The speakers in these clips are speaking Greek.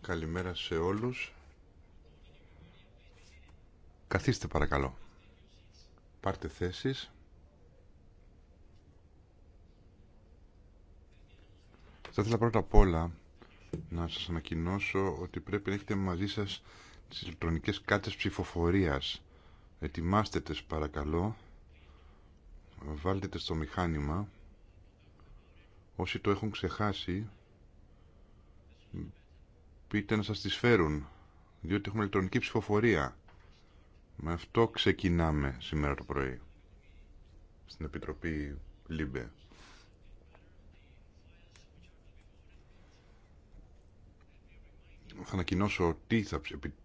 Καλημέρα σε όλους. Καθίστε παρακαλώ. Πάρτε θέσεις. Θα ήθελα πρώτα απ' όλα να σας ανακοινώσω ότι πρέπει να έχετε μαζί σας τις ηλεκτρονικές κάρτες ψηφοφορίας. Ετοιμάστε τις παρακαλώ. Βάλτε τις στο μηχάνημα. Όσοι το έχουν ξεχάσει, πείτε να σας τις φέρουν, διότι έχουμε ηλεκτρονική ψηφοφορία. Με αυτό ξεκινάμε σήμερα το πρωί, στην Επιτροπή ΛΥΜΠΕ. Θα ανακοινώσω τι θα,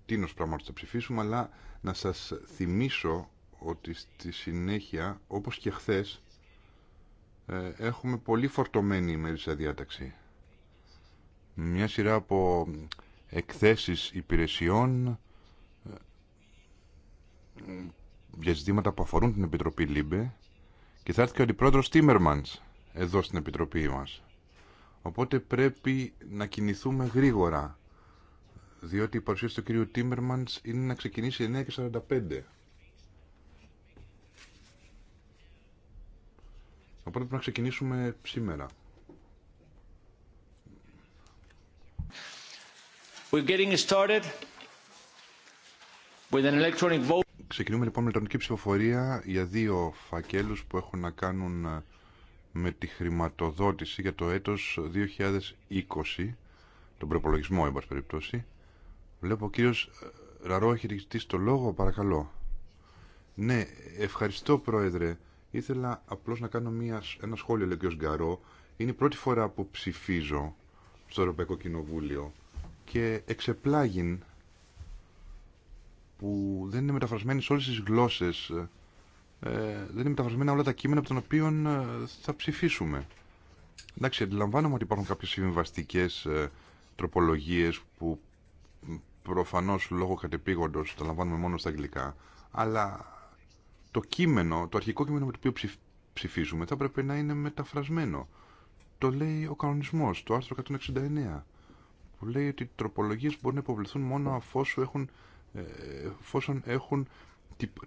τίνος πράγματος θα ψηφίσουμε, αλλά να σας θυμίσω ότι στη συνέχεια, όπως και χθες, ε, έχουμε πολύ φορτωμένη σε διάταξη μια σειρά από εκθέσεις υπηρεσιών ε, για ζητήματα που αφορούν την Επιτροπή ΛΥΜΠΕ και θα έρθει και ο Αντιπρόεδρος Τίμερμαντς εδώ στην Επιτροπή μας. Οπότε πρέπει να κινηθούμε γρήγορα, διότι η παρουσίαση του κυρίου Τίμερμαντς είναι να ξεκινήσει 9.45. Οπότε πρέπει να ξεκινήσουμε σήμερα. Ξεκινούμε λοιπόν με ηλεκτρονική ψηφοφορία για δύο φακέλους που έχουν να κάνουν ε, με τη χρηματοδότηση για το έτος 2020, τον προπολογισμό, εν πάση περιπτώσει. Βλέπω ο κύριος ε, Ραρό έχει το λόγο, παρακαλώ. Ναι, ευχαριστώ πρόεδρε. Ήθελα απλώς να κάνω μια, ένα σχόλιο, λέει ο Γκαρό. Είναι η πρώτη φορά που ψηφίζω στο Ευρωπαϊκό Κοινοβούλιο και εξεπλάγην που δεν είναι μεταφρασμένη σε όλες τις γλώσσες ε, δεν είναι μεταφρασμένα όλα τα κείμενα από τα οποία ε, θα ψηφίσουμε. Εντάξει, αντιλαμβάνομαι ότι υπάρχουν κάποιες συμβιβαστικέ ε, τροπολογίες που προφανώς λόγω κατεπήγοντος τα λαμβάνουμε μόνο στα αγγλικά, αλλά το κείμενο, το αρχικό κείμενο με το οποίο ψηφίζουμε θα πρέπει να είναι μεταφρασμένο. Το λέει ο κανονισμός, το άρθρο 169 που λέει ότι οι τροπολογίες μπορούν να υποβληθούν μόνο έχουν, ε, αφόσον έχουν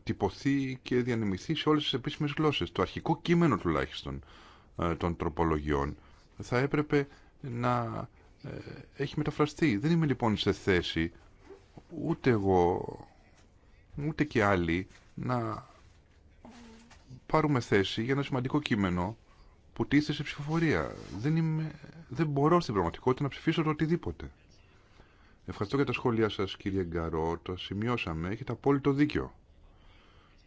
τυπωθεί και διανεμηθεί σε όλες τις επίσημες γλώσσες. Το αρχικό κείμενο τουλάχιστον ε, των τροπολογιών θα έπρεπε να ε, έχει μεταφραστεί. Δεν είμαι λοιπόν σε θέση ούτε εγώ ούτε και άλλοι να πάρουμε θέση για ένα σημαντικό κείμενο που τίθεται σε ψηφοφορία. Δεν, είμαι, δεν μπορώ στην πραγματικότητα να ψηφίσω το οτιδήποτε. Ευχαριστώ για τα σχόλιά σας κύριε Γκαρό, τα σημειώσαμε, έχετε απόλυτο δίκιο.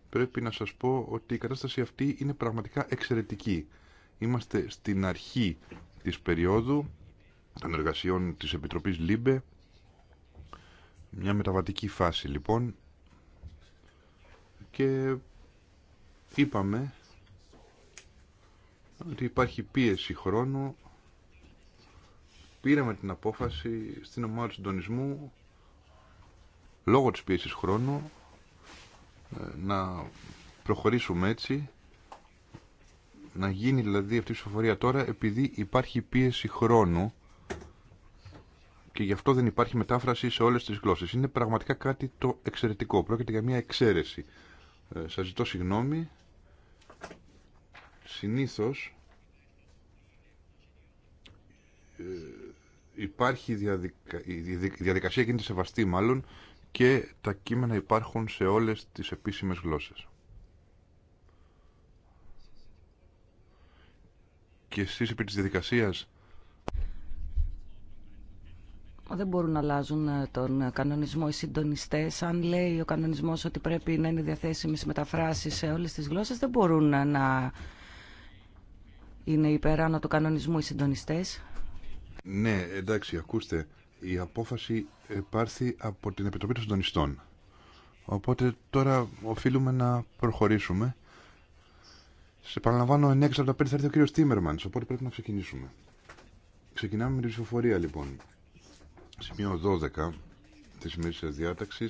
Πρέπει να σας πω ότι η κατάσταση αυτή είναι πραγματικά εξαιρετική. Είμαστε στην αρχή της περίοδου των εργασιών της Επιτροπής ΛΥΜΠΕ, μια μεταβατική φάση λοιπόν, και είπαμε ότι υπάρχει πίεση χρόνου. Πήραμε την απόφαση στην ομάδα του συντονισμού λόγω της πίεσης χρόνου ε, να προχωρήσουμε έτσι να γίνει δηλαδή αυτή η ψηφοφορία τώρα επειδή υπάρχει πίεση χρόνου και γι' αυτό δεν υπάρχει μετάφραση σε όλες τις γλώσσες. Είναι πραγματικά κάτι το εξαιρετικό. Πρόκειται για μια εξαίρεση. Ε, σας ζητώ συγγνώμη συνήθως ε, υπάρχει η, διαδικασία γίνεται σεβαστή μάλλον και τα κείμενα υπάρχουν σε όλες τις επίσημες γλώσσες. Και εσείς επί της διαδικασίας δεν μπορούν να αλλάζουν ε, τον κανονισμό οι συντονιστέ. Αν λέει ο κανονισμό ότι πρέπει να είναι διαθέσιμε οι μεταφράσει σε όλε τι γλώσσε, δεν μπορούν ε, να είναι υπεράνω του κανονισμού οι συντονιστές. Ναι, εντάξει, ακούστε. Η απόφαση πάρθη από την Επιτροπή των Συντονιστών. Οπότε τώρα οφείλουμε να προχωρήσουμε. Σε παραλαμβάνω, 9 από τα θα έρθει ο κύριο Τίμερμαν, οπότε πρέπει να ξεκινήσουμε. Ξεκινάμε με την ψηφοφορία λοιπόν. Σημείο 12 τη ημερήσια διάταξη.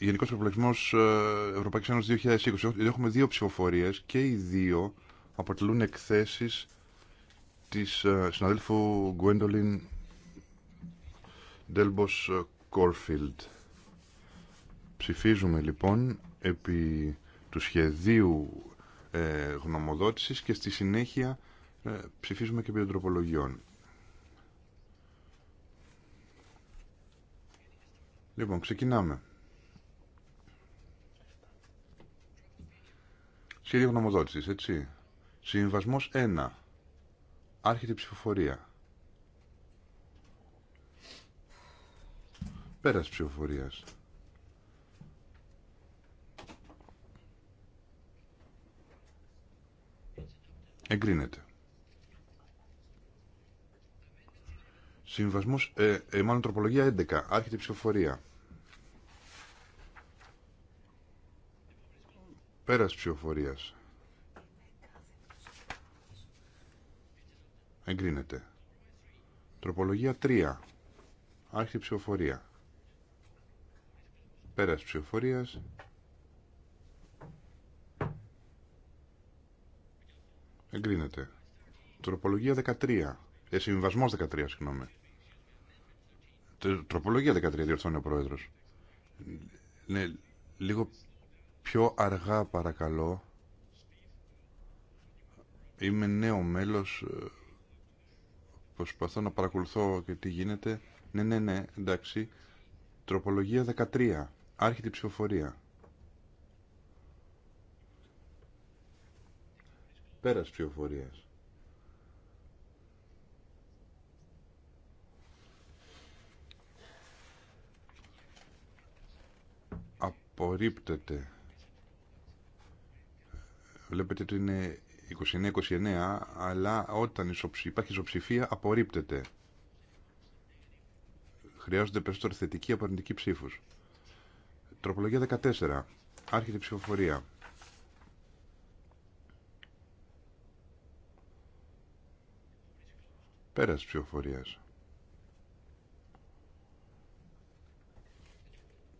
Γενικό Προπολογισμό ε, Ευρωπαϊκή Ένωση 2020. Έχουμε δύο ψηφοφορίε και οι δύο αποτελούν εκθέσει τη ε, συναδέλφου Γκουέντολιν Ντέλμπο Κόρφιλντ. Ψηφίζουμε λοιπόν επί του σχεδίου ε, γνωμοδότησης και στη συνέχεια ε, ψηφίζουμε και επί των τροπολογιών. Λοιπόν, ξεκινάμε. Σχέδιο γνωμοδότησης, έτσι. Συμβασμός 1. Άρχεται η ψηφοφορία. Πέρας ψηφοφορίας. Εγκρίνεται. Συμβασμός, ε, ε, μάλλον τροπολογία 11. Άρχεται η ψηφοφορία. Πέρας ψηφοφορίας. Εγκρίνεται. Τροπολογία 3. Άρχιψη ψηφοφορία. Πέρας ψηφοφορίας. Εγκρίνεται. Τροπολογία 13. Ε, 13, συγγνώμη. Τροπολογία 13, διορθώνει ο πρόεδρο. Ναι, λίγο πιο αργά παρακαλώ. Είμαι νέο μέλος, ε, προσπαθώ να παρακολουθώ και τι γίνεται. Ναι, ναι, ναι, εντάξει. Τροπολογία 13, άρχιτη ψηφοφορία. Πέρας ψηφοφορίας. Απορρίπτεται. Βλέπετε ότι είναι 29-29, αλλά όταν υπάρχει ισοψηφία απορρίπτεται. Χρειάζονται περισσότερο θετική από αρνητική ψήφους. Τροπολογία 14. Άρχεται η ψηφοφορία. Πέρας ψηφοφορίας.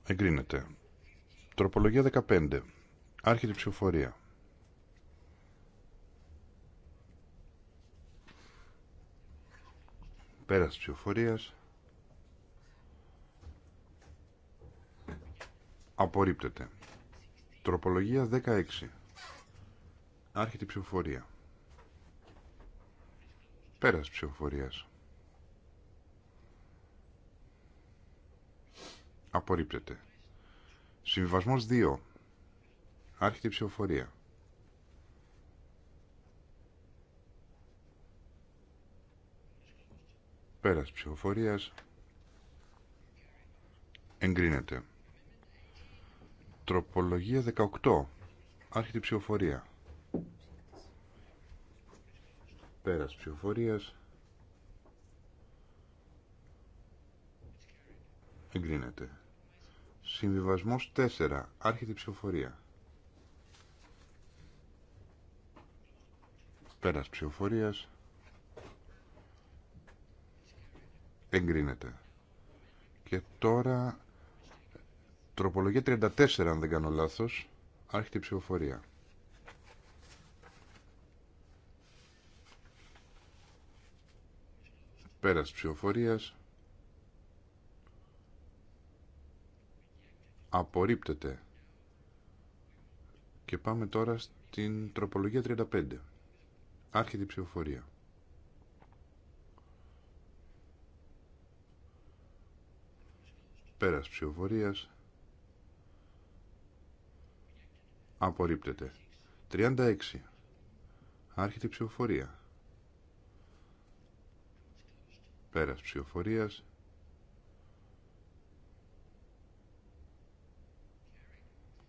Εγκρίνεται. Τροπολογία 15. Άρχεται η ψηφοφορία. Πέρας της ψηφοφορίας. Απορρίπτεται. Τροπολογία 16. Άρχεται η ψηφοφορία. Πέρας ψηφοφορίας. Απορρίπτεται. Συμβιβασμός 2. Άρχεται η ψηφοφορία. Πέρας ψηφοφορίας. Εγκρίνεται. Τροπολογία 18. Άρχεται ψηφοφορία. Πέρας ψηφοφορίας. Εγκρίνεται. Συμβιβασμός 4. Άρχεται ψηφοφορία. Πέρας ψηφοφορίας. εγκρίνεται. Και τώρα τροπολογία 34 αν δεν κάνω λάθος, άρχεται η ψηφοφορία. Πέρας ψηφοφορίας απορρίπτεται. Και πάμε τώρα στην τροπολογία 35. Άρχεται η ψηφοφορία. Πέρας ψηφοφορίας. Απορρίπτεται. 36. Άρχεται η ψηφοφορία. Πέρας ψηφοφορίας.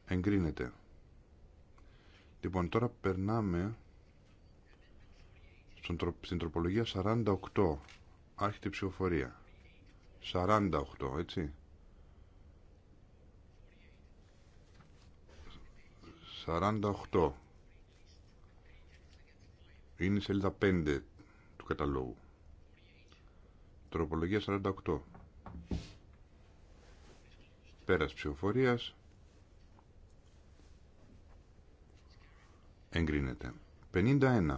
Εγκρίνεται. Λοιπόν, τώρα περνάμε στην τροπολογία 48. Άρχεται η ψηφοφορία. 48, έτσι. 48. Είναι η σελίδα 5 του καταλόγου. Τροπολογία 48. Πέρας ψηφοφορίας. Εγκρίνεται. 51.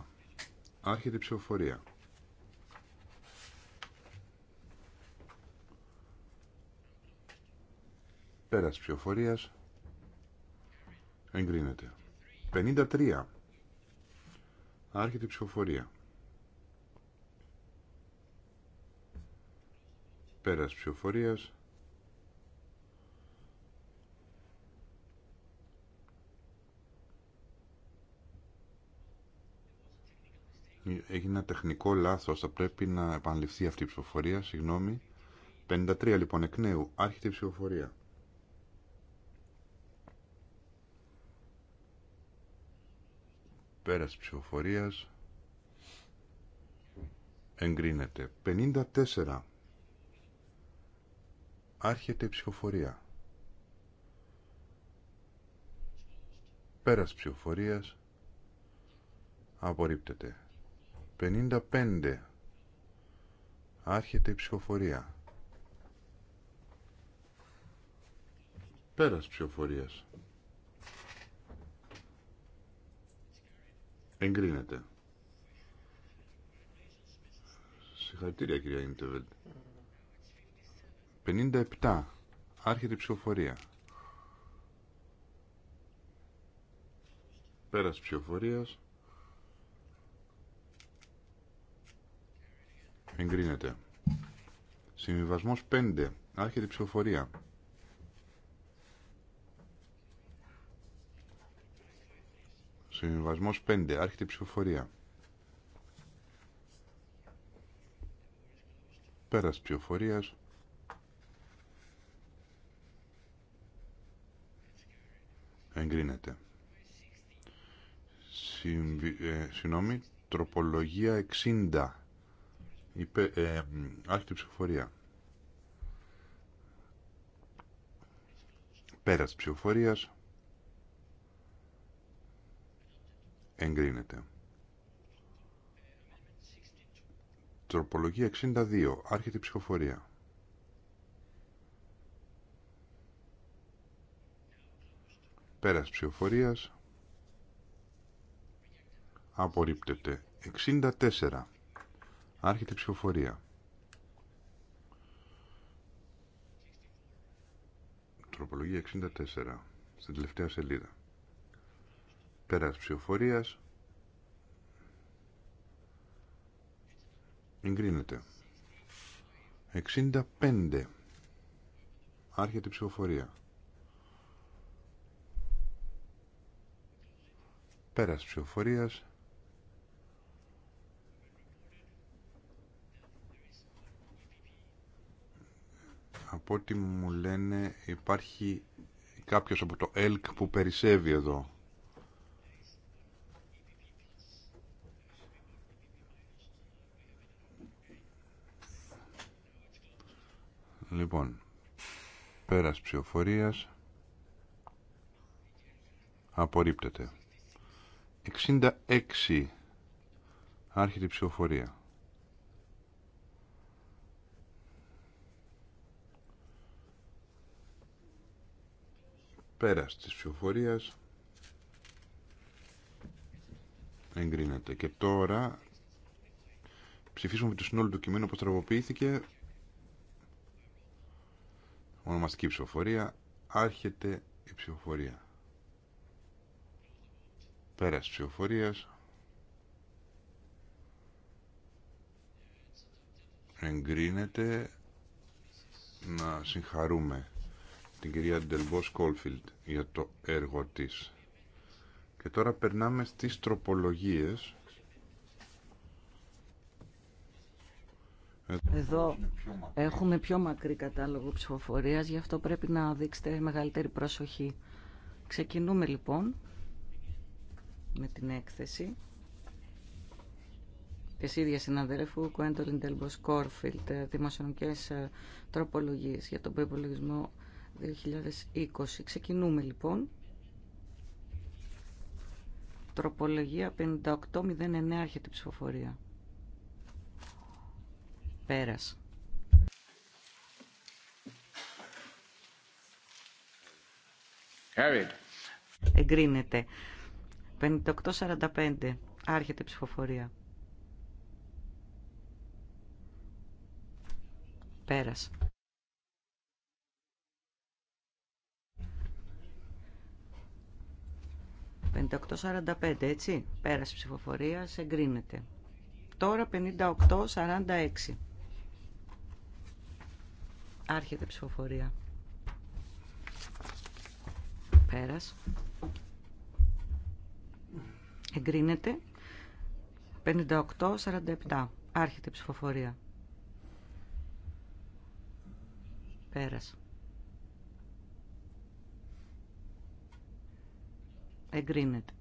Άρχεται η ψηφοφορία. Πέρας ψηφοφορίας. Εγκρίνεται. 53. Άρχεται η ψηφοφορία. Πέρας ψηφοφορίας. Έγινε ένα τεχνικό λάθος, θα πρέπει να επαναληφθεί αυτή η ψηφοφορία, συγγνώμη. 53 λοιπόν εκ νέου, άρχεται η ψηφοφορία. Πέρας ψηφοφορίας εγκρίνεται. 54. Άρχεται η ψηφοφορία. Πέρας ψηφοφορίας απορρίπτεται. 55. Άρχεται η ψηφοφορία. Πέρας ψηφοφορίας Εγκρίνεται. Συγχαρητήρια κυρία Ιντεβέλτ. 57. Άρχεται η ψηφοφορία. Πέρας ψηφοφορίας. Εγκρίνεται. Συμβιβασμός 5. Άρχεται η ψηφοφορία. Συμβασμός 5. Άρχεται ψηφοφορία. Πέρας ψηφοφορίας. Εγκρίνεται. Συμβι... Ε, συγγνώμη, τροπολογία 60. Υπε... Ε, άρχεται η ψηφοφορία. Πέρας ψηφοφορίας. εγκρίνεται. Τροπολογία 62. Άρχεται η ψηφοφορία. Πέρας ψυχοφορίας. Απορρίπτεται. 64. Άρχεται η ψηφοφορία. Τροπολογία 64. Στην τελευταία σελίδα. Πέρας ψηφοφορίας. Εγκρίνεται. 65. Άρχεται η ψηφοφορία. Πέρας ψηφοφορίας. Από ό,τι μου λένε υπάρχει κάποιος από το ΕΛΚ που περισσεύει εδώ. Λοιπόν, πέρας ψηφοφορίας απορρίπτεται. 66 άρχεται η ψηφοφορία. Πέρας της ψηφοφορίας εγκρίνεται. Και τώρα ψηφίσουμε το συνόλου του κειμένου όπως τραγωποιήθηκε ονομαστική ψηφοφορία. Άρχεται η ψηφοφορία. Πέρας ψηφοφορίας. Εγκρίνεται να συγχαρούμε την κυρία Ντελμπό Κολφίλτ για το έργο της. Και τώρα περνάμε στις τροπολογίες Εδώ έχουμε πιο μακρύ κατάλογο ψηφοφορίας, γι' αυτό πρέπει να δείξετε μεγαλύτερη προσοχή. Ξεκινούμε λοιπόν με την έκθεση της ίδιας συναδέλφου Κουέντολιν Τελμπο Κόρφιλτ, δημοσιονομικές ε, τροπολογίες για τον προϋπολογισμό 2020. Ξεκινούμε λοιπόν. Τροπολογία 5809 έρχεται η ψηφοφορία. Πέρας. Εγκρίνεται. 58-45. Άρχεται ψηφοφορία. 58.45. έτσι. Πέρασε ψηφοφορία, εγκρίνεται. Τώρα 58-46. Άρχεται ψηφοφορία. Πέρας. Εγκρίνεται. 58-47. Άρχεται ψηφοφορία. Πέρας. Εγκρίνεται.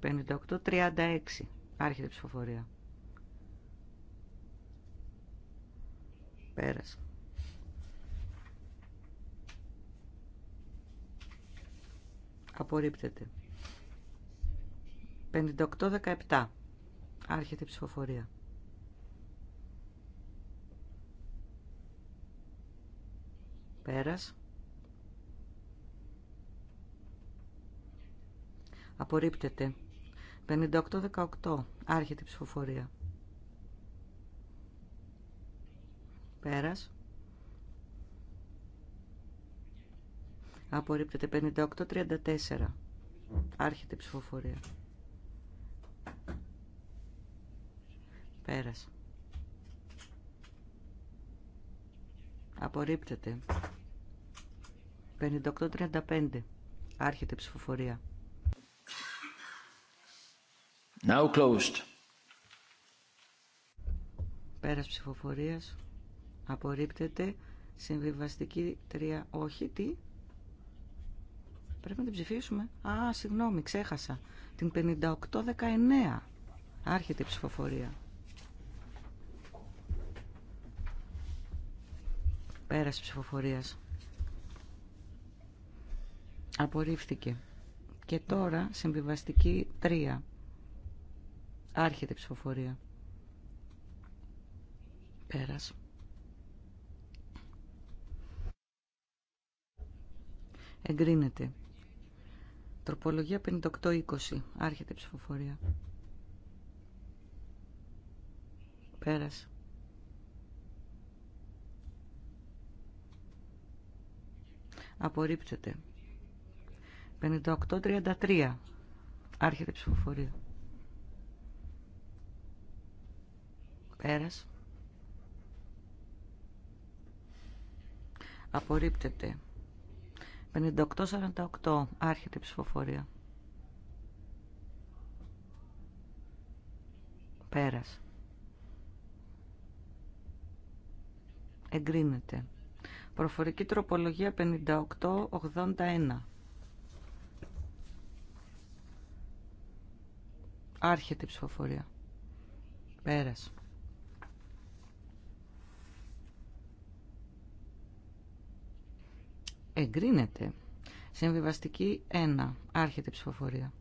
58-36. Άρχεται ψηφοφορία. Πέρας. Απορρίπτεται. 58-17. Άρχεται η ψηφοφορία. Πέρας. Απορρίπτεται. 58-18. Άρχεται η ψηφοφορία. Πέρας. Απορρίπτεται 58-34. Άρχεται η ψηφοφορία. Πέρας. Απορρίπτεται. 58-35. Άρχεται η ψηφοφορία. Now closed. Πέρας ψηφοφορίας απορρίπτεται συμβιβαστική 3 όχι τι πρέπει να την ψηφίσουμε α συγγνώμη ξέχασα την 58-19. άρχεται η ψηφοφορία πέρας ψηφοφορίας απορρίφθηκε και τώρα συμβιβαστική 3 άρχεται η ψηφοφορία Πέραση. εγκρίνεται. Τροπολογία Τροπολογία 58-20. Άρχεται ψηφοφορία. Πέρασε. Απορρίπτεται. 5833. Άρχεται ψηφοφορία. Πέρασε. Απορρίπτεται. 58-48. Άρχεται η ψηφοφορία. Πέρας. Εγκρίνεται. Προφορική τροπολογία 58-81. Άρχεται η ψηφοφορία. Πέρας. Εγκρίνεται. Συμβιβαστική 1. Άρχεται η ψηφοφορία.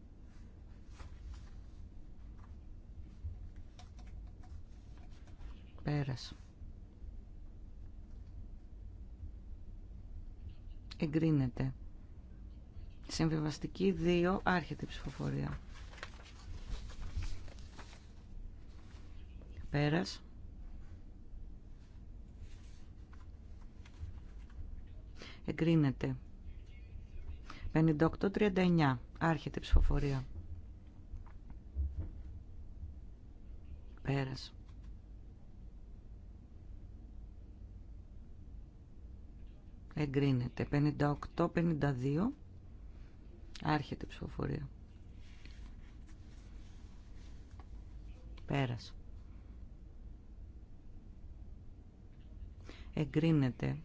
Πέρας. Εγκρίνεται. Συμβιβαστική 2. Άρχεται η ψηφοφορία. Πέρας. εγκρίνεται. 58-39 άρχεται η ψηφοφορια περασε Πέρας. Εγκρίνεται. 58-52 άρχεται η ψηφοφορία. Πέρας. Εγκρίνεται.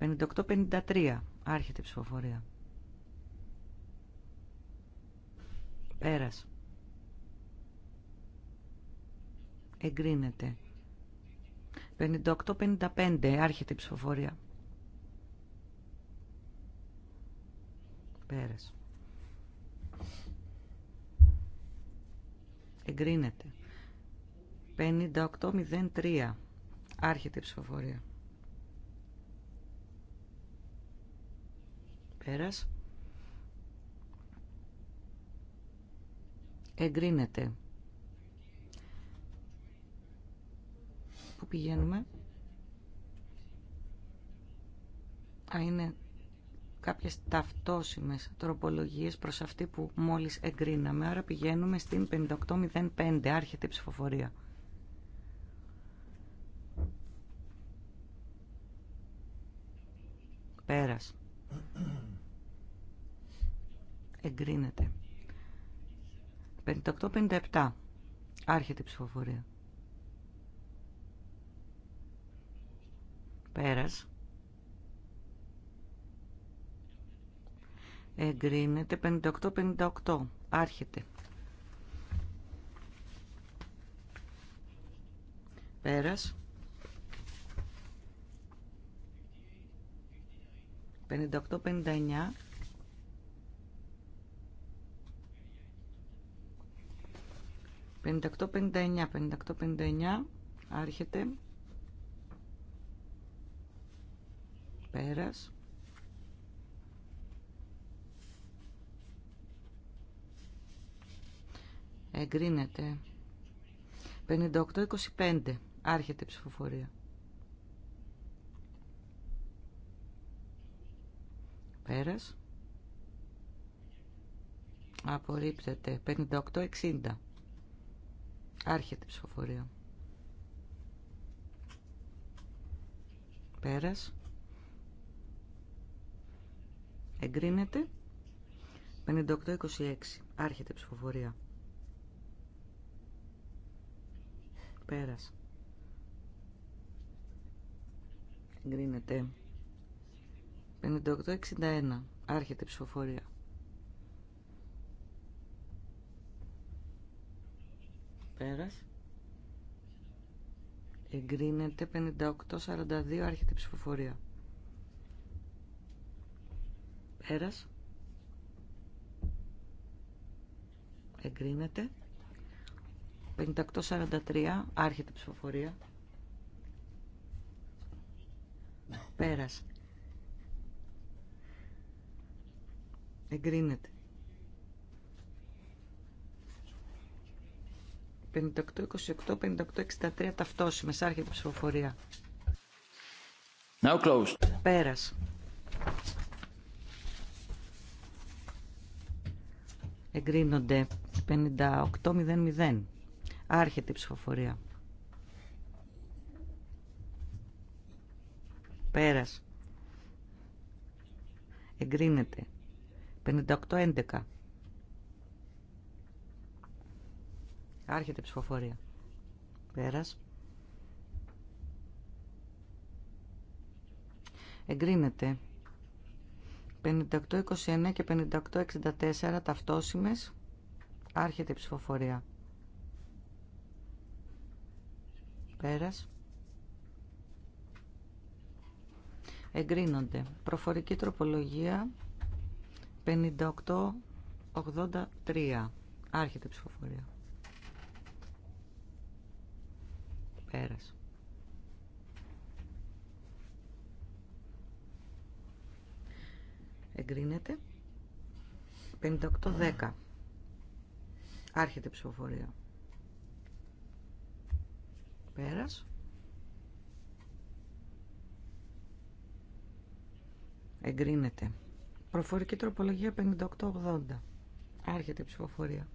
58-53. Άρχεται η ψηφοφορία. Πέρας. Εγκρίνεται. 58-55. Άρχεται η ψηφοφορία. Πέρας. Εγκρίνεται. 58-03. Άρχεται η ψηφοφορία. Πέρας. Εγκρίνεται. Πού πηγαίνουμε. Α, είναι κάποιες ταυτόσιμες τροπολογίες προς αυτή που μόλις εγκρίναμε. Άρα πηγαίνουμε στην 5805, άρχεται η ψηφοφορία. Πέρας εγκρίνεται. 58-57. Άρχεται η ψηφοφορία. Πέρας. Εγκρίνεται 58-58. Άρχεται. Πέρας. 58-59. 58-59, 58-59, αρχεται Πέρας. Εγκρίνεται. 58-25, άρχεται ψηφοφορία. Πέρας. Απορρίπτεται. 58-60. Άρχεται η ψηφοφορία. Πέρας. Εγκρίνεται. 58-26. Άρχεται η ψηφοφορία. Πέρας. Εγκρίνεται. 58-61. Άρχεται η ψηφοφορία. Πέρας. Εγκρίνεται 58-42 άρχεται ψηφοφορία. Πέρας. 5843, 58-43 άρχεται ψηφοφορία. Πέρας. Εγκρίνεται. 58, 28, 58, 63 Άρχεται η ψηφοφορία. Now closed. Πέρας. Εγκρίνονται 58-00. Άρχεται η ψηφοφορία. Πέρας. Εγκρίνεται 58-11. Άρχεται η ψηφοφορία. Πέρας. Εγκρίνεται. 58-29 και 58-64 ταυτόσιμες. Άρχεται η ψηφοφορία. Πέρας. Εγκρίνονται. Προφορική τροπολογία 58-83. Άρχεται η ψηφοφορία. Πέρας. Εγκρίνεται. 58-10. Άρχεται ψηφοφορία. Πέρας. Εγκρίνεται. Προφορική τροπολογία 58-80. Άρχεται ψηφοφορία.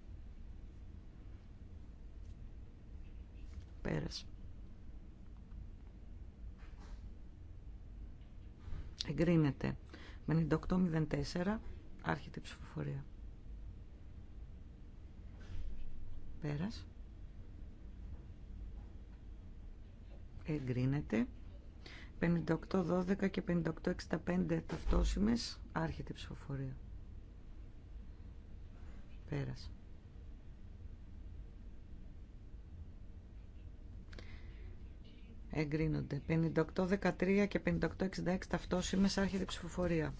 Πέρας. Εγκρίνεται. 58-04. Άρχεται η ψηφοφορία. Πέρας. Εγκρίνεται. 58-12 και 58-65 ταυτόσημες. Άρχεται η ψηφοφορία. Πέρας. εγκρίνονται. 58-13 και 58-66 ταυτόσημες άρχεται ψηφοφορία.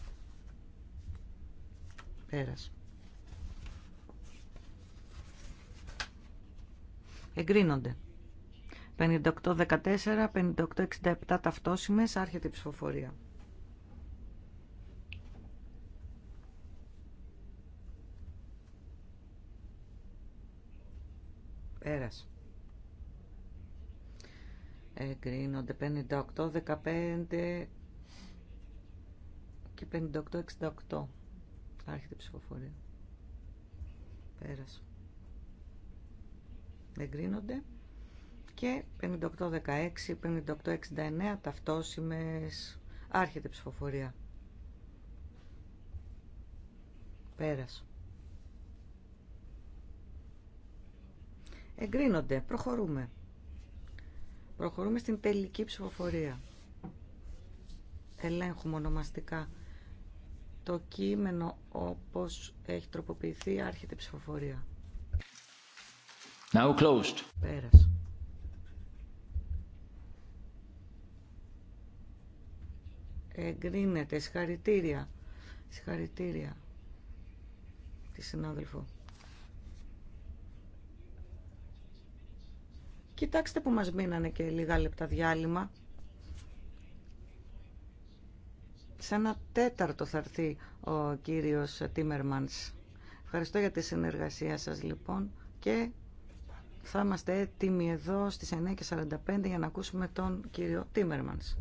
Πέρας. Εγκρίνονται. 58-14, 58-67 ταυτόσημες άρχεται ψηφοφορία. Πέρας εγκρίνονται 58, 15 και 58, 68. Άρχεται η ψηφοφορία. Πέρασε. Εγκρίνονται και 58, 16, 58, 69 ταυτόσιμες. Άρχεται η ψηφοφορία. Πέρασε. Εγκρίνονται. Προχωρούμε. Προχωρούμε στην τελική ψηφοφορία. Ελέγχουμε ονομαστικά το κείμενο όπως έχει τροποποιηθεί άρχεται η ψηφοφορία. Now closed. Πέρασε. Εγκρίνεται. Συγχαρητήρια. Συγχαρητήρια. Τη συνάδελφο. Κοιτάξτε που μας μείνανε και λίγα λεπτά διάλειμμα. Σε ένα τέταρτο θα έρθει ο κύριος Τίμερμανς. Ευχαριστώ για τη συνεργασία σας λοιπόν και θα είμαστε έτοιμοι εδώ στις 9.45 για να ακούσουμε τον κύριο Τίμερμανς.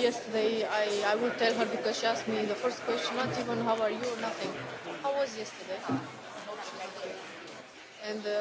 yesterday I, I would tell her because she asked me the first question, not even how are you, nothing. How was yesterday? And uh,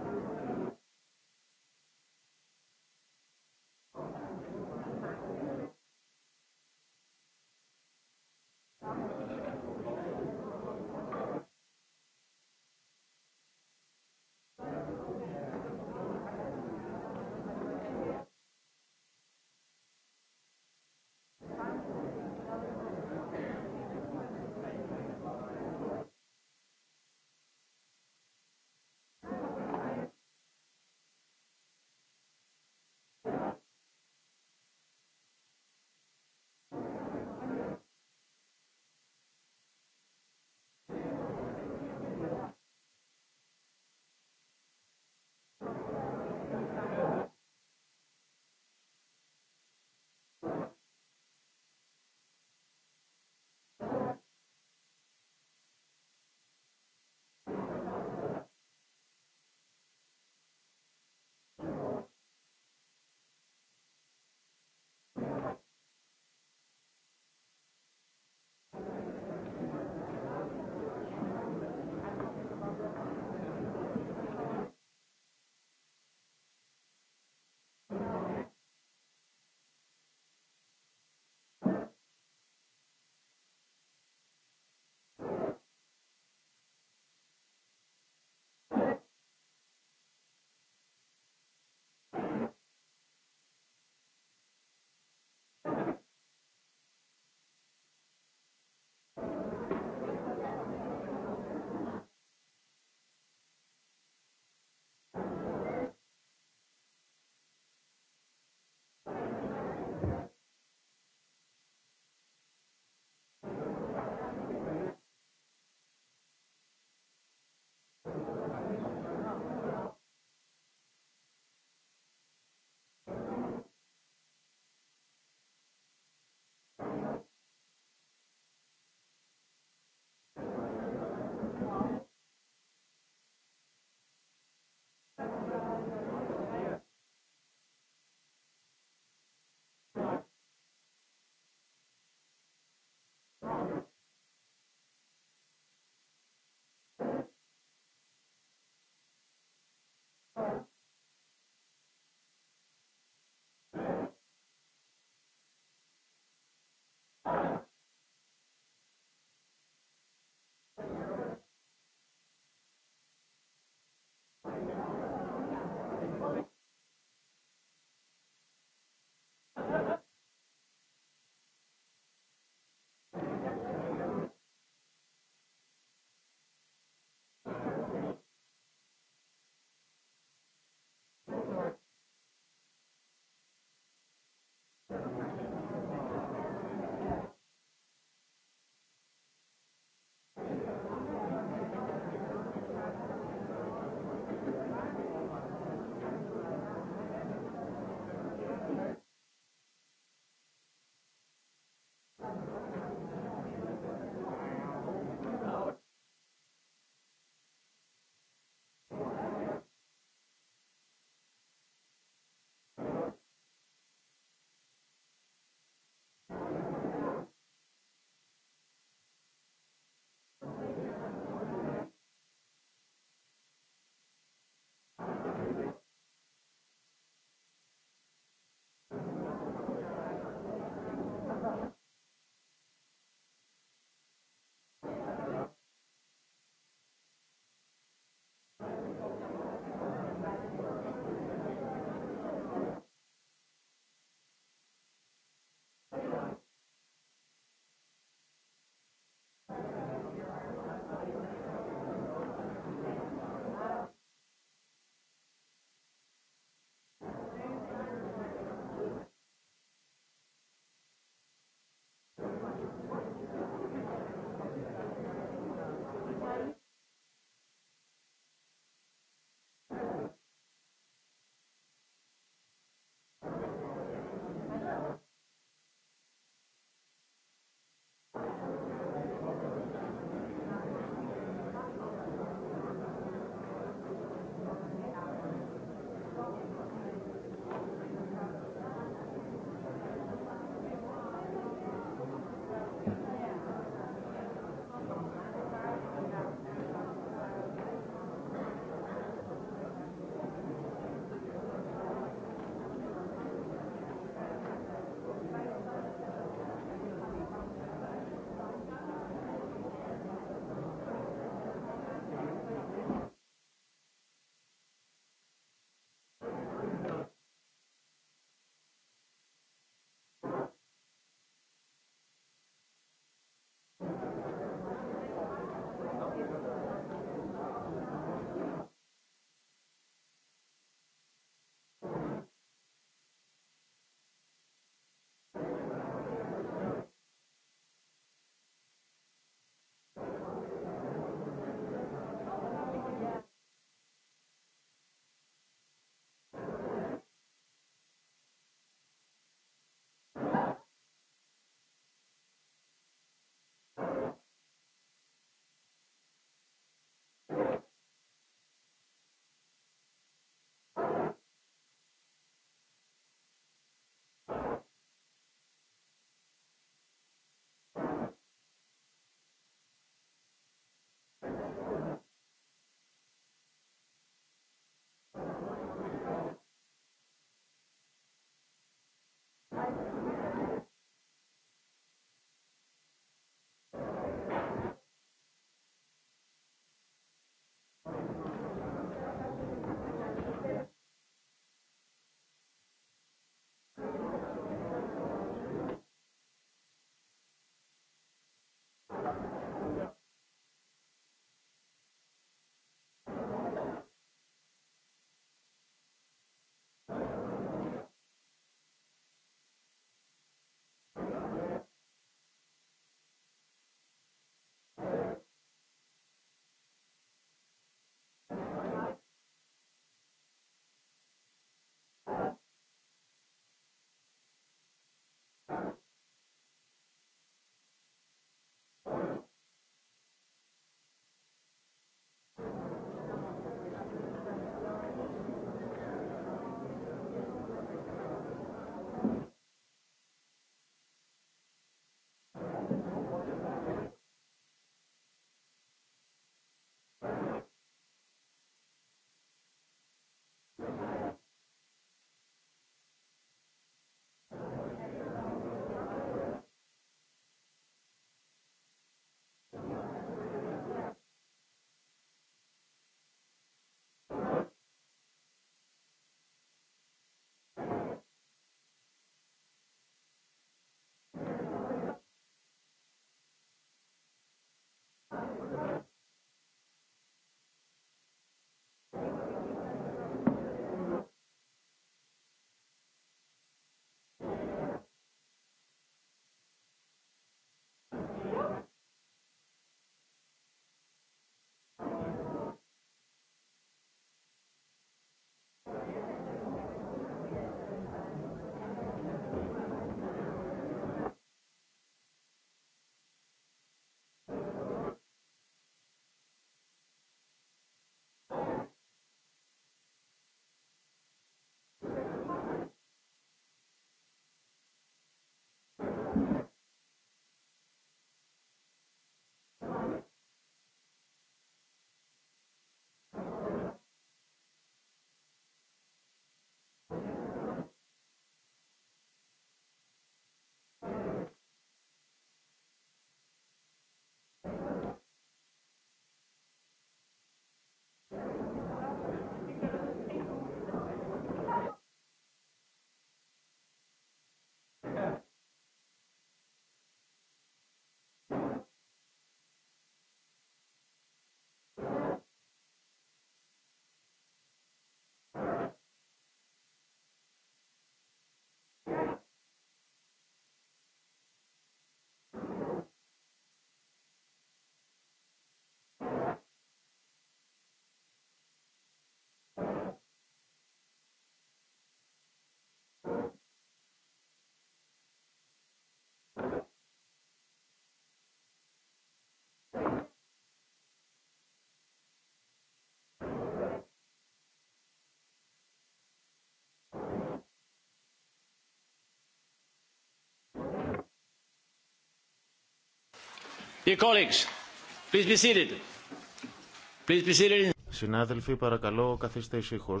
Συνάδελφοι, παρακαλώ καθίστε ήσυχω.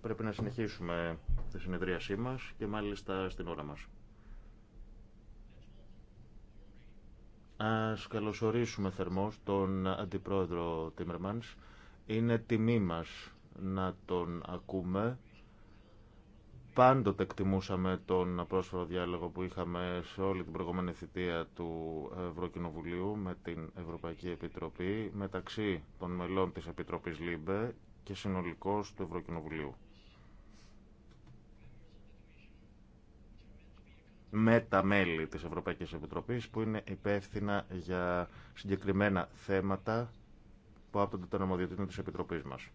Πρέπει να συνεχίσουμε τη συνεδρίασή μας και μάλιστα στην ώρα μας. Ας καλωσορίσουμε θερμό τον Αντιπρόεδρο Τίμερμαν. Είναι τιμή μας να τον ακούμε Πάντοτε εκτιμούσαμε τον πρόσφατο διάλογο που είχαμε σε όλη την προηγούμενη θητεία του Ευρωκοινοβουλίου με την Ευρωπαϊκή Επιτροπή μεταξύ των μελών της Επιτροπής ΛΥΜΠΕ και συνολικώς του Ευρωκοινοβουλίου. με τα μέλη της Ευρωπαϊκής Επιτροπής που είναι υπεύθυνα για συγκεκριμένα θέματα που άπτονται τα νομοδιοτήτων της Επιτροπής μας.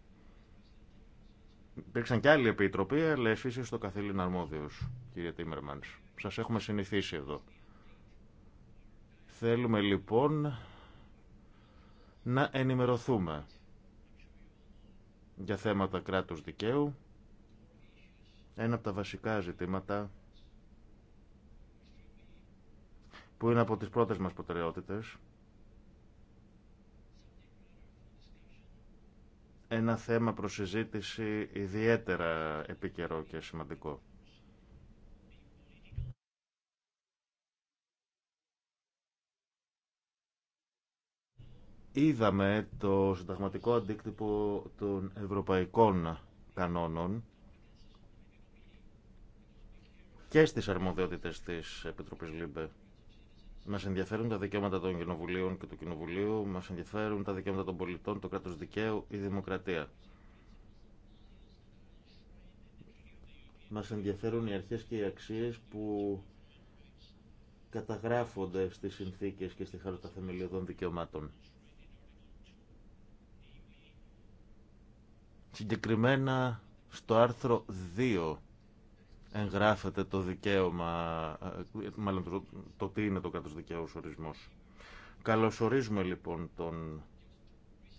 Υπήρξαν και άλλοι επίτροποι, αλλά εσεί είστε το καθήλυνα αρμόδιο, κύριε Τίμερμαν. Σα έχουμε συνηθίσει εδώ. Θέλουμε λοιπόν να ενημερωθούμε για θέματα κράτους δικαίου. Ένα από τα βασικά ζητήματα που είναι από τις πρώτες μας προτεραιότητες ένα θέμα προς συζήτηση ιδιαίτερα επικαιρό και σημαντικό. Είδαμε το συνταγματικό αντίκτυπο των ευρωπαϊκών κανόνων και στις αρμοδιότητες της Επιτροπής ΛΥΜΠΕ. Μα ενδιαφέρουν τα δικαιώματα των κοινοβουλίων και του κοινοβουλίου, μα ενδιαφέρουν τα δικαιώματα των πολιτών, το κράτο δικαίου, η δημοκρατία. Μα ενδιαφέρουν οι αρχέ και οι αξίε που καταγράφονται στι συνθήκε και στη χάρτα θεμελιωδών δικαιωμάτων. Συγκεκριμένα στο άρθρο 2 εγγράφεται το δικαίωμα, ε, μάλλον το, το τι είναι το κράτος δικαίου ορισμός. Καλωσορίζουμε λοιπόν τον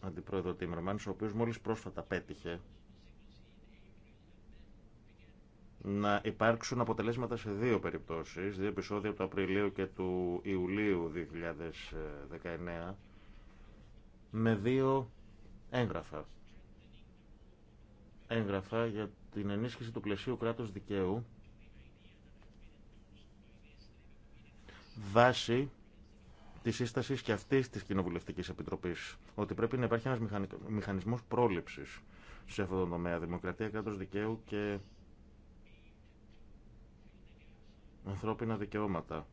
αντιπρόεδρο Τίμερμανς, ο οποίος μόλις πρόσφατα πέτυχε να υπάρξουν αποτελέσματα σε δύο περιπτώσεις, δύο επεισόδια του Απριλίου και του Ιουλίου 2019, με δύο έγγραφα. Έγγραφα για την ενίσχυση του πλαισίου κράτους δικαίου βάσει τη σύσταση και αυτή τη Κοινοβουλευτική Επιτροπή. Ότι πρέπει να υπάρχει ένα μηχανισμό πρόληψη σε αυτόν τον τομέα. Δημοκρατία, κράτο δικαίου και ανθρώπινα δικαιώματα.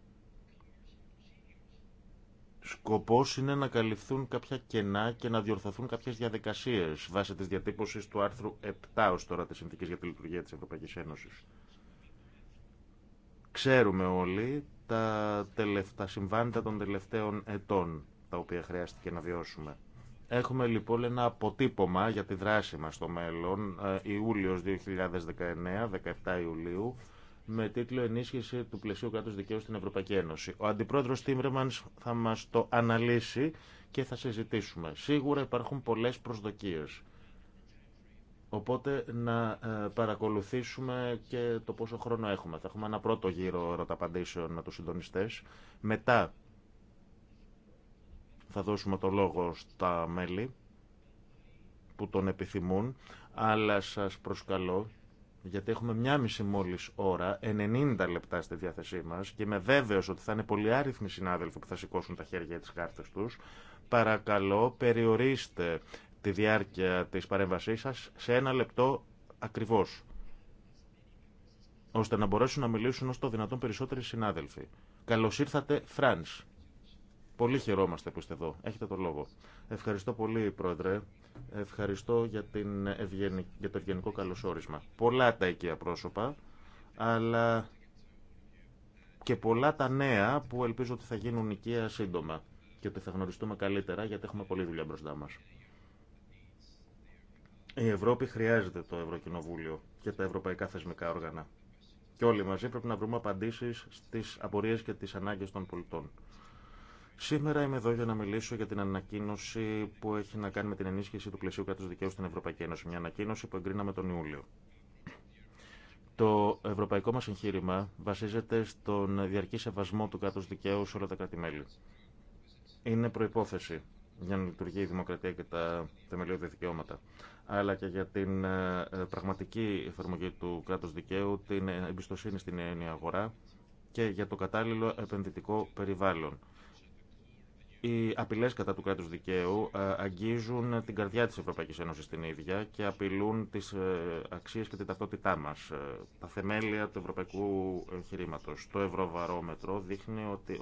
Σκοπός είναι να καλυφθούν κάποια κενά και να διορθωθούν κάποιες διαδικασίες βάσει της διατύπωσης του άρθρου 7 ως τώρα της Συνθήκης για τη Λειτουργία της Ευρωπαϊκής Ένωσης. Ξέρουμε όλοι τα τελευταία συμβάντα των τελευταίων ετών τα οποία χρειάστηκε να βιώσουμε. Έχουμε λοιπόν ένα αποτύπωμα για τη δράση μας στο μέλλον, ε, Ιούλιος 2019, 17 Ιουλίου, με τίτλο Ενίσχυση του πλαισίου κράτου δικαίου στην Ευρωπαϊκή Ένωση. Ο αντιπρόεδρο Τίμπρεμαν θα μα το αναλύσει και θα συζητήσουμε. Σίγουρα υπάρχουν πολλέ προσδοκίε. Οπότε να ε, παρακολουθήσουμε και το πόσο χρόνο έχουμε. Θα έχουμε ένα πρώτο γύρο ερωταπαντήσεων με τους συντονιστές. Μετά θα δώσουμε το λόγο στα μέλη που τον επιθυμούν. Αλλά σας προσκαλώ γιατί έχουμε μια μισή μόλι ώρα, 90 λεπτά στη διάθεσή μα και είμαι βέβαιος ότι θα είναι πολλοί άριθμοι συνάδελφοι που θα σηκώσουν τα χέρια τη κάρτες του, παρακαλώ περιορίστε τη διάρκεια τη παρέμβασή σα σε ένα λεπτό ακριβώ. ώστε να μπορέσουν να μιλήσουν όσο το δυνατόν περισσότεροι συνάδελφοι. Καλώ ήρθατε, Φράν. Πολύ χαιρόμαστε που είστε εδώ. Έχετε το λόγο. Ευχαριστώ πολύ, Πρόεδρε. Ευχαριστώ για, την για το ευγενικό καλωσόρισμα. Πολλά τα οικεία πρόσωπα, αλλά και πολλά τα νέα που ελπίζω ότι θα γίνουν οικεία σύντομα και ότι θα γνωριστούμε καλύτερα γιατί έχουμε πολλή δουλειά μπροστά μας. Η Ευρώπη χρειάζεται το Ευρωκοινοβούλιο και τα ευρωπαϊκά θεσμικά όργανα. Και όλοι μαζί πρέπει να βρούμε απαντήσεις στις απορίες και τις ανάγκες των πολιτών. Σήμερα είμαι εδώ για να μιλήσω για την ανακοίνωση που έχει να κάνει με την ενίσχυση του πλαισίου κράτου δικαίου στην Ευρωπαϊκή Ένωση. Μια ανακοίνωση που εγκρίναμε τον Ιούλιο. Το ευρωπαϊκό μα εγχείρημα βασίζεται στον διαρκή σεβασμό του κράτου δικαίου σε όλα τα κράτη-μέλη. Είναι προπόθεση για να λειτουργεί η δημοκρατία και τα θεμελιώδη δικαιώματα, αλλά και για την ε, πραγματική εφαρμογή του κράτου δικαίου, την εμπιστοσύνη στην ενιαία αγορά και για το κατάλληλο επενδυτικό περιβάλλον οι απειλέ κατά του κράτου δικαίου ε, αγγίζουν την καρδιά τη Ευρωπαϊκή Ένωση την ίδια και απειλούν τι ε, αξίε και την ταυτότητά μα, ε, τα θεμέλια του ευρωπαϊκού εγχειρήματο. Το Ευρωβαρόμετρο δείχνει ότι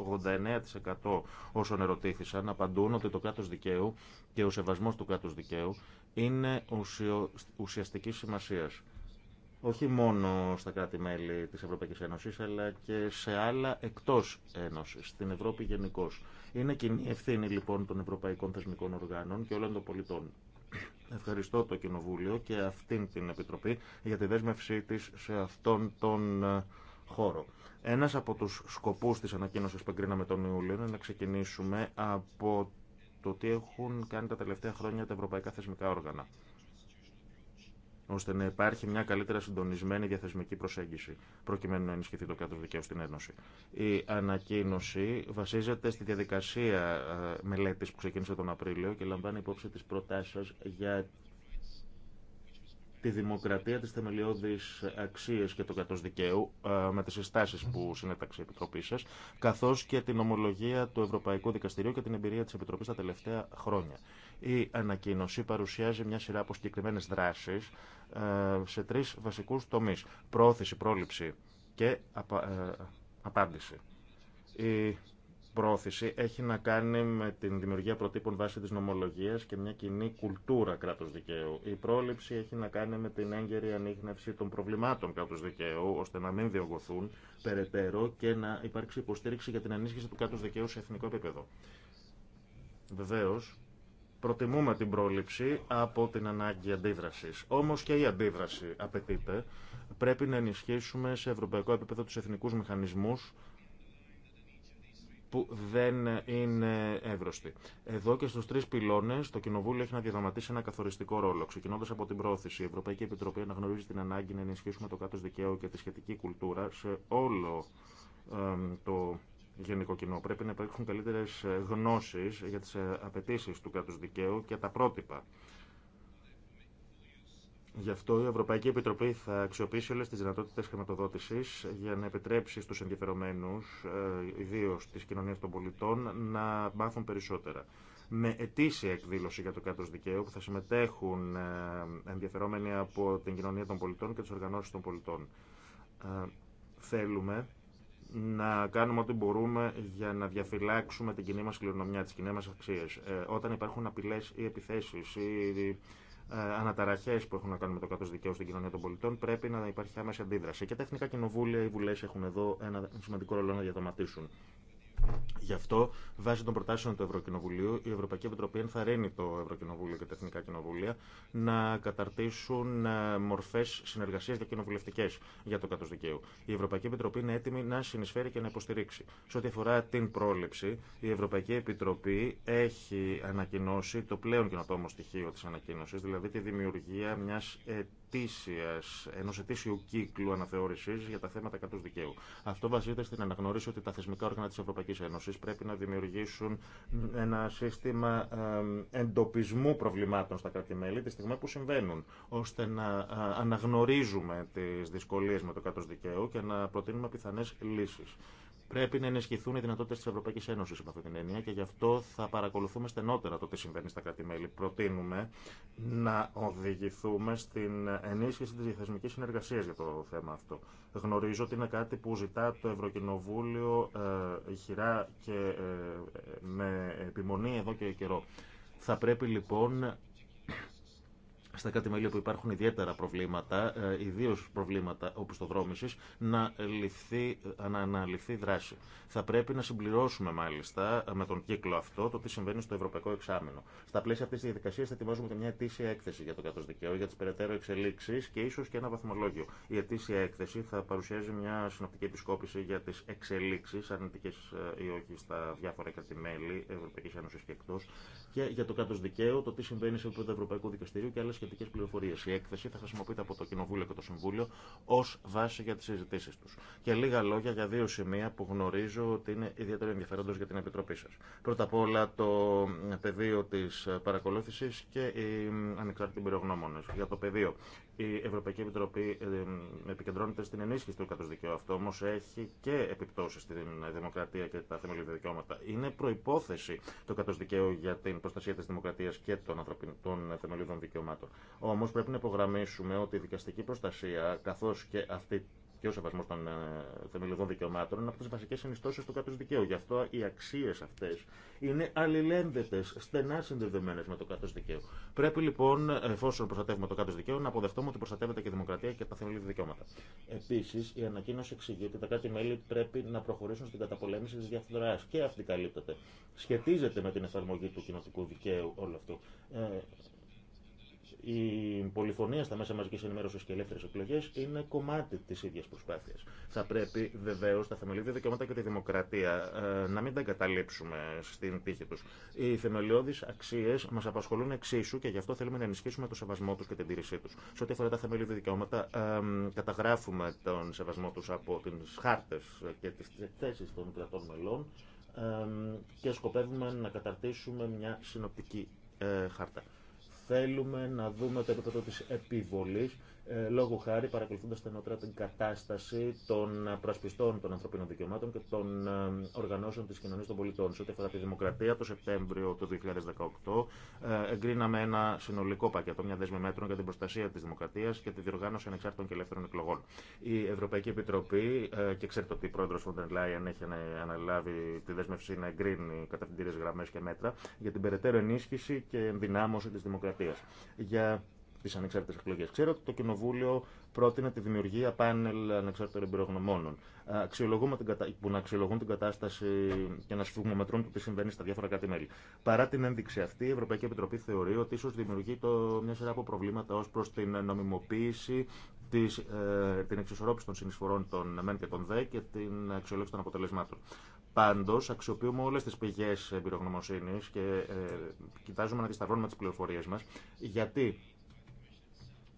89% όσων ερωτήθησαν απαντούν ότι το κράτο δικαίου και ο σεβασμό του κράτου δικαίου είναι ουσιαστική σημασία όχι μόνο στα κράτη-μέλη της Ευρωπαϊκής Ένωσης, αλλά και σε άλλα εκτός Ένωσης, στην Ευρώπη γενικώ. Είναι κοινή ευθύνη λοιπόν των Ευρωπαϊκών Θεσμικών Οργάνων και όλων των πολιτών. Ευχαριστώ το Κοινοβούλιο και αυτήν την Επιτροπή για τη δέσμευσή της σε αυτόν τον ε, χώρο. Ένας από τους σκοπούς της ανακοίνωσης που εγκρίναμε τον Ιούλιο είναι να ξεκινήσουμε από το τι έχουν κάνει τα τελευταία χρόνια τα ευρωπαϊκά θεσμικά όργανα ώστε να υπάρχει μια καλύτερα συντονισμένη διαθεσμική προσέγγιση, προκειμένου να ενισχυθεί το κράτο δικαίου στην Ένωση. Η ανακοίνωση βασίζεται στη διαδικασία ε, μελέτη που ξεκίνησε τον Απρίλιο και λαμβάνει υπόψη τι προτάσει σα για τη δημοκρατία, τις θεμελιώδεις αξίες και το κατός δικαίου ε, με τις συστάσεις που συνέταξε η Επιτροπή σας, καθώς και την ομολογία του Ευρωπαϊκού Δικαστηρίου και την εμπειρία της Επιτροπής τα τελευταία χρόνια. Η ανακοίνωση παρουσιάζει μια σειρά από συγκεκριμένε δράσεις ε, σε τρεις βασικούς τομείς. Πρόθεση, πρόληψη και ε, απάντηση. Η πρόθεση έχει να κάνει με την δημιουργία προτύπων βάσει της νομολογίας και μια κοινή κουλτούρα κράτους δικαίου. Η πρόληψη έχει να κάνει με την έγκαιρη ανείχνευση των προβλημάτων κράτους δικαίου, ώστε να μην διωγωθούν περαιτέρω και να υπάρξει υποστήριξη για την ανίσχυση του κράτους δικαίου σε εθνικό επίπεδο. Βεβαίω. Προτιμούμε την πρόληψη από την ανάγκη αντίδρασης. Όμως και η αντίδραση απαιτείται. Πρέπει να ενισχύσουμε σε ευρωπαϊκό επίπεδο τους εθνικούς μηχανισμούς που δεν είναι εύρωστοι. Εδώ και στου τρει πυλώνε, το Κοινοβούλιο έχει να διαδραματίσει ένα καθοριστικό ρόλο. Ξεκινώντα από την πρόθεση, η Ευρωπαϊκή Επιτροπή αναγνωρίζει την ανάγκη να ενισχύσουμε το κάτω δικαίου και τη σχετική κουλτούρα σε όλο το γενικό κοινό. Πρέπει να υπάρχουν καλύτερε ε, γνώσει για τι ε, απαιτήσει του κράτου δικαίου και τα πρότυπα. Γι' αυτό η Ευρωπαϊκή Επιτροπή θα αξιοποιήσει όλε τι δυνατότητε χρηματοδότηση για να επιτρέψει στου ενδιαφερομένου, ε, ιδίω τη κοινωνία των πολιτών, να μάθουν περισσότερα. Με ετήσια εκδήλωση για το κράτο δικαίου που θα συμμετέχουν ενδιαφερόμενοι από την κοινωνία των πολιτών και τι οργανώσει των πολιτών. Θέλουμε να κάνουμε ό,τι μπορούμε για να διαφυλάξουμε την κοινή μα κληρονομιά, τι κοινέ μα αξίε. Ε, όταν υπάρχουν απειλέ ή επιθέσεις ή ε, αναταραχέ που έχουν να κάνουν με το κάτω δικαίου στην κοινωνία των πολιτών, πρέπει να υπάρχει άμεση αντίδραση. Και τα εθνικά κοινοβούλια, οι βουλέ έχουν εδώ ένα σημαντικό ρόλο να διαδραματίσουν. Γι' αυτό, βάσει των προτάσεων του Ευρωκοινοβουλίου, η Ευρωπαϊκή Επιτροπή ενθαρρύνει το Ευρωκοινοβούλιο και τα Εθνικά Κοινοβούλια να καταρτήσουν ε, μορφέ συνεργασία και κοινοβουλευτικέ για το κράτο δικαίου. Η Ευρωπαϊκή Επιτροπή είναι έτοιμη να συνεισφέρει και να υποστηρίξει. Σε ό,τι αφορά την πρόληψη, η Ευρωπαϊκή Επιτροπή έχει ανακοινώσει το πλέον καινοτόμο στοιχείο τη ανακοίνωση, δηλαδή τη δημιουργία μια ετήσιας, ενός ετήσιου κύκλου αναθεώρησης για τα θέματα κατ' δικαίου. Αυτό βασίζεται στην αναγνώριση ότι τα θεσμικά όργανα της Ευρωπαϊκής Ένωσης πρέπει να δημιουργήσουν ένα σύστημα εντοπισμού προβλημάτων στα κράτη-μέλη τη στιγμή που συμβαίνουν, ώστε να αναγνωρίζουμε τις δυσκολίες με το κάτω δικαίου και να προτείνουμε πιθανές λύσεις. Πρέπει να ενισχυθούν οι δυνατότητε τη Ευρωπαϊκή Ένωση από αυτή την έννοια και γι' αυτό θα παρακολουθούμε στενότερα το τι συμβαίνει στα κράτη-μέλη. Προτείνουμε να οδηγηθούμε στην ενίσχυση τη διαθεσμική συνεργασία για το θέμα αυτό. Γνωρίζω ότι είναι κάτι που ζητά το Ευρωκοινοβούλιο ε, χειρά και ε, με επιμονή εδώ και καιρό. Θα πρέπει λοιπόν στα κάτι που υπάρχουν ιδιαίτερα προβλήματα, ε, ιδίω προβλήματα δρόμηση, να, ληφθεί, ε, να αναλυθεί δράση. Θα πρέπει να συμπληρώσουμε μάλιστα ε, με τον κύκλο αυτό το τι συμβαίνει στο Ευρωπαϊκό Εξάμεινο. Στα πλαίσια αυτή τη διαδικασία θα ετοιμάζουμε και μια ετήσια έκθεση για το κράτο δικαίου, για τι περαιτέρω εξελίξει και ίσω και ένα βαθμολόγιο. Η ετήσια έκθεση θα παρουσιάζει μια συνοπτική επισκόπηση για τι εξελίξει, αρνητικέ ή όχι, στα διάφορα μέλη, Ευρωπαϊκή Ένωση και εκτό, και για το κράτο δικαίου, το τι συμβαίνει σε επίπεδο Ευρωπαϊκού Δικαστηρίου και άλλε πληροφορίε. Η έκθεση θα χρησιμοποιείται από το Κοινοβούλιο και το Συμβούλιο ω βάση για τι συζητήσει του. Και λίγα λόγια για δύο σημεία που γνωρίζω ότι είναι ιδιαίτερα ενδιαφέροντο για την Επιτροπή σα. Πρώτα απ' όλα το πεδίο τη παρακολούθηση και η ανεξάρτητοι πυρογνώμονε. Για το πεδίο, η Ευρωπαϊκή Επιτροπή ε, επικεντρώνεται στην ενίσχυση του κράτου δικαίου. Αυτό όμω έχει και επιπτώσει στην δημοκρατία και τα θεμελιώδη δικαιώματα. Είναι προπόθεση το κράτο δικαίου για την προστασία τη δημοκρατία και των, των θεμελιωδών δικαιωμάτων. Όμω πρέπει να υπογραμμίσουμε ότι η δικαστική προστασία, καθώ και αυτή και ο σεβασμό των ε, θεμελιωδών δικαιωμάτων είναι από τι βασικέ συνιστώσει του κράτου δικαίου. Γι' αυτό οι αξίε αυτέ είναι αλληλένδετε, στενά συνδεδεμένε με το κράτο δικαίου. Πρέπει λοιπόν, εφόσον προστατεύουμε το κράτο δικαίου, να αποδεχτούμε ότι προστατεύεται και η δημοκρατία και τα θεμελιώδη δικαιώματα. Επίση, η ανακοίνωση εξηγεί ότι τα κράτη-μέλη πρέπει να προχωρήσουν στην καταπολέμηση τη διαφθορά και αυτή καλύπτεται. Σχετίζεται με την εφαρμογή του κοινοτικού δικαίου όλο αυτό. Ε, η πολυφωνία στα μέσα μαζική ενημέρωση και ελεύθερε εκλογέ είναι κομμάτι τη ίδια προσπάθεια. Θα πρέπει βεβαίω τα θεμελιώδη δικαιώματα και τη δημοκρατία ε, να μην τα εγκαταλείψουμε στην τύχη του. Οι θεμελιώδει αξίε μα απασχολούν εξίσου και γι' αυτό θέλουμε να ενισχύσουμε το σεβασμό του και την τήρησή του. Σε ό,τι αφορά τα θεμελιώδη δικαιώματα, καταγράφουμε τον σεβασμό του από τι χάρτε και τι εκθέσει των κρατών μελών και σκοπεύουμε να καταρτήσουμε μια συνοπτική ε, χάρτα. Θέλουμε να δούμε το επίπεδο της επιβολής ε, λόγω χάρη παρακολουθούντα στενότερα την κατάσταση των προασπιστών των ανθρωπίνων δικαιωμάτων και των ε, οργανώσεων τη κοινωνία των πολιτών. Σε ό,τι αφορά τη δημοκρατία, το Σεπτέμβριο του 2018 ε, εγκρίναμε ένα συνολικό πακέτο, μια δέσμη μέτρων για την προστασία τη δημοκρατία και τη διοργάνωση ανεξάρτητων και ελεύθερων εκλογών. Η Ευρωπαϊκή Επιτροπή, και ξέρετε ότι η πρόεδρο Φοντερ Λάιεν έχει αναλάβει τη δέσμευση να εγκρίνει κατευθυντήριε γραμμέ και μέτρα για την περαιτέρω ενίσχυση και ενδυνάμωση τη δημοκρατία. Για τι ανεξάρτητε εκλογέ. Ξέρω ότι το Κοινοβούλιο πρότεινε τη δημιουργία πάνελ ανεξάρτητων εμπειρογνωμόνων που να αξιολογούν την κατάσταση και να σφιγμομετρούν το τι συμβαίνει στα διαφορα κάτι κράτη-μέλη. Παρά την ένδειξη αυτή, η Ευρωπαϊκή Επιτροπή θεωρεί ότι ίσω δημιουργεί το, μια σειρά από προβλήματα ω προ την νομιμοποίηση, της, ε, την εξισορρόπηση των συνεισφορών των ΜΕΝ και των ΔΕ και την αξιολόγηση των αποτελεσμάτων. Πάντω, αξιοποιούμε όλε τι πηγέ εμπειρογνωμοσύνη και ε, κοιτάζουμε να τι τι πληροφορίε μα, γιατί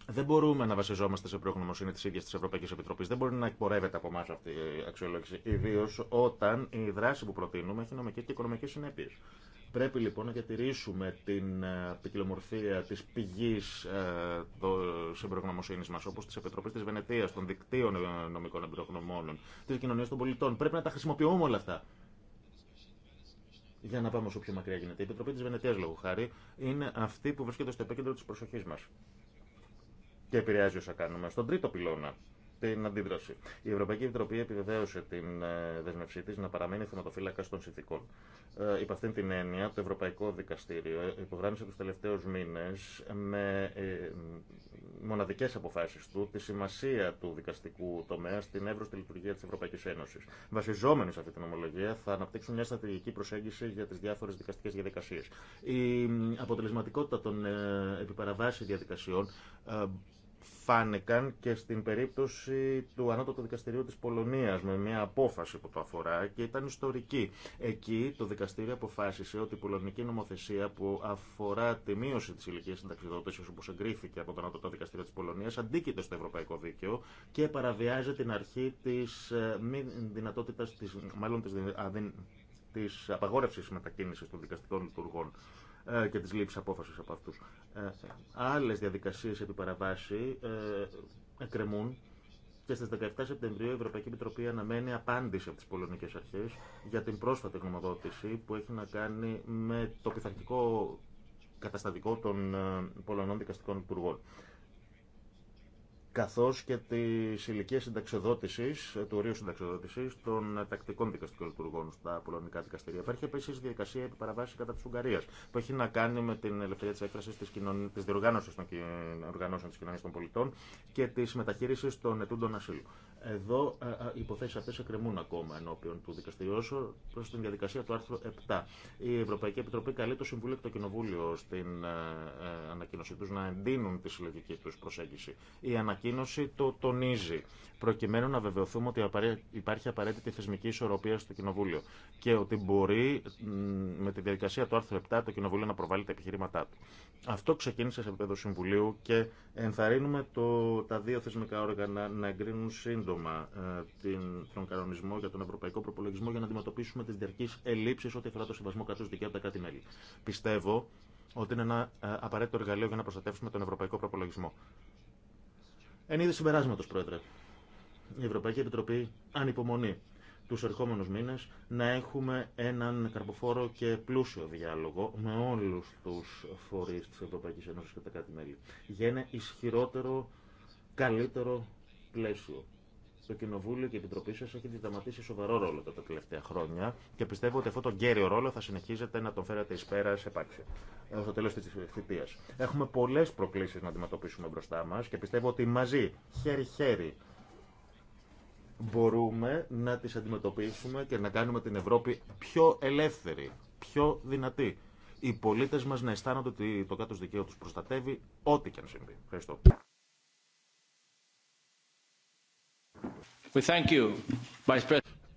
δεν μπορούμε να βασιζόμαστε σε προγνωμοσύνη τη ίδια τη Ευρωπαϊκή Επιτροπή. Δεν μπορεί να εκπορεύεται από εμά αυτή η αξιολόγηση. Ιδίω όταν η δράση που προτείνουμε έχει νομικέ και οικονομικέ συνέπειε. Πρέπει λοιπόν να διατηρήσουμε την ποικιλομορφία ε, τη πηγή ε, τη προγνωμοσύνη μα, όπω τη Επιτροπή τη Βενετία, των δικτύων ε, νομικών εμπειρογνωμόνων, τη κοινωνία των πολιτών. Πρέπει να τα χρησιμοποιούμε όλα αυτά. Για να πάμε όσο πιο μακριά γίνεται. Η Επιτροπή τη Βενετία, λόγω χάρη, είναι αυτή που βρίσκεται στο επίκεντρο τη προσοχή μα και επηρεάζει όσα κάνουμε. Στον τρίτο πυλώνα, την αντίδραση. Η Ευρωπαϊκή Επιτροπή επιβεβαίωσε την ε, δεσμευσή τη να παραμένει θεματοφύλακα των συνθήκων. Ε, υπ' αυτήν την έννοια, το Ευρωπαϊκό Δικαστήριο υπογράμμισε του τελευταίου μήνε με ε, μοναδικέ αποφάσει του τη σημασία του δικαστικού τομέα στην εύρωστη λειτουργία τη Ευρωπαϊκή Ένωση. Βασιζόμενοι σε αυτή την ομολογία, θα αναπτύξουν μια στρατηγική προσέγγιση για τι διάφορε δικαστικέ διαδικασίε. Η ε, αποτελεσματικότητα των ε, διαδικασιών φάνηκαν και στην περίπτωση του Ανώτατου Δικαστηρίου της Πολωνίας με μια απόφαση που το αφορά και ήταν ιστορική. Εκεί το δικαστήριο αποφάσισε ότι η πολωνική νομοθεσία που αφορά τη μείωση της ηλικίας συνταξιδότησης όπως εγκρίθηκε από το Ανώτατο Δικαστήριο της Πολωνίας αντίκειται στο ευρωπαϊκό δίκαιο και παραβιάζει την αρχή της ε, μη δυνατότητας, μάλλον της, της απαγόρευσης μετακίνησης των δικαστικών λειτουργών. Ε, και της λήψης απόφασης από αυτούς. Ε, άλλες διαδικασίες επί παραβάση ε, εκκρεμούν και στις 17 Σεπτεμβρίου η Ευρωπαϊκή Επιτροπή αναμένει απάντηση από τις πολωνικές αρχές για την πρόσφατη γνωμοδότηση που έχει να κάνει με το πειθαρχικό καταστατικό των Πολωνών Δικαστικών Υπουργών καθώς και της ηλικία συνταξιοδότηση, του ορίου συνταξιοδότησης των τακτικών δικαστικών λειτουργών στα πολωνικά δικαστήρια. Υπάρχει επίσης διαδικασία επιπαραβάσης κατά της Ουγγαρίας, που έχει να κάνει με την ελευθερία της έκφρασης της, κοινων... διοργάνωσης των οργανώσεων τη κοινωνίας των πολιτών και της μεταχείρισης των ετούντων ασύλου. Εδώ ε, ε, οι υποθέσει αυτέ εκκρεμούν ακόμα ενώπιον του δικαστηρίου όσο προ την διαδικασία του άρθρου 7. Η Ευρωπαϊκή Επιτροπή καλεί το Συμβούλιο και το Κοινοβούλιο στην ε, ανακοίνωσή του να εντείνουν τη συλλογική του προσέγγιση. Η ανακοίνωση το τονίζει, προκειμένου να βεβαιωθούμε ότι υπάρχει απαραίτητη θεσμική ισορροπία στο Κοινοβούλιο και ότι μπορεί με τη διαδικασία του άρθρου 7 το Κοινοβούλιο να προβάλλει τα επιχειρήματά του. Αυτό ξεκίνησε σε επίπεδο Συμβουλίου και ενθαρρύνουμε το, τα δύο θεσμικά όργανα να εγκρίνουν σύντομα ε, την, τον κανονισμό για τον ευρωπαϊκό προπολογισμό για να αντιμετωπίσουμε τι διαρκεί ελλείψεις ό,τι αφορά το συμβασμό κατ' δικαίου από τα κάτι μέλη. Πιστεύω ότι είναι ένα ε, απαραίτητο εργαλείο για να προστατεύσουμε τον ευρωπαϊκό προπολογισμό. Εν είδη συμπεράσματο, Πρόεδρε. Η Ευρωπαϊκή Επιτροπή ανυπομονεί τους ερχόμενους μήνες να έχουμε έναν καρποφόρο και πλούσιο διάλογο με όλους τους φορείς της Ευρωπαϊκής Ένωσης και τα κάτι μέλη για ένα ισχυρότερο, καλύτερο πλαίσιο. Το Κοινοβούλιο και η Επιτροπή σα έχει διδαματίσει σοβαρό ρόλο τα τελευταία χρόνια και πιστεύω ότι αυτό τον κέριο ρόλο θα συνεχίζετε να τον φέρετε ει πέρα σε πάξη έω ε, το τέλο τη θητεία. Έχουμε πολλέ προκλήσει να αντιμετωπίσουμε μπροστά μα και πιστεύω ότι μαζί, χέρι-χέρι, μπορούμε να τις αντιμετωπίσουμε και να κάνουμε την Ευρώπη πιο ελεύθερη, πιο δυνατή. Οι πολίτες μας να αισθάνονται ότι το κάτω δικαίωμα τους προστατεύει ό,τι και αν συμβεί. Ευχαριστώ.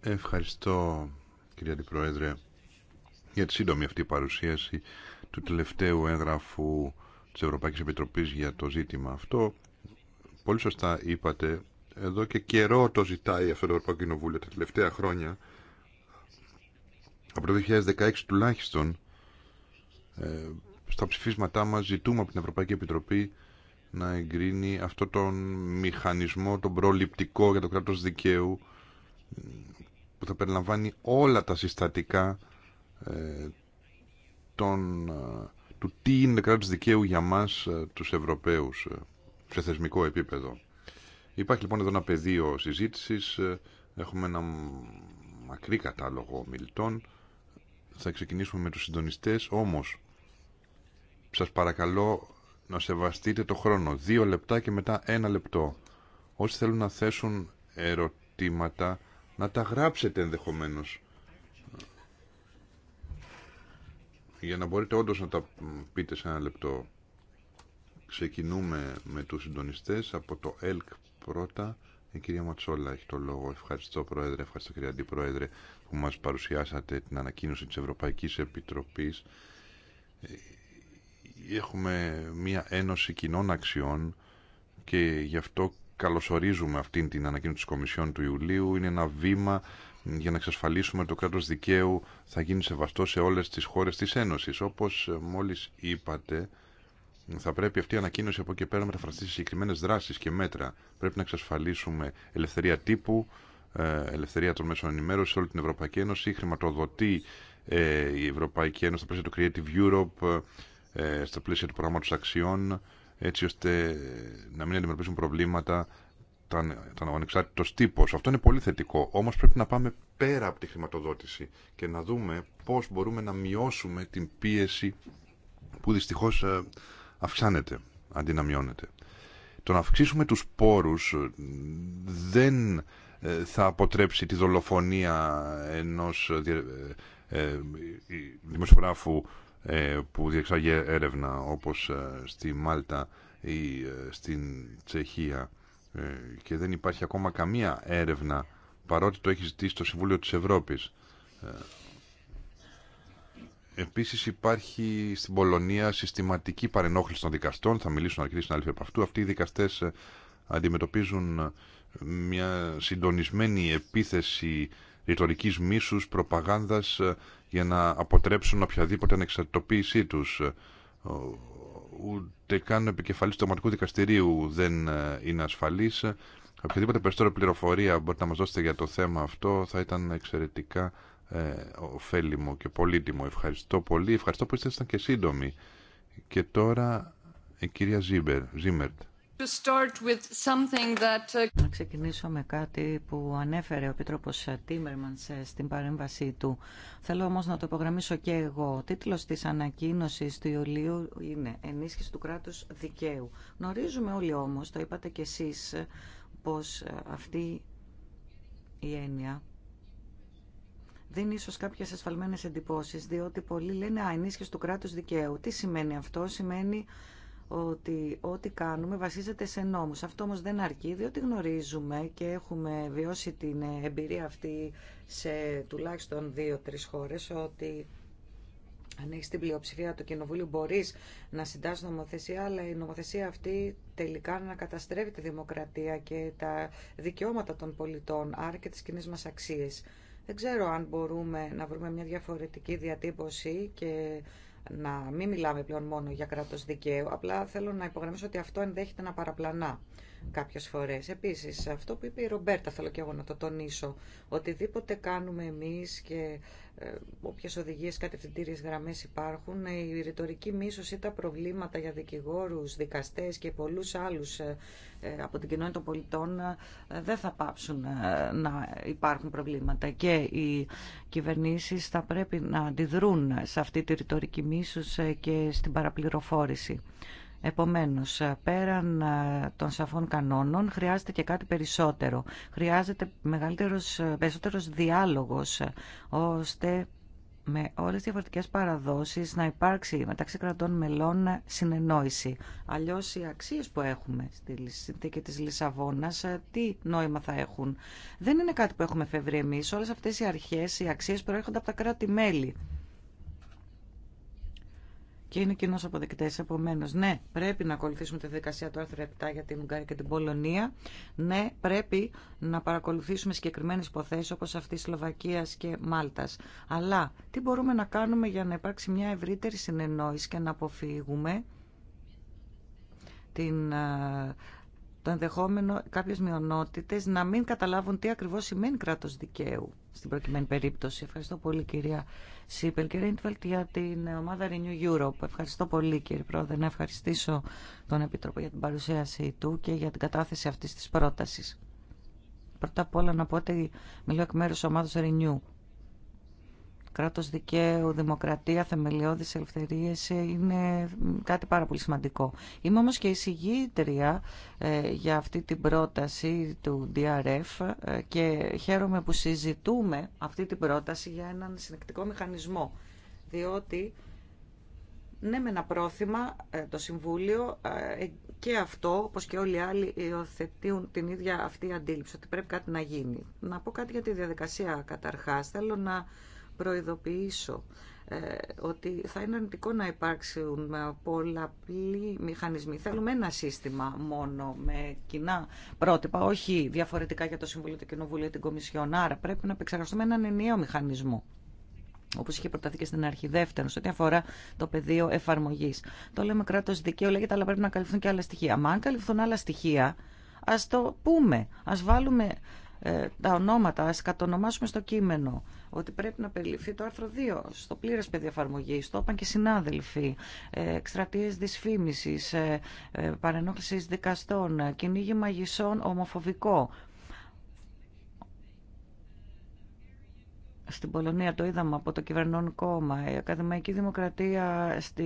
Ευχαριστώ, κύριε Αντιπρόεδρε, για τη σύντομη αυτή παρουσίαση του τελευταίου έγγραφου της Ευρωπαϊκής Επιτροπής για το ζήτημα αυτό. Πολύ σωστά είπατε εδώ και καιρό το ζητάει αυτό το Ευρωπαϊκό Κοινοβούλιο τα τελευταία χρόνια. Από το 2016 τουλάχιστον, ε, στα ψηφίσματά μας ζητούμε από την Ευρωπαϊκή Επιτροπή να εγκρίνει αυτό τον μηχανισμό, τον προληπτικό για το κράτος δικαίου που θα περιλαμβάνει όλα τα συστατικά ε, ε του τι είναι κράτος δικαίου για μας ε, τους Ευρωπαίους σε θεσμικό επίπεδο. Υπάρχει λοιπόν εδώ ένα πεδίο συζήτησης. Ε, έχουμε ένα μακρύ κατάλογο μιλητών. Θα ξεκινήσουμε με τους συντονιστέ. όμως σα παρακαλώ να σεβαστείτε το χρόνο. Δύο λεπτά και μετά ένα λεπτό. Όσοι θέλουν να θέσουν ερωτήματα, να τα γράψετε ενδεχομένως. Για να μπορείτε όντω να τα πείτε σε ένα λεπτό. Ξεκινούμε με τους συντονιστές από το ΕΛΚ Πρώτα, η κυρία Ματσόλα έχει το λόγο. Ευχαριστώ, Πρόεδρε. Ευχαριστώ, κυρία Αντιπρόεδρε, που μας παρουσιάσατε την ανακοίνωση της Ευρωπαϊκής Επιτροπής. Έχουμε μία ένωση κοινών αξιών και γι' αυτό καλωσορίζουμε αυτήν την ανακοίνωση της Κομισιόν του Ιουλίου. Είναι ένα βήμα για να εξασφαλίσουμε ότι το κράτος δικαίου θα γίνει σεβαστό σε όλες τις χώρες της Ένωσης. Όπως μόλις είπατε, θα πρέπει αυτή η ανακοίνωση από εκεί πέρα να μεταφραστεί σε συγκεκριμένε δράσει και μέτρα. Πρέπει να εξασφαλίσουμε ελευθερία τύπου, ε, ελευθερία των μέσων ενημέρωση σε όλη την Ευρωπαϊκή Ένωση, χρηματοδοτεί ε, η Ευρωπαϊκή Ένωση στα πλαίσια του Creative Europe, ε, στα πλαίσια του προγράμματο αξιών, έτσι ώστε να μην αντιμετωπίσουν προβλήματα τα ανεξάρτητο τύπο. Αυτό είναι πολύ θετικό. Όμω πρέπει να πάμε πέρα από τη χρηματοδότηση και να δούμε πώ μπορούμε να μειώσουμε την πίεση που δυστυχώ αυξάνεται αντί να μειώνεται. Το να αυξήσουμε τους πόρους ε, δεν ε, θα αποτρέψει τη δολοφονία ενός ε, δημοσιογράφου που διεξάγει έρευνα όπως στη Μάλτα ή στην Τσεχία και δεν υπάρχει ακόμα καμία έρευνα παρότι το έχει ζητήσει το Συμβούλιο της Ευρώπης Επίση υπάρχει στην Πολωνία συστηματική παρενόχληση των δικαστών. Θα μιλήσουν αρκετοί συνάδελφοι από αυτού. Αυτοί οι δικαστέ ε, αντιμετωπίζουν ε, μια συντονισμένη επίθεση ρητορική μίσου, προπαγάνδα ε, για να αποτρέψουν οποιαδήποτε ανεξαρτητοποίησή του. Ούτε καν ο επικεφαλής του Δικαστηρίου δεν είναι ασφαλή. Οποιαδήποτε περισσότερη πληροφορία μπορείτε να μα δώσετε για το θέμα αυτό θα ήταν εξαιρετικά ε, ωφέλιμο και πολύτιμο. Ευχαριστώ πολύ. Ευχαριστώ που ήσασταν και σύντομοι. Και τώρα η κυρία Ζίμπερ, Ζίμερτ. Uh, να ξεκινήσω με κάτι που ανέφερε ο Επίτροπος Τίμερμανς ε, στην παρέμβασή του. Θέλω όμως να το υπογραμμίσω και εγώ. Ο τίτλος της ανακοίνωσης του Ιουλίου είναι «Ενίσχυση του κράτους δικαίου». Γνωρίζουμε όλοι όμως, το είπατε κι εσείς, πως ε, αυτή η έννοια δίνει ίσω κάποιε ασφαλμένε εντυπώσει, διότι πολλοί λένε Α, ενίσχυση του κράτου δικαίου. Τι σημαίνει αυτό, Σημαίνει ότι ό,τι κάνουμε βασίζεται σε νόμους. Αυτό όμως δεν αρκεί, διότι γνωρίζουμε και έχουμε βιώσει την εμπειρία αυτή σε τουλάχιστον δύο-τρει χώρε, ότι αν έχει την πλειοψηφία του Κοινοβουλίου μπορεί να συντάσσει νομοθεσία, αλλά η νομοθεσία αυτή τελικά να καταστρέφει τη δημοκρατία και τα δικαιώματα των πολιτών, άρα και τι κοινέ μα αξίε. Δεν ξέρω αν μπορούμε να βρούμε μια διαφορετική διατύπωση και να μην μιλάμε πλέον μόνο για κράτος δικαίου. Απλά θέλω να υπογραμμίσω ότι αυτό ενδέχεται να παραπλανά κάποιες φορές. Επίσης, αυτό που είπε η Ρομπέρτα, θέλω και εγώ να το τονίσω, οτιδήποτε κάνουμε εμείς και ε, όποιες οδηγίες κατευθυντήριες γραμμές υπάρχουν, ε, η ρητορική μίσος ή τα προβλήματα για δικηγόρους, δικαστές και πολλούς άλλους ε, ε, από την κοινότητα των πολιτών δεν θα πάψουν να υπάρχουν προβλήματα και οι κυβερνήσει θα πρέπει να αντιδρούν σε αυτή τη ρητορική ε, και στην παραπληροφόρηση. Επομένως, πέραν των σαφών κανόνων, χρειάζεται και κάτι περισσότερο. Χρειάζεται μεγαλύτερος, περισσότερος διάλογος, ώστε με όλες τις διαφορετικές παραδόσεις να υπάρξει μεταξύ κρατών μελών συνεννόηση. Αλλιώς οι αξίες που έχουμε στη συνθήκη της Λισαβόνας, ε, τι νόημα θα έχουν. Δεν είναι κάτι που έχουμε φεύρει εμείς. Όλες αυτές οι αρχές, οι αξίες προέρχονται από τα κράτη-μέλη και είναι κοινό αποδεκτέ. Επομένω, ναι, πρέπει να ακολουθήσουμε τη διαδικασία του άρθρου 7 για την Ουγγαρία και την Πολωνία. Ναι, πρέπει να παρακολουθήσουμε συγκεκριμένε υποθέσει όπω αυτή τη Σλοβακία και Μάλτα. Αλλά τι μπορούμε να κάνουμε για να υπάρξει μια ευρύτερη συνεννόηση και να αποφύγουμε την ε, το ενδεχόμενο κάποιες μειονότητες να μην καταλάβουν τι ακριβώς σημαίνει κράτος δικαίου στην προκειμένη περίπτωση. Ευχαριστώ πολύ κυρία Σίπελ. Κύριε για την ομάδα Renew Europe. Ευχαριστώ πολύ κύριε Πρόεδρε να ευχαριστήσω τον Επίτροπο για την παρουσίαση του και για την κατάθεση αυτής της πρότασης. Πρώτα απ' όλα να πω ότι μιλώ εκ μέρους ομάδας Renew κράτος δικαίου, δημοκρατία, θεμελιώδεις ελευθερίες είναι κάτι πάρα πολύ σημαντικό. Είμαι όμως και εισηγήτρια ε, για αυτή την πρόταση του DRF ε, και χαίρομαι που συζητούμε αυτή την πρόταση για έναν συνεκτικό μηχανισμό, διότι ναι με ένα πρόθυμα ε, το Συμβούλιο και αυτό, όπως και όλοι οι άλλοι, υιοθετούν την ίδια αυτή αντίληψη ότι πρέπει κάτι να γίνει. Να πω κάτι για τη διαδικασία καταρχάς. Θέλω να προειδοποιήσω ε, ότι θα είναι αρνητικό να υπάρξουν πολλαπλή μηχανισμοί. Θέλουμε ένα σύστημα μόνο με κοινά πρότυπα, όχι διαφορετικά για το Συμβούλιο, το Κοινοβούλιο, την Κομισιόν. Άρα πρέπει να επεξεργαστούμε έναν ενιαίο μηχανισμό όπω είχε προταθεί και στην αρχή. Δεύτερον, σε ό,τι αφορά το πεδίο εφαρμογή. Το λέμε κράτο δικαίου, λέγεται, αλλά πρέπει να καλυφθούν και άλλα στοιχεία. Μα αν καλυφθούν άλλα στοιχεία, α το πούμε. Α βάλουμε ε, τα ονόματα, ας κατονομάσουμε στο κείμενο ότι πρέπει να περιληφθεί το άρθρο 2 στο πλήρε πεδίο εφαρμογή. Το είπαν και συνάδελφοι. Ε, Εκστρατείε δυσφήμιση, ε, παρενόχληση δικαστών, κυνήγι μαγισσών ομοφοβικό. στην Πολωνία το είδαμε από το κυβερνών κόμμα. Η ακαδημαϊκή δημοκρατία στη...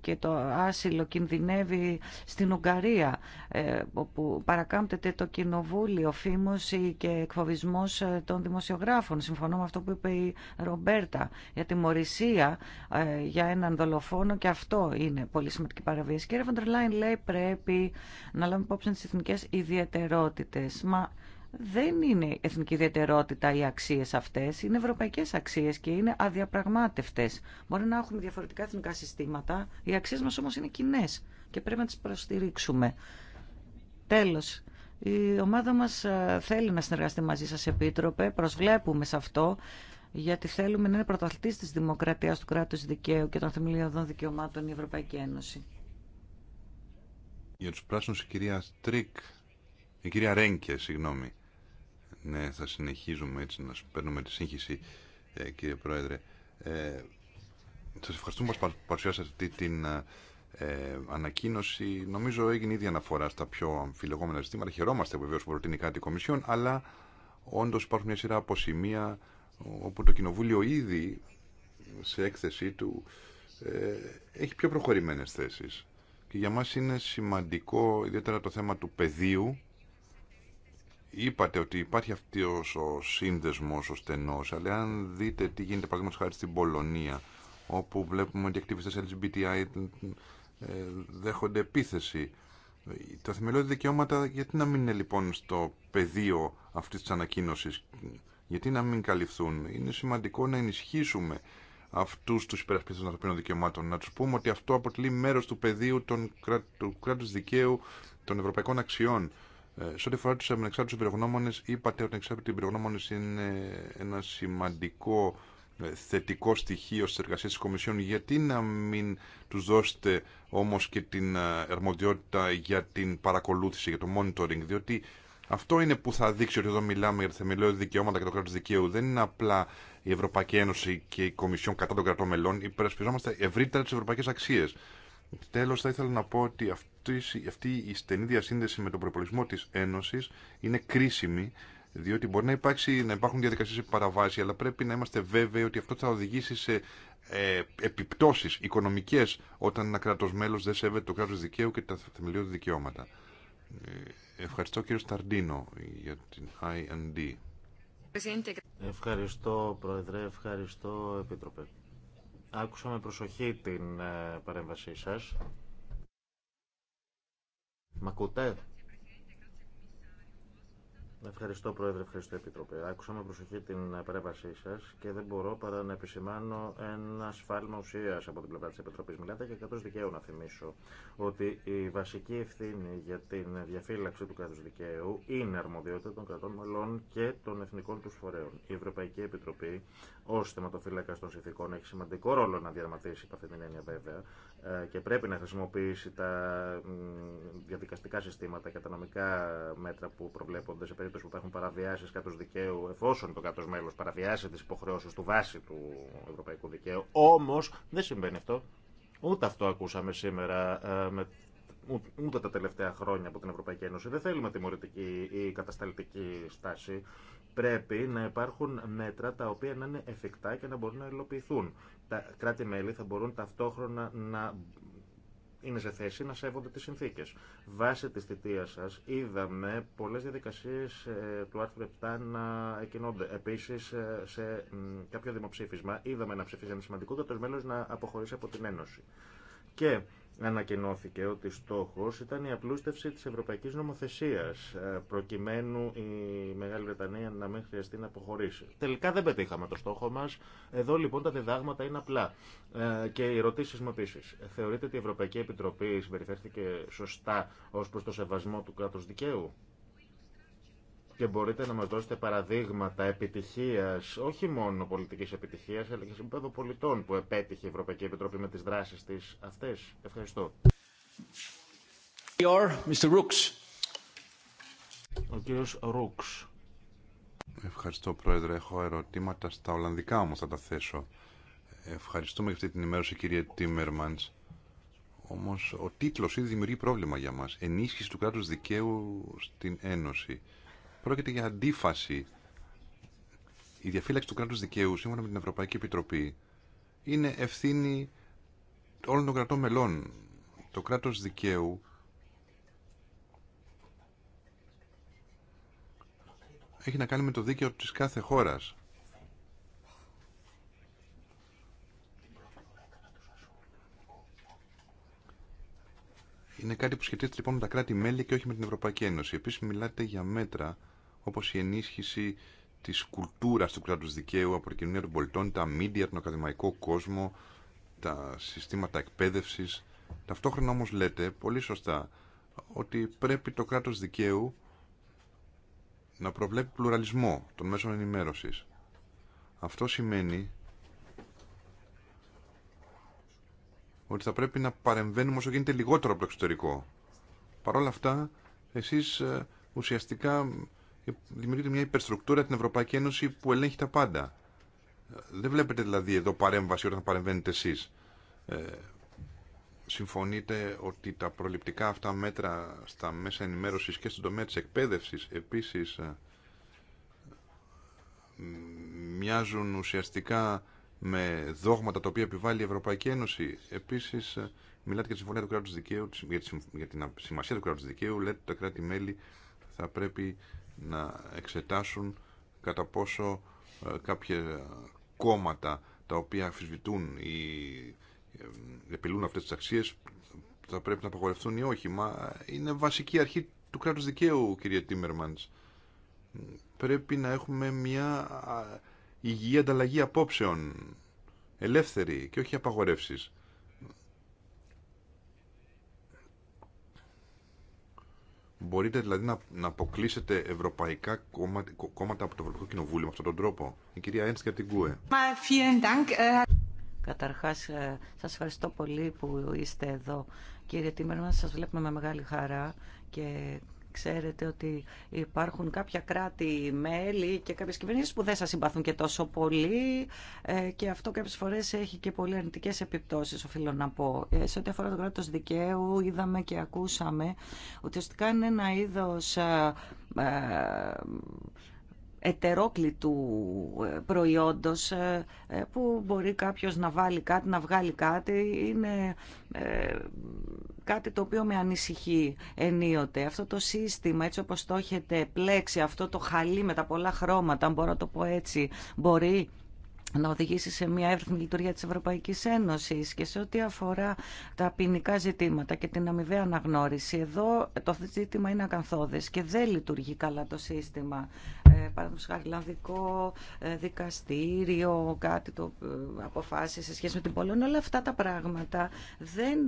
και το άσυλο κινδυνεύει στην Ουγγαρία, ε, όπου παρακάμπτεται το κοινοβούλιο, φήμωση και εκφοβισμός ε, των δημοσιογράφων. Συμφωνώ με αυτό που είπε η Ρομπέρτα για τη μορισία ε, για έναν δολοφόνο και αυτό είναι πολύ σημαντική παραβίαση. Κύριε Βαντερλάιν λέει πρέπει να λάβουμε υπόψη τις εθνικές ιδιαιτερότητες. Μα δεν είναι εθνική ιδιαιτερότητα οι αξίε αυτέ. είναι ευρωπαϊκέ αξίε και είναι αδιαπραγματευτε. Μπορεί να έχουμε διαφορετικά εθνικά συστήματα, οι αξίε μα όμω είναι κοινέ και πρέπει να τι προστηρίξουμε. Τέλο, η ομάδα μα ε, θέλει να συνεργαστεί μαζί σα Επίτροπε, προσβλέπουμε σε αυτό γιατί θέλουμε να είναι πρωταθλητής της δημοκρατίας του κράτους δικαίου και των θεμελιωδών δικαιωμάτων η Ευρωπαϊκή Ένωση. Για τους πράσινους η κυρία Τρίκ, η κυρία Ρένκε, συγγνώμη. Ναι, θα συνεχίζουμε έτσι να παίρνουμε τη σύγχυση, ε, κύριε Πρόεδρε. Ε, σας ευχαριστούμε που παρουσιάσατε την ε, ε, ανακοίνωση. Νομίζω έγινε ήδη αναφορά στα πιο αμφιλεγόμενα ζητήματα. Χαιρόμαστε βεβαίω που προτείνει κάτι η Κομισιόν, αλλά όντω υπάρχουν μια σειρά από όπου το Κοινοβούλιο ήδη σε έκθεσή του ε, έχει πιο προχωρημένες θέσεις. Και για μας είναι σημαντικό ιδιαίτερα το θέμα του πεδίου είπατε ότι υπάρχει αυτό ο σύνδεσμό ο στενό, αλλά αν δείτε τι γίνεται παραδείγματο χάρη στην Πολωνία, όπου βλέπουμε ότι οι ακτιβιστές LGBTI ε, δέχονται επίθεση. Τα θεμελιώδη δικαιώματα γιατί να μην είναι λοιπόν στο πεδίο αυτή τη ανακοίνωση, γιατί να μην καλυφθούν. Είναι σημαντικό να ενισχύσουμε αυτού του υπερασπιστέ των ανθρωπίνων δικαιωμάτων, να του πούμε ότι αυτό αποτελεί μέρο του πεδίου των κράτου, του δικαίου των ευρωπαϊκών αξιών σε ό,τι αφορά του ανεξάρτητου εμπειρογνώμονε, είπατε ότι οι ανεξάρτητοι εμπειρογνώμονε είναι ένα σημαντικό ε, θετικό στοιχείο στι εργασίε τη Κομισιόν. Γιατί να μην του δώσετε όμω και την ε, αρμοδιότητα για την παρακολούθηση, για το monitoring, διότι αυτό είναι που θα δείξει ότι εδώ μιλάμε για θεμελιώδη δικαιώματα και το κράτο δικαίου. Δεν είναι απλά η Ευρωπαϊκή Ένωση και η Κομισιόν κατά των κρατών μελών. Υπερασπιζόμαστε ευρύτερα τι ευρωπαϊκέ αξίε. Τέλο, θα ήθελα να πω ότι αυτό αυτή η στενή διασύνδεση με τον προπολογισμό της Ένωσης είναι κρίσιμη διότι μπορεί να, υπάρξει, να υπάρχουν διαδικασίες παραβάση αλλά πρέπει να είμαστε βέβαιοι ότι αυτό θα οδηγήσει σε ε, επιπτώσεις οικονομικές όταν ένα κράτος μέλος δεν σέβεται το κράτος δικαίου και τα θεμελιώδη δικαιώματα. Ε, ευχαριστώ κύριο Σταρντίνο για την IND. Ευχαριστώ Πρόεδρε, ευχαριστώ Επίτροπε. Άκουσα με προσοχή την ε, παρέμβασή σας. Μ' ακούτε? Ευχαριστώ Πρόεδρε, ευχαριστώ Επιτροπή. Άκουσα με προσοχή την παρέμβασή σα και δεν μπορώ παρά να επισημάνω ένα σφάλμα ουσία από την πλευρά τη Επιτροπή. Μιλάτε για κράτο δικαίου, να θυμίσω ότι η βασική ευθύνη για την διαφύλαξη του κράτου δικαίου είναι αρμοδιότητα των κρατών μελών και των εθνικών του φορέων. Η Ευρωπαϊκή Επιτροπή, ω θεματοφύλακα των συνθηκών, έχει σημαντικό ρόλο να διαρματίσει υπ' αυτή την έννοια βέβαια, ε, και πρέπει να χρησιμοποιήσει τα διαδικαστικά συστήματα και τα νομικά μέτρα που προβλέπονται σε περίπτωση που υπάρχουν παραβιάσει κάτω δικαίου, εφόσον το κάτω μέλο παραβιάσει τι υποχρεώσει του βάση του ευρωπαϊκού δικαίου. Όμω δεν συμβαίνει αυτό. Ούτε αυτό ακούσαμε σήμερα, ε, ούτε τα τελευταία χρόνια από την Ευρωπαϊκή Ένωση. Δεν θέλουμε τιμωρητική ή κατασταλτική στάση πρέπει να υπάρχουν μέτρα τα οποία να είναι εφικτά και να μπορούν να υλοποιηθούν τα κράτη-μέλη θα μπορούν ταυτόχρονα να είναι σε θέση να σέβονται τις συνθήκες. Βάσει της θητείας σας είδαμε πολλές διαδικασίες ε, του άρθρου 7 να εκκινώνται. Επίσης ε, σε κάποιο δημοψήφισμα είδαμε να ψηφίζει ένα σημαντικό το μέλος να αποχωρήσει από την Ένωση. Και ανακοινώθηκε ότι στόχος ήταν η απλούστευση της ευρωπαϊκής νομοθεσίας ε, προκειμένου η Μεγάλη Βρετανία να μην χρειαστεί να αποχωρήσει. Τελικά δεν πετύχαμε το στόχο μας. Εδώ λοιπόν τα διδάγματα είναι απλά. Ε, και οι ερωτήσει μου επίση. Θεωρείτε ότι η Ευρωπαϊκή Επιτροπή συμπεριφέρθηκε σωστά ως προς το σεβασμό του κράτους δικαίου και μπορείτε να μας δώσετε παραδείγματα επιτυχίας, όχι μόνο πολιτικής επιτυχίας, αλλά και σε πολιτών που επέτυχε η Ευρωπαϊκή Επιτροπή με τις δράσεις της αυτές. Ευχαριστώ. Ο κύριος Ρούξ. Ευχαριστώ Πρόεδρε. Έχω ερωτήματα στα Ολλανδικά όμως θα τα θέσω. Ευχαριστούμε για αυτή την ενημέρωση κύριε Τίμερμανς. Όμως ο τίτλος ήδη δημιουργεί πρόβλημα για μας. Ενίσχυση του κράτους δικαίου στην Ένωση. Πρόκειται για αντίφαση. Η διαφύλαξη του κράτους δικαίου, σύμφωνα με την Ευρωπαϊκή Επιτροπή, είναι ευθύνη όλων των κρατών μελών. Το κράτος δικαίου έχει να κάνει με το δίκαιο της κάθε χώρας. Είναι κάτι που σχετίζεται λοιπόν με τα κράτη-μέλη και όχι με την Ευρωπαϊκή Ένωση. Επίσης μιλάτε για μέτρα όπως η ενίσχυση της κουλτούρας του κράτους δικαίου από την κοινωνία των πολιτών, τα μίντια, τον ακαδημαϊκό κόσμο, τα συστήματα εκπαίδευσης. Ταυτόχρονα όμως λέτε, πολύ σωστά, ότι πρέπει το κράτος δικαίου να προβλέπει πλουραλισμό των μέσων ενημέρωσης. Αυτό σημαίνει ότι θα πρέπει να παρεμβαίνουμε όσο γίνεται λιγότερο από το εξωτερικό. Παρ' όλα αυτά, εσείς ε, ουσιαστικά δημιουργείται μια υπερστρουκτούρα την Ευρωπαϊκή Ένωση που ελέγχει τα πάντα. Δεν βλέπετε δηλαδή εδώ παρέμβαση όταν παρεμβαίνετε εσεί. Ε, συμφωνείτε ότι τα προληπτικά αυτά μέτρα στα μέσα ενημέρωσης και στον τομέα της εκπαίδευσης επίσης ε, μοιάζουν ουσιαστικά με δόγματα τα οποία επιβάλλει η Ευρωπαϊκή Ένωση. Επίσης ε, μιλάτε για τη συμφωνία του Κράτου δικαίου, για, τη, την σημασία του κράτου δικαίου, λέτε ότι τα κράτη-μέλη θα πρέπει να εξετάσουν κατά πόσο ε, κάποια κόμματα τα οποία αφισβητούν ή ε, επιλούν αυτές τις αξίες θα πρέπει να απαγορευτούν ή όχι. Μα ε, είναι βασική αρχή του κράτους δικαίου, κύριε Τίμερμαντς. Πρέπει να έχουμε μια υγιή ανταλλαγή απόψεων, ελεύθερη και όχι απαγορεύσεις. Μπορείτε δηλαδή να, να αποκλείσετε ευρωπαϊκά κόμματα, κόμματα από το Ευρωπαϊκό Κοινοβούλιο με αυτόν τον τρόπο. Η κυρία Ένστ και από την ΚΟΕ. Ε, Καταρχάς, ε, σας ευχαριστώ πολύ που είστε εδώ. Κύριε Τίμερμαν, σας βλέπουμε με μεγάλη χαρά και Ξέρετε ότι υπάρχουν κάποια κράτη-μέλη και κάποιες κυβερνήσεις που δεν σας συμπαθούν και τόσο πολύ ε, και αυτό κάποιες φορές έχει και πολύ αρνητικές επιπτώσεις, οφείλω να πω. Ε, σε ό,τι αφορά το κράτος δικαίου, είδαμε και ακούσαμε ότι ουσιαστικά είναι ένα είδος ε, ετερόκλητου προϊόντος που μπορεί κάποιος να βάλει κάτι, να βγάλει κάτι. Είναι κάτι το οποίο με ανησυχεί ενίοτε. Αυτό το σύστημα, έτσι όπως το έχετε πλέξει, αυτό το χαλί με τα πολλά χρώματα, αν μπορώ να το πω έτσι, μπορεί να οδηγήσει σε μια εύρυθμη λειτουργία της Ευρωπαϊκής Ένωσης και σε ό,τι αφορά τα ποινικά ζητήματα και την αμοιβαία αναγνώριση. Εδώ το ζήτημα είναι ακαθόδες και δεν λειτουργεί καλά το σύστημα. Ε, παραδείγματο χάρη ε, δικαστήριο, κάτι το ε, αποφάσισε σε σχέση με την Πολωνία, όλα αυτά τα πράγματα δεν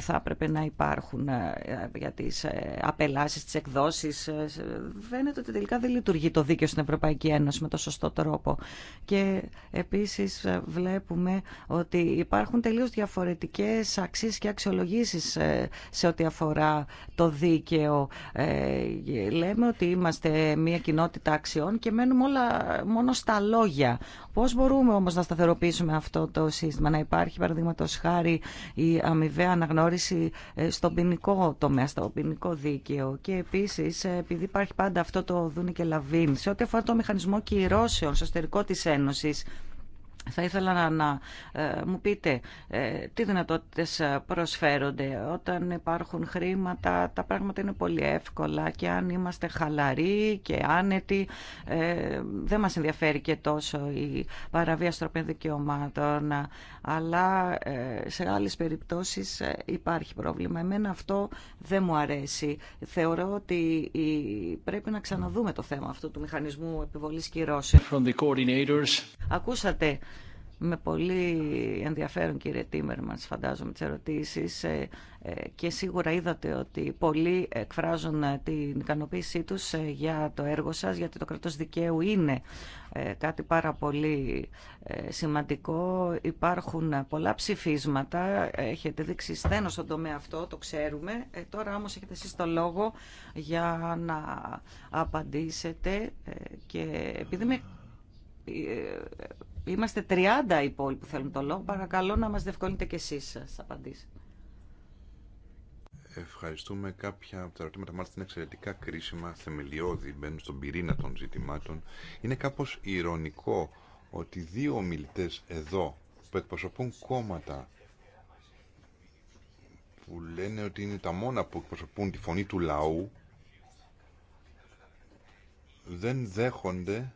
θα έπρεπε να υπάρχουν για τι απελάσεις, τις εκδόσεις. Φαίνεται ότι τελικά δεν λειτουργεί το δίκαιο στην Ευρωπαϊκή Ένωση με το σωστό τρόπο. Και επίσης βλέπουμε ότι υπάρχουν τελείως διαφορετικές αξίε και αξιολογήσει σε ό,τι αφορά το δίκαιο. Λέμε ότι είμαστε μια κοινότητα και μένουμε όλα μόνο στα λόγια. Πώς μπορούμε όμως να σταθεροποιήσουμε αυτό το σύστημα, να υπάρχει παραδείγματο χάρη η αμοιβαία αναγνώριση ε, στον ποινικό τομέα, στο ποινικό δίκαιο. Και επίσης, ε, επειδή υπάρχει πάντα αυτό το δούνε και λαβίν, σε ό,τι αφορά το μηχανισμό κυρώσεων στο εσωτερικό της Ένωση, θα ήθελα να ε, μου πείτε ε, τι δυνατότητες ε, προσφέρονται όταν υπάρχουν χρήματα. Τα πράγματα είναι πολύ εύκολα και αν είμαστε χαλαροί και άνετοι δεν μας ενδιαφέρει και τόσο η παραβία στροπέν δικαιωμάτων. Αλλά σε άλλες περιπτώσεις υπάρχει πρόβλημα. Εμένα αυτό δεν μου αρέσει. Θεωρώ ότι πρέπει να ξαναδούμε το θέμα αυτού του μηχανισμού επιβολής κυρώσεων. Ακούσατε με πολύ ενδιαφέρον κύριε Τίμερμανς φαντάζομαι τις ερωτήσεις ε, ε, και σίγουρα είδατε ότι πολλοί εκφράζουν ε, την ικανοποίησή τους για το έργο σας γιατί το κρατός δικαίου είναι κάτι πάρα πολύ σημαντικό. Υπάρχουν πολλά ψηφίσματα, έχετε δείξει στένο στον τομέα αυτό, το ξέρουμε. Τώρα όμως έχετε εσείς το λόγο για να απαντήσετε και επειδή με Είμαστε 30 υπόλοιποι που θέλουν το λόγο. Παρακαλώ να μας δευκολύνετε και εσείς σας απαντήσει. Ευχαριστούμε. Κάποια από τα ερωτήματα μάλιστα είναι εξαιρετικά κρίσιμα, θεμελιώδη, μπαίνουν στον πυρήνα των ζητημάτων. Είναι κάπως ηρωνικό ότι δύο ομιλητέ εδώ που εκπροσωπούν κόμματα που λένε ότι είναι τα μόνα που εκπροσωπούν τη φωνή του λαού δεν δέχονται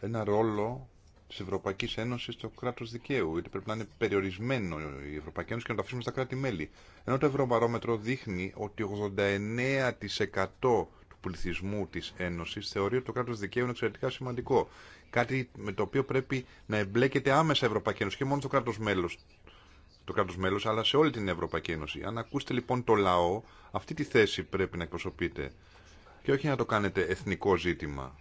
ένα ρόλο τη Ευρωπαϊκή Ένωση στο κράτο δικαίου. ...είτε πρέπει να είναι περιορισμένο η Ευρωπαϊκή Ένωση και να το αφήσουμε στα κράτη-μέλη. Ενώ το Ευρωπαρόμετρο δείχνει ότι 89% του πληθυσμού τη Ένωση θεωρεί ότι το κράτο δικαίου είναι εξαιρετικά σημαντικό. Κάτι με το οποίο πρέπει να εμπλέκεται άμεσα η Ευρωπαϊκή Ένωση και μόνο το κράτο μέλο. Το κράτο μέλο, αλλά σε όλη την Ευρωπαϊκή Ένωση. Αν ακούσετε λοιπόν το λαό, αυτή τη θέση πρέπει να εκπροσωπείτε. Και όχι να το κάνετε εθνικό ζήτημα.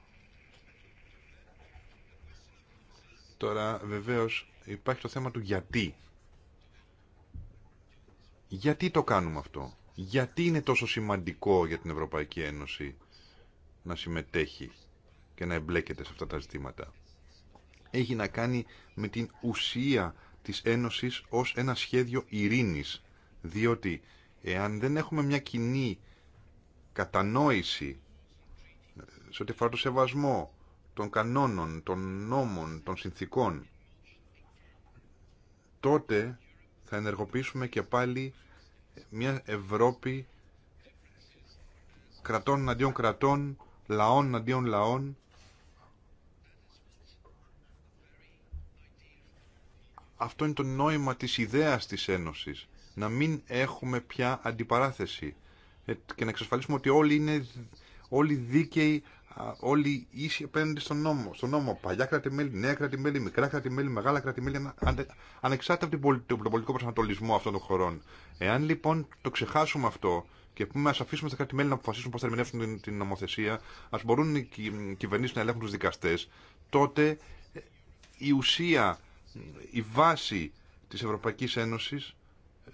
Τώρα βεβαίως υπάρχει το θέμα του γιατί. Γιατί το κάνουμε αυτό. Γιατί είναι τόσο σημαντικό για την Ευρωπαϊκή Ένωση να συμμετέχει και να εμπλέκεται σε αυτά τα ζητήματα. Έχει να κάνει με την ουσία της Ένωσης ως ένα σχέδιο ειρήνης. Διότι εάν δεν έχουμε μια κοινή κατανόηση σε ό,τι αφορά το σεβασμό, των κανόνων, των νόμων, των συνθήκων, τότε θα ενεργοποιήσουμε και πάλι μια Ευρώπη κρατών αντίον κρατών, λαών αντίον λαών. Αυτό είναι το νόημα της ιδέας της Ένωσης. Να μην έχουμε πια αντιπαράθεση ε, και να εξασφαλίσουμε ότι όλοι είναι όλοι δίκαιοι όλοι ίσοι απέναντι στον νόμο. Στον νόμο. Παλιά κρατημέλη, νέα κρατημέλη, μικρά κρατημέλη, μεγάλα κρατημέλη, ανεξάρτητα από τον πολιτικό προσανατολισμό αυτών των χωρών. Εάν λοιπόν το ξεχάσουμε αυτό και πούμε α αφήσουμε τα κρατημέλη να αποφασίσουν πώ θα ερμηνεύσουν την, την νομοθεσία, α μπορούν οι κυβερνήσει να ελέγχουν του δικαστέ, τότε ε, η ουσία, η βάση τη Ευρωπαϊκή Ένωση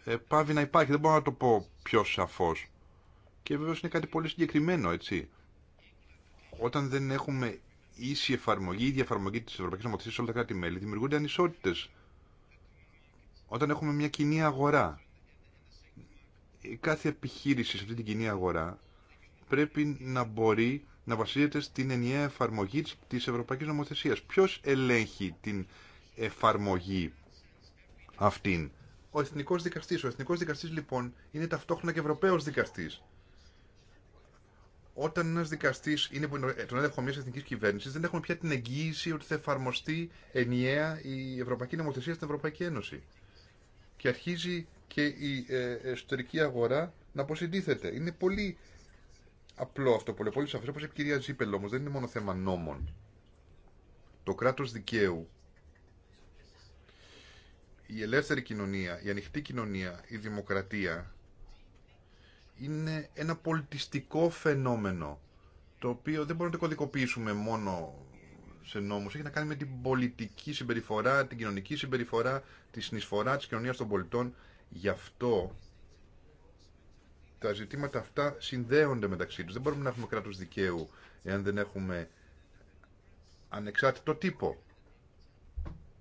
ε, πάβει να υπάρχει. Δεν μπορώ να το πω πιο σαφώ. Και βεβαίω είναι κάτι πολύ συγκεκριμένο, έτσι όταν δεν έχουμε ίση εφαρμογή, ίδια εφαρμογή τη Ευρωπαϊκή Νομοθεσία σε όλα τα κράτη-μέλη, δημιουργούνται ανισότητε. Όταν έχουμε μια κοινή αγορά, κάθε επιχείρηση σε αυτή την κοινή αγορά πρέπει να μπορεί να βασίζεται στην ενιαία εφαρμογή της Ευρωπαϊκής Νομοθεσίας. Ποιο ελέγχει την εφαρμογή αυτήν. Ο εθνικό δικαστή. Ο εθνικό δικαστή λοιπόν είναι ταυτόχρονα και Ευρωπαίος δικαστή όταν ένα δικαστή είναι ε, τον έλεγχο μια εθνική κυβέρνηση, δεν έχουμε πια την εγγύηση ότι θα εφαρμοστεί ενιαία η Ευρωπαϊκή Νομοθεσία στην Ευρωπαϊκή Ένωση. Και αρχίζει και η ε, εσωτερική αγορά να αποσυντίθεται. Είναι πολύ απλό αυτό, πολύ, πολύ σαφέ. Όπω η κυρία Ζήπελ όμω, δεν είναι μόνο θέμα νόμων. Το κράτο δικαίου, η ελεύθερη κοινωνία, η ανοιχτή κοινωνία, η δημοκρατία είναι ένα πολιτιστικό φαινόμενο το οποίο δεν μπορούμε να το κωδικοποιήσουμε μόνο σε νόμους. Έχει να κάνει με την πολιτική συμπεριφορά, την κοινωνική συμπεριφορά, τη συνεισφορά της κοινωνίας των πολιτών. Γι' αυτό τα ζητήματα αυτά συνδέονται μεταξύ τους. Δεν μπορούμε να έχουμε κράτος δικαίου εάν δεν έχουμε ανεξάρτητο τύπο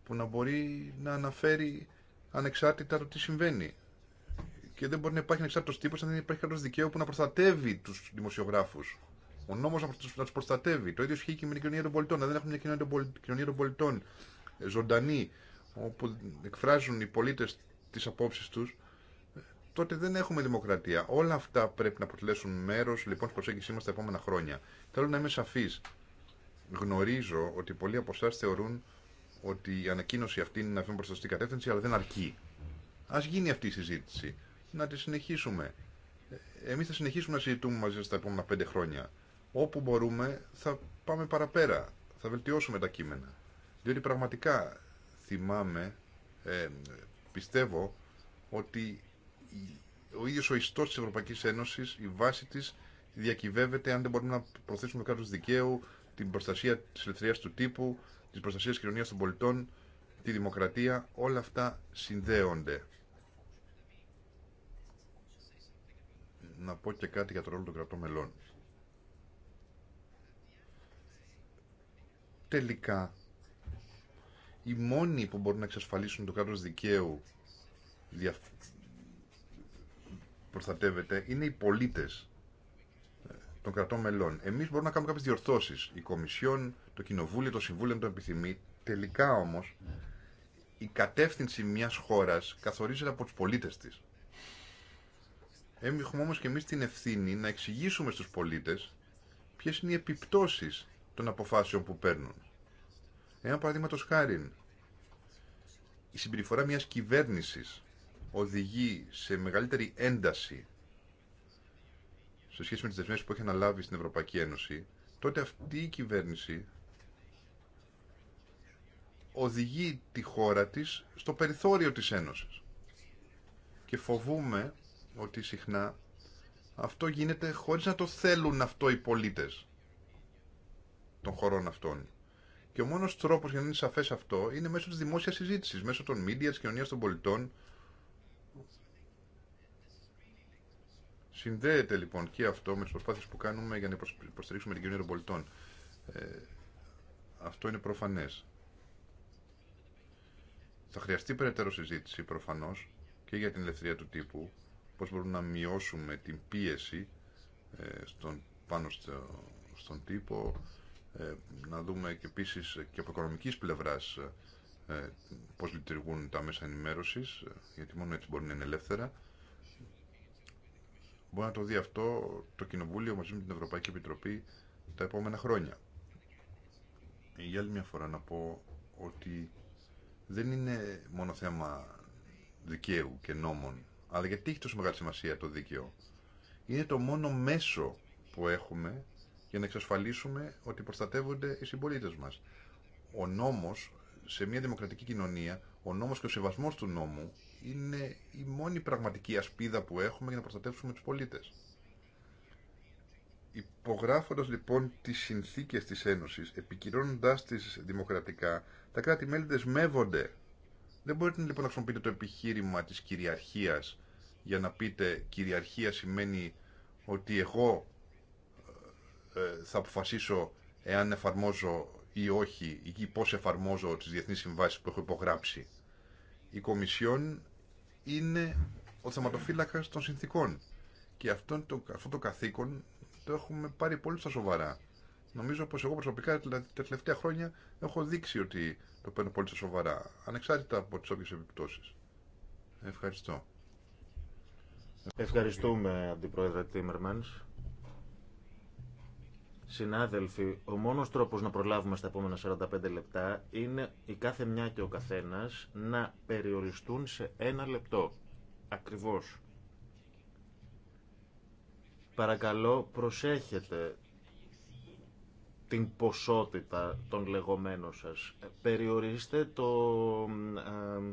που να μπορεί να αναφέρει ανεξάρτητα το τι συμβαίνει και δεν μπορεί να υπάρχει ανεξάρτητο τύπο αν δεν υπάρχει κάποιο δικαίωμα που να προστατεύει του δημοσιογράφου. Ο νόμο να του προστατεύει. Το ίδιο ισχύει και με την κοινωνία των πολιτών. Αν δεν έχουμε μια κοινωνία των πολιτών ε, ζωντανή, όπου εκφράζουν οι πολίτε τι απόψει του, ε, τότε δεν έχουμε δημοκρατία. Όλα αυτά πρέπει να αποτελέσουν μέρο λοιπόν τη προσέγγιση μα τα επόμενα χρόνια. Θέλω να είμαι σαφή. Γνωρίζω ότι πολλοί από εσά θεωρούν ότι η ανακοίνωση αυτή είναι να βγει προ σωστή κατεύθυνση, αλλά δεν αρκεί. Α γίνει αυτή η συζήτηση να τη συνεχίσουμε. Εμείς θα συνεχίσουμε να συζητούμε μαζί στα επόμενα πέντε χρόνια. Όπου μπορούμε θα πάμε παραπέρα, θα βελτιώσουμε τα κείμενα. Διότι πραγματικά θυμάμαι, ε, πιστεύω, ότι ο ίδιος ο ιστός της Ευρωπαϊκής Ένωσης, η βάση της, διακυβεύεται αν δεν μπορούμε να προθέσουμε το κράτος δικαίου, την προστασία της ελευθερίας του τύπου, της προστασίας της κοινωνίας των πολιτών, τη δημοκρατία, όλα αυτά συνδέονται. να πω και κάτι για το ρόλο των κρατών μελών. Τελικά, οι μόνοι που μπορούν να εξασφαλίσουν το κράτος δικαίου δια... προστατεύεται είναι οι πολίτες ε, των κρατών μελών. Εμείς μπορούμε να κάνουμε κάποιες διορθώσεις. Η Κομισιόν, το Κοινοβούλιο, το Συμβούλιο το επιθυμεί. Τελικά όμως η κατεύθυνση μιας χώρας καθορίζεται από τους πολίτες της. Έχουμε όμως και εμείς την ευθύνη να εξηγήσουμε στους πολίτε ποιε είναι οι επιπτώσεις των αποφάσεων που παίρνουν. Ένα παραδείγματο χάρη, η συμπεριφορά μιας κυβέρνησης οδηγεί σε μεγαλύτερη ένταση σε σχέση με τις δεσμεύσεις που έχει αναλάβει στην Ευρωπαϊκή Ένωση, τότε αυτή η κυβέρνηση οδηγεί τη χώρα της στο περιθώριο της Ένωσης. Και φοβούμε ότι συχνά αυτό γίνεται χωρίς να το θέλουν αυτό οι πολίτες των χωρών αυτών. Και ο μόνος τρόπος για να είναι σαφές αυτό είναι μέσω της δημόσιας συζήτησης, μέσω των μίντια, της κοινωνίας των πολιτών. Συνδέεται λοιπόν και αυτό με τις προσπάθειες που κάνουμε για να υποστηρίξουμε την κοινωνία των πολιτών. Ε, αυτό είναι προφανές. Θα χρειαστεί περαιτέρω συζήτηση προφανώς και για την ελευθερία του τύπου πώς μπορούμε να μειώσουμε την πίεση ε, στον, πάνω στον τύπο, ε, να δούμε και επίσης και από οικονομικής πλευράς ε, πώς λειτουργούν τα μέσα ενημέρωσης, γιατί μόνο έτσι μπορεί να είναι ελεύθερα. Μπορεί να το δει αυτό το Κοινοβούλιο μαζί με την Ευρωπαϊκή Επιτροπή τα επόμενα χρόνια. Για άλλη μια φορά να πω ότι δεν είναι μόνο θέμα δικαίου και νόμων αλλά γιατί έχει τόσο μεγάλη σημασία το δίκαιο. Είναι το μόνο μέσο που έχουμε για να εξασφαλίσουμε ότι προστατεύονται οι συμπολίτε μα. Ο νόμο, σε μια δημοκρατική κοινωνία, ο νόμο και ο σεβασμό του νόμου είναι η μόνη πραγματική ασπίδα που έχουμε για να προστατεύσουμε του πολίτε. Υπογράφοντα λοιπόν τι συνθήκε τη Ένωση, επικυρώνοντά τι δημοκρατικά, τα κράτη-μέλη δεσμεύονται δεν μπορείτε λοιπόν να χρησιμοποιείτε το επιχείρημα της κυριαρχίας για να πείτε κυριαρχία σημαίνει ότι εγώ ε, ε, θα αποφασίσω εάν εφαρμόζω ή όχι ή πώς εφαρμόζω τις διεθνείς συμβάσεις που έχω υπογράψει. Η Κομισιόν είναι ο θεματοφύλακας των συνθήκων και αυτό το, αυτό το καθήκον το έχουμε πάρει πολύ στα σοβαρά. Νομίζω πως εγώ προσωπικά τα τελευταία χρόνια έχω δείξει ότι το παίρνω πολύ σοβαρά, ανεξάρτητα από τις όποιε επιπτώσει. Ευχαριστώ. Ευχαριστούμε, Αντιπρόεδρε Τίμερμανς. Συνάδελφοι, ο μόνος τρόπος να προλάβουμε στα επόμενα 45 λεπτά είναι η κάθε μια και ο καθένας να περιοριστούν σε ένα λεπτό. Ακριβώς. Παρακαλώ, προσέχετε την ποσότητα των λεγόμενων σας. Περιορίστε το ε,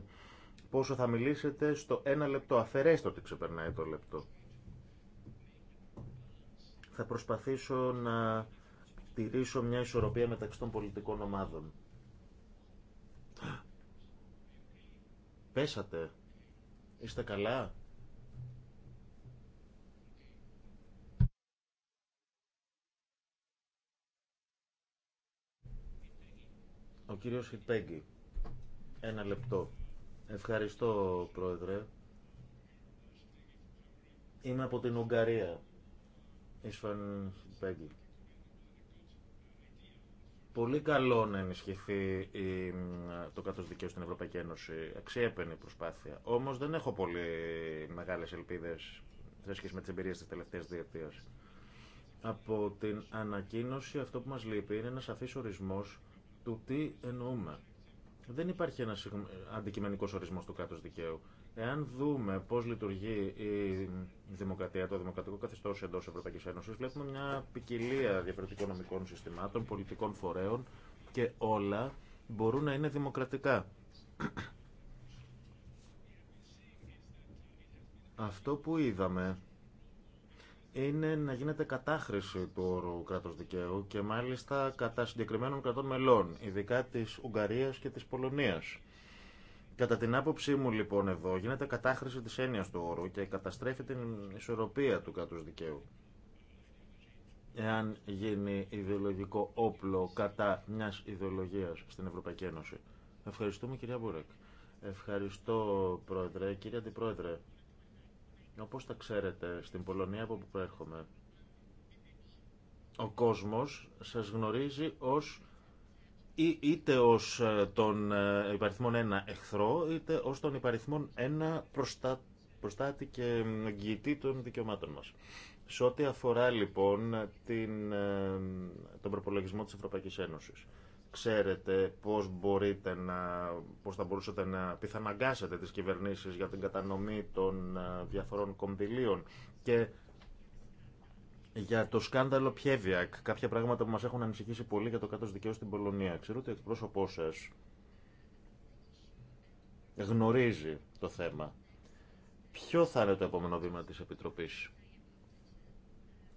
πόσο θα μιλήσετε στο ένα λεπτό. Αφαιρέστε ότι ξεπερνάει το λεπτό. Θα προσπαθήσω να τηρήσω μια ισορροπία μεταξύ των πολιτικών ομάδων. Πέσατε. Είστε καλά. Ο κύριος Ιππέγγι. Ένα λεπτό. Ευχαριστώ, Πρόεδρε. Είμαι από την Ουγγαρία. Ισφαν Ιππέγγι. Πολύ καλό να ενισχυθεί το κράτο δικαίου στην Ευρωπαϊκή Ένωση. Αξιέπαινη προσπάθεια. Όμω δεν έχω πολύ μεγάλε ελπίδε σε σχέση με τι εμπειρίε τη τελευταία διετία. Από την ανακοίνωση αυτό που μα λείπει είναι ένα σαφή ορισμό του τι εννοούμε. Δεν υπάρχει ένας αντικειμενικός ορισμός του κράτους δικαίου. Εάν δούμε πώς λειτουργεί η δημοκρατία, το δημοκρατικό καθεστώς εντός Ευρωπαϊκής Ένωσης, βλέπουμε μια ποικιλία διαφορετικών νομικών συστημάτων, πολιτικών φορέων και όλα μπορούν να είναι δημοκρατικά. Αυτό που είδαμε είναι να γίνεται κατάχρηση του όρου κράτος δικαίου και μάλιστα κατά συγκεκριμένων κρατών μελών, ειδικά της Ουγγαρίας και της Πολωνίας. Κατά την άποψή μου λοιπόν εδώ γίνεται κατάχρηση της έννοιας του όρου και καταστρέφει την ισορροπία του κράτους δικαίου. Εάν γίνει ιδεολογικό όπλο κατά μιας ιδεολογίας στην Ευρωπαϊκή Ένωση. Ευχαριστούμε κυρία Μπούρεκ. Ευχαριστώ πρόεδρε. Κύριε Αντιπρόεδρε, όπως τα ξέρετε, στην Πολωνία από που έρχομαι, ο κόσμος σας γνωρίζει ως είτε ως ε, τον ε, υπαριθμόν ένα εχθρό, είτε ως τον υπαριθμόν ένα προστά, προστάτη και εγγυητή των δικαιωμάτων μας. Σε ό,τι αφορά λοιπόν την, ε, τον προπολογισμό της Ευρωπαϊκής Ένωσης ξέρετε πώς, μπορείτε να, πώς θα μπορούσατε να πιθαναγκάσετε τις κυβερνήσεις για την κατανομή των ε, διαφορών κονδυλίων και για το σκάνδαλο Πιέβιακ, κάποια πράγματα που μας έχουν ανησυχήσει πολύ για το κάτω δικαίου στην Πολωνία. Ξέρω ότι ο εκπρόσωπό σα γνωρίζει το θέμα. Ποιο θα είναι το επόμενο βήμα της Επιτροπής.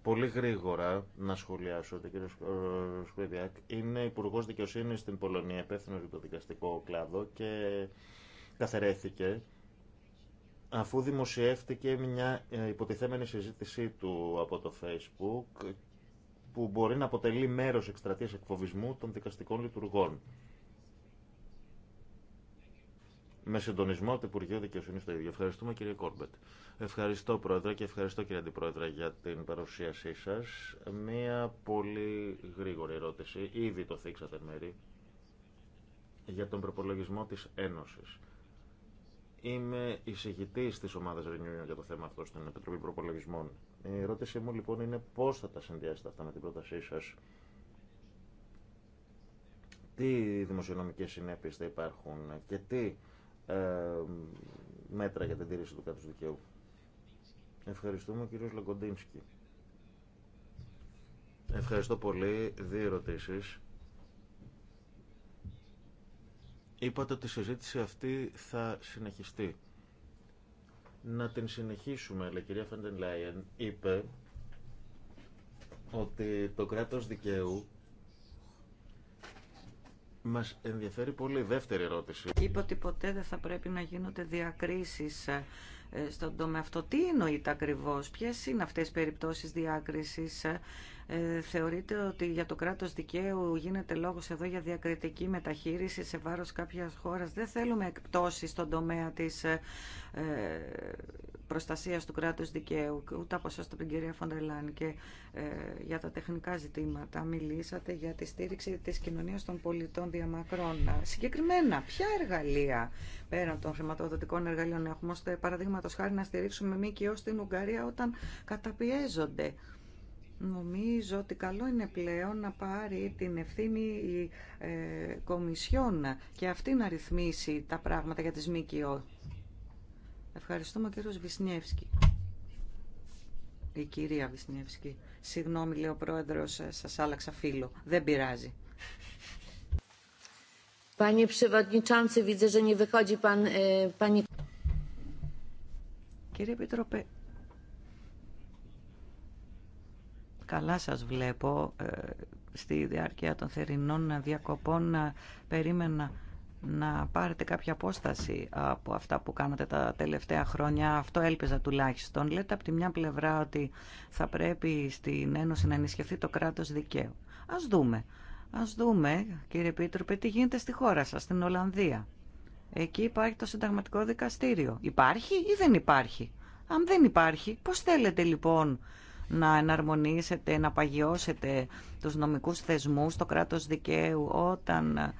Πολύ γρήγορα να σχολιάσω ότι ο ε, κ. Σκουεδιάκ είναι Υπουργό Δικαιοσύνη στην Πολωνία, υπεύθυνο για το δικαστικό κλάδο και καθερέθηκε αφού δημοσιεύτηκε μια ε, υποτιθέμενη συζήτησή του από το Facebook που μπορεί να αποτελεί μέρος εκστρατείας εκφοβισμού των δικαστικών λειτουργών με συντονισμό του το Υπουργείο Δικαιοσύνη το ίδιο. Ευχαριστούμε κύριε Κόρμπετ. Ευχαριστώ πρόεδρε και ευχαριστώ κύριε Αντιπρόεδρε για την παρουσίασή σα. Μία πολύ γρήγορη ερώτηση, ήδη το θίξατε μέρη, για τον προπολογισμό τη Ένωση. Είμαι εισηγητή τη ομάδα Renew για το θέμα αυτό στην Επιτροπή Προπολογισμών. Η ερώτησή μου λοιπόν είναι πώ θα τα συνδυάσετε αυτά με την πρότασή σα τι δημοσιονομικές συνέπειες θα υπάρχουν και τι ε, μέτρα για την τήρηση του κράτους δικαίου. Ευχαριστούμε, κύριο Λαγκοντίνσκι. Ευχαριστώ πολύ. Δύο ερωτήσει. Είπατε ότι η συζήτηση αυτή θα συνεχιστεί. Να την συνεχίσουμε, αλλά η κυρία Φαντεν Λάιεν είπε ότι το κράτος δικαίου μας ενδιαφέρει πολύ. η Δεύτερη ερώτηση. Είπε ότι ποτέ δεν θα πρέπει να γίνονται διακρίσεις ε, στον τομέα αυτό. Τι εννοείται ακριβώς, ποιες είναι αυτές οι περιπτώσεις διάκρισης. Ε, ε, θεωρείτε ότι για το κράτος δικαίου γίνεται λόγος εδώ για διακριτική μεταχείριση σε βάρος κάποιας χώρας. Δεν θέλουμε εκπτώσεις στον τομέα της Προστασία του κράτου δικαίου, ούτε από εσάς την κυρία Φοντελάν και ε, για τα τεχνικά ζητήματα. Μιλήσατε για τη στήριξη τη κοινωνία των πολιτών διαμακρών. Συγκεκριμένα, ποια εργαλεία πέραν των χρηματοδοτικών εργαλείων έχουμε, ώστε παραδείγματο χάρη να στηρίξουμε ΜΚΟ στην Ουγγαρία όταν καταπιέζονται. Νομίζω ότι καλό είναι πλέον να πάρει την ευθύνη η ε, Κομισιόν και αυτή να ρυθμίσει τα πράγματα για τις ΜΚΟ. Ευχαριστούμε ο κύριος Βυσνιεύσκη. Η κυρία Βυσνιεύσκη. Συγγνώμη, λέει ο πρόεδρος, ε, σας άλλαξα φίλο. Δεν πειράζει. Panie e, Κύριε Επιτροπέ, καλά σας βλέπω. Ε, στη διάρκεια των θερινών διακοπών ε, περίμενα να πάρετε κάποια απόσταση από αυτά που κάνατε τα τελευταία χρόνια. Αυτό έλπιζα τουλάχιστον. Λέτε από τη μια πλευρά ότι θα πρέπει στην Ένωση να ενισχυθεί το κράτος δικαίου. Ας δούμε. Ας δούμε, κύριε Επίτροπε, τι γίνεται στη χώρα σας, στην Ολλανδία. Εκεί υπάρχει το συνταγματικό δικαστήριο. Υπάρχει ή δεν υπάρχει. Αν δεν υπάρχει, πώς θέλετε λοιπόν να εναρμονίσετε, να παγιώσετε τους νομικούς θεσμούς, το κράτος δικαίου, όταν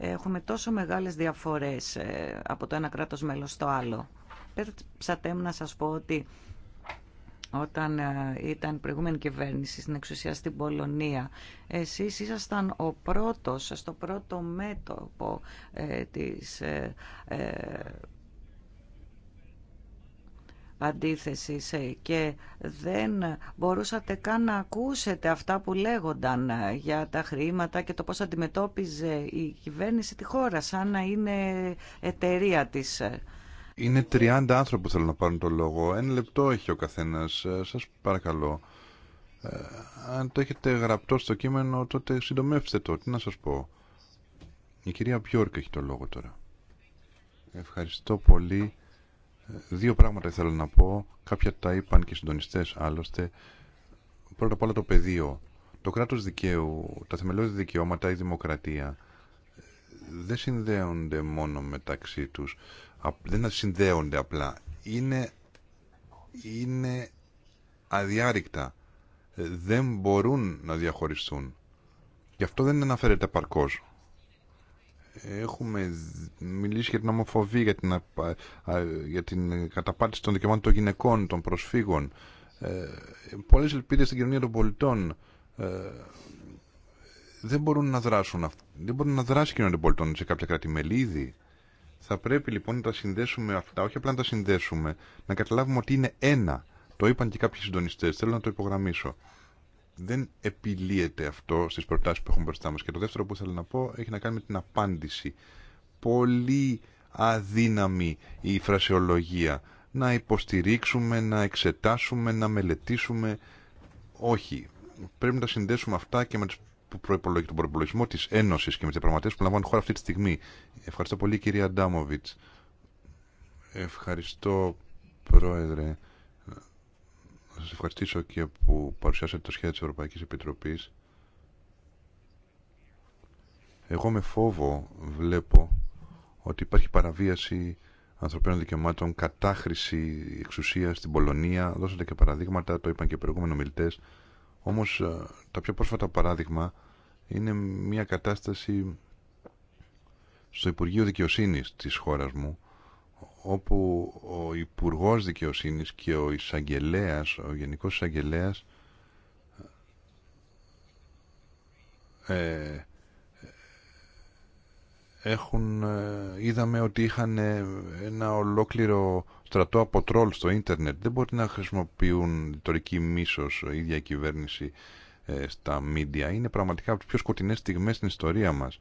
έχουμε τόσο μεγάλες διαφορές ε, από το ένα κράτος μέλος στο άλλο. Πέραψατε να σας πω ότι όταν ε, ήταν προηγούμενη κυβέρνηση στην εξουσία στην Πολωνία, εσείς ήσασταν ο πρώτος, στο πρώτο μέτωπο ε, της Αντίθεση ε, και δεν μπορούσατε καν να ακούσετε αυτά που λέγονταν ε, για τα χρήματα και το πώς αντιμετώπιζε η κυβέρνηση τη χώρα σαν να είναι εταιρεία της. Είναι 30 άνθρωποι που θέλουν να πάρουν το λόγο. Ένα λεπτό έχει ο καθένας. Ε, σας παρακαλώ. αν το έχετε γραπτό στο κείμενο τότε συντομεύστε το. Τι να σας πω. Η κυρία Πιόρκ έχει το λόγο τώρα. Ευχαριστώ πολύ. Δύο πράγματα θέλω να πω. Κάποια τα είπαν και οι συντονιστέ άλλωστε. Πρώτα απ' όλα το πεδίο. Το κράτο δικαίου, τα θεμελιώδη δικαιώματα, η δημοκρατία δεν συνδέονται μόνο μεταξύ του. Δεν συνδέονται απλά. Είναι, είναι αδιάρρηκτα. Ε, δεν μπορούν να διαχωριστούν. Γι' αυτό δεν αναφέρεται παρκώς έχουμε μιλήσει για την ομοφοβία, για την, για την καταπάτηση των δικαιωμάτων των γυναικών, των προσφύγων. Ε, πολλές ελπίδες στην κοινωνία των πολιτών ε, δεν μπορούν να δράσουν δεν μπορούν να δράσει η κοινωνία των πολιτών σε κάποια κράτη-μελίδη. Θα πρέπει λοιπόν να τα συνδέσουμε αυτά, όχι απλά να τα συνδέσουμε, να καταλάβουμε ότι είναι ένα. Το είπαν και κάποιοι συντονιστέ. Θέλω να το υπογραμμίσω δεν επιλύεται αυτό στις προτάσεις που έχουμε μπροστά μας. Και το δεύτερο που θέλω να πω έχει να κάνει με την απάντηση. Πολύ αδύναμη η φρασιολογία. Να υποστηρίξουμε, να εξετάσουμε, να μελετήσουμε. Όχι. Πρέπει να τα συνδέσουμε αυτά και με τις τον προπολογισμό της Ένωσης και με τις διαπραγματεύσεις που λαμβάνουν χώρα αυτή τη στιγμή. Ευχαριστώ πολύ κυρία Ντάμοβιτς. Ευχαριστώ πρόεδρε. Θα σας ευχαριστήσω και που παρουσιάσατε το σχέδιο της Ευρωπαϊκής Επιτροπής. Εγώ με φόβο βλέπω ότι υπάρχει παραβίαση ανθρωπίνων δικαιωμάτων, κατάχρηση εξουσίας στην Πολωνία. Δώσατε και παραδείγματα, το είπαν και οι προηγούμενοι ομιλητές. Όμως ε, το πιο πρόσφατα παράδειγμα είναι μια κατάσταση στο Υπουργείο Δικαιοσύνης της χώρας μου όπου ο Υπουργός Δικαιοσύνης και ο Ισαγγελέας, ο Γενικός Ισαγγελέας ε, ε, έχουν, ε, είδαμε ότι είχαν ε, ένα ολόκληρο στρατό από τρόλ στο ίντερνετ. Δεν μπορεί να χρησιμοποιούν τωρική μίσος η ίδια κυβέρνηση στα μίντια. Είναι πραγματικά από τις πιο σκοτεινές στιγμές στην ιστορία μας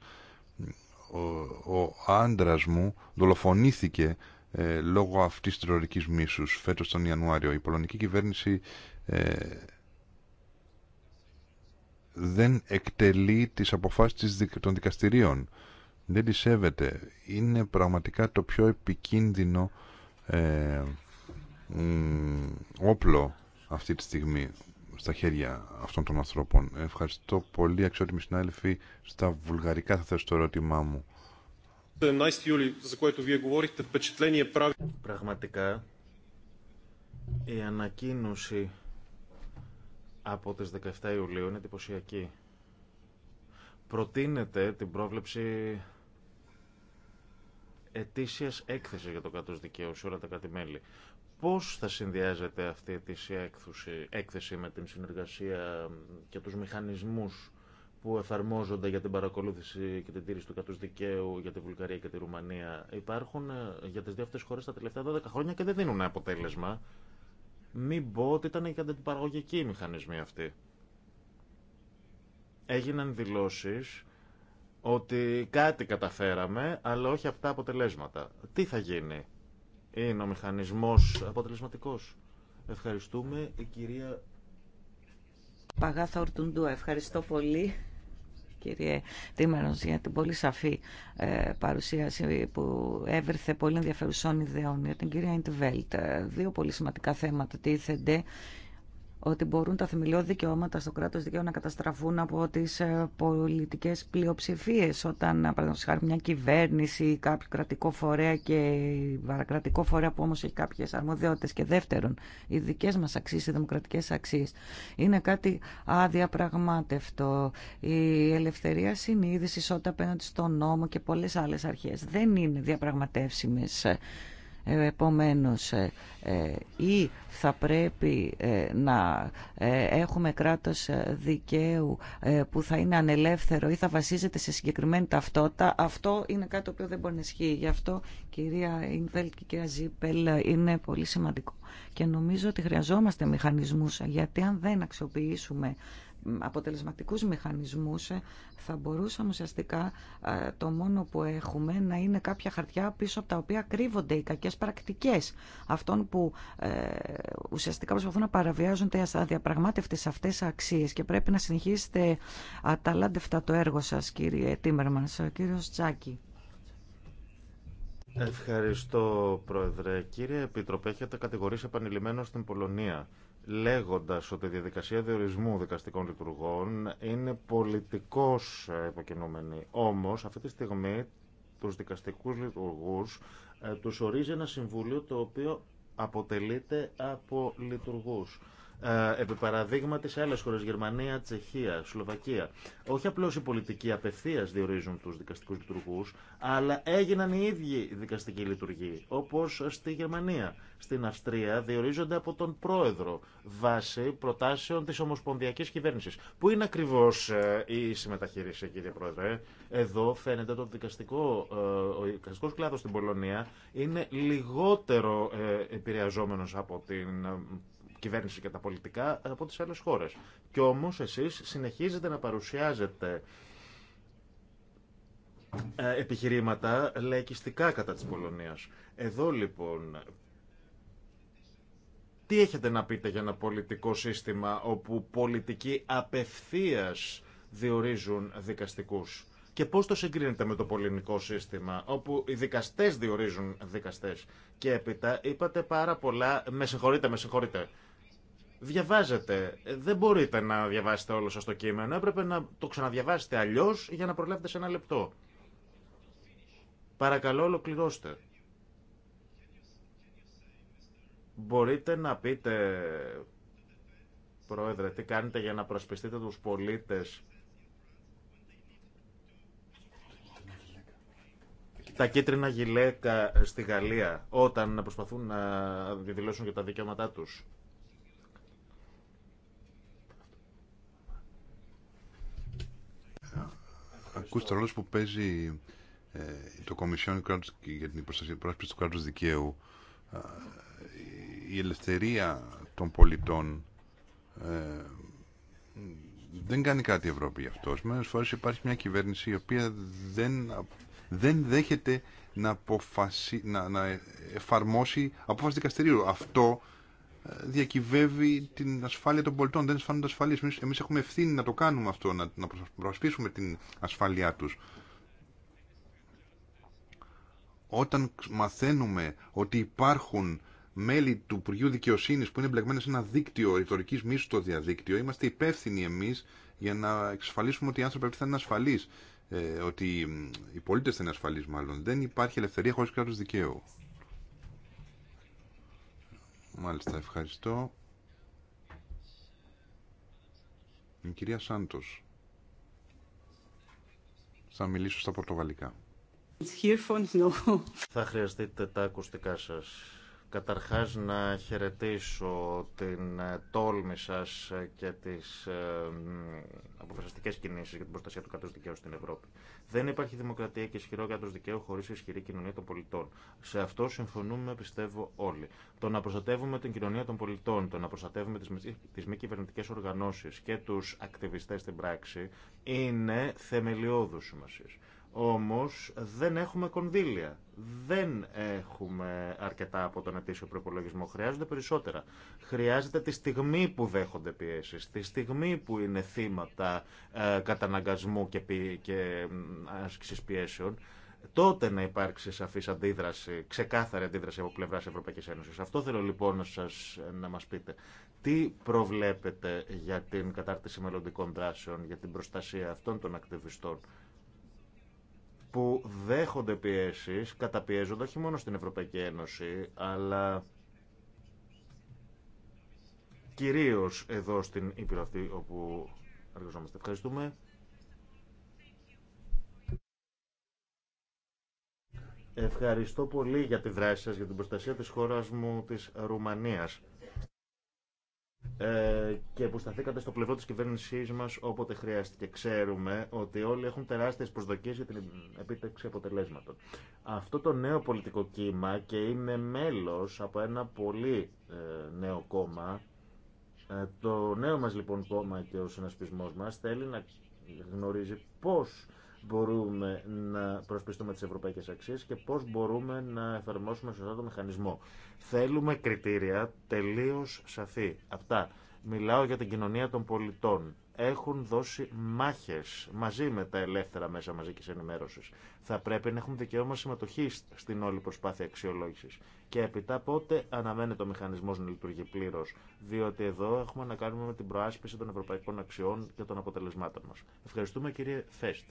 ο, άντρα άντρας μου δολοφονήθηκε ε, λόγω αυτής της τρορικής μίσους φέτος τον Ιανουάριο. Η πολωνική κυβέρνηση ε, δεν εκτελεί τις αποφάσεις των δικαστηρίων. Δεν τις σέβεται. Είναι πραγματικά το πιο επικίνδυνο ε, όπλο αυτή τη στιγμή στα χέρια αυτών των ανθρώπων. Ευχαριστώ πολύ, αξιότιμοι συνάδελφοι. Στα βουλγαρικά θα θέσω το ερώτημά μου. Πραγματικά, η ανακοίνωση από τις 17 Ιουλίου είναι εντυπωσιακή. Προτείνεται την πρόβλεψη ετήσιας έκθεσης για το κράτος δικαίου σε όλα τα κράτη-μέλη πώς θα συνδυάζεται αυτή η έκθεση, έκθεση με την συνεργασία και τους μηχανισμούς που εφαρμόζονται για την παρακολούθηση και την τήρηση του κατούς δικαίου για τη Βουλγαρία και τη Ρουμανία υπάρχουν ε, για τις δύο αυτές χώρες τα τελευταία 12 χρόνια και δεν δίνουν αποτέλεσμα. Μην πω ότι ήταν και αντιπαραγωγικοί οι μηχανισμοί αυτοί. Έγιναν δηλώσεις ότι κάτι καταφέραμε, αλλά όχι αυτά αποτελέσματα. Τι θα γίνει. Είναι ο μηχανισμός αποτελεσματικός. Ευχαριστούμε. Η κυρία... Παγάθα Ορτουντούα, ευχαριστώ πολύ κύριε Τίμερος για την πολύ σαφή ε, παρουσίαση που έβριθε πολύ ενδιαφερουσών ιδεών για την κυρία Ιντβέλτ. Ε, δύο πολύ σημαντικά θέματα τίθενται ότι μπορούν τα θεμελιώδη δικαιώματα στο κράτος δικαίου να καταστραφούν από τις ε, πολιτικές πλειοψηφίες όταν ε, παραδείγματος χάρη μια κυβέρνηση ή κάποιο κρατικό φορέα και παρακρατικό φορέα που όμως έχει κάποιες αρμοδιότητες και δεύτερον οι δικές μας αξίες, οι δημοκρατικές αξίες είναι κάτι αδιαπραγμάτευτο η ελευθερία συνείδησης όταν απέναντι στον νόμο και πολλές άλλες αρχές δεν είναι διαπραγματεύσιμες Επομένως, ε, ε, ή θα πρέπει ε, να έχουμε κράτος δικαίου που θα είναι ανελεύθερο ή θα βασίζεται σε συγκεκριμένη ταυτότητα, αυτό είναι κάτι το οποίο δεν μπορεί να ισχύει. Γι' αυτό, κυρία Ινβέλ και κυρία Ζίπελ, είναι πολύ σημαντικό. Και νομίζω ότι χρειαζόμαστε μηχανισμούς, γιατί αν δεν αξιοποιήσουμε αποτελεσματικούς μηχανισμούς ε, θα μπορούσαμε ουσιαστικά ε, το μόνο που έχουμε να είναι κάποια χαρτιά πίσω από τα οποία κρύβονται οι κακές πρακτικές αυτών που ε, ουσιαστικά προσπαθούν να παραβιάζονται τα αδιαπραγμάτευτες αυτές αξίες και πρέπει να συνεχίσετε αταλάντευτα το έργο σας κύριε Τίμερμανς, κύριος Τσάκη. Ευχαριστώ, Πρόεδρε. Κύριε Επίτροπε, έχετε κατηγορήσει επανειλημμένως στην Πολωνία λέγοντας ότι η διαδικασία διορισμού δικαστικών λειτουργών είναι πολιτικός ε, υποκινούμενη. Όμως, αυτή τη στιγμή, τους δικαστικούς λειτουργούς ε, τους ορίζει ένα συμβούλιο το οποίο αποτελείται από λειτουργούς. Ε, επί παραδείγματι σε άλλε χώρε, Γερμανία, Τσεχία, Σλοβακία. Όχι απλώ οι πολιτικοί απευθεία διορίζουν του δικαστικού λειτουργού, αλλά έγιναν οι ίδιοι δικαστικοί λειτουργοί. Όπω στη Γερμανία. Στην Αυστρία διορίζονται από τον πρόεδρο βάσει προτάσεων τη Ομοσπονδιακή Κυβέρνηση. Πού είναι ακριβώ ε, η συμμεταχείριση, κύριε Πρόεδρε. Εδώ φαίνεται ότι δικαστικό, ε, ο δικαστικό κλάδο στην Πολωνία είναι λιγότερο επηρεαζόμενο από την κυβέρνηση και τα πολιτικά από τις άλλες χώρες. Κι όμως εσείς συνεχίζετε να παρουσιάζετε ε, επιχειρήματα λαϊκιστικά κατά της Πολωνίας. Εδώ λοιπόν, τι έχετε να πείτε για ένα πολιτικό σύστημα όπου πολιτικοί απευθείας διορίζουν δικαστικούς και πώς το συγκρίνεται με το πολιτικό σύστημα, όπου οι δικαστές διορίζουν δικαστές. Και έπειτα είπατε πάρα πολλά, με συγχωρείτε, με συγχωρείτε, διαβάζετε. Ε, δεν μπορείτε να διαβάσετε όλο σας το κείμενο. Έπρεπε να το ξαναδιαβάσετε αλλιώ για να προλάβετε σε ένα λεπτό. Παρακαλώ ολοκληρώστε. Μπορείτε να πείτε, Πρόεδρε, τι κάνετε για να προσπιστείτε τους πολίτες τα κίτρινα γυλαίκα στη Γαλλία όταν προσπαθούν να δηλώσουν και τα δικαιώματά τους. ακούς το που παίζει ε, το Κομισιόν για την προστασία πρόσπιση του Κράτου δικαίου. Η ελευθερία των πολιτών ε, δεν κάνει κάτι η Ευρώπη γι' αυτό. Μέρες φορές υπάρχει μια κυβέρνηση η οποία δεν, δεν δέχεται να, αποφασί, να, να εφαρμόσει απόφαση δικαστηρίου. Αυτό διακυβεύει την ασφάλεια των πολιτών. Δεν αισθάνονται ασφαλεί. Εμεί έχουμε ευθύνη να το κάνουμε αυτό, να, να προσπίσουμε την ασφάλειά του. Όταν μαθαίνουμε ότι υπάρχουν μέλη του Υπουργείου Δικαιοσύνη που είναι εμπλεγμένα σε ένα δίκτυο ρητορική μίσου στο διαδίκτυο, είμαστε υπεύθυνοι εμεί για να εξασφαλίσουμε ότι οι άνθρωποι θα είναι ασφαλεί. Ε, ότι οι πολίτε θα είναι ασφαλεί, μάλλον. Δεν υπάρχει ελευθερία χωρί κράτο δικαίου. Μάλιστα, ευχαριστώ. Η κυρία Σάντος. Θα μιλήσω στα πορτογαλικά. Θα χρειαστείτε τα ακουστικά σας. Καταρχάς να χαιρετήσω την ε, τόλμη σας και τις ε, αποφασιστικές κινήσεις για την προστασία του κράτους δικαίου στην Ευρώπη. Δεν υπάρχει δημοκρατία και ισχυρό κράτος δικαίου χωρίς ισχυρή κοινωνία των πολιτών. Σε αυτό συμφωνούμε πιστεύω όλοι. Το να προστατεύουμε την κοινωνία των πολιτών, το να προστατεύουμε τις μη κυβερνητικέ οργανώσεις και τους ακτιβιστές στην πράξη είναι θεμελιώδους σημασίας. Όμως δεν έχουμε κονδύλια. Δεν έχουμε αρκετά από τον ετήσιο προπολογισμό. Χρειάζονται περισσότερα. Χρειάζεται τη στιγμή που δέχονται πιέσεις, τη στιγμή που είναι θύματα ε, καταναγκασμού και, και άσκησης πιέσεων, τότε να υπάρξει σαφής αντίδραση, ξεκάθαρη αντίδραση από πλευράς Ευρωπαϊκής Ένωσης. Αυτό θέλω λοιπόν να, σας, να μας πείτε. Τι προβλέπετε για την κατάρτιση μελλοντικών δράσεων, για την προστασία αυτών των ακτιβιστών που δέχονται πιέσεις, καταπιέζονται όχι μόνο στην Ευρωπαϊκή Ένωση, αλλά κυρίως εδώ στην Ήπειρο αυτή όπου εργαζόμαστε. Ευχαριστούμε. Ευχαριστώ πολύ για τη δράση σας, για την προστασία της χώρας μου, της Ρουμανίας. Ε, και που σταθήκατε στο πλευρό της κυβέρνησή μα, όποτε χρειάστηκε. Ξέρουμε ότι όλοι έχουν τεράστιες προσδοκίες για την επίτευξη αποτελέσματο. Αυτό το νέο πολιτικό κύμα και είμαι μέλος από ένα πολύ ε, νέο κόμμα, ε, το νέο μας λοιπόν κόμμα και ο συνασπισμό μας θέλει να γνωρίζει πώς μπορούμε να προσπιστούμε τις ευρωπαϊκές αξίες και πώς μπορούμε να εφαρμόσουμε σωστά το μηχανισμό. Θέλουμε κριτήρια τελείως σαφή. Αυτά. Μιλάω για την κοινωνία των πολιτών. Έχουν δώσει μάχες μαζί με τα ελεύθερα μέσα μαζικής ενημέρωσης. Θα πρέπει να έχουν δικαίωμα συμμετοχή στην όλη προσπάθεια αξιολόγησης. Και επιτά πότε αναμένεται ο μηχανισμός να λειτουργεί πλήρω, διότι εδώ έχουμε να κάνουμε με την προάσπιση των ευρωπαϊκών αξιών και των αποτελεσμάτων μας. Ευχαριστούμε κύριε Φέστ.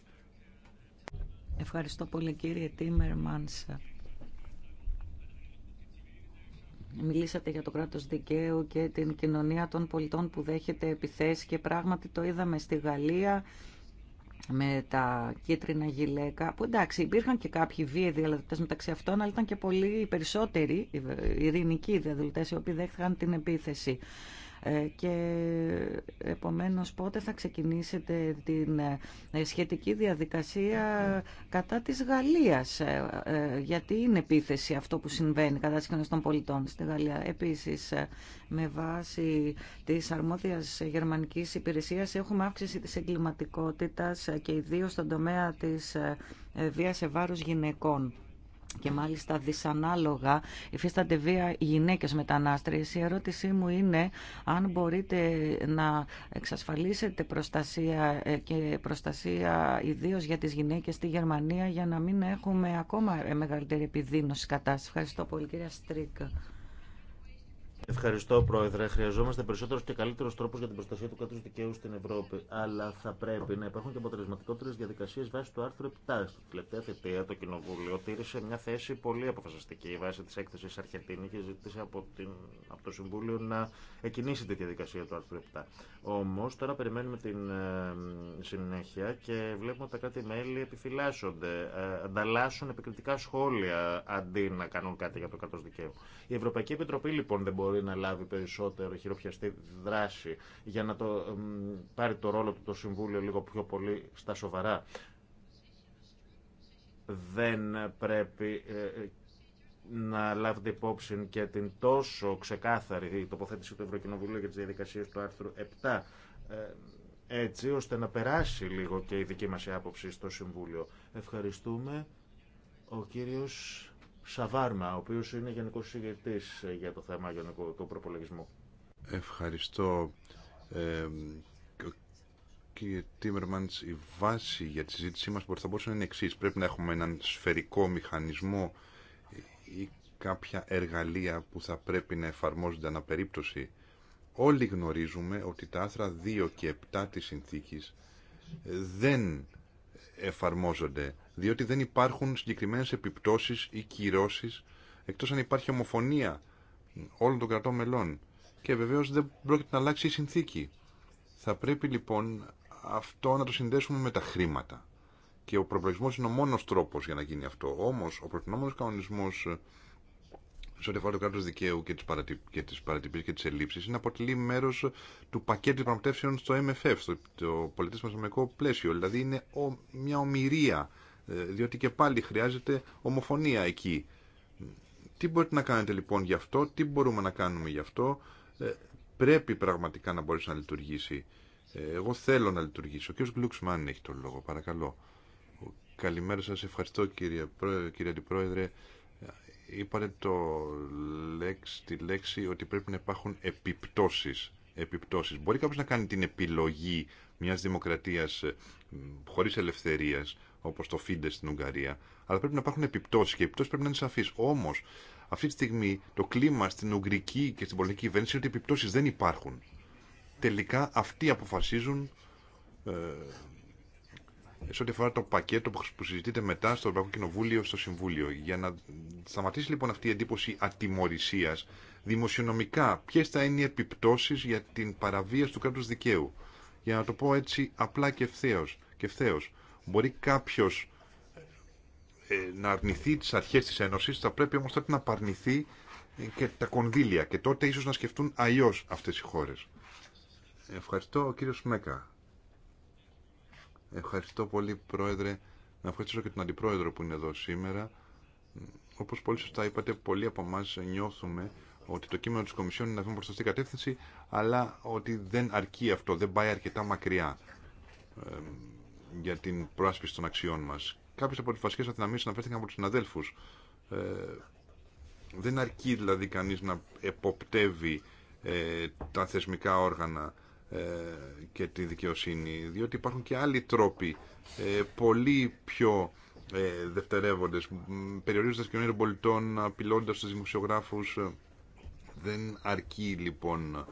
Ευχαριστώ πολύ κύριε Μάνσα. Μιλήσατε για το κράτος δικαίου και την κοινωνία των πολιτών που δέχεται επιθέσεις και πράγματι το είδαμε στη Γαλλία με τα κίτρινα γυλαίκα, που εντάξει υπήρχαν και κάποιοι βίαιοι διαδηλωτέ μεταξύ αυτών, αλλά ήταν και πολλοί περισσότεροι ειρηνικοί διαδηλωτέ οι οποίοι δέχτηκαν την επίθεση. Ε, και επομένως πότε θα ξεκινήσετε την ε, σχετική διαδικασία κατά της Γαλλίας ε, γιατί είναι επίθεση αυτό που συμβαίνει κατά της των πολιτών στη Γαλλία. Επίσης με βάση της αρμόδιας γερμανικής υπηρεσίας έχουμε αύξηση της εγκληματικότητας και ιδίως στον τομέα της βίας σε βάρος γυναικών και μάλιστα δυσανάλογα υφίστανται βία γυναίκες μετανάστρες. Η ερώτησή μου είναι αν μπορείτε να εξασφαλίσετε προστασία ε, και προστασία ιδίως για τις γυναίκες στη Γερμανία για να μην έχουμε ακόμα μεγαλύτερη επιδείνωση κατάσταση. Ευχαριστώ πολύ κυρία Στρίκα. Ευχαριστώ, Πρόεδρε. Χρειαζόμαστε περισσότερου και καλύτερου τρόπου για την προστασία του κράτου δικαίου στην Ευρώπη. Αλλά θα πρέπει να υπάρχουν και αποτελεσματικότερε διαδικασίε βάσει του άρθρου 7. Στην τελευταία θητεία, το Κοινοβούλιο τήρησε μια θέση πολύ αποφασιστική βάσει τη έκθεση Αρχεντίνη και ζήτησε από, την, από το Συμβούλιο να εκκινήσει τη διαδικασία του άρθρου 7. Όμω, τώρα περιμένουμε την ε, συνέχεια και βλέπουμε ότι τα κράτη-μέλη επιφυλάσσονται, ε, ανταλλάσσουν επικριτικά σχόλια αντί να κάνουν κάτι για το κράτο δικαίου. Η Ευρωπαϊκή Επιτροπή, λοιπόν, δεν μπορεί να λάβει περισσότερο χειροπιαστή δράση για να το, πάρει το ρόλο του το Συμβούλιο λίγο πιο πολύ στα σοβαρά. Δεν πρέπει ε, να λάβετε υπόψη και την τόσο ξεκάθαρη τοποθέτηση του Ευρωκοινοβουλίου για τις διαδικασίες του άρθρου 7 ε, έτσι ώστε να περάσει λίγο και η δική μας άποψη στο Συμβούλιο. Ευχαριστούμε. Ο κύριος Σαβάρμα, ο οποίο είναι Γενικό Συγγετής για το θέμα γενικού του προπολογισμού. Ευχαριστώ. Ε, κύριε Τίμερμαντς, η βάση για τη συζήτησή μας θα μπορούσε να είναι εξή. Πρέπει να έχουμε έναν σφαιρικό μηχανισμό ή κάποια εργαλεία που θα πρέπει να εφαρμόζονται αναπερίπτωση. Όλοι γνωρίζουμε ότι τα άθρα 2 και 7 της συνθήκης δεν εφαρμόζονται διότι δεν υπάρχουν συγκεκριμένες επιπτώσεις ή κυρώσεις εκτός αν υπάρχει ομοφωνία όλων των κρατών μελών. Και βεβαίω δεν πρόκειται να αλλάξει η κυρωσει εκτο αν υπαρχει ομοφωνια ολων των κρατων μελων και βεβαιω δεν προκειται να αλλαξει η συνθηκη Θα πρέπει λοιπόν αυτό να το συνδέσουμε με τα χρήματα. Και ο προπολογισμό είναι ο μόνο τρόπο για να γίνει αυτό. Όμω, ο προτινόμενο κανονισμό ε, σε ό,τι αφορά το κράτο δικαίου και τι παρατυπίε και τι ελλείψει είναι αποτελεί μέρο του πακέτου πραγματεύσεων στο MFF, στο το πολιτισμό πλαίσιο. Δηλαδή, είναι μια ομοιρία ε, διότι και πάλι χρειάζεται ομοφωνία εκεί. Τι μπορείτε να κάνετε λοιπόν γι' αυτό, τι μπορούμε να κάνουμε γι' αυτό, ε, πρέπει πραγματικά να μπορέσει να λειτουργήσει. Ε, εγώ θέλω να λειτουργήσω. Ο κ. Γκλουξμάν έχει το λόγο, παρακαλώ. Καλημέρα σας, ευχαριστώ κύριε, Αντιπρόεδρε. Είπατε το τη λέξη ότι πρέπει να υπάρχουν επιπτώσεις. επιπτώσεις. Μπορεί κάποιος να κάνει την επιλογή μιας δημοκρατίας χωρίς ελευθερίας, όπω το Φίντε στην Ουγγαρία. Αλλά πρέπει να υπάρχουν επιπτώσει και οι επιπτώσει πρέπει να είναι σαφεί. Όμω, αυτή τη στιγμή το κλίμα στην Ουγγρική και στην πολιτική κυβέρνηση είναι ότι οι επιπτώσει δεν υπάρχουν. Τελικά αυτοί αποφασίζουν ε, σε ό,τι αφορά το πακέτο που συζητείται μετά στο Ευρωπαϊκό Κοινοβούλιο, στο Συμβούλιο. Για να σταματήσει λοιπόν αυτή η εντύπωση ατιμορρησία, δημοσιονομικά, ποιε θα είναι οι επιπτώσει για την παραβίαση του κράτου δικαίου. Για να το πω έτσι απλά και ευθέω. Μπορεί κάποιος ε, να αρνηθεί τι αρχέ τη Ένωση θα πρέπει όμως τότε να απαρνηθεί ε, και τα κονδύλια και τότε ίσως να σκεφτούν αλλιώ αυτές οι χώρες. Ευχαριστώ ο Σμέκα. Μέκα. Ευχαριστώ πολύ Πρόεδρε. Να ευχαριστήσω και τον Αντιπρόεδρο που είναι εδώ σήμερα. Όπως πολύ σωστά είπατε, πολλοί από εμά νιώθουμε ότι το κείμενο τη Κομισιόν είναι να προς αυτήν την κατεύθυνση, αλλά ότι δεν αρκεί αυτό, δεν πάει αρκετά μακριά για την προάσπιση των αξιών μας. Κάποιες από τις βασικές αδυναμίες αναφέρθηκαν από τους συναδέλφους. Ε, δεν αρκεί δηλαδή κανείς να εποπτεύει ε, τα θεσμικά όργανα ε, και τη δικαιοσύνη, διότι υπάρχουν και άλλοι τρόποι ε, πολύ πιο ε, δευτερεύοντες, περιορίζοντας και των πολιτών, απειλώντας τους δημοσιογράφους. Δεν αρκεί λοιπόν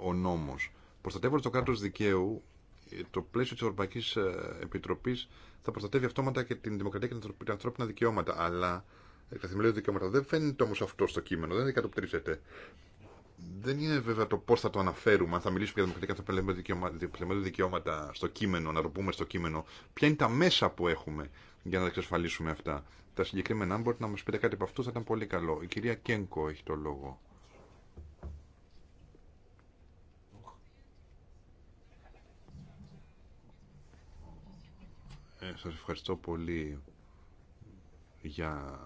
ο νόμος. Προστατεύοντας το κράτο δικαίου το πλαίσιο τη Ευρωπαϊκή ε, Επιτροπής θα προστατεύει αυτόματα και την δημοκρατία και τα ανθρώπινα δικαιώματα. Αλλά ε, τα θεμελιώδη δικαιώματα δεν φαίνεται όμω αυτό στο κείμενο, δεν κατοπτρίζεται. Δεν είναι βέβαια το πώ θα το αναφέρουμε, αν θα μιλήσουμε για δημοκρατικά και δικαιώματα, δικαιώματα στο κείμενο, να το πούμε στο κείμενο. Ποια είναι τα μέσα που έχουμε για να τα εξασφαλίσουμε αυτά. Τα συγκεκριμένα, αν μπορείτε να μα πείτε κάτι από αυτού, θα ήταν πολύ καλό. Η κυρία Κένκο έχει το λόγο. Ε, σας ευχαριστώ πολύ για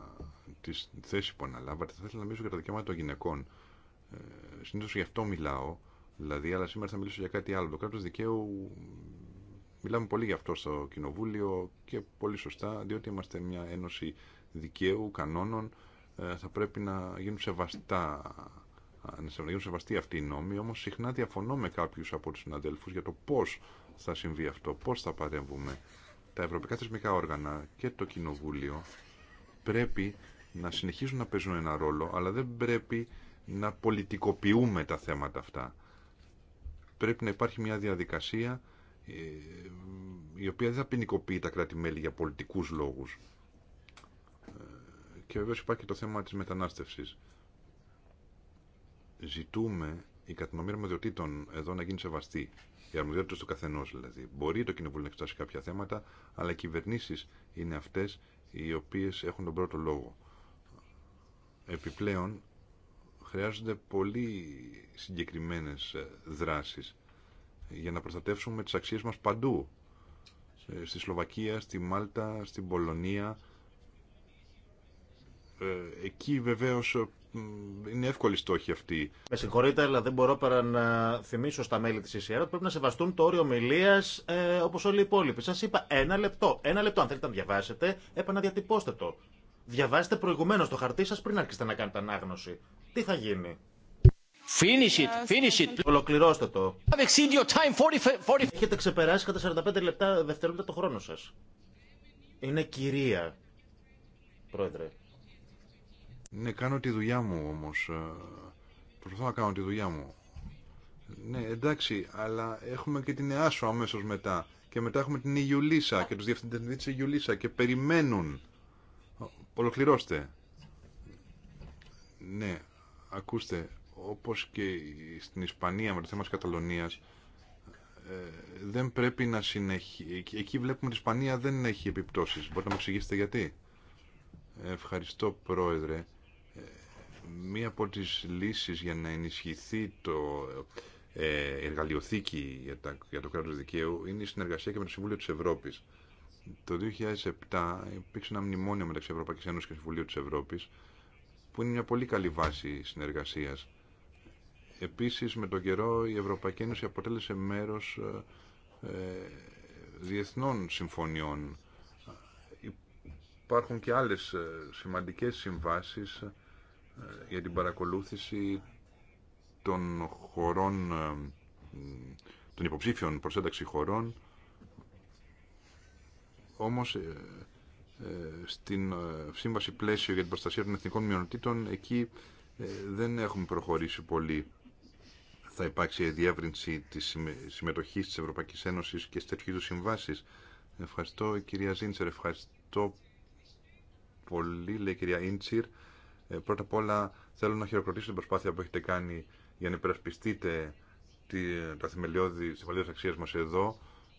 τη θέση που αναλάβατε. Θα ήθελα να μιλήσω για τα δικαιώματα των γυναικών. Ε, Συνήθω γι' αυτό μιλάω, δηλαδή, αλλά σήμερα θα μιλήσω για κάτι άλλο. Το κράτο δικαίου μιλάμε πολύ γι' αυτό στο Κοινοβούλιο και πολύ σωστά, διότι είμαστε μια ένωση δικαίου, κανόνων. Ε, θα πρέπει να γίνουν σεβαστά να γίνουν σεβαστοί αυτοί οι νόμοι, όμως συχνά διαφωνώ με κάποιους από τους συναδέλφους για το πώς θα συμβεί αυτό, πώς θα παρέμβουμε τα ευρωπαϊκά θεσμικά όργανα και το Κοινοβούλιο πρέπει να συνεχίζουν να παίζουν ένα ρόλο, αλλά δεν πρέπει να πολιτικοποιούμε τα θέματα αυτά. Πρέπει να υπάρχει μια διαδικασία ε, η οποία δεν θα ποινικοποιεί τα κράτη-μέλη για πολιτικούς λόγους. Ε, και βέβαια υπάρχει και το θέμα της μετανάστευσης. Ζητούμε η κατανομή αρμοδιοτήτων εδώ να γίνει σεβαστή για αρμοδιότητε του καθενό δηλαδή. Μπορεί το Κοινοβούλιο να εξετάσει κάποια θέματα, αλλά οι κυβερνήσει είναι αυτέ οι οποίε έχουν τον πρώτο λόγο. Επιπλέον, χρειάζονται πολύ συγκεκριμένε ε, δράσει για να προστατεύσουμε τι αξίε μα παντού. Ε, στη Σλοβακία, στη Μάλτα, στην Πολωνία. Ε, εκεί βεβαίως είναι εύκολη στόχη αυτή. Με συγχωρείτε, αλλά δεν μπορώ παρά να θυμίσω στα μέλη τη ΕΣΥΑΡ ότι πρέπει να σεβαστούν το όριο ομιλία ε, όπω όλοι οι υπόλοιποι. Σα είπα ένα λεπτό. Ένα λεπτό, αν θέλετε να διαβάσετε, επαναδιατυπώστε το. Διαβάστε προηγουμένω το χαρτί σα πριν αρχίσετε να κάνετε ανάγνωση. Τι θα γίνει. Finish it, finish it. Ολοκληρώστε το. Έχετε ξεπεράσει κατά 45 λεπτά δευτερόλεπτα το χρόνο σα. Είναι κυρία, πρόεδρε. Ναι, κάνω τη δουλειά μου όμως. Ε, προσπαθώ να κάνω τη δουλειά μου. Ναι, εντάξει, αλλά έχουμε και την ΕΑΣΟ αμέσως μετά. Και μετά έχουμε την Ιουλίσα και τους διευθυντές της Ιουλίσσα και περιμένουν. Ολοκληρώστε. Ναι, ακούστε, όπως και στην Ισπανία με το θέμα της Καταλωνίας, ε, δεν πρέπει να συνεχίσει. Εκεί βλέπουμε ότι η Ισπανία δεν έχει επιπτώσεις. Μπορείτε να μου εξηγήσετε γιατί. Ευχαριστώ, Πρόεδρε μία από τις λύσεις για να ενισχυθεί το ε, εργαλειοθήκη για, το κράτος δικαίου είναι η συνεργασία και με το Συμβούλιο της Ευρώπης. Το 2007 υπήρξε ένα μνημόνιο μεταξύ Ευρωπαϊκής Ένωσης και Συμβουλίου της Ευρώπης που είναι μια πολύ καλή βάση συνεργασίας. Επίσης με τον καιρό η Ευρωπαϊκή Ένωση αποτέλεσε μέρος ε, ε διεθνών συμφωνιών. Υπάρχουν και άλλες ε, σημαντικές συμβάσεις για την παρακολούθηση των χωρών, ε, των υποψήφιων προς ένταξη χωρών. Όμως ε, ε, στην σύμβαση πλαίσιο για την προστασία των εθνικών μειονοτήτων εκεί δεν έχουμε προχωρήσει πολύ. Θα υπάρξει η διεύρυνση της συμμετοχής της Ευρωπαϊκής Ένωσης και στι του συμβάσεις. Ευχαριστώ κυρία Ζίντσερ, ευχαριστώ πολύ λέει κυρία Ίντσιρ. Ε, πρώτα απ' όλα θέλω να χειροκροτήσω την προσπάθεια που έχετε κάνει για να υπερασπιστείτε τη, τα θεμελιώδη, τη θεμελιώδεις αξία μας εδώ.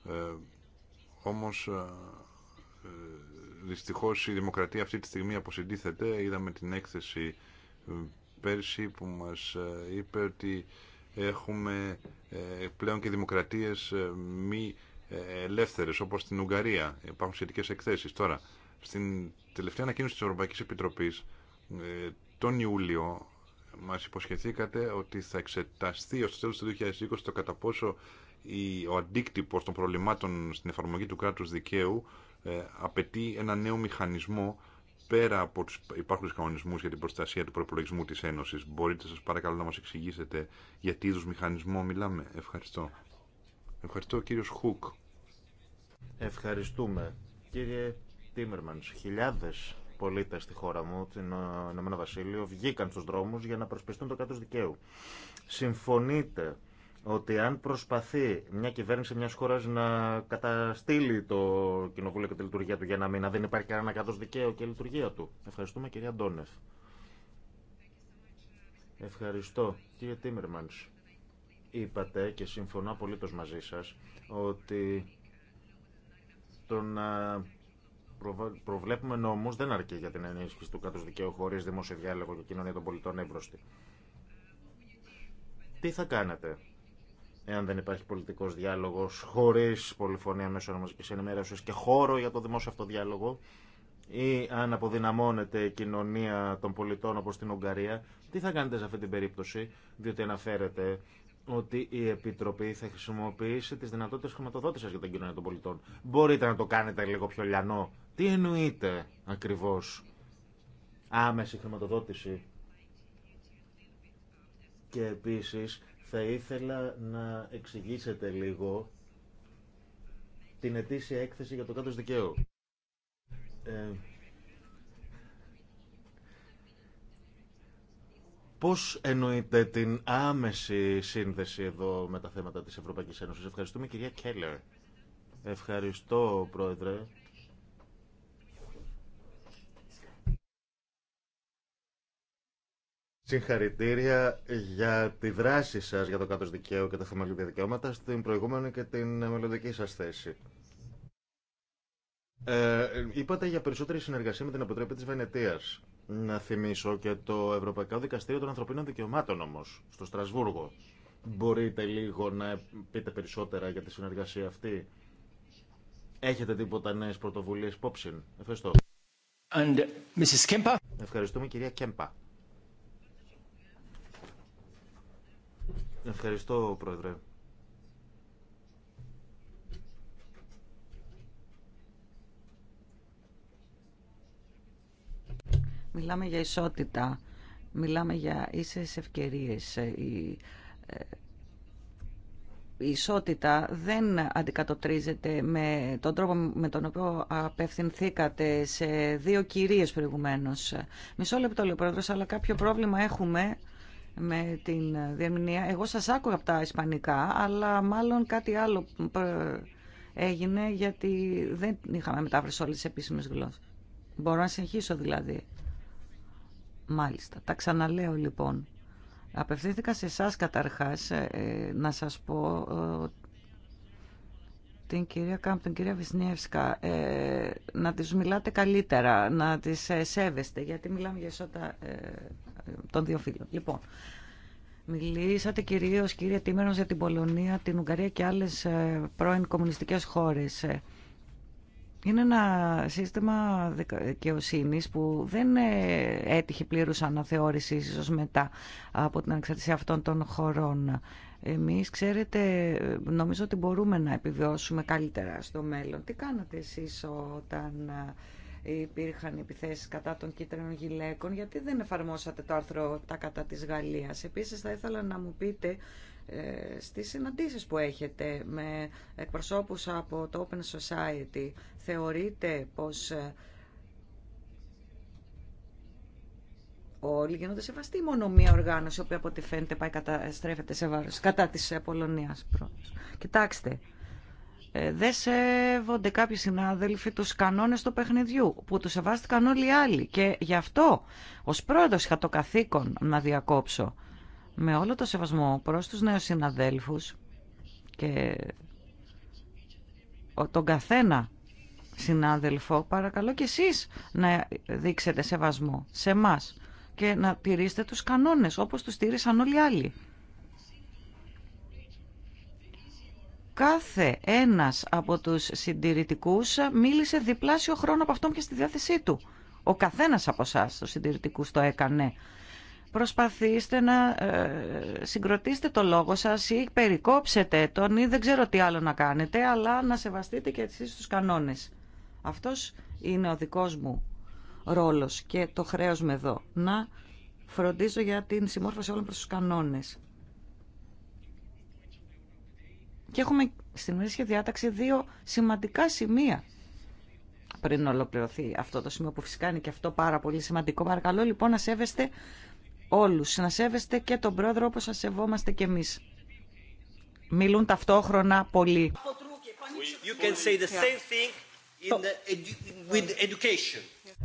Ε, όμως ε, ε, δυστυχώς η δημοκρατία αυτή τη στιγμή αποσυντήθεται. Είδαμε την έκθεση ε, πέρσι που μας είπε ότι έχουμε πλέον και δημοκρατίες μη ελεύθερες όπως στην Ουγγαρία. Υπάρχουν σχετικές εκθέσεις. Τώρα, στην τελευταία ανακοίνωση της Ευρωπαϊκής Επιτροπής ε, τον Ιούλιο μας υποσχεθήκατε ότι θα εξεταστεί ως το τέλος του 2020 το κατά πόσο η, ο αντίκτυπος των προβλημάτων στην εφαρμογή του κράτους δικαίου ε, απαιτεί ένα νέο μηχανισμό πέρα από τους υπάρχοντες κανονισμούς για την προστασία του προπολογισμού της Ένωσης. Μπορείτε σας παρακαλώ να μας εξηγήσετε για τι είδους μηχανισμό μιλάμε. Ευχαριστώ. Ευχαριστώ κύριος Χουκ. Ευχαριστούμε. Κύριε Τίμερμανς, χιλιάδες πολίτε στη χώρα μου, την Ηνωμένο Βασίλειο, βγήκαν στου δρόμου για να προσπιστούν το κράτο δικαίου. Συμφωνείτε ότι αν προσπαθεί μια κυβέρνηση μια χώρα να καταστήλει το κοινοβούλιο και τη λειτουργία του για ένα μήνα, δεν υπάρχει κανένα κράτο δικαίου και λειτουργία του. Ευχαριστούμε, κυρία Ντόνεφ. Ευχαριστώ, κύριε Τίμερμαντ. Είπατε και συμφωνώ απολύτω μαζί σα ότι το να προβλέπουμε νόμου δεν αρκεί για την ενίσχυση του κράτου δικαίου χωρί δημόσιο διάλογο και κοινωνία των πολιτών εύρωστη. Τι θα κάνετε εάν δεν υπάρχει πολιτικό διάλογο χωρί πολυφωνία μέσω μαζική ενημέρωση και χώρο για το δημόσιο αυτό διάλογο ή αν αποδυναμώνεται η κοινωνία των πολιτών όπω στην Ουγγαρία, τι θα κάνετε σε αυτή την περίπτωση, διότι αναφέρεται ότι η Επιτροπή θα χρησιμοποιήσει τις δυνατότητες χρηματοδότησης για την κοινωνία των πολιτών. Μπορείτε να το κάνετε λίγο πιο λιανό τι εννοείται ακριβώς άμεση χρηματοδότηση. Και επίσης θα ήθελα να εξηγήσετε λίγο την ετήσια έκθεση για το κάτω δικαίου. Ε, πώς εννοείται την άμεση σύνδεση εδώ με τα θέματα της Ευρωπαϊκής Ένωσης. Ευχαριστούμε κυρία Κέλλερ. Ευχαριστώ πρόεδρε. Συγχαρητήρια για τη δράση σα για το κάτω δικαίου και τα θεμελιώδη δικαιώματα στην προηγούμενη και την μελλοντική σα θέση. Ε, είπατε για περισσότερη συνεργασία με την Επιτροπή τη βενετία. Να θυμίσω και το Ευρωπαϊκό Δικαστήριο των Ανθρωπίνων Δικαιωμάτων όμω, στο Στρασβούργο. Μπορείτε λίγο να πείτε περισσότερα για τη συνεργασία αυτή. Έχετε τίποτα νέε πρωτοβουλίε υπόψη. Ευχαριστώ. And, Mrs. Ευχαριστούμε κυρία Κέμπα. Ευχαριστώ, Πρόεδρε. Μιλάμε για ισότητα, μιλάμε για ίσες ευκαιρίες. Ε, ε, η, ισότητα δεν αντικατοπτρίζεται με τον τρόπο με τον οποίο απευθυνθήκατε σε δύο κυρίες προηγουμένως. Μισό λεπτό, λέει αλλά κάποιο πρόβλημα έχουμε με την διαμηνία. Εγώ σας άκουγα από τα ισπανικά, αλλά μάλλον κάτι άλλο ε, έγινε γιατί δεν είχαμε μετάφραση όλες τις επίσημες γλώσσες. Μπορώ να συνεχίσω δηλαδή. Μάλιστα. Τα ξαναλέω λοιπόν. Απευθύνθηκα σε εσά καταρχάς ε, να σας πω ε, την κυρία την κυρία Βυσνιεύσκα, ε, να τις μιλάτε καλύτερα, να τις ε, σέβεστε, γιατί μιλάμε για ισότητα ε, των δύο φίλων. Λοιπόν, μιλήσατε κυρίως, κύριε Τίμερος, για την Πολωνία, την Ουγγαρία και άλλες ε, πρώην κομμουνιστικές χώρες. Είναι ένα σύστημα δικαιοσύνη που δεν έτυχε πλήρους αναθεώρησης ίσως μετά από την ανεξαρτησία αυτών των χωρών. Εμείς, ξέρετε, νομίζω ότι μπορούμε να επιβιώσουμε καλύτερα στο μέλλον. Τι κάνατε εσείς όταν ε, υπήρχαν επιθέσεις κατά των κίτρινων γυλαίκων, γιατί δεν εφαρμόσατε το άρθρο τα κατά της Γαλλίας. Επίσης, θα ήθελα να μου πείτε ε, στις συναντήσεις που έχετε με εκπροσώπους από το Open Society, θεωρείτε πως ε, όλοι γίνονται σεβαστοί μόνο μία οργάνωση, η οποία από ό,τι φαίνεται πάει στρέφεται σε βάρος, κατά της ε, Πολωνίας. Κοιτάξτε, ε, δεν σέβονται κάποιοι συνάδελφοι τους κανόνες του παιχνιδιού, που τους σεβάστηκαν όλοι οι άλλοι. Και γι' αυτό, ως πρόεδρος είχα το καθήκον να διακόψω με όλο το σεβασμό προς τους νέους συναδέλφους και τον καθένα συνάδελφο, παρακαλώ και εσείς να δείξετε σεβασμό σε μας και να τηρήσετε τους κανόνες όπως τους τήρησαν όλοι οι άλλοι. Κάθε ένας από τους συντηρητικούς μίλησε διπλάσιο χρόνο από αυτόν και στη διάθεσή του. Ο καθένας από εσά τους συντηρητικούς το έκανε. Προσπαθήστε να ε, συγκροτήσετε το λόγο σας ή περικόψετε τον ή δεν ξέρω τι άλλο να κάνετε, αλλά να σεβαστείτε και εσείς τους κανόνες. Αυτός είναι ο δικός μου ρόλος και το χρέος με εδώ. Να φροντίζω για την συμμόρφωση όλων προς τους κανόνες. Και έχουμε στην ίδια διάταξη δύο σημαντικά σημεία πριν ολοκληρωθεί αυτό το σημείο που φυσικά είναι και αυτό πάρα πολύ σημαντικό. Παρακαλώ λοιπόν να σέβεστε όλους, να σέβεστε και τον πρόεδρο όπως σας σεβόμαστε και εμείς. Μιλούν ταυτόχρονα πολύ.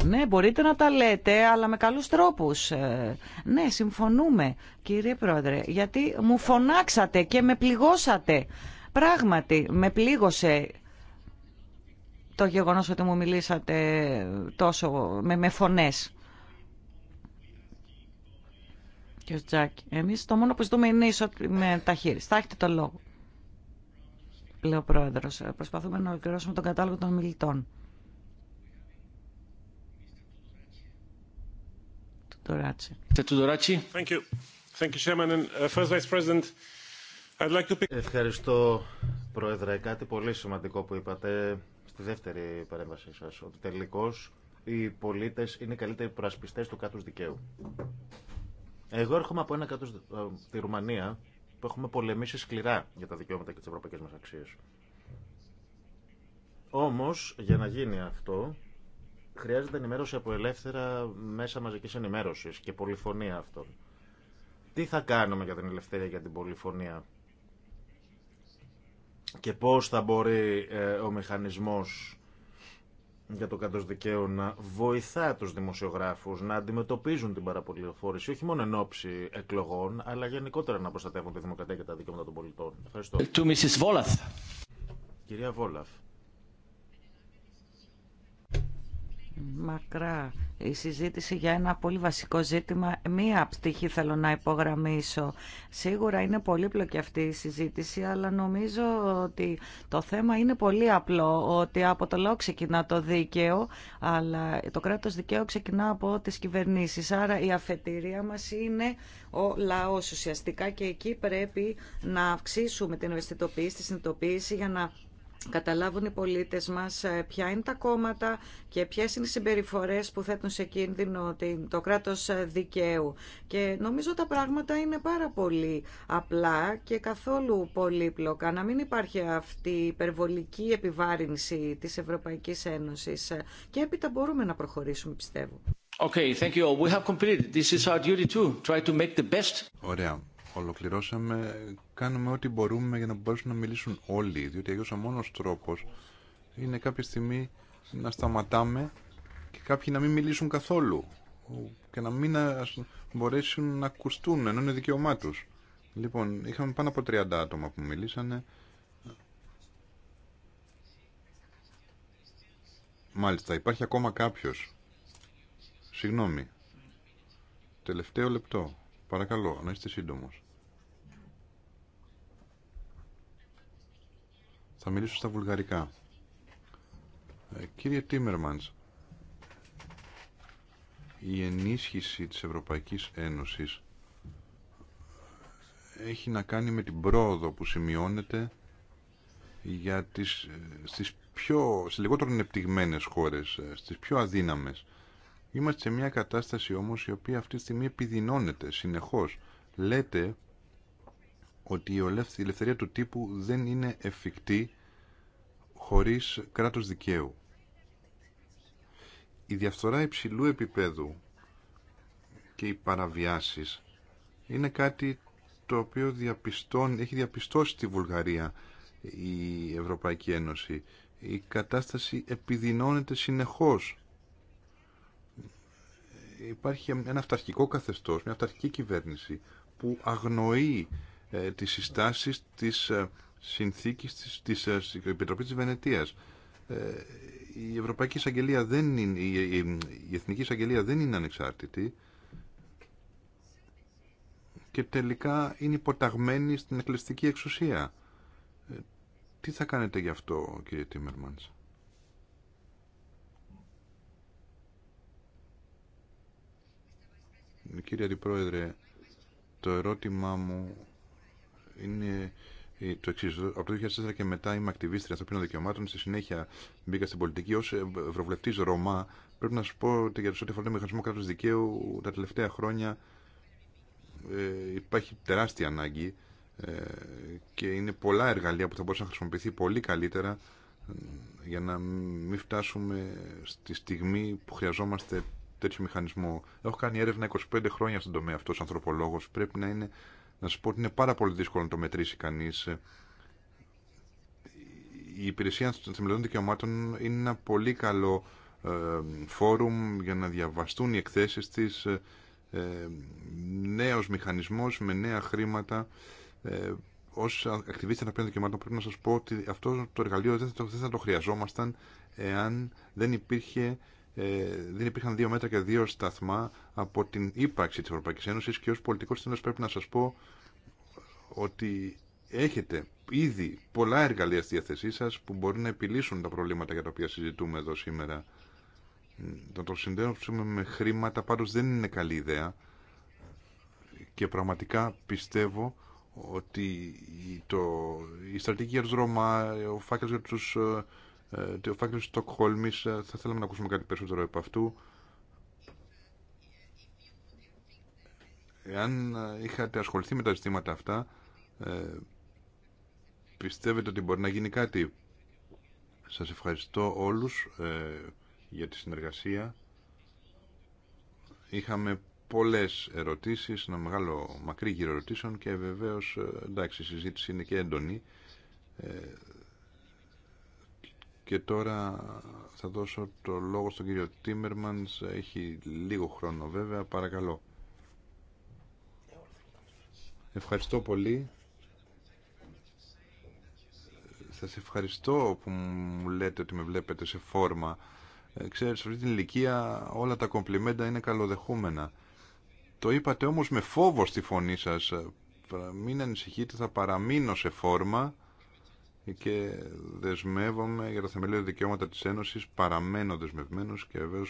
Ναι, μπορείτε να τα λέτε, αλλά με καλούς τρόπους. Ε, ναι, συμφωνούμε, κύριε Πρόεδρε, γιατί μου φωνάξατε και με πληγώσατε. Πράγματι, με πλήγωσε το γεγονός ότι μου μιλήσατε τόσο με, με φωνές. ο Τζάκ, εμείς το μόνο που ζητούμε είναι τα τα Θα έχετε το λόγο. Λέω πρόεδρος, προσπαθούμε να ολοκληρώσουμε τον κατάλογο των μιλητών. Ευχαριστώ, Πρόεδρε. Κάτι πολύ σημαντικό που είπατε στη δεύτερη παρέμβασή σας, ότι τελικώς οι πολίτες είναι οι καλύτεροι προασπιστές του κάτους δικαίου. Εγώ έρχομαι από ένα κάτω ε, τη Ρουμανία που έχουμε πολεμήσει σκληρά για τα δικαιώματα και τις ευρωπαϊκές μας αξίες. Όμως, για να γίνει αυτό, Χρειάζεται ενημέρωση από ελεύθερα μέσα μαζικής ενημέρωσης και πολυφωνία αυτό. Τι θα κάνουμε για την ελευθερία για την πολυφωνία και πώς θα μπορεί ε, ο μηχανισμός για το κάτω δικαίου να βοηθά τους δημοσιογράφους να αντιμετωπίζουν την παραπολιοφόρηση, όχι μόνο εν ώψη εκλογών αλλά γενικότερα να προστατεύουν τη δημοκρατία και τα δικαιώματα των πολιτών. Ευχαριστώ. Κυρία Βόλαφ. μακρά η συζήτηση για ένα πολύ βασικό ζήτημα. Μία πτυχή θέλω να υπογραμμίσω. Σίγουρα είναι πολύπλοκη αυτή η συζήτηση, αλλά νομίζω ότι το θέμα είναι πολύ απλό, ότι από το λαό ξεκινά το δίκαιο, αλλά το κράτος δικαίου ξεκινά από τις κυβερνήσεις. Άρα η αφετηρία μας είναι ο λαός ουσιαστικά και εκεί πρέπει να αυξήσουμε την ευαισθητοποίηση, τη συνειδητοποίηση για να καταλάβουν οι πολίτες μας ε, ποια είναι τα κόμματα και ποιες είναι οι συμπεριφορές που θέτουν σε κίνδυνο το κράτος ε, δικαίου. Και νομίζω τα πράγματα είναι πάρα πολύ απλά και καθόλου πολύπλοκα. Να μην υπάρχει αυτή η υπερβολική επιβάρυνση της Ευρωπαϊκής Ένωσης ε, και έπειτα μπορούμε να προχωρήσουμε πιστεύω. Okay, thank you We have completed. This is our duty too. Try to make the best. Ωραία ολοκληρώσαμε, κάνουμε ό,τι μπορούμε για να μπορέσουν να μιλήσουν όλοι, διότι αλλιώς ο μόνος τρόπος είναι κάποια στιγμή να σταματάμε και κάποιοι να μην μιλήσουν καθόλου και να μην μπορέσουν να ακουστούν, ενώ είναι δικαίωμά του. Λοιπόν, είχαμε πάνω από 30 άτομα που μιλήσανε. Μάλιστα, υπάρχει ακόμα κάποιος. Συγγνώμη. Τελευταίο λεπτό. Παρακαλώ, να είστε σύντομος. Θα μιλήσω στα βουλγαρικά. Ε, κύριε Τίμερμαντς, η ενίσχυση της Ευρωπαϊκής Ένωσης ε, έχει να κάνει με την πρόοδο που σημειώνεται για τις, ε, στις, πιο, στις λιγότερο ενεπτυγμένες χώρες, στις πιο αδύναμες. Είμαστε σε μια κατάσταση όμως η οποία αυτή τη στιγμή επιδεινώνεται συνεχώς. Λέτε ότι η ελευθερία του τύπου δεν είναι εφικτή χωρίς κράτος δικαίου. Η διαφθορά υψηλού επίπεδου και οι παραβιάσεις είναι κάτι το οποίο διαπιστών, έχει διαπιστώσει τη Βουλγαρία η Ευρωπαϊκή Ένωση. Η κατάσταση επιδεινώνεται συνεχώς. Υπάρχει ένα αυταρχικό καθεστώς, μια αυταρχική κυβέρνηση που αγνοεί ε, τις συστάσεις της ε, συνθήκη της, της ε, Επιτροπής της Βενετίας. Ε, η Ευρωπαϊκή Εισαγγελία δεν είναι, η, η, Εθνική Εισαγγελία δεν είναι ανεξάρτητη και τελικά είναι υποταγμένη στην εκκληστική εξουσία. Ε, τι θα κάνετε γι' αυτό, κύριε Τίμερμαντς. Κύριε Αντιπρόεδρε, το ερώτημά μου είναι ε, το εξή. Από το 2004 και μετά είμαι ακτιβίστρια ανθρωπίνων δικαιωμάτων. Στη συνέχεια μπήκα στην πολιτική ω ε, ευρωβουλευτή Ρωμά. Πρέπει να σα πω ότι για το ό,τι αφορά το μηχανισμό κράτου δικαίου, τα τελευταία χρόνια ε, υπάρχει τεράστια ανάγκη ε, και είναι πολλά εργαλεία που θα μπορούσαν να χρησιμοποιηθεί πολύ καλύτερα για να μην φτάσουμε στη στιγμή που χρειαζόμαστε τέτοιο μηχανισμό. Έχω κάνει έρευνα 25 χρόνια στον τομέα αυτό ω ανθρωπολόγο, Πρέπει να είναι να σου πω ότι είναι πάρα πολύ δύσκολο να το μετρήσει κανείς. Ε, η υπηρεσία των θεμελιών δικαιωμάτων είναι ένα πολύ καλό ε, φόρουμ για να διαβαστούν οι εκθέσεις της ε, νέο μηχανισμό με νέα χρήματα Ω ακτιβίστη πέντε δικαιωμάτων πρέπει να σα πω ότι αυτό το εργαλείο δεν το, δεν θα το χρειαζόμασταν εάν δεν υπήρχε ε, δεν υπήρχαν δύο μέτρα και δύο σταθμά από την ύπαρξη της Ευρωπαϊκής Ένωσης και ως πολιτικός σύντονος πρέπει να σας πω ότι έχετε ήδη πολλά εργαλεία στη διαθεσή σας που μπορεί να επιλύσουν τα προβλήματα για τα οποία συζητούμε εδώ σήμερα. Να το συνδέσουμε με χρήματα πάντως δεν είναι καλή ιδέα και πραγματικά πιστεύω ότι το, η στρατηγική για τους Ρώμα, ο φάκελος για τους ε, ε, το φάκελο Στοκχόλμης ε, θα θέλαμε να ακούσουμε κάτι περισσότερο από αυτού. Εάν ε, είχατε ασχοληθεί με τα ζητήματα αυτά, πιστεύετε ότι μπορεί να γίνει κάτι. Σας ευχαριστώ όλους για τη συνεργασία. Είχαμε πολλές ερωτήσεις, ένα μεγάλο μακρύ γύρο ερωτήσεων και βεβαίως εντάξει η συζήτηση είναι και έντονη. Και τώρα θα δώσω το λόγο στον κύριο Τίμερμανς. Έχει λίγο χρόνο βέβαια. Παρακαλώ. Ευχαριστώ πολύ. σα ευχαριστώ που μου λέτε ότι με βλέπετε σε φόρμα. Ε, ξέρεις, σε αυτή την ηλικία όλα τα κομπλιμέντα είναι καλοδεχούμενα. Το είπατε όμως με φόβο στη φωνή σας. Ε, μην ανησυχείτε, θα παραμείνω σε φόρμα και δεσμεύομαι για τα θεμελιώδη δικαιώματα της Ένωσης, παραμένω δεσμευμένος και βεβαίω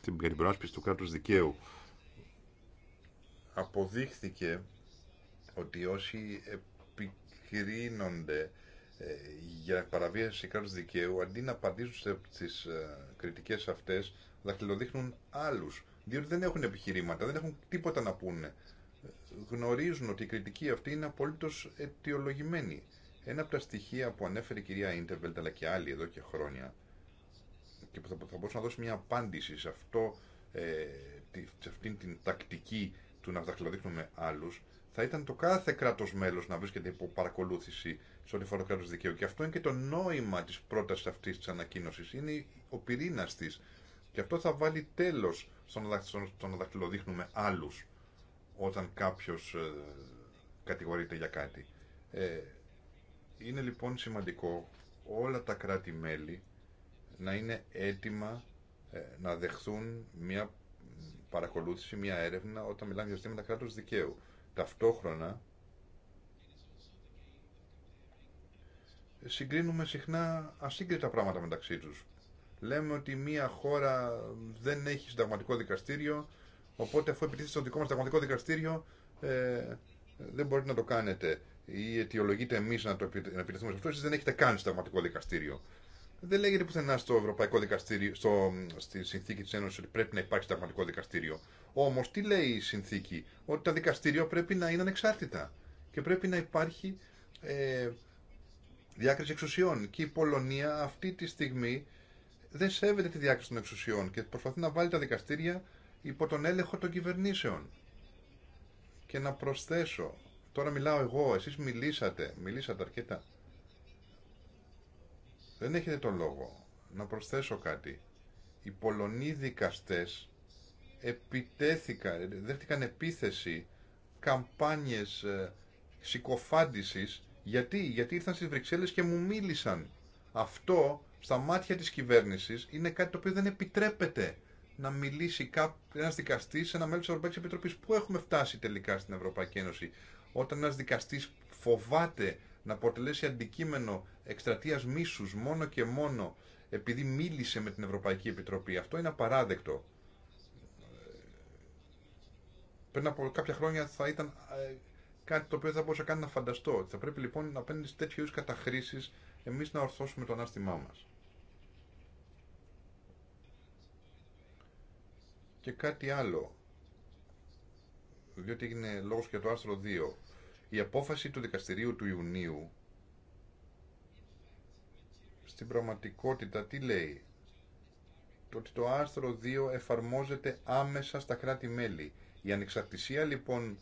την περιπράσπιση του κράτους δικαίου. Αποδείχθηκε ότι όσοι επικρίνονται ε, για παραβίαση κράτους δικαίου, αντί να απαντήσουν στις ε, κριτικές αυτές, δαχτυλοδείχνουν άλλους, διότι δεν έχουν επιχειρήματα, δεν έχουν τίποτα να πούνε. Γνωρίζουν ότι η κριτική αυτή είναι απολύτως αιτιολογημένη ένα από τα στοιχεία που ανέφερε η κυρία Ιντεβελτ αλλά και άλλοι εδώ και χρόνια και που θα, θα μπορούσε να δώσει μια απάντηση σε, αυτό, ε, σε αυτήν την τακτική του να δαχτυλοδείχνουμε άλλου, θα ήταν το κάθε κράτο μέλο να βρίσκεται υπό παρακολούθηση σε ό,τι αφορά το κράτο δικαίου. Και αυτό είναι και το νόημα τη πρόταση αυτή τη ανακοίνωση. Είναι ο πυρήνα τη. Και αυτό θα βάλει τέλο στο να δαχτυλοδείχνουμε άλλου όταν κάποιο ε, κατηγορείται για κάτι. Ε, είναι λοιπόν σημαντικό όλα τα κράτη-μέλη να είναι έτοιμα ε, να δεχθούν μια παρακολούθηση, μια έρευνα όταν μιλάμε για ζητήματα κράτους δικαίου. Ταυτόχρονα συγκρίνουμε συχνά ασύγκριτα πράγματα μεταξύ τους. Λέμε ότι μια χώρα δεν έχει συνταγματικό δικαστήριο, οπότε αφού επιτίθεται στο δικό μας συνταγματικό δικαστήριο ε, δεν μπορείτε να το κάνετε ή αιτιολογείται εμεί να, το, επιτεθούμε σε αυτό, εσεί δεν έχετε καν συνταγματικό δικαστήριο. Δεν λέγεται πουθενά στο Ευρωπαϊκό Δικαστήριο, στο, στη συνθήκη τη Ένωση ότι πρέπει να υπάρχει συνταγματικό δικαστήριο. Όμω, τι λέει η συνθήκη, ότι τα δικαστήρια πρέπει να είναι ανεξάρτητα και πρέπει να υπάρχει ε, διάκριση εξουσιών. Και η Πολωνία αυτή τη στιγμή δεν σέβεται τη διάκριση των εξουσιών και προσπαθεί να βάλει τα δικαστήρια υπό τον έλεγχο των κυβερνήσεων. Και να προσθέσω Τώρα μιλάω εγώ, εσείς μιλήσατε, μιλήσατε αρκετά. Δεν έχετε τον λόγο. Να προσθέσω κάτι. Οι Πολωνοί δικαστές επιτέθηκαν, δέχτηκαν επίθεση, καμπάνιες ε, συκοφάντησης. Γιατί, γιατί ήρθαν στις Βρυξέλλες και μου μίλησαν. Αυτό στα μάτια της κυβέρνησης είναι κάτι το οποίο δεν επιτρέπεται να μιλήσει ένα δικαστή σε ένα μέλο τη Ευρωπαϊκή Επιτροπή. Πού έχουμε φτάσει τελικά στην Ευρωπαϊκή Ένωση. Όταν ένας δικαστής φοβάται να αποτελέσει αντικείμενο εκστρατείας μίσους μόνο και μόνο επειδή μίλησε με την Ευρωπαϊκή Επιτροπή. Αυτό είναι απαράδεκτο. Ε, πριν από κάποια χρόνια θα ήταν ε, κάτι το οποίο θα μπορούσα καν να φανταστώ. Θα πρέπει λοιπόν να παίρνει σε τέτοιου είδου καταχρήσει εμεί να ορθώσουμε το ανάστημά μα. Και κάτι άλλο, διότι έγινε λόγο και το άρθρο 2. Η απόφαση του δικαστηρίου του Ιουνίου στην πραγματικότητα τι λέει. Το ότι το άρθρο 2 εφαρμόζεται άμεσα στα κράτη-μέλη. Η ανεξαρτησία λοιπόν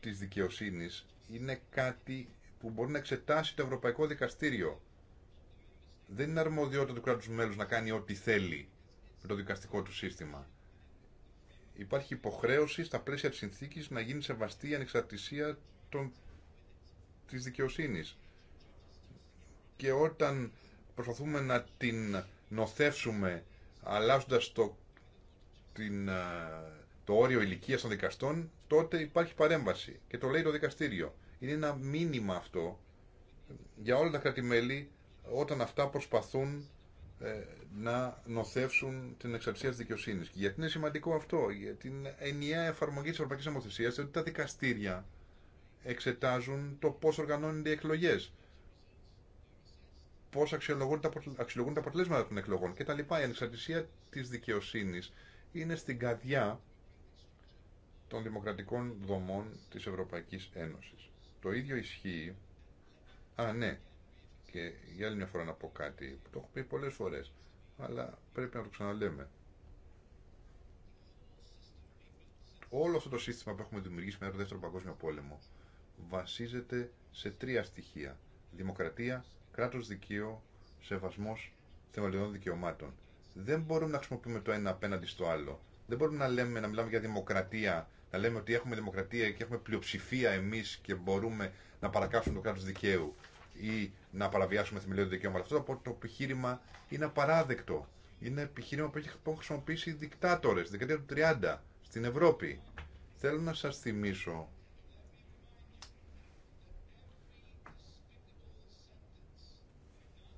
της δικαιοσύνης είναι κάτι που μπορεί να εξετάσει το Ευρωπαϊκό Δικαστήριο. Δεν είναι αρμοδιότητα του κράτους μέλους να κάνει ό,τι θέλει με το δικαστικό του σύστημα. Υπάρχει υποχρέωση στα πλαίσια της συνθήκης να γίνει σεβαστή η ανεξαρτησία των, της δικαιοσύνης. Και όταν προσπαθούμε να την νοθεύσουμε αλλάζοντας το, το όριο ηλικίας των δικαστών, τότε υπάρχει παρέμβαση. Και το λέει το δικαστήριο. Είναι ένα μήνυμα αυτό για όλα τα κρατημέλη όταν αυτά προσπαθούν ε, να νοθεύσουν την εξαρτησία τη δικαιοσύνη. Γιατί είναι σημαντικό αυτό, για την ενιαία εφαρμογή τη Ευρωπαϊκή Νομοθεσία, διότι τα δικαστήρια εξετάζουν το πώς οργανώνονται οι εκλογές, πώς αξιολογούν τα, αξιολογούν τα αποτελέσματα των εκλογών λοιπά Η ανεξαρτησία της δικαιοσύνης είναι στην καρδιά των δημοκρατικών δομών της Ευρωπαϊκής Ένωσης. Το ίδιο ισχύει... Α, ναι, και για άλλη μια φορά να πω κάτι που το έχω πει πολλές φορές, αλλά πρέπει να το ξαναλέμε. Όλο αυτό το σύστημα που έχουμε δημιουργήσει μετά το Δεύτερο Παγκόσμιο Πόλεμο βασίζεται σε τρία στοιχεία. Δημοκρατία, κράτος δικαίου, σεβασμός θεμελιωδών δικαιωμάτων. Δεν μπορούμε να χρησιμοποιούμε το ένα απέναντι στο άλλο. Δεν μπορούμε να, λέμε, να μιλάμε για δημοκρατία, να λέμε ότι έχουμε δημοκρατία και έχουμε πλειοψηφία εμεί και μπορούμε να παρακάψουμε το κράτο δικαίου ή να παραβιάσουμε θεμελιώδη δικαιώματα. Αυτό το επιχείρημα είναι απαράδεκτο. Είναι επιχείρημα που έχουν χρησιμοποιήσει δικτάτορε, δεκαετία του 30 στην Ευρώπη. Θέλω να σα θυμίσω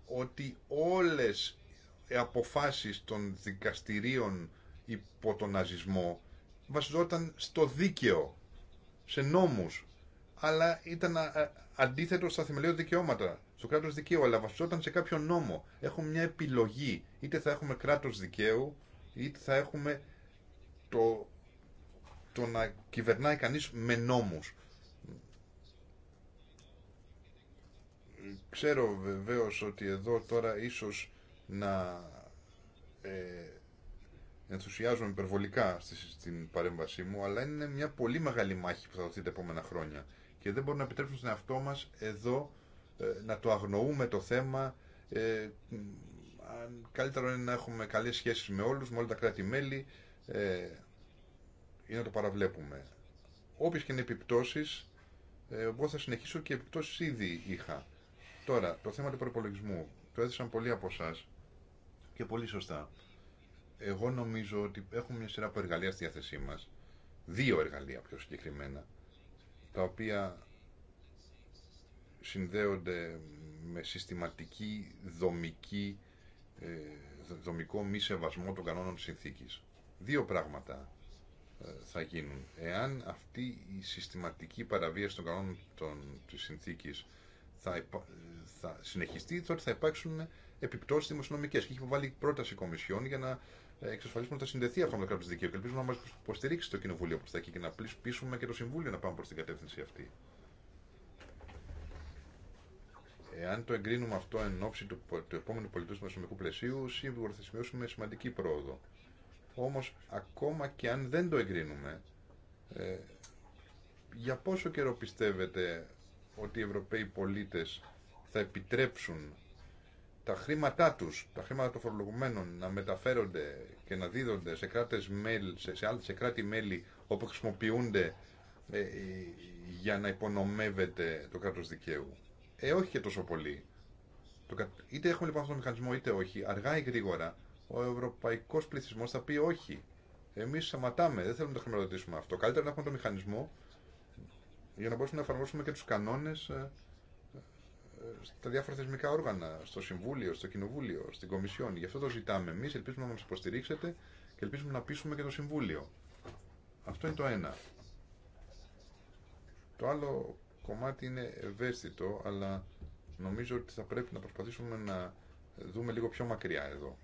ότι όλες οι αποφάσεις των δικαστηρίων υπό τον ναζισμό βασιζόταν στο δίκαιο, σε νόμους, αλλά ήταν ε, αντίθετο στα θεμελιώδη δικαιώματα, στο κράτος δικαίου, αλλά βασιζόταν σε κάποιο νόμο. Έχουμε μια επιλογή, είτε θα έχουμε κράτος δικαίου, είτε θα έχουμε το, το να κυβερνάει κανείς με νόμους. Ξέρω βεβαίως ότι εδώ τώρα ίσως να ε, ενθουσιάζομαι υπερβολικά στη, στην παρέμβασή μου, αλλά είναι μια πολύ μεγάλη μάχη που θα δοθεί τα επόμενα χρόνια. Και δεν μπορούμε να επιτρέψουμε στον εαυτό μας εδώ ε, να το αγνοούμε το θέμα. Ε, καλύτερο είναι να έχουμε καλές σχέσεις με όλους, με όλα τα κράτη-μέλη ε, ή να το παραβλέπουμε. Όποιες και είναι επιπτώσεις, ε, εγώ θα συνεχίσω και επιπτώσεις ήδη είχα. Τώρα, το θέμα του προπολογισμού. Το έθεσαν πολλοί από εσά και πολύ σωστά. Εγώ νομίζω ότι έχουμε μια σειρά από εργαλεία στη διάθεσή μα. Δύο εργαλεία πιο συγκεκριμένα. Τα οποία συνδέονται με συστηματική δομική ε, δομικό μη σεβασμό των κανόνων της συνθήκης. Δύο πράγματα ε, θα γίνουν. Εάν αυτή η συστηματική παραβίαση των κανόνων των, της συνθήκης θα, υπα... θα συνεχιστεί, τότε θα υπάρξουν επιπτώσει δημοσιονομικέ. Και έχει βάλει πρόταση κομισιών για να ε, εξασφαλίσουμε ότι θα συνδεθεί αυτό με το κράτο δικαίου. Και ελπίζουμε να μα υποστηρίξει το Κοινοβούλιο προ θα έχει και να πείσουμε και το Συμβούλιο να πάμε προ την κατεύθυνση αυτή. Εάν το εγκρίνουμε αυτό εν ώψη του, του επόμενου πολιτού του μεσομικού πλαισίου, σίγουρα θα σημειώσουμε σημαντική πρόοδο. Όμω, ακόμα και αν δεν το εγκρίνουμε, ε, για πόσο καιρό πιστεύετε ότι οι Ευρωπαίοι πολίτες θα επιτρέψουν τα χρήματά τους, τα χρήματα των φορολογουμένων να μεταφέρονται και να δίδονται σε, κράτες σε, σε κράτη-μέλη όπου χρησιμοποιούνται ε, ε, για να υπονομεύεται το κράτος δικαίου. Ε, όχι και τόσο πολύ. είτε έχουμε λοιπόν αυτόν τον μηχανισμό είτε όχι, αργά ή γρήγορα, ο ευρωπαϊκός πληθυσμός θα πει όχι. Εμείς σταματάμε, δεν θέλουμε να το χρηματοδοτήσουμε αυτό. Καλύτερα να έχουμε τον μηχανισμό για να μπορέσουμε να εφαρμόσουμε και τους κανόνες ε, ε, στα διάφορα θεσμικά όργανα, στο Συμβούλιο, στο Κοινοβούλιο, στην Κομισιόν. Γι' αυτό το ζητάμε εμείς, ελπίζουμε να μας υποστηρίξετε και ελπίζουμε να πείσουμε και το Συμβούλιο. Αυτό είναι το ένα. Το άλλο κομμάτι είναι ευαίσθητο, αλλά νομίζω ότι θα πρέπει να προσπαθήσουμε να δούμε λίγο πιο μακριά εδώ.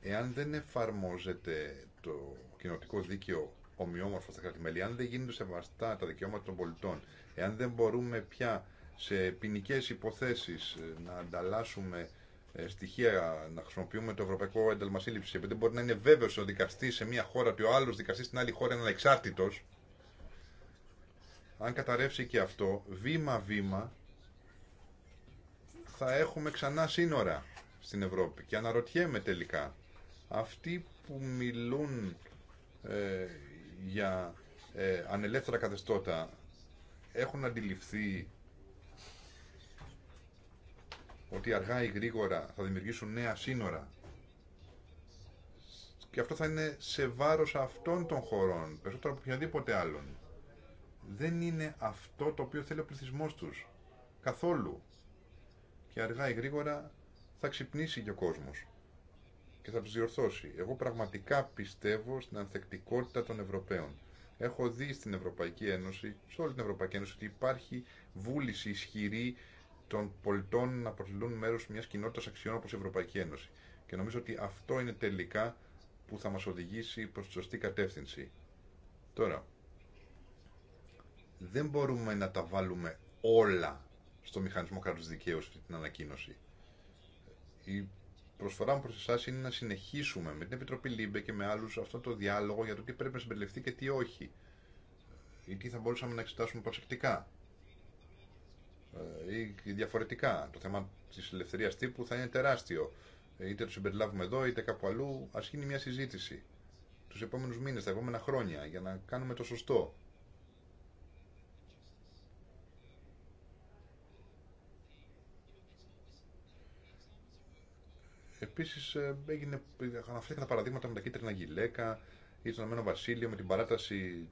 Εάν δεν εφαρμόζεται το κοινοτικό δίκαιο ομοιόμορφα στα κρατη αν δεν γίνονται σεβαστά τα δικαιώματα των πολιτών, εάν δεν μπορούμε πια σε ποινικέ υποθέσει ε, να ανταλλάσσουμε ε, στοιχεία, να χρησιμοποιούμε το ευρωπαϊκό ένταλμα σύλληψη, επειδή μπορεί να είναι βέβαιο ο δικαστή σε μία χώρα ότι ο άλλο δικαστή στην άλλη χώρα είναι ανεξάρτητο, αν καταρρεύσει και αυτό, βήμα-βήμα θα έχουμε ξανά σύνορα στην Ευρώπη. Και αναρωτιέμαι τελικά, αυτοί που μιλούν ε, για ε, ανελεύθερα καθεστώτα έχουν αντιληφθεί ότι αργά ή γρήγορα θα δημιουργήσουν νέα σύνορα και αυτό θα είναι σε βάρος αυτών των χωρών, περισσότερο από οποιαδήποτε άλλον. Δεν είναι αυτό το οποίο θέλει ο πληθυσμό τους. Καθόλου. Και αργά ή γρήγορα θα ξυπνήσει και ο κόσμος και θα του διορθώσει. Εγώ πραγματικά πιστεύω στην ανθεκτικότητα των Ευρωπαίων. Έχω δει στην Ευρωπαϊκή Ένωση, σε όλη την Ευρωπαϊκή Ένωση, ότι υπάρχει βούληση ισχυρή των πολιτών να αποτελούν μέρο μια κοινότητα αξιών όπω η Ευρωπαϊκή Ένωση. Και νομίζω ότι αυτό είναι τελικά που θα μα οδηγήσει προ τη σωστή κατεύθυνση. Τώρα, δεν μπορούμε να τα βάλουμε όλα στο μηχανισμό κράτου δικαίου την ανακοίνωση προσφορά μου προ εσά είναι να συνεχίσουμε με την Επιτροπή ΛΥΜΠΕ και με άλλους αυτό το διάλογο για το τι πρέπει να συμπεριληφθεί και τι όχι ε, ή τι θα μπορούσαμε να εξετάσουμε προσεκτικά ε, ή διαφορετικά. Το θέμα τη ελευθερία τύπου θα είναι τεράστιο. Ε, είτε το συμπεριλάβουμε εδώ είτε κάπου αλλού. Ας γίνει μια συζήτηση Του επόμενου μήνε, τα επόμενα χρόνια για να κάνουμε το σωστό. Επίση ε, έγινε, αναφέρθηκαν τα παραδείγματα με τα κίτρινα γυλαίκα ή στον Αμένο Βασίλειο με την παράταση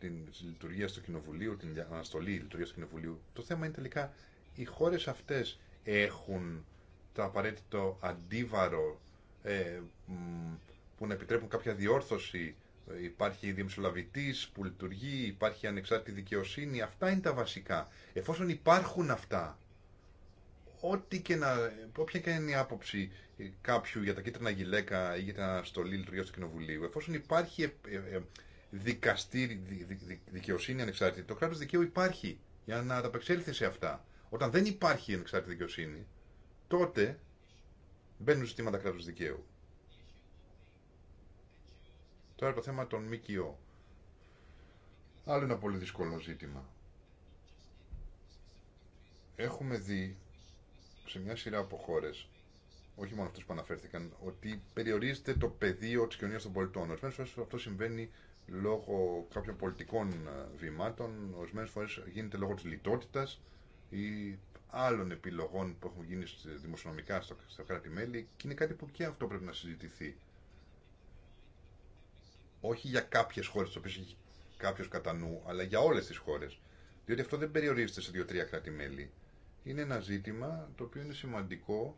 τη ε, λειτουργία του Κοινοβουλίου, την αναστολή λειτουργία του Κοινοβουλίου. Το θέμα είναι τελικά οι χώρε αυτέ έχουν το απαραίτητο αντίβαρο ε, που να επιτρέπουν κάποια διόρθωση. Ε, υπάρχει διαμεσολαβητή που λειτουργεί, υπάρχει ανεξάρτητη δικαιοσύνη. Αυτά είναι τα βασικά. Εφόσον υπάρχουν αυτά, ό,τι και να, όποια και είναι η άποψη κάποιου για τα κίτρινα γυλαίκα ή για τα στολή λειτουργία του Κοινοβουλίου, εφόσον υπάρχει ε, ε, ε, δικαστήρι, δικαιοσύνη ανεξάρτητη, το κράτο δικαίου υπάρχει για να ανταπεξέλθει σε αυτά. Όταν δεν υπάρχει ανεξάρτητη δικαιοσύνη, τότε μπαίνουν ζητήματα κράτου δικαίου. Τώρα το θέμα των ΜΚΟ. Άλλο ένα πολύ δύσκολο ζήτημα. Έχουμε δει σε μια σειρά από χώρε, όχι μόνο αυτέ που αναφέρθηκαν, ότι περιορίζεται το πεδίο τη κοινωνία των πολιτών. Ορισμένε φορέ αυτό συμβαίνει λόγω κάποιων πολιτικών ε, βημάτων, ορισμένε φορέ γίνεται λόγω τη λιτότητα ή άλλων επιλογών που έχουν γίνει δημοσιονομικά στα κράτη-μέλη και είναι κάτι που και αυτό πρέπει να συζητηθεί. Όχι για κάποιε χώρε, τι οποίε έχει κάποιο κατά νου, αλλά για όλε τι χώρε. Διότι αυτό δεν περιορίζεται σε δύο-τρία κράτη-μέλη είναι ένα ζήτημα το οποίο είναι σημαντικό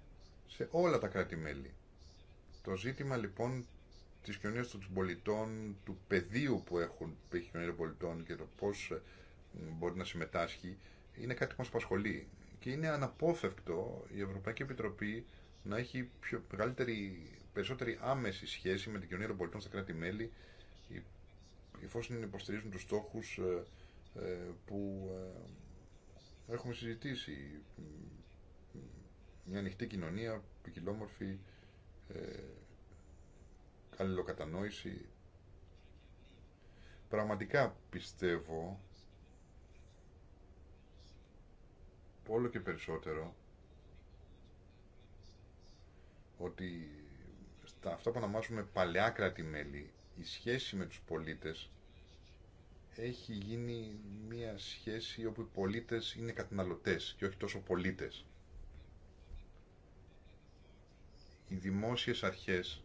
σε όλα τα κράτη-μέλη. Το ζήτημα λοιπόν της κοινωνίας των πολιτών, του πεδίου που έχουν που έχει κοινωνία των πολιτών και το πώς ε, μπορεί να συμμετάσχει, είναι κάτι που μας απασχολεί. Και είναι αναπόφευκτο η Ευρωπαϊκή Επιτροπή να έχει πιο, μεγαλύτερη, περισσότερη άμεση σχέση με την κοινωνία των πολιτών στα κράτη-μέλη, εφόσον υποστηρίζουν τους στόχους ε, ε, που Έχουμε συζητήσει μια ανοιχτή κοινωνία, ποικιλόμορφη, ε, αλληλοκατανόηση. Πραγματικά πιστεύω όλο και περισσότερο ότι αυτά που ονομάζουμε παλαια παλαιά κράτη-μέλη, η σχέση με τους πολίτες έχει γίνει μια σχέση όπου οι πολίτες είναι καταναλωτές και όχι τόσο πολίτες. Οι δημόσιες αρχές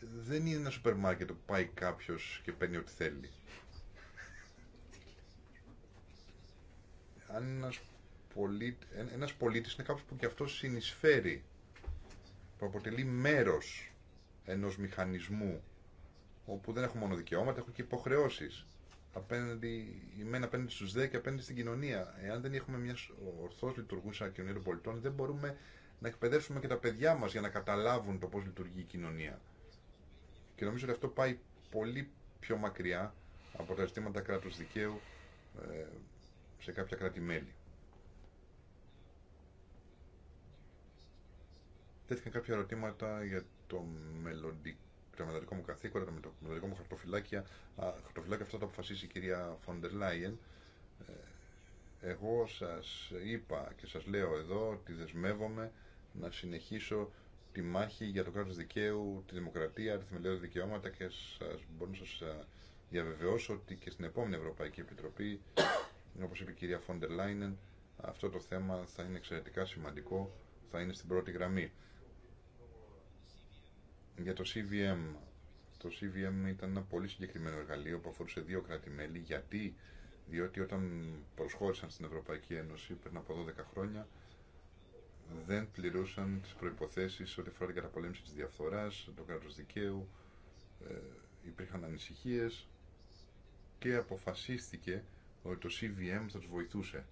δεν είναι ένα σούπερ μάρκετ που πάει κάποιος και παίρνει ό,τι θέλει. Αν ένας, πολίτ, ένας πολίτης είναι κάποιος που και αυτός συνεισφέρει, που αποτελεί μέρος ενός μηχανισμού όπου δεν έχω μόνο δικαιώματα, έχω και υποχρεώσει. απέναντι, εμένα απέναντι στους ΔΕ και απέναντι στην κοινωνία. Εάν δεν έχουμε μια ορθώ λειτουργούσα κοινωνία των πολιτών, δεν μπορούμε να εκπαιδεύσουμε και τα παιδιά μα για να καταλάβουν το πώ λειτουργεί η κοινωνία. Και νομίζω ότι αυτό πάει πολύ πιο μακριά από τα ζητήματα κράτου δικαίου ε, σε κάποια κράτη-μέλη. Τέθηκαν κάποια ερωτήματα για το μελλοντικό κρεματορικό μου καθήκοντα, με το κρεματορικό μου χαρτοφυλάκια, χαρτοφυλάκια αυτά τα αποφασίσει η κυρία Φοντερ Λάιεν. Ε, εγώ σας είπα και σας λέω εδώ ότι δεσμεύομαι να συνεχίσω τη μάχη για το κράτος δικαίου, τη δημοκρατία, τη θεμελιώδη δικαιώματα και σας, μπορώ να σας διαβεβαιώσω ότι και στην επόμενη Ευρωπαϊκή Επιτροπή, όπως είπε η κυρία Φόντερ Λάινεν, αυτό το θέμα θα είναι εξαιρετικά σημαντικό, θα είναι στην πρώτη γραμμή. Για το CVM. Το CVM ήταν ένα πολύ συγκεκριμένο εργαλείο που αφορούσε δύο κράτη-μέλη. Γιατί? Διότι όταν προσχώρησαν στην Ευρωπαϊκή Ένωση πριν από 12 χρόνια δεν πληρούσαν τις προϋποθέσεις ό,τι αφορά την καταπολέμηση τη διαφθοράς, το κράτος δικαίου, ε, υπήρχαν ανησυχίε και αποφασίστηκε ότι το CVM θα του βοηθούσε.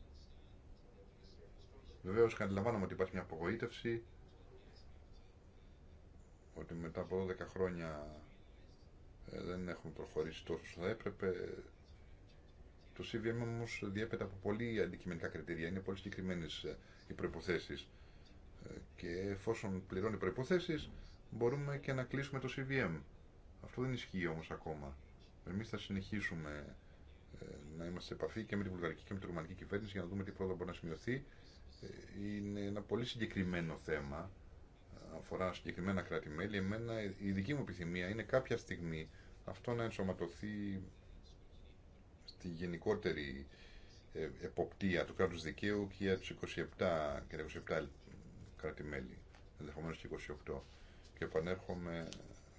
Βεβαίω, καταλαμβάνομαι ότι υπάρχει μια απογοήτευση ότι μετά από 12 χρόνια ε, δεν έχουμε προχωρήσει τόσο όσο θα έπρεπε. Το CVM όμω διέπεται από πολύ αντικειμενικά κριτήρια. Είναι πολύ συγκεκριμένε ε, οι προποθέσει. Ε, και εφόσον πληρώνει προποθέσει, μπορούμε και να κλείσουμε το CVM. Αυτό δεν ισχύει όμω ακόμα. Εμεί θα συνεχίσουμε να είμαστε σε επαφή και με τη βουλγαρική και με τη ρουμανική κυβέρνηση για να δούμε τι πρόοδο μπορεί να σημειωθεί. Είναι ένα πολύ συγκεκριμένο θέμα αφορά συγκεκριμένα κράτη-μέλη, η δική μου επιθυμία είναι κάποια στιγμή αυτό να ενσωματωθεί στη γενικότερη ε, εποπτεία του κράτου δικαίου και για του 27 και 27 κράτη-μέλη, ενδεχομένω και 28. Και επανέρχομαι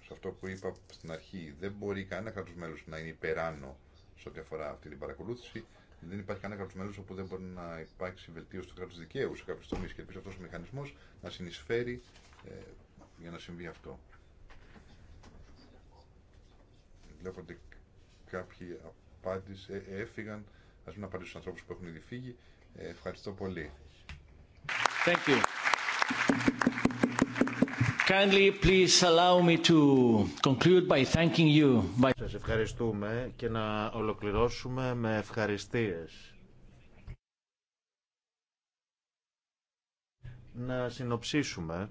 σε αυτό που είπα στην αρχή, δεν μπορεί κανένα κράτο μέλος να είναι υπεράνω σε ό,τι αφορά αυτή την παρακολούθηση δεν υπάρχει κανένα κράτο μέλο όπου δεν μπορεί να υπάρξει βελτίωση του κράτου δικαίου σε κάποιου τομεί. Και ελπίζω αυτό ο μηχανισμό να συνεισφέρει ε, για να συμβεί αυτό. Βλέπω ότι κάποιοι ε, ε, έφυγαν. Α μην απαντήσω στου ανθρώπου που έχουν ήδη φύγει. Ε, ευχαριστώ πολύ. Kindly please allow me to conclude by thanking you. Σας ευχαριστούμε και να ολοκληρώσουμε με ευχαριστίες. Να συνοψίσουμε,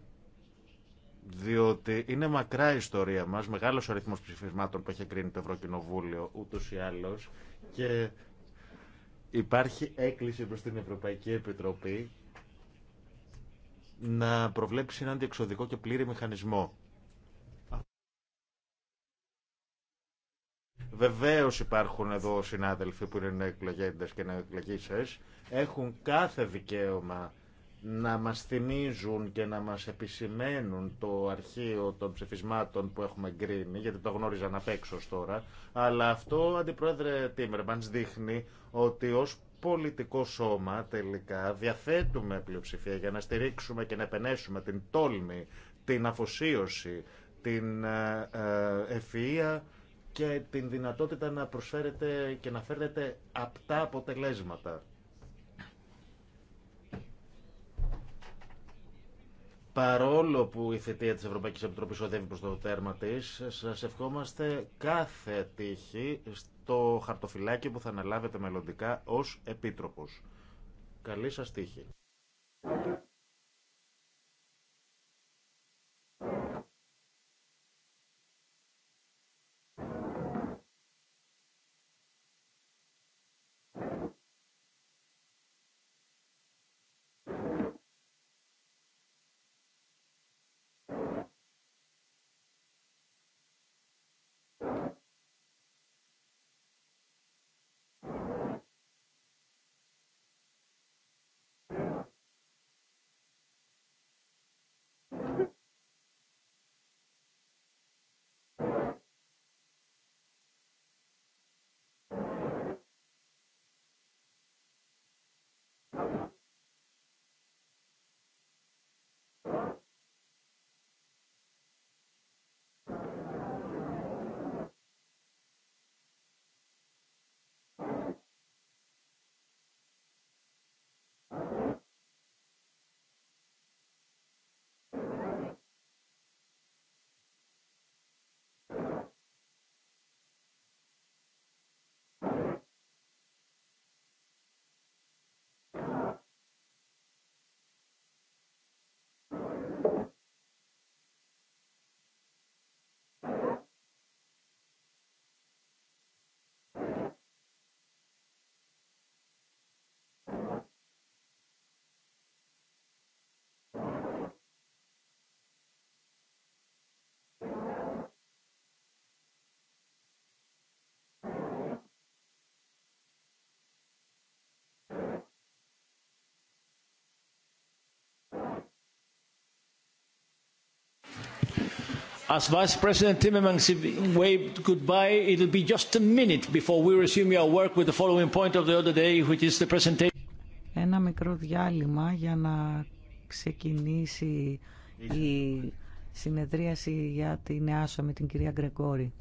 διότι είναι μακρά η ιστορία μας, μεγάλος αριθμός ψηφισμάτων που έχει κρίνει το Ευρωκοινοβούλιο ούτως ή άλλως και υπάρχει έκκληση προς την Ευρωπαϊκή Επιτροπή να προβλέψει έναν διεξοδικό και πλήρη μηχανισμό. Βεβαίω υπάρχουν εδώ συνάδελφοι που είναι νεοεκλογέντε και νεοεκλεγήσε. Έχουν κάθε δικαίωμα να μας θυμίζουν και να μας επισημαίνουν το αρχείο των ψηφισμάτων που έχουμε γκρίνει, γιατί το γνώριζαν απ' έξω τώρα, αλλά αυτό, Αντιπρόεδρε Τίμερμανς, δείχνει ότι ως πολιτικό σώμα τελικά διαθέτουμε πλειοψηφία για να στηρίξουμε και να επενέσουμε την τόλμη, την αφοσίωση, την ε, ε, ευφυΐα και την δυνατότητα να προσφέρετε και να φέρετε απτά αποτελέσματα. Παρόλο που η θητεία της Ευρωπαϊκής Επιτροπής οδεύει προς το τέρμα της, σας ευχόμαστε κάθε τύχη το χαρτοφυλάκι που θα αναλάβετε μελλοντικά ως Επίτροπος. Καλή σας τύχη. As Vice President Timmermans waved goodbye, it will be just a minute before we resume our work with the following point of the other day, which is the presentation. Ένα μικρό διάλειμμα για να ξεκινήσει η συνεδρίαση για την ΕΑΣΟ με την κυρία Γκρεκόρη.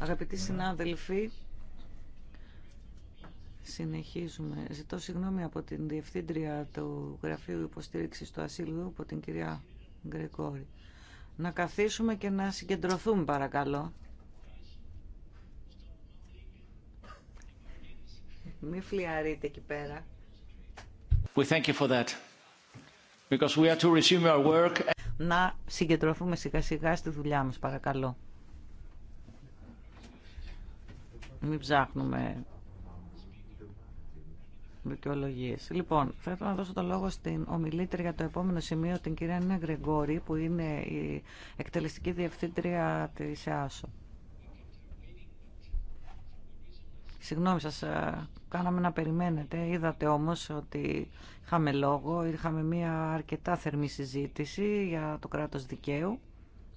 Αγαπητοί συνάδελφοι, συνεχίζουμε. Ζητώ συγγνώμη από την Διευθύντρια του Γραφείου Υποστήριξης του Ασύλου, από την κυρία Γκρεκόρη. Να καθίσουμε και να συγκεντρωθούμε παρακαλώ. Μη φλιαρείτε εκεί πέρα. We thank you for that. Because we are to resume our work να συγκεντρωθούμε σιγά σιγά στη δουλειά μας παρακαλώ. Μην ψάχνουμε δικαιολογίε. Λοιπόν, θέλω να δώσω το λόγο στην ομιλήτρια για το επόμενο σημείο, την κυρία Νέα που είναι η εκτελεστική διευθύντρια της ΕΑΣΟ. Συγγνώμη σας, ε, κάναμε να περιμένετε. Είδατε όμως ότι είχαμε λόγο, είχαμε μια αρκετά θερμή συζήτηση για το κράτος δικαίου,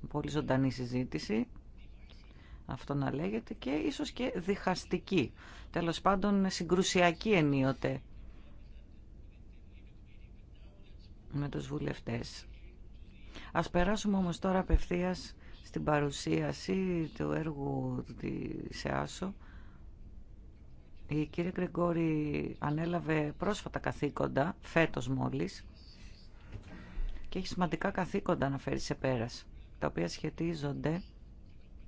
πολύ ζωντανή συζήτηση, αυτό να λέγεται, και ίσως και διχαστική. Τέλος πάντων, συγκρουσιακή ενίοτε με τους βουλευτές. Ας περάσουμε όμως τώρα απευθείας στην παρουσίαση του έργου της ΕΑΣΟ η κυρία Γκριγκόρη ανέλαβε πρόσφατα καθήκοντα, φέτος μόλις, και έχει σημαντικά καθήκοντα να φέρει σε πέρας, τα οποία σχετίζονται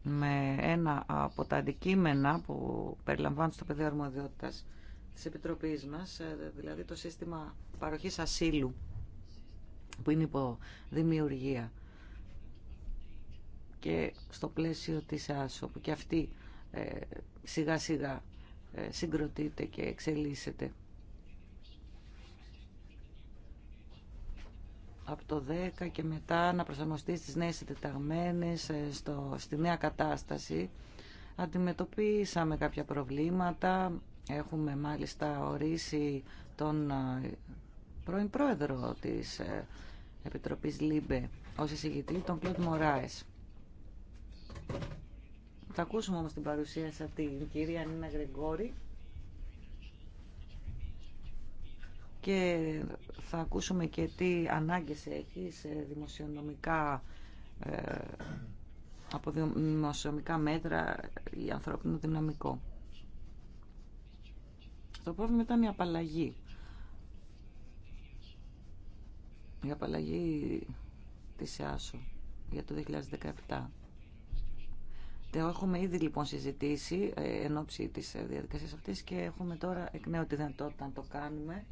με ένα από τα αντικείμενα που περιλαμβάνουν στο πεδίο αρμοδιότητας της Επιτροπής μας, ε, δηλαδή το σύστημα παροχής ασύλου, που είναι υπό δημιουργία. Και στο πλαίσιο της ΑΣΟ, που και αυτή ε, σιγά σιγά ε, συγκροτείται και εξελίσσεται. από το 10 και μετά να προσαρμοστεί στις νέες συντεταγμένες, ε, στο, στη νέα κατάσταση. Αντιμετωπίσαμε κάποια προβλήματα, έχουμε μάλιστα ορίσει τον ε, πρώην πρόεδρο της Επιτροπής ΛΥΜΠΕ ως εισηγητή, τον Κλοντ Μωράες. Θα ακούσουμε όμως την παρουσία σε την κυρία Νίνα Γρηγόρη και θα ακούσουμε και τι ανάγκες έχει σε δημοσιονομικά ε, από δημοσιονομικά μέτρα ή ανθρώπινο δυναμικό. Το πρόβλημα ήταν η απαλλαγή. Η απαλλαγή της ΕΑΣΟ για το 2017. Το έχουμε ήδη λοιπόν συζητήσει ε, εν ώψη της ε, διαδικασίας αυτής και έχουμε τώρα εκ νέου τη δυνατότητα να το κάνουμε.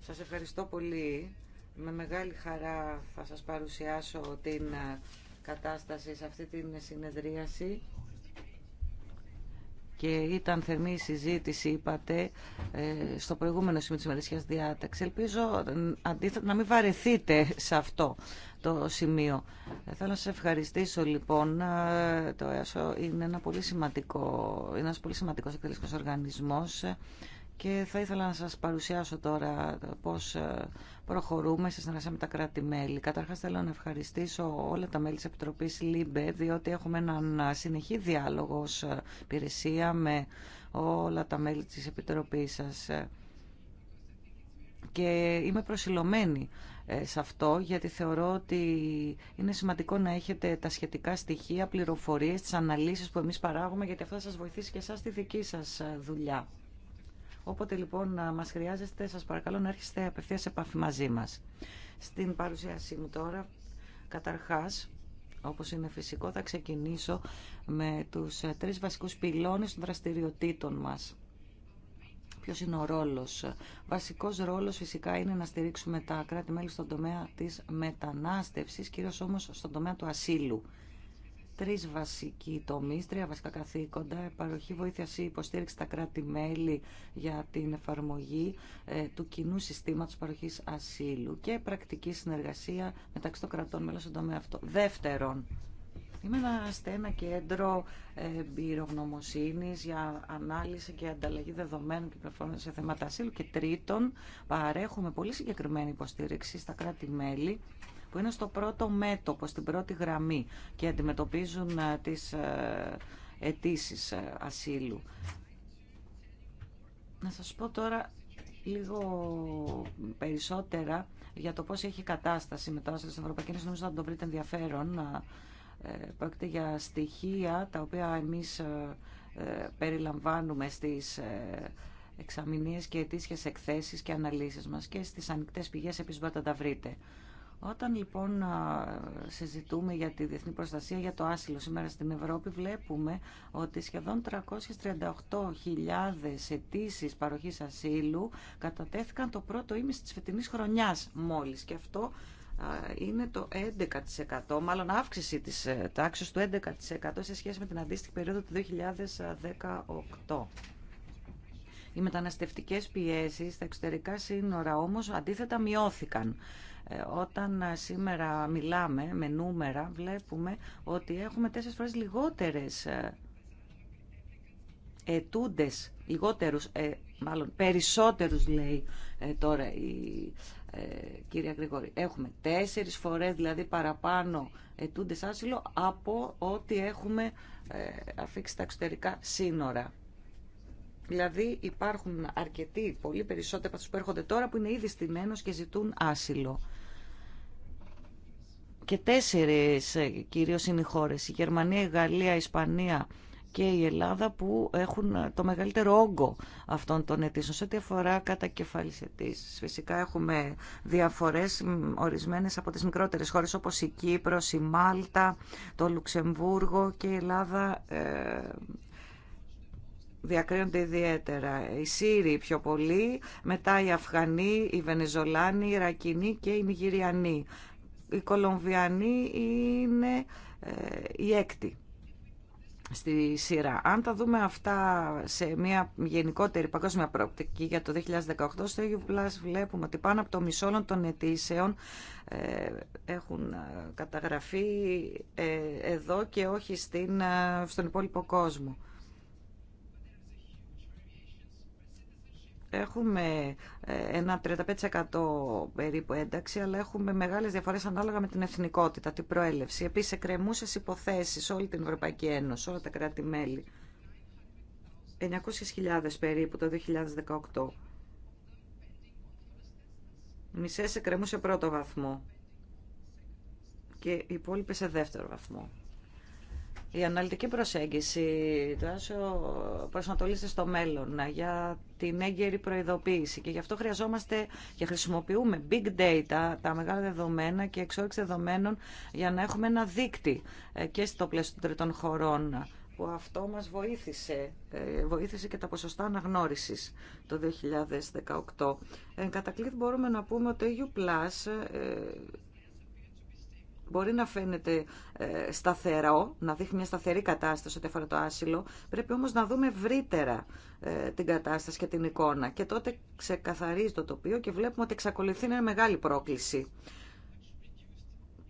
Σας ευχαριστώ πολύ. Με μεγάλη χαρά θα σας παρουσιάσω την ε, κατάσταση σε αυτή την συνεδρίαση και ήταν θερμή η συζήτηση, είπατε, ε, στο προηγούμενο σημείο της ημερησίας διάταξη. Ελπίζω ε, αντίθετα να μην βαρεθείτε σε αυτό το σημείο. Ε, θέλω να σας ευχαριστήσω λοιπόν. Το ΕΑΣΟ είναι ένα πολύ σημαντικό, είναι ένας πολύ σημαντικός εκτελεστικός οργανισμός και θα ήθελα να σας παρουσιάσω τώρα πώς ε, προχωρούμε σε συνεργασία με τα κράτη-μέλη. Καταρχάς θέλω να ευχαριστήσω όλα τα μέλη της Επιτροπής ΛΥΜΠΕ, διότι έχουμε έναν ε, συνεχή διάλογο ως ε, υπηρεσία με όλα τα μέλη της Επιτροπής σας. Και είμαι προσιλωμένη σε αυτό, γιατί θεωρώ ότι είναι σημαντικό να έχετε τα σχετικά στοιχεία, πληροφορίες, τις αναλύσεις που εμείς παράγουμε, γιατί αυτό θα σας βοηθήσει και εσάς στη δική σας δουλειά. Όποτε λοιπόν μας χρειάζεστε, σα παρακαλώ να έρχεστε απευθείας σε επαφή μαζί μα. Στην παρουσίασή μου τώρα, καταρχάς, όπως είναι φυσικό, θα ξεκινήσω με τους ε, τρεις βασικούς πυλώνες των δραστηριοτήτων μας. Ποιο είναι ο ρόλος. Βασικός ρόλος φυσικά είναι να στηρίξουμε τα κράτη-μέλη στον τομέα της μετανάστευση, κυρίως όμω στον τομέα του ασύλου. Τρει βασικοί τομεί, τρία βασικά καθήκοντα, παροχή βοήθεια, ή υποστήριξη στα κράτη-μέλη για την εφαρμογή ε, του κοινού συστήματος παροχής ασύλου και πρακτική συνεργασία μεταξύ των κρατών μέλων στον τομέα αυτό. Δεύτερον, είμαι ένα κέντρο ε, εμπειρογνωμοσύνη για ανάλυση και ανταλλαγή δεδομένων και πληροφοριών σε θέματα ασύλου. Και τρίτον, παρέχουμε πολύ συγκεκριμένη υποστήριξη στα κράτη-μέλη που είναι στο πρώτο μέτωπο, στην πρώτη γραμμή και αντιμετωπίζουν ε, τις ε, αιτήσει ε, ασύλου. Να σας πω τώρα λίγο περισσότερα για το πώς έχει κατάσταση μετά στην Ευρωπαϊκή Ένωση. Νομίζω θα το βρείτε ενδιαφέρον. Πρόκειται για στοιχεία τα οποία εμείς περιλαμβάνουμε στις εξαμηνίες και ετήσιες εκθέσεις και αναλύσεις μας και στις ανοιχτές πηγές επίσης μπορείτε να τα βρείτε. Όταν λοιπόν συζητούμε για τη διεθνή προστασία για το άσυλο σήμερα στην Ευρώπη, βλέπουμε ότι σχεδόν 338.000 αιτήσει παροχής ασύλου κατατέθηκαν το πρώτο ήμιση της φετινής χρονιάς μόλις. Και αυτό είναι το 11%, μάλλον αύξηση της ε, τάξης του 11% σε σχέση με την αντίστοιχη περίοδο του 2018. Οι μεταναστευτικές πιέσεις στα εξωτερικά σύνορα όμως αντίθετα μειώθηκαν. Ε, όταν ε, σήμερα μιλάμε με νούμερα βλέπουμε ότι έχουμε τέσσερις φορές λιγότερες ε, ετούντες, λιγότερους, ε, μάλλον περισσότερους λέει τώρα η κυρία Γρηγόρη. Έχουμε τέσσερις φορές δηλαδή παραπάνω ετούντες άσυλο από ό,τι έχουμε αφήξει τα εξωτερικά σύνορα. Δηλαδή υπάρχουν αρκετοί, πολύ περισσότεροι από που έρχονται τώρα που είναι ήδη στην και ζητούν άσυλο και τέσσερις ε, κυρίως είναι οι χώρες, η Γερμανία, η Γαλλία, η Ισπανία και η Ελλάδα που έχουν ε, το μεγαλύτερο όγκο αυτών των αιτήσεων. Σε ό,τι αφορά κατά κεφάλιση αιτήσεις, φυσικά έχουμε διαφορές ορισμένες από τις μικρότερες χώρες όπως η Κύπρος, η Μάλτα, το Λουξεμβούργο και η Ελλάδα ε, διακρίνονται ιδιαίτερα. Οι Σύριοι πιο πολύ, μετά οι Αφγανοί, οι Βενεζολάνοι, οι Ρακινοί και οι Νιγηριανοί οι Κολομβιανοί είναι η ε, έκτη στη σειρά. Αν τα δούμε αυτά σε μια γενικότερη παγκόσμια προοπτική για το 2018, στο EU βλέπουμε ότι πάνω από το μισό όλων των αιτήσεων ε, έχουν ε, καταγραφεί εδώ και όχι στην, στον υπόλοιπο κόσμο. Έχουμε ε, ένα 35% περίπου ένταξη, αλλά έχουμε μεγάλες διαφορές ανάλογα με την εθνικότητα, την προέλευση. Επίσης, υποθέσει υποθέσεις όλη την Ευρωπαϊκή Ένωση, όλα τα κράτη-μέλη. 900.000 περίπου το 2018. Μισές κρεμούσε πρώτο βαθμό και οι υπόλοιπε σε δεύτερο βαθμό. Η αναλυτική προσέγγιση τόσο προσανατολίζεται στο μέλλον για την έγκαιρη προειδοποίηση και γι' αυτό χρειαζόμαστε και χρησιμοποιούμε big data, τα μεγάλα δεδομένα και εξόριξη δεδομένων για να έχουμε ένα δίκτυ ε, και στο πλαίσιο των τριτών χωρών που αυτό μας βοήθησε, ε, βοήθησε και τα ποσοστά αναγνώρισης το 2018. Εν κατακλείδη μπορούμε να πούμε ότι το EU Plus ε, μπορεί να φαίνεται ε, σταθερό, να δείχνει μια σταθερή κατάσταση ό,τι αφορά το άσυλο, πρέπει όμως να δούμε ευρύτερα ε, την κατάσταση και την εικόνα. Και τότε ξεκαθαρίζει το τοπίο και βλέπουμε ότι εξακολουθεί να είναι μεγάλη πρόκληση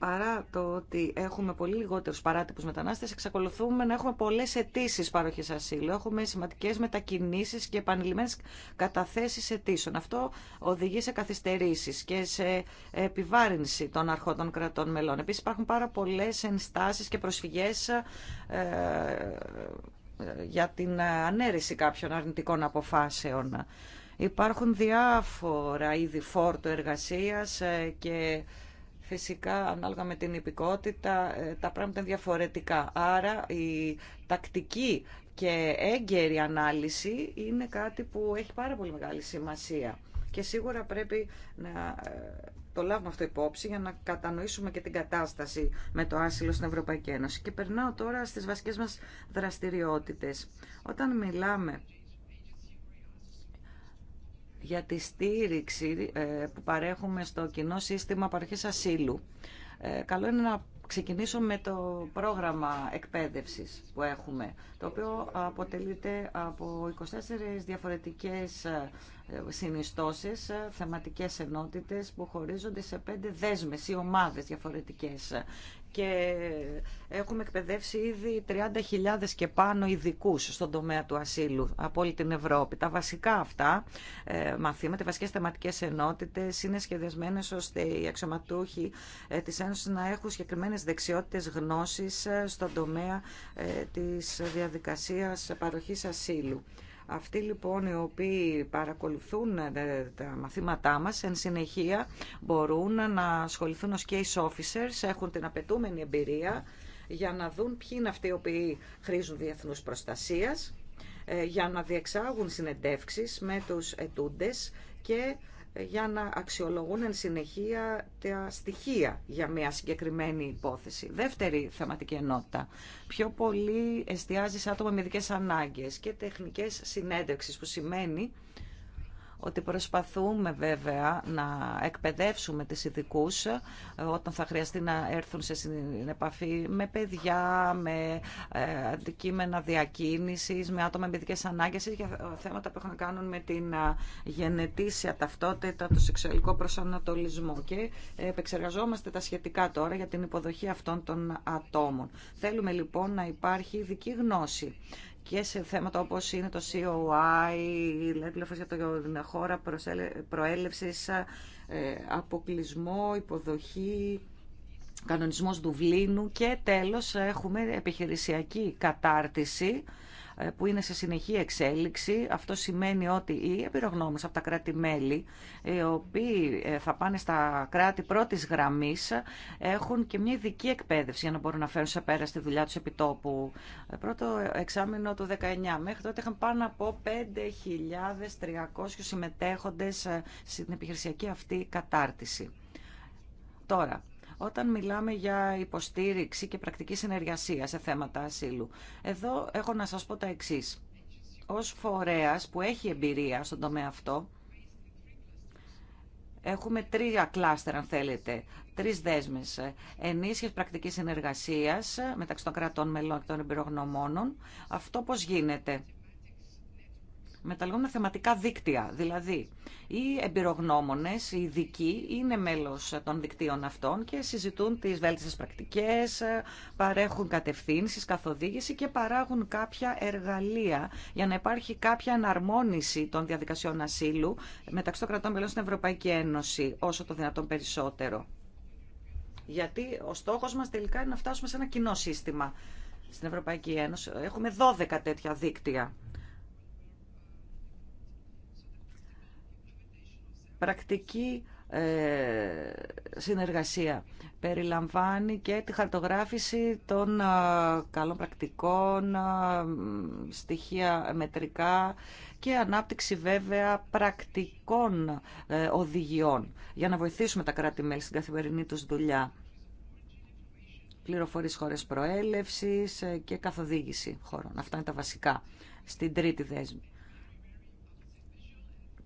παρά το ότι έχουμε πολύ λιγότερου παράτυπου μετανάστε, εξακολουθούμε να έχουμε πολλέ αιτήσει παροχή ασύλου. Έχουμε σημαντικέ μετακινήσει και επανειλημμένε καταθέσει αιτήσεων. Αυτό οδηγεί σε καθυστερήσει και σε επιβάρυνση των αρχών των κρατών μελών. Επίση, υπάρχουν πάρα πολλέ ενστάσει και προσφυγέ ε, για την ανέρεση κάποιων αρνητικών αποφάσεων. Υπάρχουν διάφορα είδη φόρτου εργασίας ε, και φυσικά ανάλογα με την υπηκότητα ε, τα πράγματα είναι διαφορετικά. Άρα η τακτική και έγκαιρη ανάλυση είναι κάτι που έχει πάρα πολύ μεγάλη σημασία. Και σίγουρα πρέπει να ε, το λάβουμε αυτό υπόψη για να κατανοήσουμε και την κατάσταση με το άσυλο στην Ευρωπαϊκή Ένωση. Και περνάω τώρα στις βασικές μας δραστηριότητες. Όταν μιλάμε για τη στήριξη ε, που παρέχουμε στο κοινό σύστημα παροχής ασύλου. Ε, καλό είναι να ξεκινήσω με το πρόγραμμα εκπαίδευσης που έχουμε, το οποίο αποτελείται από 24 διαφορετικές ε, συνιστώσεις, θεματικές ενότητες που χωρίζονται σε πέντε δέσμες ή ομάδες διαφορετικές και έχουμε εκπαιδεύσει ήδη 30.000 και πάνω ειδικού στον τομέα του ασύλου από όλη την Ευρώπη. Τα βασικά αυτά ε, μαθήματα, οι βασικέ θεματικέ ενότητε είναι σχεδιασμένε ώστε οι αξιωματούχοι ε, τη Ένωση να έχουν συγκεκριμένε δεξιότητε γνώση ε, στον τομέα τη διαδικασία παροχή ασύλου. Αυτοί λοιπόν οι οποίοι παρακολουθούν ε, τα μαθήματά μας εν συνεχεία μπορούν να ασχοληθούν ως case officers, έχουν την απαιτούμενη εμπειρία για να δουν ποιοι είναι αυτοί οι οποίοι χρήζουν διεθνούς προστασίας, ε, για να διεξάγουν συνεντεύξεις με τους ετούντες και για να αξιολογούν εν συνεχεία τα στοιχεία για μια συγκεκριμένη υπόθεση. Δεύτερη θεματική ενότητα. Πιο πολύ εστιάζει σε άτομα με ειδικέ ανάγκες και τεχνικές συνέντευξης που σημαίνει ότι προσπαθούμε βέβαια να εκπαιδεύσουμε τις ειδικού ε, όταν θα χρειαστεί να έρθουν σε επαφή με παιδιά, με ε, αντικείμενα διακίνησης, με άτομα με ειδικές ανάγκες για θέματα που έχουν να κάνουν με την ε, γενετήσια ταυτότητα, το σεξουαλικό προσανατολισμό και επεξεργαζόμαστε τα σχετικά τώρα για την υποδοχή αυτών των ατόμων. Θέλουμε λοιπόν να υπάρχει ειδική γνώση και σε θέματα όπως είναι το COI, η πληροφορία για την χώρα προέλευσης, ε, αποκλεισμό, υποδοχή, κανονισμός Δουβλίνου και τέλος έχουμε επιχειρησιακή κατάρτιση ε, που είναι σε συνεχή εξέλιξη. Αυτό σημαίνει ότι οι εμπειρογνώμες από τα κράτη-μέλη, οι οποίοι ε, θα πάνε στα κράτη πρώτης γραμμής, έχουν και μια ειδική εκπαίδευση για να μπορούν να φέρουν σε πέρα στη δουλειά τους επιτόπου. Ε, πρώτο εξάμεινο του 19. Μέχρι τότε είχαν πάνω από 5.300 συμμετέχοντες στην επιχειρησιακή αυτή κατάρτιση. Τώρα, όταν μιλάμε για υποστήριξη και πρακτική συνεργασία σε θέματα ασύλου. Εδώ έχω να σας πω τα εξής. Ως φορέας που έχει εμπειρία στον τομέα αυτό, έχουμε τρία κλάστερ αν θέλετε, τρεις δέσμες ενίσχυσης πρακτικής συνεργασίας μεταξύ των κρατών μελών και των εμπειρογνωμόνων. Αυτό πώς γίνεται με τα λεγόμενα θεματικά δίκτυα. Δηλαδή, οι εμπειρογνώμονε, οι ειδικοί, είναι μέλο των δικτύων αυτών και συζητούν τι βέλτιστε πρακτικέ, ε, παρέχουν κατευθύνσει, καθοδήγηση και παράγουν κάποια εργαλεία για να υπάρχει κάποια αναρμόνιση των διαδικασιών ασύλου μεταξύ των κρατών μελών στην Ευρωπαϊκή Ένωση όσο το δυνατόν περισσότερο. Γιατί ο στόχο μα τελικά είναι να φτάσουμε σε ένα κοινό σύστημα στην Ευρωπαϊκή Ένωση. Έχουμε 12 τέτοια δίκτυα πρακτική ε, συνεργασία. Περιλαμβάνει και τη χαρτογράφηση των ε, καλών πρακτικών, ε, στοιχεία μετρικά και ανάπτυξη βέβαια πρακτικών οδηγιών για να βοηθήσουμε τα κράτη-μέλη στην καθημερινή τους δουλειά. Πληροφορίες χώρες προέλευσης και καθοδήγηση χώρων. Αυτά είναι τα βασικά στην τρίτη δέσμη.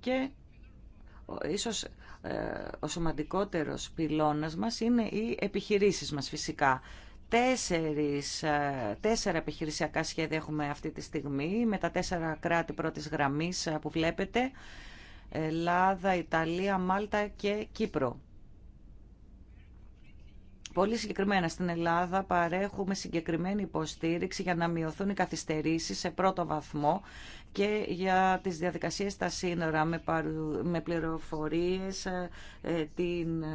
Και ίσως ε, ο σημαντικότερος πυλώνας μας είναι οι επιχειρήσεις μας φυσικά. Τέσσερις, ε, τέσσερα επιχειρησιακά σχέδια έχουμε αυτή τη στιγμή με τα τέσσερα κράτη πρώτης γραμμής ε, που βλέπετε. Ελλάδα, Ιταλία, Μάλτα και Κύπρο. Πολύ συγκεκριμένα στην Ελλάδα παρέχουμε συγκεκριμένη υποστήριξη για να μειωθούν οι καθυστερήσεις σε πρώτο βαθμό και για τις διαδικασίες στα σύνορα με, παρου, με πληροφορίες, ε, ε, την ε,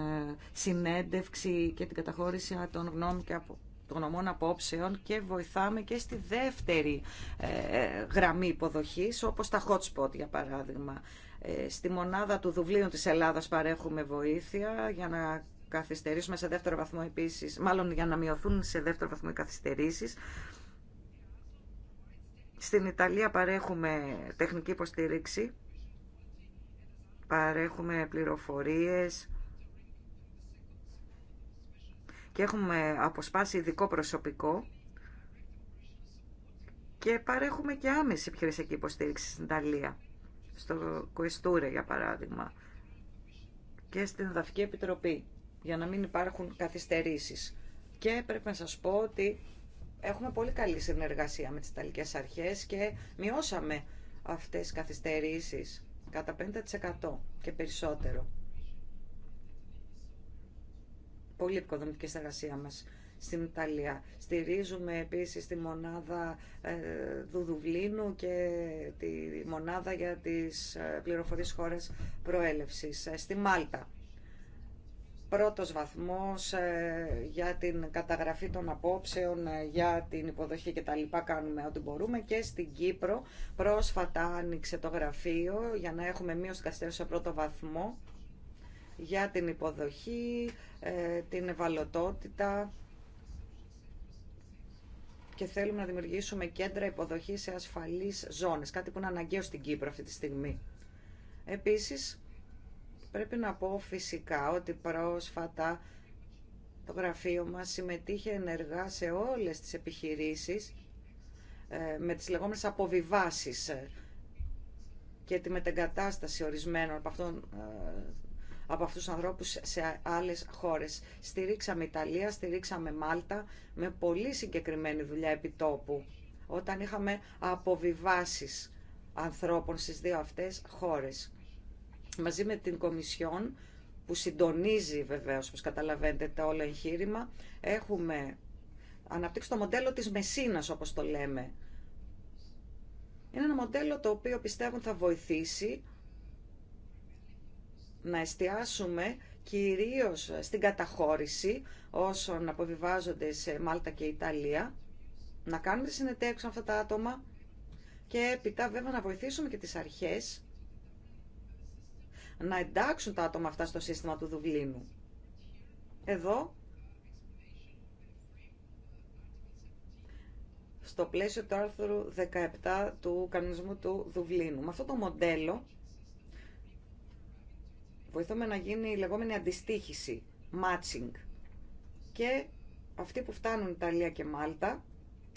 συνέντευξη και την καταχώρηση των γνώμων και από των γνωμών απόψεων και βοηθάμε και στη δεύτερη γραμμή υποδοχής, όπως τα hot spot για παράδειγμα. Στη μονάδα του Δουβλίνου της Ελλάδας παρέχουμε βοήθεια για να καθυστερήσουμε σε δεύτερο βαθμό επίσης, μάλλον για να μειωθούν σε δεύτερο βαθμό οι καθυστερήσεις. Στην Ιταλία παρέχουμε τεχνική υποστήριξη, παρέχουμε πληροφορίες και έχουμε αποσπάσει ειδικό προσωπικό και παρέχουμε και άμεση επιχειρησιακή υποστήριξη στην Ιταλία, στο Κουεστούρε για παράδειγμα και στην Δαφική Επιτροπή για να μην υπάρχουν καθυστερήσεις. Και πρέπει να σας πω ότι έχουμε πολύ καλή συνεργασία με τις Ιταλικές Αρχές και μειώσαμε αυτές τις καθυστερήσεις κατά 50% και περισσότερο. Πολύ επικοδομητική συνεργασία μας στην Ιταλία. Στηρίζουμε επίσης τη μονάδα Δουδουβλίνου ε, και τη μονάδα για τις ε, πληροφορίες χώρες προέλευσης ε, στη Μάλτα πρώτος βαθμός ε, για την καταγραφή των απόψεων, ε, για την υποδοχή και τα λοιπά κάνουμε ό,τι μπορούμε και στην Κύπρο πρόσφατα άνοιξε το γραφείο για να έχουμε μείωση καστέρου σε πρώτο βαθμό για την υποδοχή, ε, την ευαλωτότητα και θέλουμε να δημιουργήσουμε κέντρα υποδοχή σε ασφαλείς ζώνες, κάτι που είναι αναγκαίο στην Κύπρο αυτή τη στιγμή. Επίσης, Πρέπει να πω φυσικά ότι πρόσφατα το γραφείο μας συμμετείχε ενεργά σε όλες τις επιχειρήσεις ε, με τις λεγόμενες αποβιβάσεις ε, και τη μετεγκατάσταση ορισμένων από, αυτού ε, από αυτούς τους ανθρώπους σε άλλες χώρες. Στηρίξαμε Ιταλία, στηρίξαμε Μάλτα με πολύ συγκεκριμένη δουλειά επιτόπου όταν είχαμε αποβιβάσεις ανθρώπων στις δύο αυτές χώρες μαζί με την Κομισιόν που συντονίζει βεβαίως, όπως καταλαβαίνετε, τα όλα εγχείρημα, έχουμε αναπτύξει το μοντέλο της Μεσίνας, όπως το λέμε. Είναι ένα μοντέλο το οποίο πιστεύουν θα βοηθήσει να εστιάσουμε κυρίως στην καταχώρηση όσων αποβιβάζονται σε Μάλτα και Ιταλία, να κάνουμε συνεταίξουν αυτά τα άτομα και έπειτα βέβαια να βοηθήσουμε και τις αρχές να εντάξουν τα άτομα αυτά στο σύστημα του Δουβλίνου. Εδώ, στο πλαίσιο του άρθρου 17 του κανονισμού του Δουβλίνου. Με αυτό το μοντέλο βοηθούμε να γίνει η λεγόμενη αντιστήχηση, matching. Και αυτοί που φτάνουν Ιταλία και Μάλτα,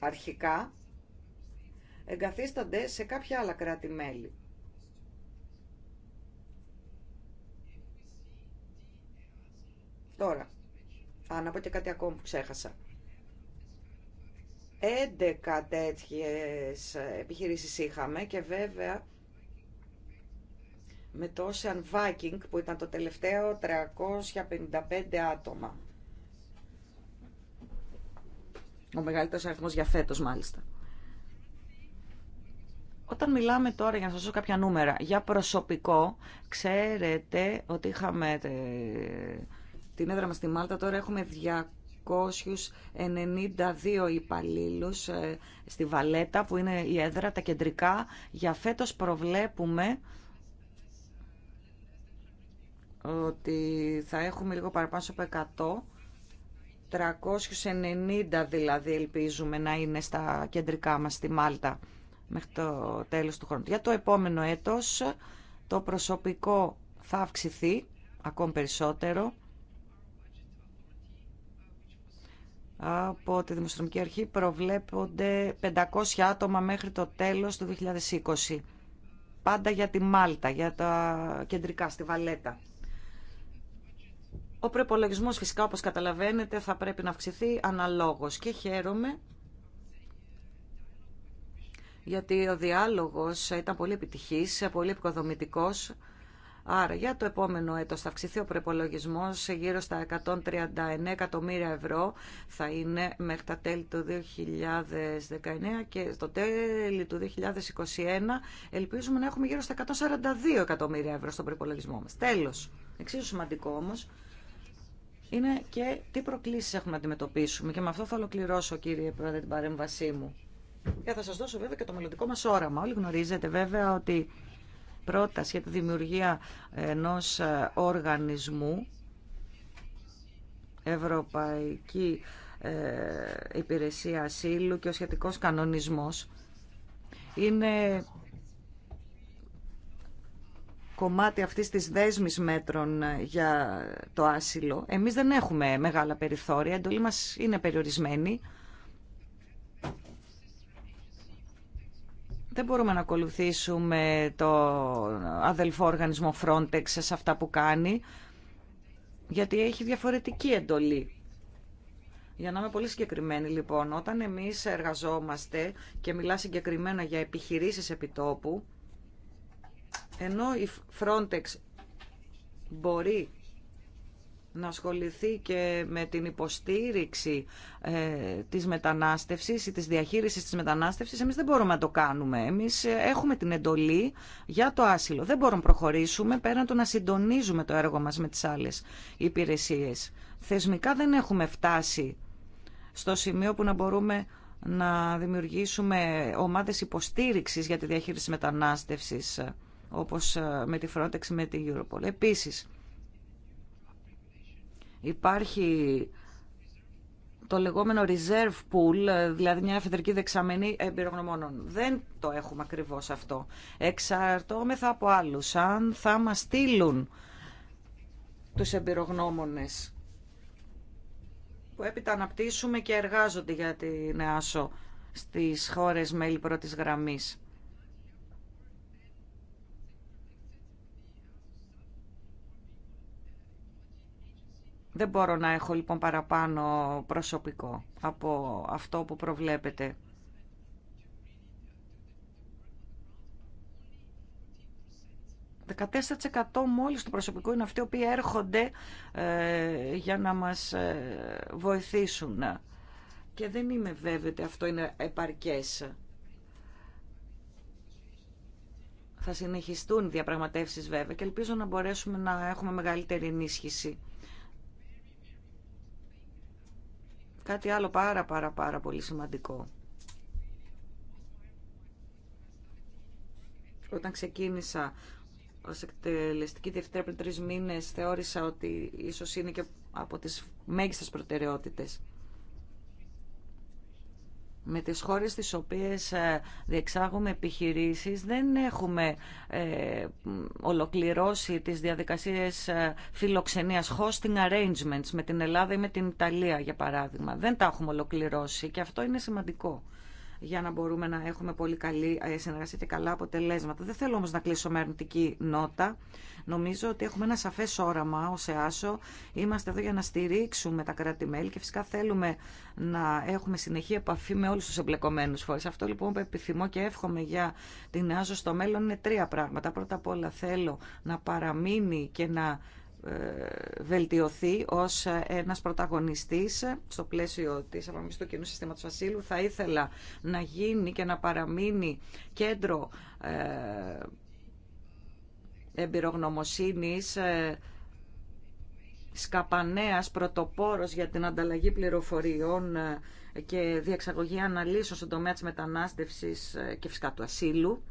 αρχικά, εγκαθίστανται σε κάποια άλλα κράτη-μέλη. Τώρα, αν να πω και κάτι ακόμα που ξέχασα. 11 τέτοιες επιχειρήσεις είχαμε και βέβαια με το Ocean Viking που ήταν το τελευταίο 355 άτομα. Ο μεγαλύτερος αριθμός για φέτος μάλιστα. Όταν μιλάμε τώρα, για να σας δώσω κάποια νούμερα, για προσωπικό, ξέρετε ότι είχαμε ε, την έδρα μας στη Μάλτα. Τώρα έχουμε 292 υπαλλήλους ε, στη Βαλέτα που είναι η έδρα, τα κεντρικά. Για φέτος προβλέπουμε ότι θα έχουμε λίγο παραπάνω από 100. 390 δηλαδή ελπίζουμε να είναι στα κεντρικά μας στη Μάλτα μέχρι το τέλος του χρόνου. Για το επόμενο έτος το προσωπικό θα αυξηθεί ακόμη περισσότερο από τη Δημοσιονομική Αρχή προβλέπονται 500 άτομα μέχρι το τέλος του 2020. Πάντα για τη Μάλτα, για τα κεντρικά, στη Βαλέτα. Ο προπολογισμό φυσικά όπως καταλαβαίνετε θα πρέπει να αυξηθεί αναλόγως και χαίρομαι γιατί ο διάλογος ήταν πολύ επιτυχής, πολύ επικοδομητικός Άρα για το επόμενο έτος θα αυξηθεί ο προπολογισμό σε γύρω στα 139 εκατομμύρια ευρώ θα είναι μέχρι τα τέλη του 2019 και στο τέλη του 2021 ελπίζουμε να έχουμε γύρω στα 142 εκατομμύρια ευρώ στον προπολογισμό μας. Τέλος, εξίσου σημαντικό όμως, είναι και τι προκλήσεις έχουμε να αντιμετωπίσουμε και με αυτό θα ολοκληρώσω κύριε Πρόεδρε την παρέμβασή μου. Και θα σας δώσω βέβαια και το μελλοντικό μας όραμα. Όλοι γνωρίζετε βέβαια ότι πρόταση για τη δημιουργία ενός οργανισμού Ευρωπαϊκή ε, Υπηρεσία Ασύλου και ο σχετικός κανονισμός είναι κομμάτι αυτής της δέσμης μέτρων ε, για το άσυλο. Εμείς δεν έχουμε μεγάλα περιθώρια, η εντολή μας είναι περιορισμένη. δεν μπορούμε να ακολουθήσουμε το αδελφό οργανισμό Frontex σε αυτά που κάνει, γιατί έχει διαφορετική εντολή. Για να είμαι πολύ συγκεκριμένη λοιπόν, όταν εμείς εργαζόμαστε και μιλά συγκεκριμένα για επιχειρήσεις επιτόπου, ενώ η Frontex μπορεί να ασχοληθεί και με την υποστήριξη ε, της μετανάστευσης ή της διαχείρισης της μετανάστευσης, εμείς δεν μπορούμε να το κάνουμε. Εμείς ε, έχουμε την εντολή για το άσυλο. Δεν μπορούμε να προχωρήσουμε πέραν το να συντονίζουμε το έργο μας με τις άλλες υπηρεσίες. Θεσμικά δεν έχουμε φτάσει στο σημείο που να μπορούμε να δημιουργήσουμε ομάδες υποστήριξης για τη διαχείριση μετανάστευσης, όπως ε, με τη Frontex με την Europol. Επίσης, Υπάρχει το λεγόμενο reserve pool, δηλαδή μια εφεδρική δεξαμενή εμπειρογνωμόνων. Δεν το έχουμε ακριβώς αυτό. Εξαρτώμεθα από άλλους, αν θα μας στείλουν τους εμπειρογνώμονες που έπειτα αναπτύσσουμε και εργάζονται για την ΕΑΣΟ στις χώρες μέλη πρώτης γραμμής. Δεν μπορώ να έχω λοιπόν παραπάνω προσωπικό από αυτό που προβλέπετε. «14% μόλις του προσωπικού είναι αυτοί οι οποίοι έρχονται ε, για να μας ε, βοηθήσουν. Και δεν είμαι βέβαιη ότι αυτό είναι επαρκές. Θα συνεχιστούν διαπραγματεύσεις βέβαια και ελπίζω να μπορέσουμε να έχουμε μεγαλύτερη ενίσχυση. Κάτι άλλο πάρα πάρα πάρα πολύ σημαντικό. Όταν ξεκίνησα ως εκτελεστική διευθύντρια πριν τρεις μήνες θεώρησα ότι ίσως είναι και από τις μέγιστες προτεραιότητες με τις χώρες τις οποίες ε, διεξάγουμε επιχειρήσεις δεν έχουμε ε, ολοκληρώσει τις διαδικασίες ε, φιλοξενίας hosting arrangements με την Ελλάδα ή με την Ιταλία για παράδειγμα. Δεν τα έχουμε ολοκληρώσει και αυτό είναι σημαντικό για να μπορούμε να έχουμε πολύ καλή ε, συνεργασία και καλά αποτελέσματα. Δεν θέλω όμως να κλείσω με αρνητική νότα. Νομίζω ότι έχουμε ένα σαφές όραμα ως ΕΑΣΟ. Είμαστε εδώ για να στηρίξουμε τα κράτη-μέλη και φυσικά θέλουμε να έχουμε συνεχή επαφή με όλους τους εμπλεκομένους φορείς. Αυτό λοιπόν που επιθυμώ και εύχομαι για την ΕΑΣΟ στο μέλλον είναι τρία πράγματα. Πρώτα απ' όλα θέλω να παραμείνει και να ε, βελτιωθεί ως ένας πρωταγωνιστής στο πλαίσιο της απαμείνησης του κοινού συστήματος ασύλου. Θα ήθελα να γίνει και να παραμείνει κέντρο ε, εμπειρογνωμοσύνης ε, σκαπανέας πρωτοπόρος για την ανταλλαγή πληροφοριών και διεξαγωγή αναλύσεων στον τομέα της μετανάστευσης και φυσικά του ασύλου.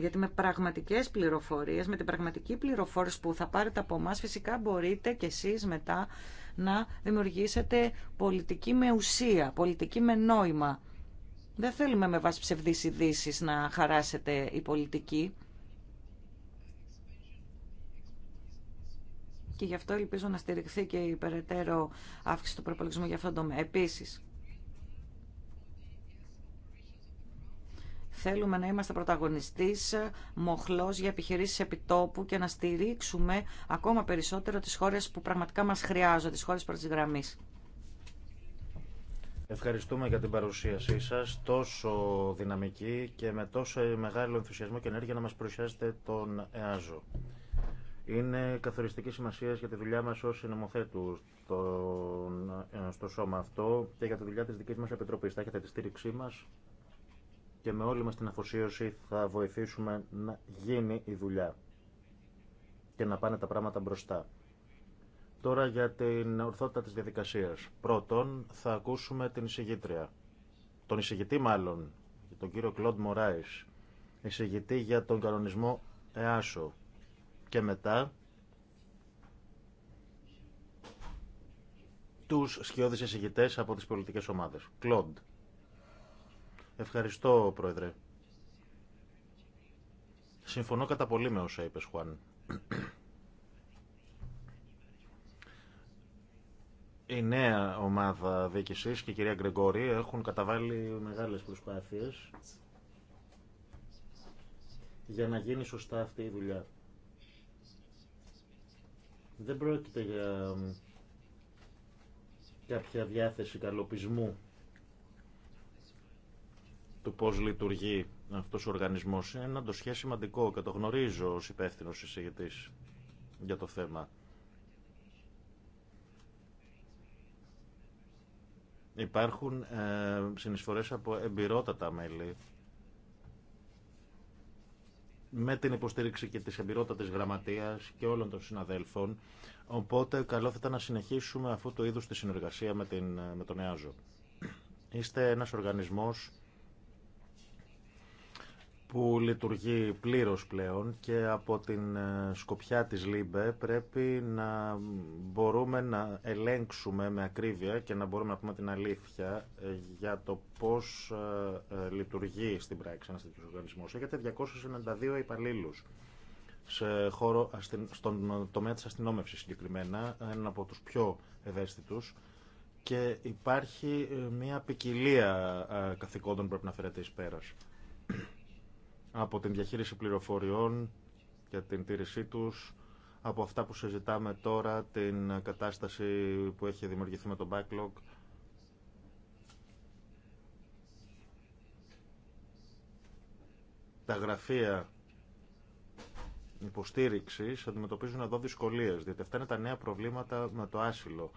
Γιατί με πραγματικέ πληροφορίες, με την πραγματική πληροφόρηση που θα πάρετε από εμά, φυσικά μπορείτε κι εσείς μετά να δημιουργήσετε πολιτική με ουσία, πολιτική με νόημα. Δεν θέλουμε με βάση ψευδείς ειδήσει να χαράσετε η πολιτική. Και γι' αυτό ελπίζω να στηριχθεί και η περαιτέρω αύξηση του προπολογισμού για αυτόν τον τομέα. Θέλουμε να είμαστε πρωταγωνιστής, μοχλός για επιχειρήσεις επιτόπου και να στηρίξουμε ακόμα περισσότερο τις χώρες που πραγματικά μας χρειάζονται, τις χώρες προς γραμμής. Ευχαριστούμε για την παρουσίασή σας, τόσο δυναμική και με τόσο μεγάλο ενθουσιασμό και ενέργεια να μας προσιάζετε τον ΕΑΖΟ. Είναι καθοριστική σημασία για τη δουλειά μας ως συνομοθέτου στο, στο σώμα αυτό και για τη δουλειά της δικής μας Επιτροπής. Θα έχετε τη στήριξή μας και με όλη μας την αφοσίωση θα βοηθήσουμε να γίνει η δουλειά και να πάνε τα πράγματα μπροστά. Τώρα για την ορθότητα της διαδικασίας. Πρώτον, θα ακούσουμε την εισηγήτρια. Τον εισηγητή μάλλον, τον κύριο Κλοντ Μωράης, εισηγητή για τον κανονισμό ΕΑΣΟ. Και μετά, τους σκιώδεις εισηγητές από τις πολιτικές ομάδες. Κλοντ. Ευχαριστώ, Πρόεδρε. Συμφωνώ κατά πολύ με όσα είπες, Χουάν. Η νέα ομάδα διοίκηση και η κυρία Γκρεγόρη έχουν καταβάλει μεγάλες προσπάθειες για να γίνει σωστά αυτή η δουλειά. Δεν πρόκειται για κάποια διάθεση καλοπισμού του πώς λειτουργεί αυτός ο οργανισμός. Είναι ένα ντοσχέ σημαντικό και το γνωρίζω ως υπεύθυνο εισηγητής για το θέμα. Υπάρχουν ε, συνεισφορές από εμπειρότατα μέλη με την υποστήριξη και της εμπειρότατης γραμματείας και όλων των συναδέλφων. Οπότε καλό θα ήταν να συνεχίσουμε αυτού του είδους τη συνεργασία με, την, ε, με τον ΕΑΖΟ. Είστε ένας οργανισμός που λειτουργεί πλήρως πλέον και από την ε, σκοπιά της ΛΥΜΠΕ πρέπει να μπορούμε να ελέγξουμε με ακρίβεια και να μπορούμε να πούμε την αλήθεια ε, για το πώς ε, λειτουργεί στην πράξη ένας τέτοιος οργανισμός. Έχετε 292 υπαλλήλους σε χώρο, στον τομέα της αστυνόμευσης συγκεκριμένα, έναν από τους πιο ευαίσθητους και υπάρχει μια ποικιλία καθηκόντων που πρέπει να φέρετε εις πέρας από την διαχείριση πληροφοριών και την τήρησή τους, από αυτά που συζητάμε τώρα, την κατάσταση που έχει δημιουργηθεί με τον backlog, τα γραφεία υποστήριξης αντιμετωπίζουν εδώ δυσκολίες, διότι αυτά είναι τα νέα προβλήματα με το άσυλο.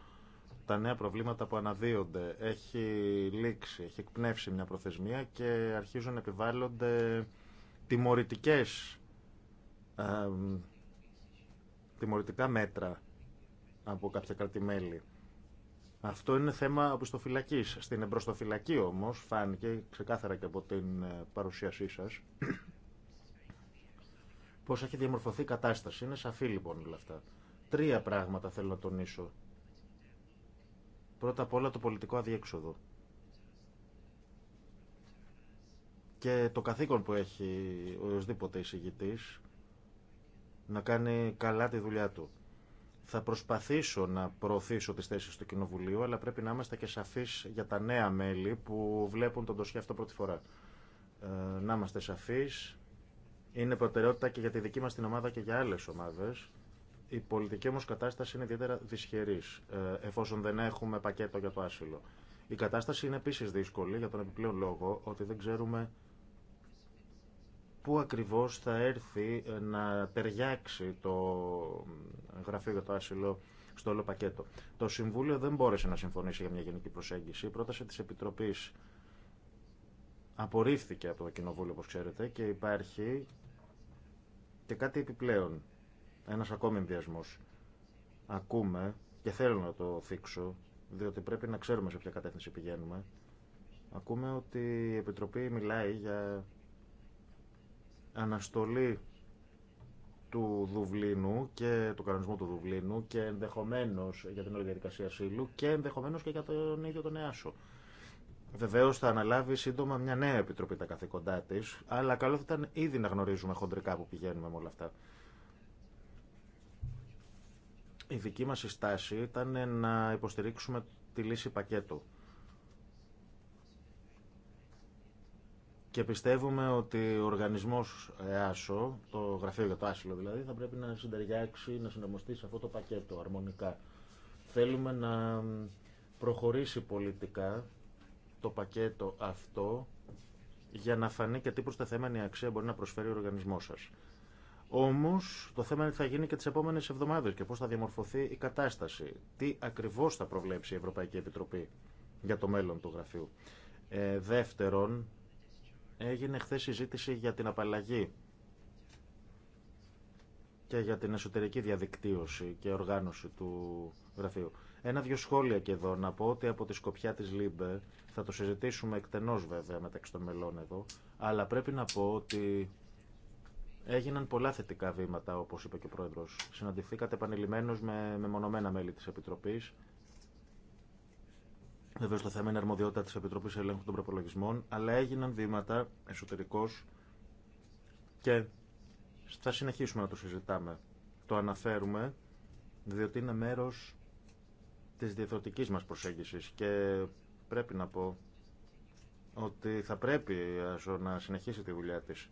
Τα νέα προβλήματα που αναδύονται. Έχει λήξει, έχει εκπνεύσει μια προθεσμία και αρχίζουν να επιβάλλονται τιμωρητικές ε, τιμωρητικά μέτρα από κάποια κρατημέλη. Αυτό είναι θέμα απιστοφυλακή. Στην εμπροστοφυλακή όμως φάνηκε ξεκάθαρα και από την ε, παρουσίασή σας πως έχει διαμορφωθεί η κατάσταση. Είναι σαφή λοιπόν όλα αυτά. Τρία πράγματα θέλω να τονίσω. Πρώτα απ' όλα το πολιτικό αδιέξοδο. και το καθήκον που έχει οποιοδήποτε εισηγητή να κάνει καλά τη δουλειά του. Θα προσπαθήσω να προωθήσω τι θέσει του Κοινοβουλίου, αλλά πρέπει να είμαστε και σαφεί για τα νέα μέλη που βλέπουν τον τοσχέ αυτό πρώτη φορά. Ε, να είμαστε σαφεί. Είναι προτεραιότητα και για τη δική μα την ομάδα και για άλλε ομάδε. Η πολιτική όμω κατάσταση είναι ιδιαίτερα δυσχερή, ε, εφόσον δεν έχουμε πακέτο για το άσυλο. Η κατάσταση είναι επίση δύσκολη για τον επιπλέον λόγο ότι δεν ξέρουμε πού ακριβώς θα έρθει να ταιριάξει το γραφείο για το άσυλο στο όλο πακέτο. Το Συμβούλιο δεν μπόρεσε να συμφωνήσει για μια γενική προσέγγιση. Η πρόταση της Επιτροπής απορρίφθηκε από το Κοινοβούλιο, όπως ξέρετε, και υπάρχει και κάτι επιπλέον, ένας ακόμη ενδιασμό. Ακούμε, και θέλω να το θίξω, διότι πρέπει να ξέρουμε σε ποια κατεύθυνση πηγαίνουμε, ακούμε ότι η Επιτροπή μιλάει για αναστολή του Δουβλίνου και του κανονισμού του Δουβλίνου και ενδεχομένω για την όλη διαδικασία ασύλου και ενδεχομένω και για τον ίδιο τον ΕΑΣΟ. Βεβαίω θα αναλάβει σύντομα μια νέα επιτροπή τα καθήκοντά τη, αλλά καλό θα ήταν ήδη να γνωρίζουμε χοντρικά που πηγαίνουμε με όλα αυτά. Η δική μας στάση ήταν να υποστηρίξουμε τη λύση πακέτου Και πιστεύουμε ότι ο οργανισμός ΕΑΣΟ, το γραφείο για το άσυλο δηλαδή, θα πρέπει να συντεριάξει, να συνομωστεί σε αυτό το πακέτο αρμονικά. Θέλουμε να προχωρήσει πολιτικά το πακέτο αυτό για να φανεί και τι η αξία μπορεί να προσφέρει ο οργανισμό σα. Όμω το θέμα είναι θα γίνει και τι επόμενε εβδομάδε και πώ θα διαμορφωθεί η κατάσταση. Τι ακριβώ θα προβλέψει η Ευρωπαϊκή Επιτροπή για το μέλλον του γραφείου. Ε, δεύτερον, Έγινε χθε συζήτηση για την απαλλαγή και για την εσωτερική διαδικτύωση και οργάνωση του γραφείου. Ένα-δυο σχόλια και εδώ να πω ότι από τη σκοπιά της ΛΥΜΠΕ θα το συζητήσουμε εκτενώς βέβαια μεταξύ των μελών εδώ, αλλά πρέπει να πω ότι έγιναν πολλά θετικά βήματα όπως είπε και ο Πρόεδρος. Συναντηθήκατε επανειλημμένως με μονομένα μέλη της Επιτροπής Βεβαίω το θέμα είναι αρμοδιότητα τη Επιτροπή Ελέγχου των Προπολογισμών, αλλά έγιναν βήματα εσωτερικώ και θα συνεχίσουμε να το συζητάμε. Το αναφέρουμε διότι είναι μέρο τη διεθνωτική μα προσέγγιση και πρέπει να πω ότι θα πρέπει να συνεχίσει τη δουλειά της.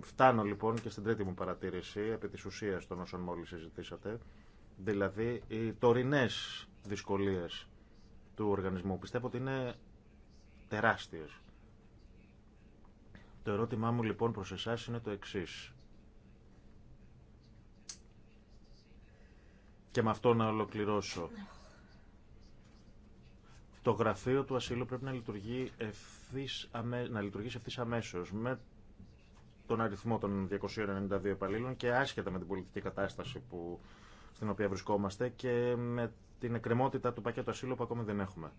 Φτάνω λοιπόν και στην τρίτη μου παρατήρηση επί της ουσίας των όσων μόλις συζητήσατε δηλαδή οι τωρινέ δυσκολίε του οργανισμού. Πιστεύω ότι είναι τεράστιε. Το ερώτημά μου λοιπόν προς εσάς είναι το εξής. Και με αυτό να ολοκληρώσω. Το γραφείο του ασύλου πρέπει να λειτουργεί ευθύς, να λειτουργήσει ευθύς αμέσως με τον αριθμό των 292 υπαλλήλων και άσχετα με την πολιτική κατάσταση που στην οποία βρισκόμαστε και με την εκκρεμότητα του πακέτου ασύλου που ακόμη δεν έχουμε.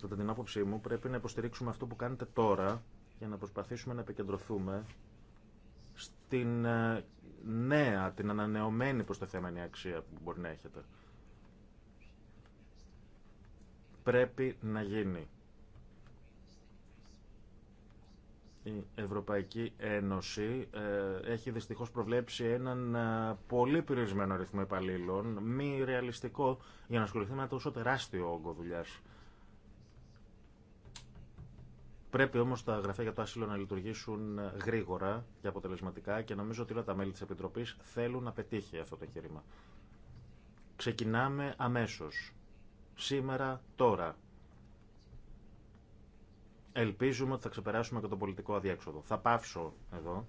Κατά την άποψή μου πρέπει να υποστηρίξουμε αυτό που κάνετε τώρα για να προσπαθήσουμε να επικεντρωθούμε στην ε, νέα, την ανανεωμένη προστεθέμενη αξία που μπορεί να έχετε. Πρέπει να γίνει η Ευρωπαϊκή Ένωση ε, έχει δυστυχώς προβλέψει έναν ε, πολύ περιορισμένο αριθμό υπαλλήλων, μη ρεαλιστικό, για να ασχοληθεί με ένα τόσο τεράστιο όγκο δουλειά. Πρέπει όμως τα γραφεία για το άσυλο να λειτουργήσουν ε, γρήγορα και αποτελεσματικά και νομίζω ότι όλα τα μέλη της Επιτροπής θέλουν να πετύχει αυτό το εγχείρημα. Ξεκινάμε αμέσως. Σήμερα, τώρα Ελπίζουμε ότι θα ξεπεράσουμε και το πολιτικό αδιέξοδο. Θα πάψω εδώ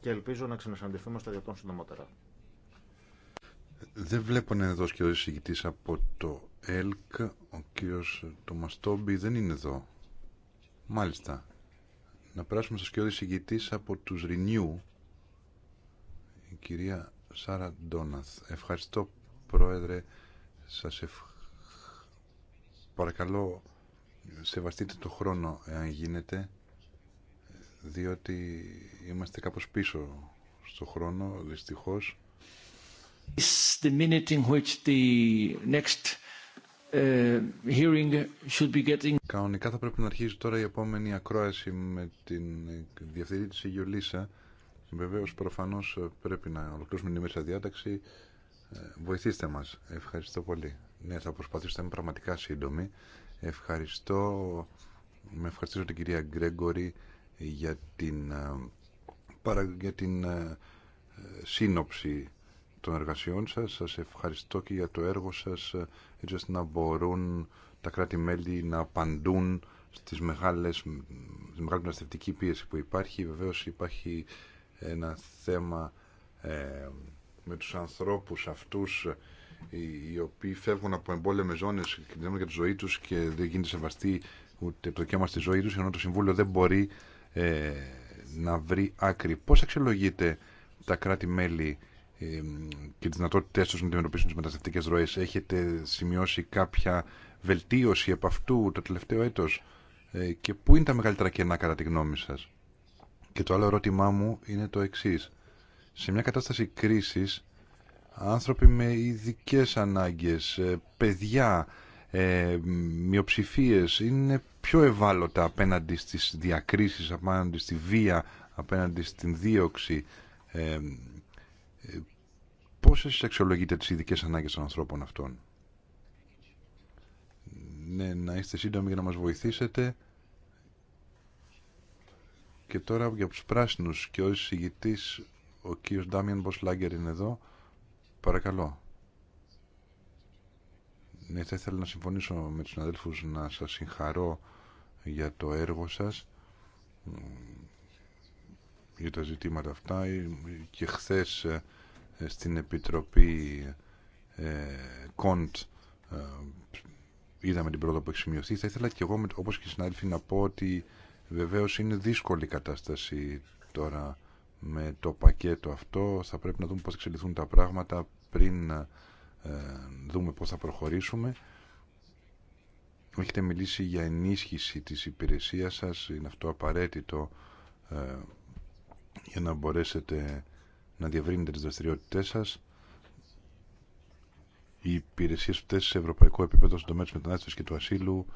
και ελπίζω να ξανασυναντηθούμε στο διατόν συντομότερα. Δεν βλέπω να είναι εδώ και ο εισηγητής από το ΕΛΚ. Ο κύριος Τομαστόμπι δεν είναι εδώ. Μάλιστα. Να περάσουμε στο σκιώδη εισηγητής από τους Renew. Η κυρία Σάρα Ντόναθ. Ευχαριστώ πρόεδρε. Σας ευχαριστώ. Παρακαλώ σεβαστείτε το χρόνο εάν γίνεται διότι είμαστε κάπως πίσω στο χρόνο δυστυχώς is the minute which the next ε, hearing should be getting. Κανονικά θα πρέπει να αρχίσει τώρα η επόμενη ακρόαση με την διευθυντή της Ιγιολίσσα. Βεβαίω, προφανώ ε, πρέπει να ολοκληρώσουμε την μέσα διάταξη. Ε, βοηθήστε μα. Ευχαριστώ πολύ. Ναι, θα προσπαθήσω να είμαι πραγματικά σύντομη. Ευχαριστώ. Με ευχαριστήσω την κυρία Γκρέγκορη για την, ε, για την ε, σύνοψη των εργασιών σας. Σας ευχαριστώ και για το έργο σας ε, έτσι ώστε να μπορούν τα κράτη-μέλη να απαντούν στις μεγάλες, στη μεγάλη πνευματική πίεση που υπάρχει. Βεβαίως υπάρχει ένα θέμα με τους ανθρώπους αυτούς οι οποίοι φεύγουν από εμπόλεμε ζώνε και κινδυνεύουν για τη ζωή του και δεν γίνεται σεβαστή ούτε το δικαίωμα στη ζωή του, ενώ το Συμβούλιο δεν μπορεί ε, να βρει άκρη. Πώ αξιολογείτε τα κράτη-μέλη ε, και τι δυνατότητέ του να αντιμετωπίσουν τι μεταναστευτικέ ροέ, Έχετε σημειώσει κάποια βελτίωση από αυτού το τελευταίο έτο ε, και πού είναι τα μεγαλύτερα κενά κατά τη γνώμη σα. Και το άλλο ερώτημά μου είναι το εξή. Σε μια κατάσταση κρίσης άνθρωποι με ειδικέ ανάγκες, ε, παιδιά, ε, μειοψηφίες είναι πιο ευάλωτα απέναντι στις διακρίσεις, απέναντι στη βία, απέναντι στην δίωξη. Ε, ε πώς εσείς αξιολογείτε τις ειδικέ ανάγκες των ανθρώπων αυτών. Ναι, να είστε σύντομοι για να μας βοηθήσετε. Και τώρα για τους πράσινους και ως συγητής ο κύριος Ντάμιαν Μποσλάγκερ είναι εδώ. Παρακαλώ. Ναι, θα ήθελα να συμφωνήσω με τους αδέλφους να σας συγχαρώ για το έργο σας για τα ζητήματα αυτά ε, και χθες ε, στην Επιτροπή ε, Κοντ είδαμε την πρόοδο που έχει σημειωθεί. Θα ήθελα και εγώ όπως και οι συνάδελφοι να πω ότι βεβαίως είναι δύσκολη η κατάσταση τώρα με το πακέτο αυτό. Θα πρέπει να δούμε πώς εξελιχθούν τα πράγματα πριν ε, δούμε πώς θα προχωρήσουμε. Έχετε μιλήσει για ενίσχυση της υπηρεσίας σας, είναι αυτό απαραίτητο ε, για να μπορέσετε να διαβρύνετε τις δραστηριότητές σας. Οι υπηρεσίε αυτέ σε ευρωπαϊκό επίπεδο στον τομέα τη και του ασύλου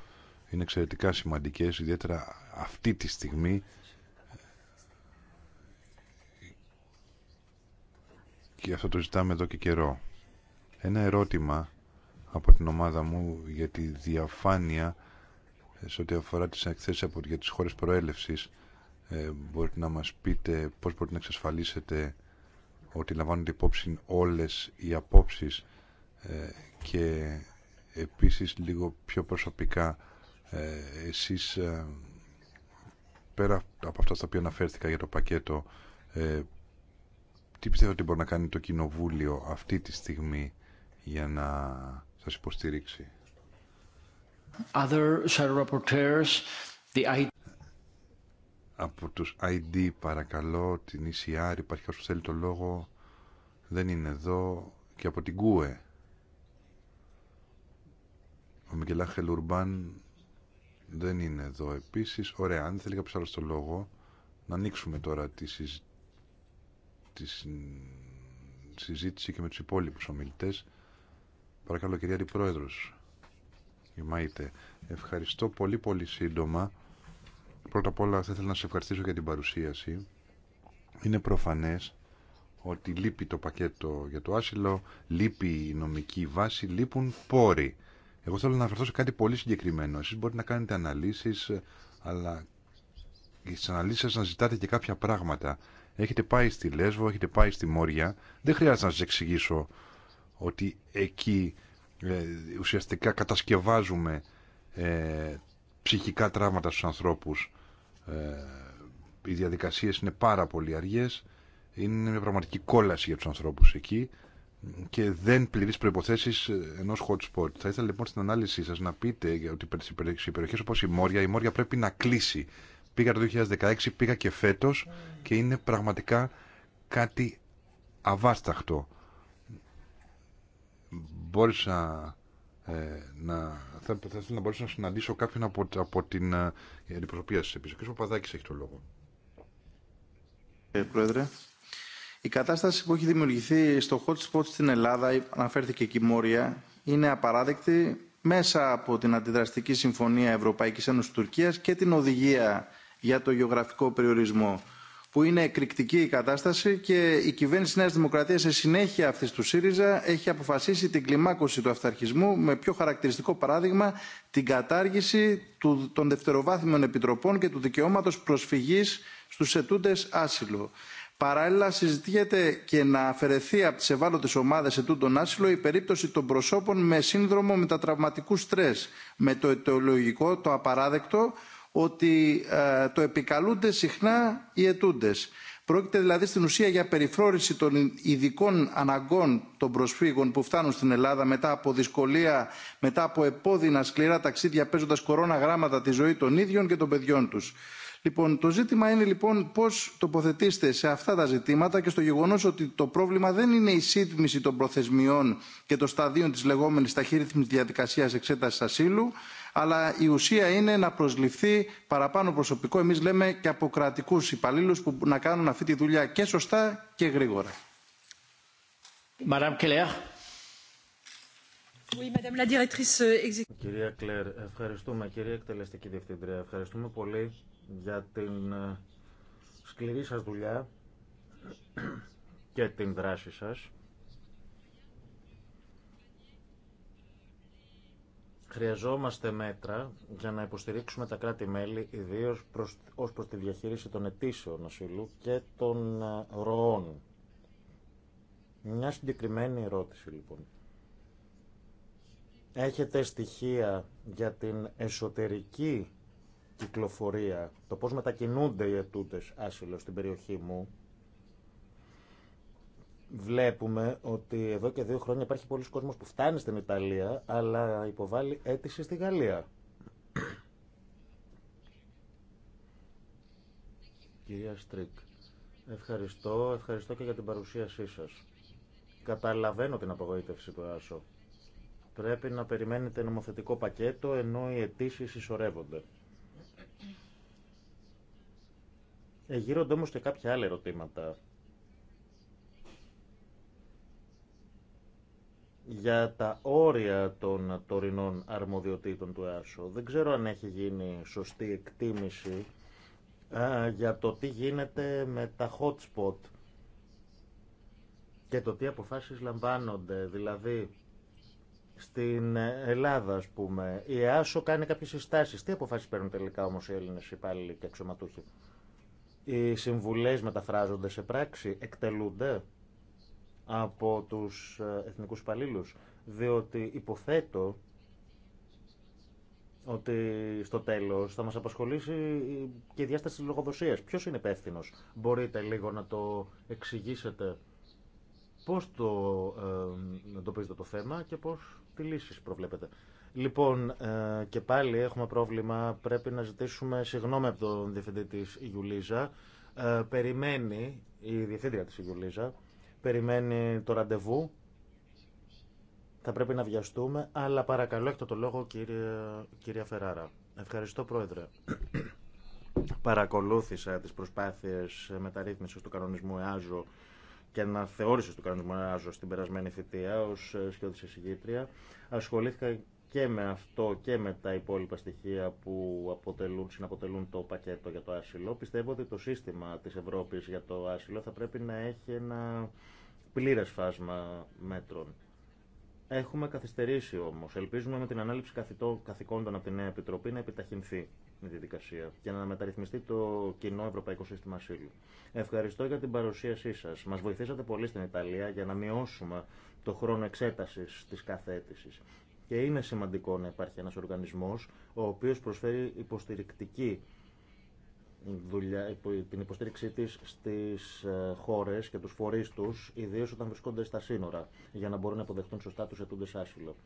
είναι εξαιρετικά σημαντικέ, ιδιαίτερα αυτή τη στιγμή και αυτό το ζητάμε εδώ και καιρό. Ένα ερώτημα από την ομάδα μου για τη διαφάνεια ε, σε ό,τι αφορά τις εκθέσεις από, για τις χώρες προέλευσης. Ε, μπορείτε να μας πείτε πώς μπορείτε να εξασφαλίσετε ότι λαμβάνονται υπόψη όλες οι απόψεις ε, και επίσης λίγο πιο προσωπικά ε, εσείς ε, πέρα από αυτά τα οποία αναφέρθηκα για το πακέτο τι πιστεύετε ότι μπορεί να κάνει το Κοινοβούλιο αυτή τη στιγμή για να σας υποστηρίξει. Από τους ID παρακαλώ, την ECR, υπάρχει κάποιος που θέλει το λόγο, δεν είναι εδώ, και από την ΚΟΕ. Ο Μικελάχελ Ουρμπάν δεν είναι εδώ επίσης. Ωραία, αν θέλει κάποιος άλλος το λόγο, να ανοίξουμε τώρα τη συζήτηση τη συζήτηση και με τους υπόλοιπου ομιλητές. Παρακαλώ κυρία πρόεδρο η Μαΐτε. Ευχαριστώ πολύ πολύ σύντομα. Πρώτα απ' όλα θα ήθελα να σε ευχαριστήσω για την παρουσίαση. Είναι προφανές ότι λείπει το πακέτο για το άσυλο, λείπει η νομική βάση, λείπουν πόροι. Εγώ θέλω να αναφερθώ σε κάτι πολύ συγκεκριμένο. Εσείς μπορείτε να κάνετε αναλύσει, αλλά στις αναλύσεις σας να ζητάτε και κάποια πράγματα. Έχετε πάει στη Λέσβο, έχετε πάει στη Μόρια. Δεν χρειάζεται να σας εξηγήσω ότι εκεί ε, ουσιαστικά κατασκευάζουμε ε, ψυχικά τραύματα στους ανθρώπους. Ε, οι διαδικασίες είναι πάρα πολύ αργές. Είναι μια πραγματική κόλαση για τους ανθρώπους εκεί και δεν πληρείς προϋποθέσεις ε, ενός hot spot. Θα ήθελα λοιπόν στην ανάλυση σας να πείτε ότι σε περιοχές όπως η Μόρια, η Μόρια πρέπει να κλείσει. Πήγα το 2016, πήγα και φέτος και είναι πραγματικά κάτι αβάσταχτο. Μπόρεσα ε, να, θα, θα να μπορέσω να συναντήσω κάποιον από, από την ε, αντιπροσωπεία σας επίσης. Ο Παδάκης έχει το λόγο. Ε, Πρόεδρε, η κατάσταση που έχει δημιουργηθεί στο hot spot στην Ελλάδα, αναφέρθηκε και η Μόρια, είναι απαράδεκτη μέσα από την αντιδραστική συμφωνία Ευρωπαϊκής Ένωσης Τουρκίας και την οδηγία για το γεωγραφικό περιορισμό που είναι εκρηκτική η κατάσταση και η κυβέρνηση Νέα Δημοκρατία σε συνέχεια αυτή του ΣΥΡΙΖΑ έχει αποφασίσει την κλιμάκωση του αυταρχισμού με πιο χαρακτηριστικό παράδειγμα την κατάργηση των δευτεροβάθμιων επιτροπών και του δικαιώματο προσφυγή στου ετούντε άσυλο. Παράλληλα, συζητιέται και να αφαιρεθεί από τι ευάλωτε ομάδε ετούντων άσυλο η περίπτωση των προσώπων με σύνδρομο μετατραυματικού στρε, με το αιτιολογικό το απαράδεκτο ότι ε, το επικαλούνται συχνά οι ετούντε. Πρόκειται δηλαδή στην ουσία για περιφρόρηση των ειδικών αναγκών των προσφύγων που φτάνουν στην Ελλάδα μετά από δυσκολία, μετά από επώδυνα σκληρά ταξίδια παίζοντας κορώνα γράμματα τη ζωή των ίδιων και των παιδιών τους. Λοιπόν, το ζήτημα είναι λοιπόν πώς τοποθετήστε σε αυτά τα ζητήματα και στο γεγονός ότι το πρόβλημα δεν είναι η σύντμηση των προθεσμιών και των σταδίων της λεγόμενης ταχύρυθμης διαδικασίας εξέτασης ασύλου, αλλά η ουσία είναι να προσληφθεί παραπάνω προσωπικό, εμείς λέμε και από κρατικού υπαλλήλους που να κάνουν αυτή τη δουλειά και σωστά και γρήγορα. Euh, Κυρία Κλέρ, ευχαριστούμε. Κυρία Εκτελεστική Διευθύντρια, ευχαριστούμε πολύ για την ε, σκληρή σας δουλειά και την δράση σας. Χρειαζόμαστε μέτρα για να υποστηρίξουμε τα κράτη-μέλη, ιδίω ω προ τη διαχείριση των αιτήσεων ασύλου και των ε, ροών. Μια συγκεκριμένη ερώτηση λοιπόν. Έχετε στοιχεία για την εσωτερική κυκλοφορία, το πώς μετακινούνται οι αιτούντες άσυλο στην περιοχή μου, βλέπουμε ότι εδώ και δύο χρόνια υπάρχει πολλοί κόσμος που φτάνει στην Ιταλία, αλλά υποβάλλει αίτηση στη Γαλλία. Κυρία Στρίκ, ευχαριστώ, ευχαριστώ και για την παρουσίασή σας. Καταλαβαίνω την απογοήτευση του Άσο. Πρέπει να περιμένετε νομοθετικό πακέτο, ενώ οι αιτήσει συσσωρεύονται. Εγείρονται όμως και κάποια άλλα ερωτήματα για τα όρια των τωρινών αρμοδιοτήτων του ΕΑΣΟ. Δεν ξέρω αν έχει γίνει σωστή εκτίμηση α, για το τι γίνεται με τα hot spot και το τι αποφάσεις λαμβάνονται. Δηλαδή, στην Ελλάδα, ας πούμε, η ΕΑΣΟ κάνει κάποιες συστάσεις. Τι αποφάσεις παίρνουν τελικά όμως οι Έλληνες υπάλληλοι και αξιωματούχοι. Οι συμβουλές μεταφράζονται σε πράξη, εκτελούνται από τους ε, εθνικούς υπαλλήλους, διότι υποθέτω ότι στο τέλος θα μας απασχολήσει και η διάσταση της λογοδοσίας. Ποιος είναι υπεύθυνο. Μπορείτε λίγο να το εξηγήσετε πώς το ε, εντοπίζετε το θέμα και πώς τη λύση προβλέπετε. Λοιπόν, ε, και πάλι έχουμε πρόβλημα. Πρέπει να ζητήσουμε συγγνώμη από τον διευθυντή της Ιουλίζα. Ε, περιμένει η διευθύντρια της Ιουλίζα περιμένει το ραντεβού. Θα πρέπει να βιαστούμε, αλλά παρακαλώ έχετε το λόγο κύριε, κυρία Φεράρα. Ευχαριστώ πρόεδρε. Παρακολούθησα τις προσπάθειες μεταρρύθμισης του κανονισμού ΕΑΖΟ και αναθεώρησης του κανονισμού ΕΑΖΟ στην περασμένη θητεία ως ε, σχεδόν εισηγήτρια. Ασχολήθηκα και με αυτό και με τα υπόλοιπα στοιχεία που αποτελούν, συναποτελούν το πακέτο για το άσυλο. Πιστεύω ότι το σύστημα της Ευρώπης για το άσυλο θα πρέπει να έχει ένα πλήρες φάσμα μέτρων. Έχουμε καθυστερήσει όμως. Ελπίζουμε με την ανάληψη καθηκόντων από την Νέα Επιτροπή να επιταχυνθεί η διαδικασία και να μεταρρυθμιστεί το κοινό Ευρωπαϊκό Σύστημα Ασύλου. Ευχαριστώ για την παρουσίασή σα. Μα βοηθήσατε πολύ στην Ιταλία για να μειώσουμε το χρόνο εξέταση τη κάθε και είναι σημαντικό να υπάρχει ένας οργανισμός ο οποίος προσφέρει υποστηρικτική δουλειά, την υποστήριξή της στις ε, χώρες και τους φορείς τους, ιδίως όταν βρισκόνται στα σύνορα, για να μπορούν να αποδεχτούν σωστά τους ετούντες άσυλο.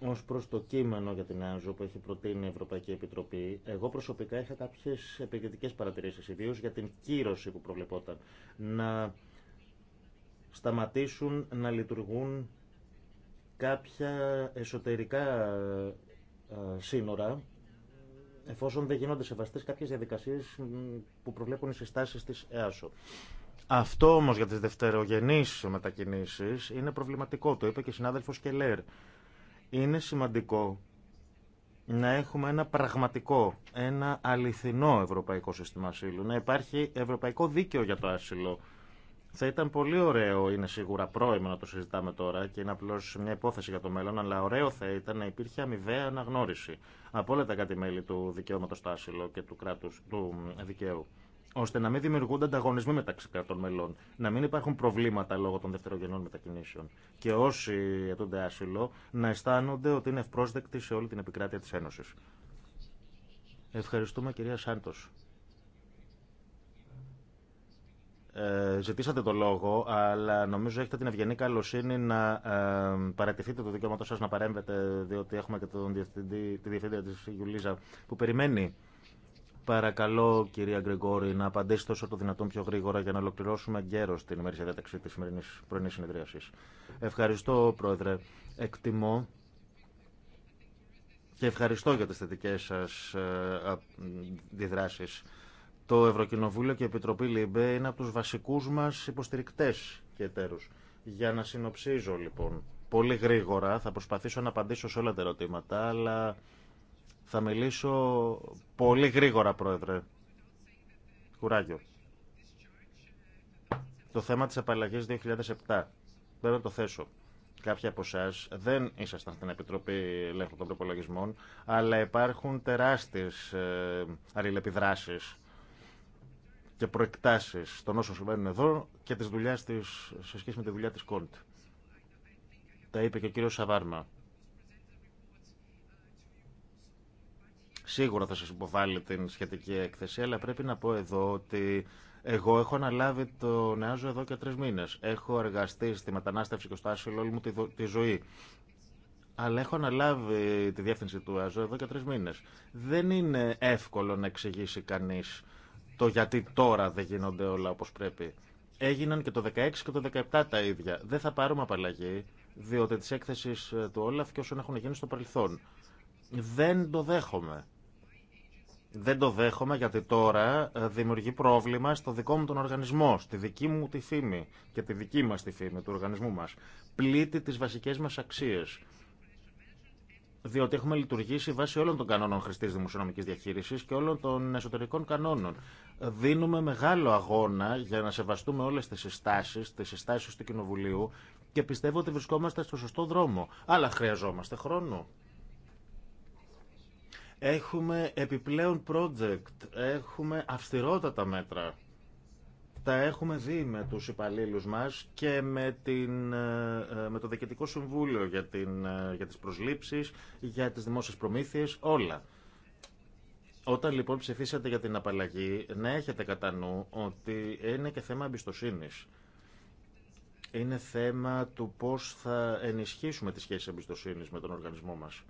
Ω προ το κείμενο για την ΑΖΟ που έχει προτείνει η Ευρωπαϊκή Επιτροπή, εγώ προσωπικά είχα κάποιε επικριτικέ παρατηρήσει, ιδίω για την κύρωση που προβλεπόταν. Να σταματήσουν να λειτουργούν κάποια εσωτερικά ε, σύνορα, εφόσον δεν γίνονται σεβαστές κάποιες διαδικασίες που προβλέπουν οι συστάσεις της ΕΑΣΟ. Αυτό όμως για τις δευτερογενείς μετακινήσεις είναι προβληματικό, το είπε και η συνάδελφος Κελέρ. Είναι σημαντικό να έχουμε ένα πραγματικό, ένα αληθινό ευρωπαϊκό σύστημα ασύλου, να υπάρχει ευρωπαϊκό δίκαιο για το άσυλο θα ήταν πολύ ωραίο, είναι σίγουρα πρόημο να το συζητάμε τώρα και είναι απλώ μια υπόθεση για το μέλλον, αλλά ωραίο θα ήταν να υπήρχε αμοιβαία αναγνώριση από όλα τα κατημέλη του δικαιώματο στο άσυλο και του κράτου του δικαίου. ώστε να μην δημιουργούνται ανταγωνισμοί μεταξύ κρατών μελών, να μην υπάρχουν προβλήματα λόγω των δευτερογενών μετακινήσεων και όσοι αιτούνται άσυλο να αισθάνονται ότι είναι ευπρόσδεκτοι σε όλη την επικράτεια τη Ένωση. Ευχαριστούμε κυρία Σάντο. Ε, ζητήσατε το λόγο, αλλά νομίζω έχετε την ευγενή καλοσύνη να ε, παρατηθείτε το δικαίωμα σα να παρέμβετε, διότι έχουμε και τον διευθυντή, τη διευθύντρια Γιουλίζα που περιμένει. Παρακαλώ, κυρία Γκρεγόρη, να απαντήσετε όσο το δυνατόν πιο γρήγορα για να ολοκληρώσουμε γέρο την ημερήσια διάταξη τη σημερινή πρωινή συνεδρίαση. Ευχαριστώ, Πρόεδρε. Εκτιμώ και ευχαριστώ για τι θετικέ σα ε, διδράσει το Ευρωκοινοβούλιο και η Επιτροπή ΛΥΜΠΕ είναι από τους βασικούς μας υποστηρικτές και εταίρους. Για να συνοψίζω λοιπόν, πολύ γρήγορα θα προσπαθήσω να απαντήσω σε όλα τα ερωτήματα, αλλά θα μιλήσω πολύ γρήγορα, Πρόεδρε. Κουράγιο. Το θέμα της απαλλαγής 2007. Πρέπει να το θέσω. Κάποιοι από εσά δεν ήσασταν στην Επιτροπή Ελέγχου των Προπολογισμών, αλλά υπάρχουν τεράστιες ε, αλληλεπιδράσει και προεκτάσει των όσων συμβαίνουν εδώ και τη δουλειά τη σε σχέση με τη δουλειά τη Κόντ. Τα είπε και ο κύριο Σαβάρμα. Σίγουρα θα σα υποβάλει την σχετική έκθεση, αλλά πρέπει να πω εδώ ότι εγώ έχω αναλάβει το νεάζο εδώ και τρει μήνε. Έχω εργαστεί στη μετανάστευση και στο άσυλο όλη μου τη, τη ζωή. Αλλά έχω αναλάβει τη διεύθυνση του ΑΖΟ εδώ και τρει μήνε. Δεν είναι εύκολο να εξηγήσει κανεί το γιατί τώρα δεν γίνονται όλα όπως πρέπει. Έγιναν και το 16 και το 17 τα ίδια. Δεν θα πάρουμε απαλλαγή, διότι της έκθεσης ε, του Όλαφ και όσων έχουν γίνει στο παρελθόν. Δεν το δέχομαι. Δεν το δέχομαι γιατί τώρα ε, δημιουργεί πρόβλημα στο δικό μου τον οργανισμό, στη δική μου τη φήμη και τη δική μας τη φήμη του οργανισμού μας. Πλήττει τις βασικές μας αξίες διότι έχουμε λειτουργήσει βάσει όλων των κανόνων χρηστή δημοσιονομική διαχείρισης και όλων των εσωτερικών κανόνων. Δίνουμε μεγάλο αγώνα για να σεβαστούμε όλες τις συστάσει, τις συστάσει του Κοινοβουλίου και πιστεύω ότι βρισκόμαστε στο σωστό δρόμο. Αλλά χρειαζόμαστε χρόνο. Έχουμε επιπλέον project, έχουμε αυστηρότατα μέτρα τα έχουμε δει με τους υπαλλήλου μας και με, την, ε, ε, με το Διοικητικό Συμβούλιο για, την, ε, για τις προσλήψεις, για τις δημόσιες προμήθειες, όλα. Όταν λοιπόν ψηφίσατε για την απαλλαγή, να έχετε κατά νου ότι είναι και θέμα εμπιστοσύνη. Είναι θέμα του πώς θα ενισχύσουμε τη σχέση εμπιστοσύνη με τον οργανισμό μας.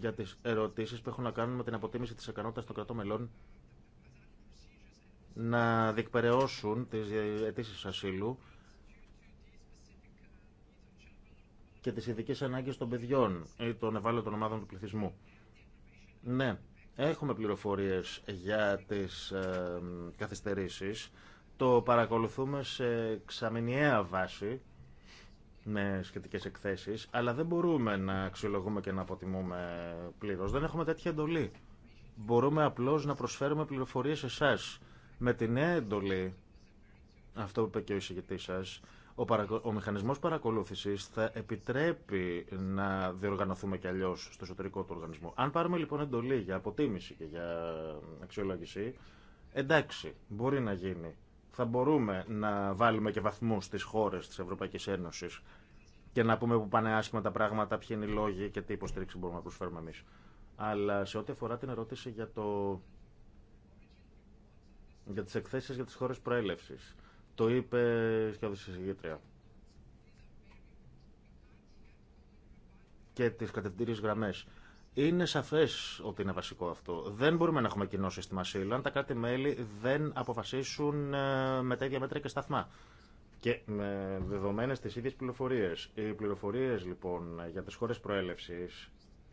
Για τις ερωτήσεις που έχουν να κάνουν με την αποτίμηση της ικανότητας των κρατών μελών να διεκπαιρεώσουν τις αιτήσει ασύλου και τις ειδικέ ανάγκες των παιδιών ή των ευάλωτων ομάδων του πληθυσμού. Ναι, έχουμε πληροφορίες για τις ε, Το παρακολουθούμε σε ξαμηνιαία βάση με σχετικές εκθέσεις, αλλά δεν μπορούμε να αξιολογούμε και να αποτιμούμε πλήρως. Δεν έχουμε τέτοια εντολή. Μπορούμε απλώς να προσφέρουμε πληροφορίες εσάς με την νέα εντολή, αυτό που είπε και ο εισηγητή σα, ο, παρακο... ο μηχανισμός παρακολούθησης θα επιτρέπει να διοργανωθούμε κι αλλιώ στο εσωτερικό του οργανισμού. Αν πάρουμε λοιπόν εντολή για αποτίμηση και για αξιολόγηση, εντάξει, μπορεί να γίνει. Θα μπορούμε να βάλουμε και βαθμού στις χώρε τη Ευρωπαϊκή Ένωση και να πούμε που πάνε άσχημα τα πράγματα, ποιοι είναι οι λόγοι και τι υποστήριξη μπορούμε να προσφέρουμε εμεί. Αλλά σε ό,τι αφορά την ερώτηση για το για τις εκθέσεις για τις χώρες προέλευσης. Το είπε η συζητήτρια. Και τις κατευθυντήριες γραμμές. Είναι σαφές ότι είναι βασικό αυτό. Δεν μπορούμε να έχουμε κοινό σύστημα ασύλου αν τα κράτη-μέλη δεν αποφασίσουν ε, με τα ίδια μέτρα και σταθμά. Και με δεδομένε τι ίδιε πληροφορίε. Οι πληροφορίε λοιπόν για τι χώρε προέλευση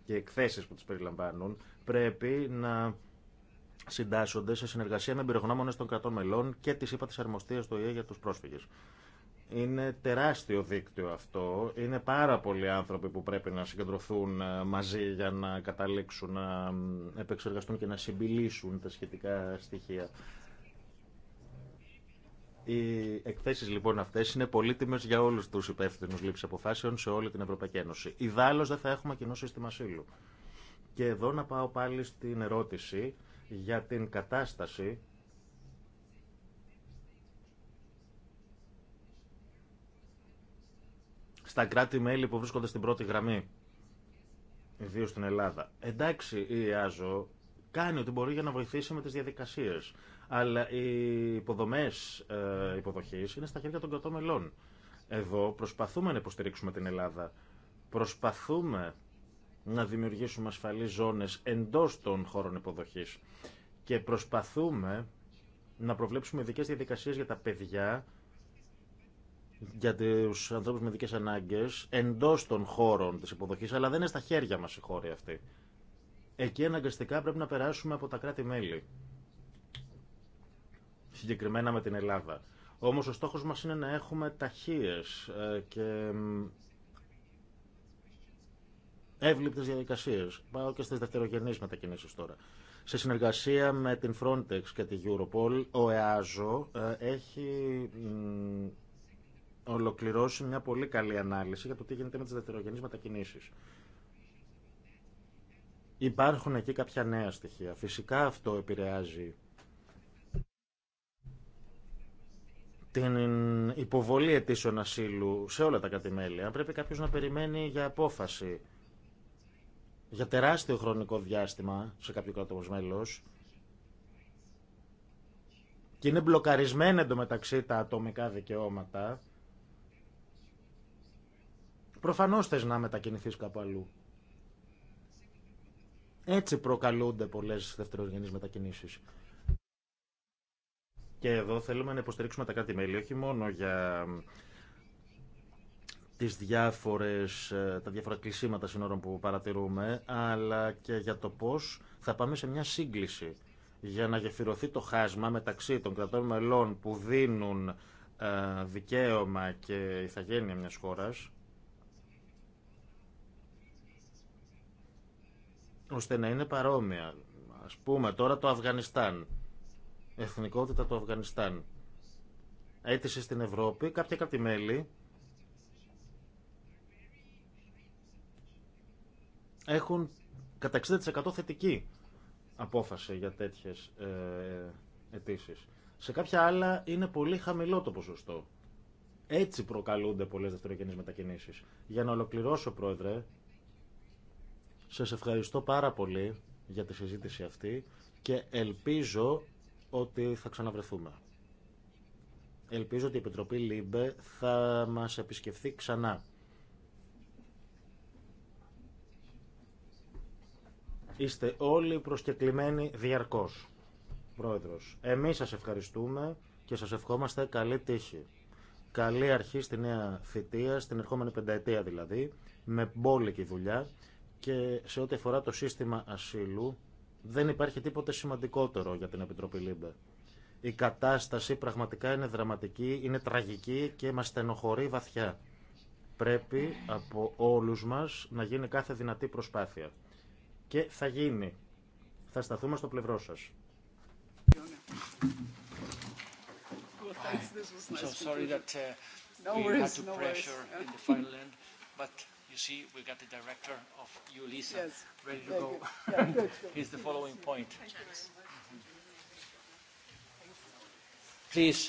και οι εκθέσει που τι περιλαμβάνουν πρέπει να συντάσσονται σε συνεργασία με εμπειρογνώμονε των κρατών μελών και τη ΥΠΑ τη Αρμοστία του ΙΕ για του πρόσφυγε. Είναι τεράστιο δίκτυο αυτό. Είναι πάρα πολλοί άνθρωποι που πρέπει να συγκεντρωθούν ε, μαζί για να καταλήξουν, να επεξεργαστούν και να συμπιλήσουν τα σχετικά στοιχεία. Οι εκθέσει λοιπόν αυτέ είναι πολύτιμε για όλου του υπεύθυνου λήψη αποφάσεων σε όλη την Ευρωπαϊκή Ένωση. Ιδάλω δεν θα έχουμε κοινό σύστημα ασύλου. Και εδώ να πάω πάλι στην ερώτηση για την κατάσταση στα κράτη-μέλη που βρίσκονται στην πρώτη γραμμή, ιδίω στην Ελλάδα. Εντάξει, η ΕΑΖΟ κάνει ό,τι μπορεί για να βοηθήσει με τις διαδικασίες, αλλά οι υποδομές ε, υποδοχής είναι στα χέρια των κρατών Εδώ προσπαθούμε να υποστηρίξουμε την Ελλάδα. Προσπαθούμε να δημιουργήσουμε ασφαλείς ζώνες εντός των χώρων υποδοχής και προσπαθούμε να προβλέψουμε ειδικέ διαδικασίες για τα παιδιά για τους ανθρώπους με ειδικέ ανάγκες εντός των χώρων της υποδοχή, αλλά δεν είναι στα χέρια μας οι χώροι αυτοί. Εκεί αναγκαστικά πρέπει να περάσουμε από τα κράτη-μέλη. Συγκεκριμένα με την Ελλάδα. Όμως ο στόχος μας είναι να έχουμε ταχείες ε, και εύληπτε διαδικασίε. Πάω και στι δευτερογενεί μετακινήσει τώρα. Σε συνεργασία με την Frontex και την Europol, ο ΕΑΖΟ ε, έχει ολοκληρώσει μια πολύ καλή ανάλυση για το τι γίνεται με τι δευτερογενεί μετακινήσει. Υπάρχουν εκεί κάποια νέα στοιχεία. Φυσικά αυτό επηρεάζει την υποβολή αιτήσεων ασύλου σε όλα τα κατημέλια. Πρέπει κάποιος να περιμένει για απόφαση για τεράστιο χρονικό διάστημα σε κάποιο κράτο μέλο. και είναι μπλοκαρισμένα εντωμεταξύ τα ατομικά δικαιώματα, προφανώς θες να μετακινηθείς κάπου αλλού. Έτσι προκαλούνται πολλές δευτερογενείς μετακινήσεις. Και εδώ θέλουμε να υποστηρίξουμε τα κράτη-μέλη, όχι μόνο για τις διάφορες, ε, τα διάφορα κλεισίματα σύνορων που παρατηρούμε, αλλά και για το πώς θα πάμε σε μια σύγκληση για να γεφυρωθεί το χάσμα μεταξύ των κρατών μελών που δίνουν ε, δικαίωμα και ηθαγένεια μιας χώρας, ώστε να είναι παρόμοια. Ας πούμε τώρα το Αφγανιστάν, εθνικότητα του Αφγανιστάν. έτσι στην Ευρώπη, κάποια κρατημέλη έχουν κατά 60% θετική απόφαση για τέτοιες ε, αιτήσει. Σε κάποια άλλα είναι πολύ χαμηλό το ποσοστό. Έτσι προκαλούνται πολλές δευτερογενείς μετακινήσεις. Για να ολοκληρώσω, Πρόεδρε, σας ευχαριστώ πάρα πολύ για τη συζήτηση αυτή και ελπίζω ότι θα ξαναβρεθούμε. Ελπίζω ότι η Επιτροπή ΛΥΜΠΕ θα μας επισκεφθεί ξανά. Είστε όλοι προσκεκλημένοι διαρκώς. Πρόεδρος, εμείς σας ευχαριστούμε και σας ευχόμαστε καλή τύχη. Καλή αρχή στη νέα θητεία, στην ερχόμενη πενταετία δηλαδή, με μπόλικη δουλειά και σε ό,τι αφορά το σύστημα ασύλου δεν υπάρχει τίποτε σημαντικότερο για την Επιτροπή Λίμπε. Η κατάσταση πραγματικά είναι δραματική, είναι τραγική και μας στενοχωρεί βαθιά. Πρέπει από όλους μας να γίνει κάθε δυνατή προσπάθεια και θα γίνει. Θα σταθούμε στο πλευρό σας. But you see, we got the director of EULISA ready to go. Here's the following point. Please,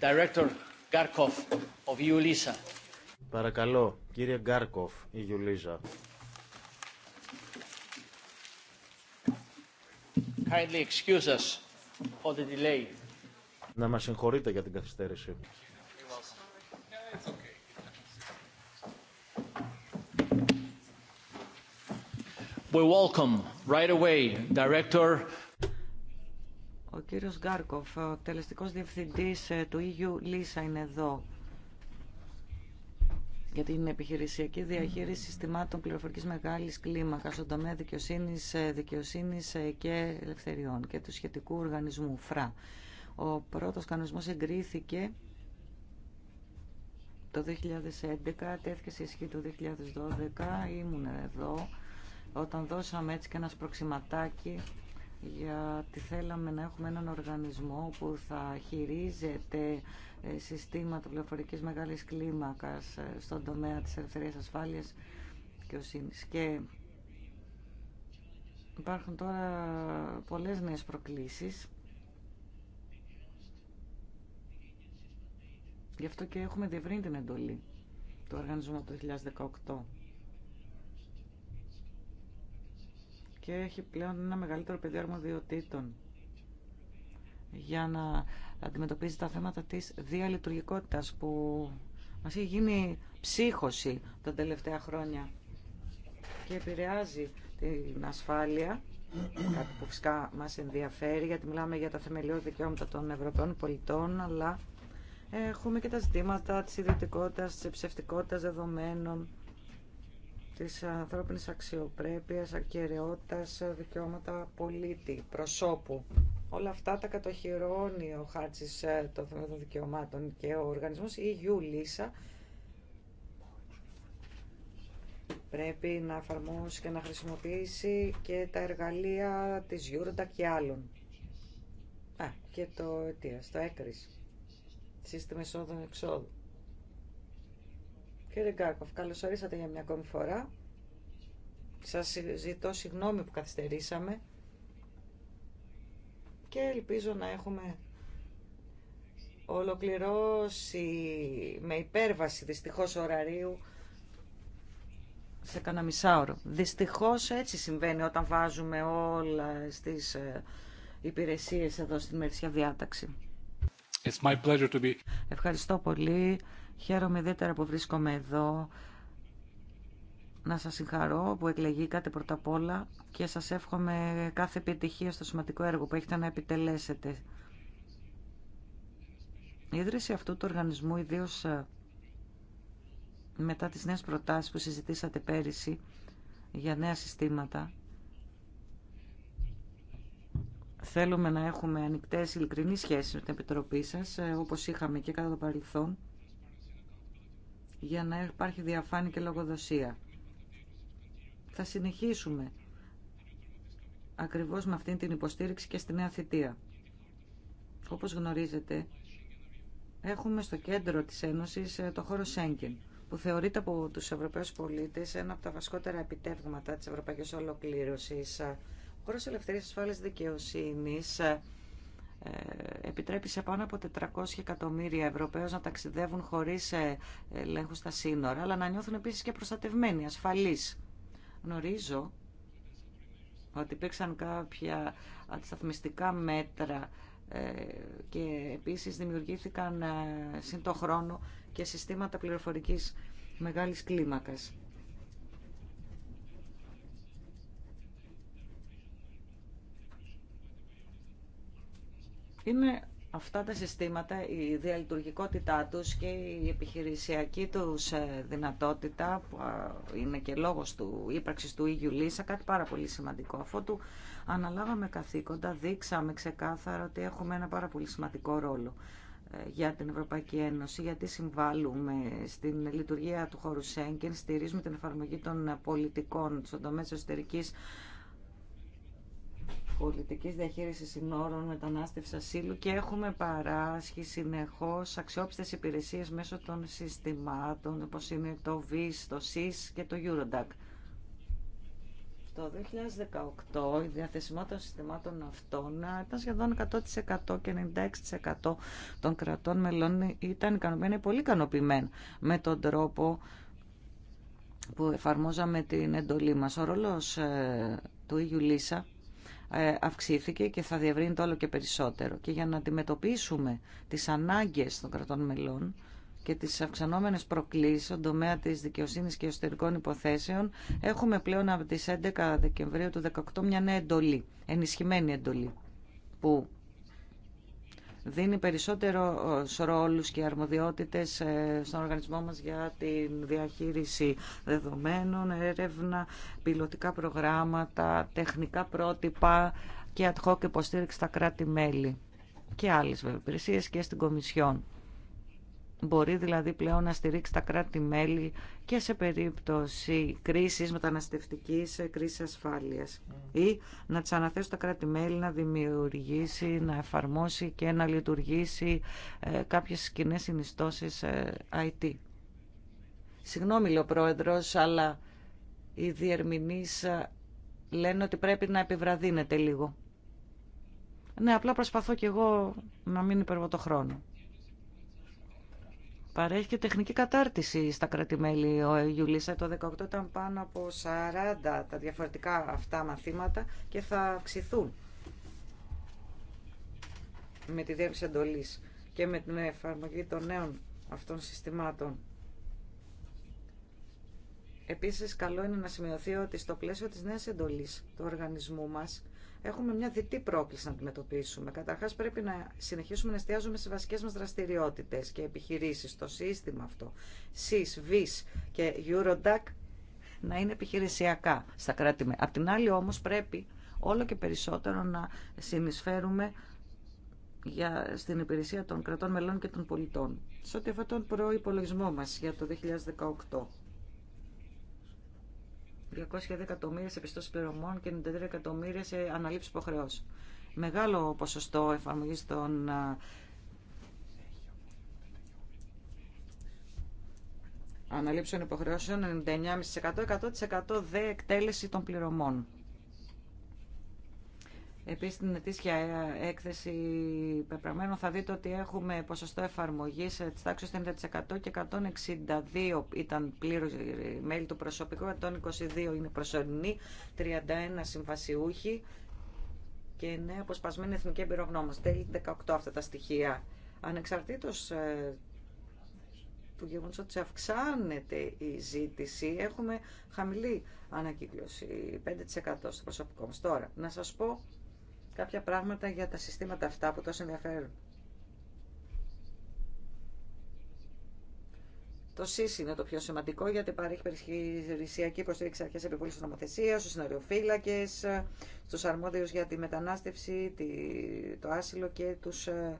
Director Garkov of EULISA. Παρακαλώ, κύριε Γκάρκοφ, η Γιουλίζα. Kindly excuse us for the delay. Να μας συγχωρείτε για την καθυστέρηση. We welcome right away Director ο κύριος Γκάρκοφ, ο τελεστικός διευθυντής ε, του EU Λίσα είναι εδώ για την επιχειρησιακή διαχείριση συστημάτων πληροφορικής μεγάλης κλίμακας στον τομέα δικαιοσύνης, ε, δικαιοσύνης ε, και ελευθεριών και του σχετικού οργανισμού ΦΡΑ. Ο πρώτος κανονισμός εγκρίθηκε το 2011, τέθηκε σε ισχύ το 2012, ήμουν εδώ, όταν δώσαμε έτσι και ένα σπροξηματάκι γιατί θέλαμε να έχουμε έναν οργανισμό που θα χειρίζεται ε, συστήματα πληροφορικής μεγάλης κλίμακας ε, στον τομέα της ελευθερίας ασφάλειας οσύνης. Και υπάρχουν τώρα πολλές νέες προκλήσεις. Γι' αυτό και έχουμε διευρύνει την εντολή του οργανισμού από το 2018. και έχει πλέον ένα μεγαλύτερο πεδίο αρμοδιοτήτων για να αντιμετωπίζει τα θέματα της διαλειτουργικότητας που μας έχει γίνει ψύχωση τα τελευταία χρόνια και επηρεάζει την ασφάλεια κάτι που φυσικά μας ενδιαφέρει γιατί μιλάμε για τα θεμελιώδη δικαιώματα των Ευρωπαίων πολιτών αλλά έχουμε και τα ζητήματα της ιδιωτικότητας, της ψευτικότητας δεδομένων της ανθρώπινης αξιοπρέπειας, ακαιρεότητας, δικαιώματα πολίτη, προσώπου. Όλα αυτά τα κατοχυρώνει ο χάρτης ε, των δικαιωμάτων και ο οργανισμός ή Λίσα. πρέπει να εφαρμόσει και να χρησιμοποιήσει και τα εργαλεία της Γιούροντα και άλλων. Α, και το αιτία, το έκρης, σύστημα εισόδων-εξόδου. Κύριε Γκάρκοφ, καλώς ορίσατε για μια ακόμη φορά. Σας ζητώ συγγνώμη που καθυστερήσαμε και ελπίζω να έχουμε ολοκληρώσει με υπέρβαση δυστυχώς ωραρίου σε κανένα μισάωρο. Δυστυχώς έτσι συμβαίνει όταν βάζουμε όλα στις ε, υπηρεσίες εδώ στην Μερσιά Διάταξη. Ευχαριστώ πολύ. Χαίρομαι ιδιαίτερα που βρίσκομαι εδώ να σας συγχαρώ που εκλεγήκατε πρώτα απ' όλα και σας εύχομαι κάθε επιτυχία στο σημαντικό έργο που έχετε να επιτελέσετε. Η ίδρυση αυτού του οργανισμού, ιδίως ε, μετά τις νέες προτάσεις που συζητήσατε πέρυσι για νέα συστήματα, θέλουμε να έχουμε ανοιχτές ειλικρινείς σχέσεις με την Επιτροπή σας, ε, όπως είχαμε και κατά το παρελθόν για να υπάρχει διαφάνεια και λογοδοσία. Θα συνεχίσουμε ακριβώς με αυτήν την υποστήριξη και στη Νέα Θητεία. Όπως γνωρίζετε, έχουμε στο κέντρο της Ένωσης ε, το χώρο Σέγγεν, που θεωρείται από τους Ευρωπαίους πολίτες ένα από τα βασικότερα επιτεύγματα της Ευρωπαϊκής Ολοκλήρωσης. Ε, ο χώρος ελευθερίας ασφάλειας δικαιοσύνης ε, ε, επιτρέπει σε πάνω από 400 εκατομμύρια Ευρωπαίους να ταξιδεύουν χωρίς ε, ελέγχου στα σύνορα, αλλά να νιώθουν επίσης και προστατευμένοι, ασφαλείς. Γνωρίζω ότι υπήρξαν κάποια αντισταθμιστικά μέτρα ε, και επίσης δημιουργήθηκαν σύντο χρόνο και συστήματα πληροφορικής μεγάλης κλίμακας. είναι αυτά τα συστήματα, η διαλειτουργικότητά τους και η επιχειρησιακή τους ε, δυνατότητα που είναι και λόγος του ύπαρξης του Ήγιου e Λίσσα, κάτι πάρα πολύ σημαντικό. Αφού του αναλάβαμε καθήκοντα, δείξαμε ξεκάθαρα ότι έχουμε ένα πάρα πολύ σημαντικό ρόλο ε, για την Ευρωπαϊκή Ένωση, γιατί συμβάλλουμε στην λειτουργία του χώρου και στηρίζουμε την εφαρμογή των πολιτικών στον τομέα πολιτικής διαχείρισης συνόρων, μετανάστευση ασύλου και έχουμε παράσχει συνεχώς αξιόπιστες υπηρεσίες μέσω των συστημάτων όπως είναι το VIS, το SIS και το Eurodac. Το 2018 η διαθεσιμότητα των συστημάτων αυτών ήταν σχεδόν 100% και 96% των κρατών μελών ήταν ικανοποιημένα, πολύ ικανοποιημένα με τον τρόπο που εφαρμόζαμε την εντολή μας. Ο ρόλος ε, του EU ε, αυξήθηκε και θα διευρύνεται όλο και περισσότερο. Και για να αντιμετωπίσουμε τις ανάγκες των κρατών μελών και τις αυξανόμενες προκλήσεις στον τομέα της δικαιοσύνης και εσωτερικών υποθέσεων, έχουμε πλέον από τις 11 Δεκεμβρίου του 2018 μια νέα εντολή, ενισχυμένη εντολή, που δίνει περισσότερο ρόλους και αρμοδιότητες ε, στον οργανισμό μας για τη διαχείριση δεδομένων, έρευνα, πιλωτικά προγράμματα, τεχνικά πρότυπα και ad hoc υποστήριξη στα κράτη-μέλη και άλλες βέβαια και στην Κομισιόν. Μπορεί δηλαδή πλέον να στηρίξει τα κράτη-μέλη και σε περίπτωση κρίσης μεταναστευτικής, ε, κρίσης ασφάλειας ή να τις αναθέσει τα κράτη-μέλη να δημιουργήσει, να εφαρμόσει και να λειτουργήσει ε, κάποιες κοινέ συνιστώσεις IT. Ε, Συγγνώμη, λέει ο Πρόεδρος, αλλά οι διερμηνείς λένε ότι πρέπει να επιβραδύνεται λίγο. Ναι, απλά προσπαθώ κι εγώ να μην υπερβώ το χρόνο. Παρέχει και τεχνική κατάρτιση στα κρατημέλη ο Ιουλίσσα. Το 2018 ήταν πάνω από 40 τα διαφορετικά αυτά μαθήματα και θα αυξηθούν με τη διεύθυνση εντολή και με την εφαρμογή των νέων αυτών συστημάτων. Επίσης, καλό είναι να σημειωθεί ότι στο πλαίσιο της νέας εντολής του οργανισμού μας έχουμε μια διτή πρόκληση να αντιμετωπίσουμε. Καταρχάς πρέπει να συνεχίσουμε να εστιάζουμε σε βασικές μας δραστηριότητες και επιχειρήσεις, το σύστημα αυτό, ΣΥΣ, ΒΙΣ και Eurodac να είναι επιχειρησιακά στα κράτη. Απ' την άλλη όμως πρέπει όλο και περισσότερο να συνεισφέρουμε για, στην υπηρεσία των κρατών μελών και των πολιτών. Σε ό,τι αφορά τον προϋπολογισμό μας για το 2018 210 εκατομμύρια σε πιστώσεις πληρωμών και 93 εκατομμύρια σε αναλήψεις υποχρεώσεων. Μεγάλο ποσοστό εφαρμογή των αναλήψεων υποχρεώσεων 99,5% 100% δε εκτέλεση των πληρωμών. Επίσης στην ετήσια έκθεση πεπραγμένων θα δείτε ότι έχουμε ποσοστό εφαρμογής ε, της τάξης 90% και 162 ήταν πλήρως μέλη του προσωπικού, 122 είναι προσωρινοί, 31 συμβασιούχοι και 9 αποσπασμένοι εθνικοί εμπειρογνώμες. Τέλει 18 αυτά τα στοιχεία. Ανεξαρτήτως ε, του γεγονός ότι αυξάνεται η ζήτηση, έχουμε χαμηλή ανακύκλωση, 5% στο προσωπικό μας. Τώρα, να σας πω κάποια πράγματα για τα συστήματα αυτά που τόσο ενδιαφέρουν. Το ΣΥΣ είναι το πιο σημαντικό γιατί παρέχει περιχειρησιακή υποστήριξη αρχέ επιβολή τη νομοθεσία, στου συνοριοφύλακε, στου αρμόδιου για τη μετανάστευση, το άσυλο και του ε,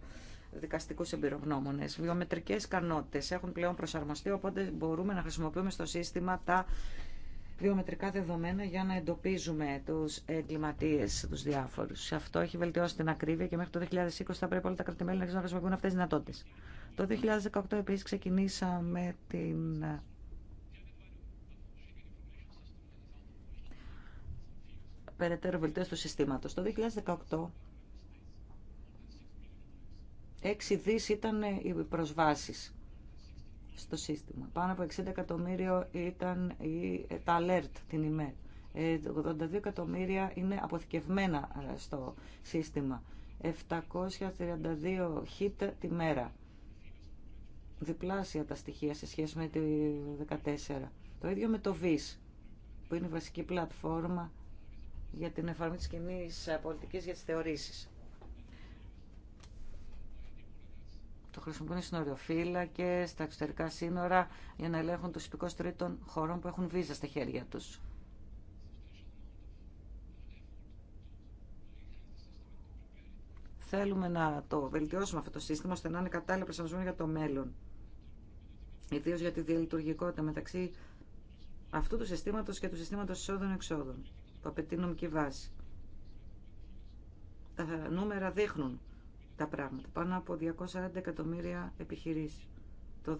δικαστικού εμπειρογνώμονε. Βιομετρικές ικανότητε έχουν πλέον προσαρμοστεί, οπότε μπορούμε να χρησιμοποιούμε στο σύστημα τα βιομετρικά δεδομένα για να εντοπίζουμε τους εγκληματίες, τους διάφορους. Αυτό έχει βελτιώσει την ακρίβεια και μέχρι το 2020 θα πρέπει όλα τα κρατημέλη να να χρησιμοποιούν αυτέ τις δυνατότητες. Το 2018 επίση ξεκινήσαμε την περαιτέρω βελτίωση του συστήματος. Το 2018 6 δις ήταν οι προσβάσεις στο σύστημα. Πάνω από 60 εκατομμύριο ήταν η, τα alert την ημέρα. Ε, 82 εκατομμύρια είναι αποθηκευμένα ε, στο σύστημα. 732 hit τη μέρα. Διπλάσια τα στοιχεία σε σχέση με το 14. Το ίδιο με το VIS, που είναι η βασική πλατφόρμα για την εφαρμογή της κοινή ε, πολιτικής για τις θεωρήσεις. Το χρησιμοποιούν οι συνοριοφύλακε στα εξωτερικά σύνορα για να ελέγχουν του υπηκό των χωρών που έχουν βίζα στα χέρια του. Θέλουμε να το βελτιώσουμε αυτό το σύστημα ώστε να είναι κατάλληλο προσαρμοσμένο για το μέλλον. Ιδίω για τη διαλειτουργικότητα μεταξύ αυτού του συστήματο και του συστήματο εισόδων-εξόδων. που απαιτεί νομική βάση. Τα νούμερα δείχνουν τα πράγματα. Πάνω από 240 εκατομμύρια επιχειρήσεις το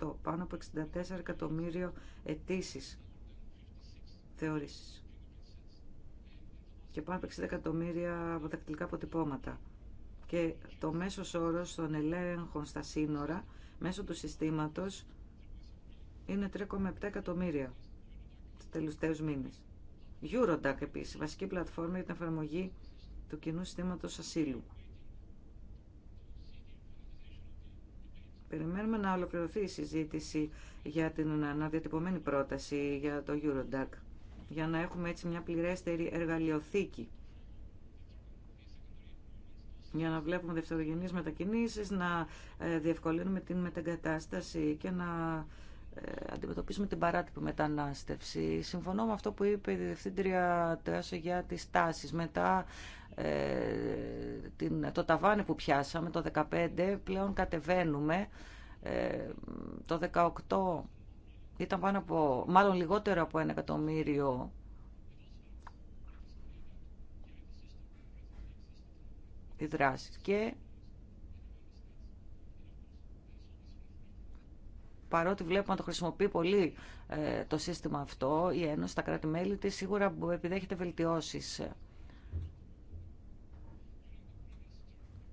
2018. Πάνω από 64 εκατομμύριο αιτήσει θεωρήσεις. Και πάνω από 60 εκατομμύρια δακτυλικά αποτυπώματα. Και το μέσος όρος των ελέγχων στα σύνορα μέσω του συστήματος είναι 3,7 εκατομμύρια τους τελευταίους μήνες. Eurodac επίσης, βασική πλατφόρμα για την εφαρμογή του κοινού συστήματος ασύλου. Περιμένουμε να ολοκληρωθεί η συζήτηση για την αναδιατυπωμένη πρόταση για το Eurodac, για να έχουμε έτσι μια πληρέστερη εργαλειοθήκη για να βλέπουμε δευτερογενείς μετακινήσεις, να ε, διευκολύνουμε την μετεγκατάσταση και να αντιμετωπίσουμε την παράτυπη μετανάστευση. Συμφωνώ με αυτό που είπε η Διευθύντρια Τεάσο για τις τάσεις. Μετά ε, την, το ταβάνι που πιάσαμε το 2015 πλέον κατεβαίνουμε. Ε, το 2018 ήταν πάνω από, μάλλον λιγότερο από ένα εκατομμύριο οι δράσεις. Και παρότι βλέπουμε να το χρησιμοποιεί πολύ ε, το σύστημα αυτό, η Ένωση, τα κράτη-μέλη τη σίγουρα επιδέχεται βελτιώσεις.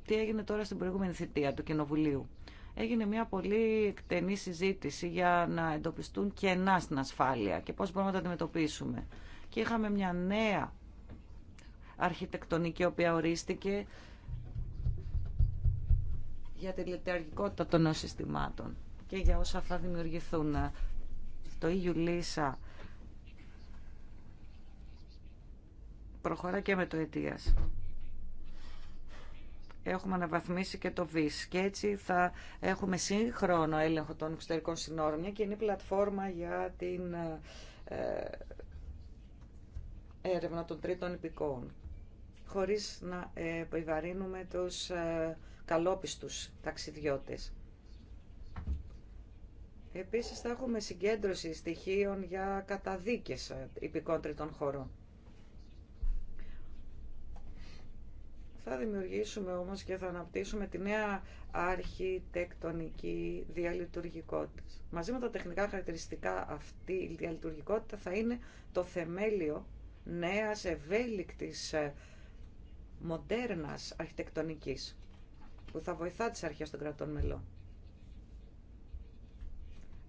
Τι έγινε τώρα στην προηγούμενη θητεία του Κοινοβουλίου. Έγινε μια πολύ εκτενή συζήτηση για να εντοπιστούν κενά στην ασφάλεια και πώς μπορούμε να τα αντιμετωπίσουμε. Και είχαμε μια νέα αρχιτεκτονική, η οποία ορίστηκε για τη λειτουργικότητα των νέων και για όσα θα δημιουργηθούν. Το EU-LISA προχωρά και με το αιτίας. Έχουμε αναβαθμίσει και το ΒΙΣ και έτσι θα έχουμε σύγχρονο έλεγχο των εξωτερικών συνόρων, μια κοινή πλατφόρμα για την ε, έρευνα των τρίτων υπηκόων, χωρίς να ε, επιβαρύνουμε τους ε, καλόπιστους ταξιδιώτες. Επίσης θα έχουμε συγκέντρωση στοιχείων για καταδίκες υπηκών τριτών χωρών. Θα δημιουργήσουμε όμως και θα αναπτύσσουμε τη νέα αρχιτεκτονική διαλειτουργικότητα. Μαζί με τα τεχνικά χαρακτηριστικά αυτή η διαλειτουργικότητα θα είναι το θεμέλιο νέας ευέλικτης ε, μοντέρνας αρχιτεκτονικής που θα βοηθά τις αρχές των κρατών μελών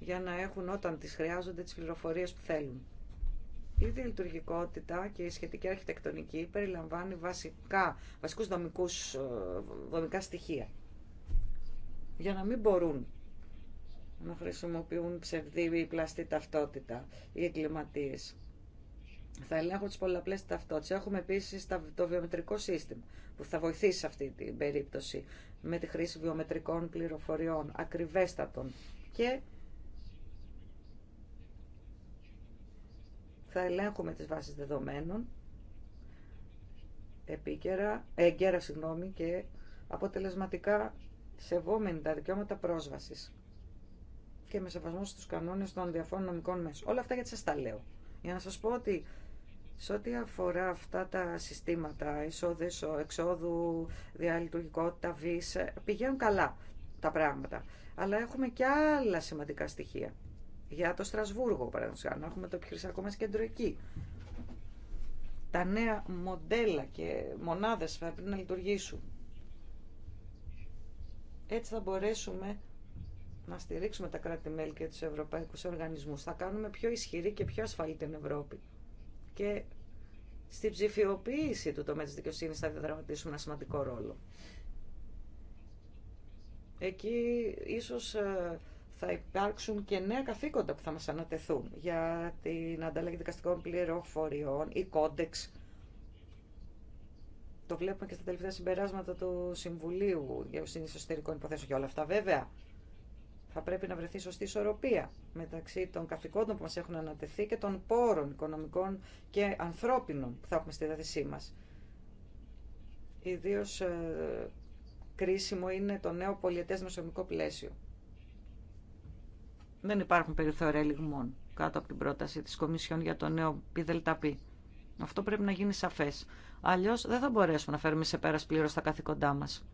για να έχουν όταν τις χρειάζονται τις πληροφορίες που θέλουν. Η λειτουργικότητα και η σχετική αρχιτεκτονική περιλαμβάνει βασικά, βασικούς δομικούς, ε, δομικά στοιχεία για να μην μπορούν να χρησιμοποιούν ψευδή ή πλαστή ταυτότητα οι εγκληματίε. Θα ελέγχω τι πολλαπλέ ταυτότητε. Έχουμε επίση το βιομετρικό σύστημα που θα βοηθήσει σε αυτή την περίπτωση με τη χρήση βιομετρικών πληροφοριών, ακριβέστατων και θα ελέγχουμε τις βάσεις δεδομένων επίκαιρα, εγκαίρα συγγνώμη, και αποτελεσματικά σεβόμενοι τα δικαιώματα πρόσβασης και με σεβασμό στους κανόνες των διαφόρων νομικών μέσων. Όλα αυτά γιατί σας τα λέω. Για να σας πω ότι σε ό,τι αφορά αυτά τα συστήματα εισόδες, εξόδου, διαλειτουργικότητα, ε, πηγαίνουν καλά τα πράγματα. Αλλά έχουμε και άλλα σημαντικά στοιχεία για το Στρασβούργο, παραδείγματος, να έχουμε το επιχειρησιακό μας κέντρο εκεί. Τα νέα μοντέλα και μονάδες θα πρέπει να λειτουργήσουν. Έτσι θα μπορέσουμε να στηρίξουμε τα κράτη-μέλη και τους ευρωπαϊκούς οργανισμούς. Θα κάνουμε πιο ισχυρή και πιο ασφαλή την Ευρώπη. Και στην ψηφιοποίηση του τομέα της δικαιοσύνης θα διαδραματίσουμε ένα σημαντικό ρόλο. Εκεί ίσως ε, θα υπάρξουν και νέα καθήκοντα που θα μας ανατεθούν για την ανταλλαγή δικαστικών πληροφοριών ή κόντεξ. Το βλέπουμε και στα τελευταία συμπεράσματα του Συμβουλίου για συνήθως Εσωτερικών Υποθέσεων και όλα αυτά βέβαια. Θα πρέπει να βρεθεί σωστή ισορροπία μεταξύ των καθηκόντων που μας έχουν ανατεθεί και των πόρων οικονομικών και ανθρώπινων που θα έχουμε στη διάθεσή μας. Ιδίως ε, κρίσιμο είναι το νέο πολιετές νοσομικό πλαίσιο δεν υπάρχουν περιθώρια λιγμών κάτω από την πρόταση της Κομισιόν για το νέο πι. Αυτό πρέπει να γίνει σαφές. Αλλιώς δεν θα μπορέσουμε να φέρουμε σε πέρας πλήρως τα καθήκοντά μας.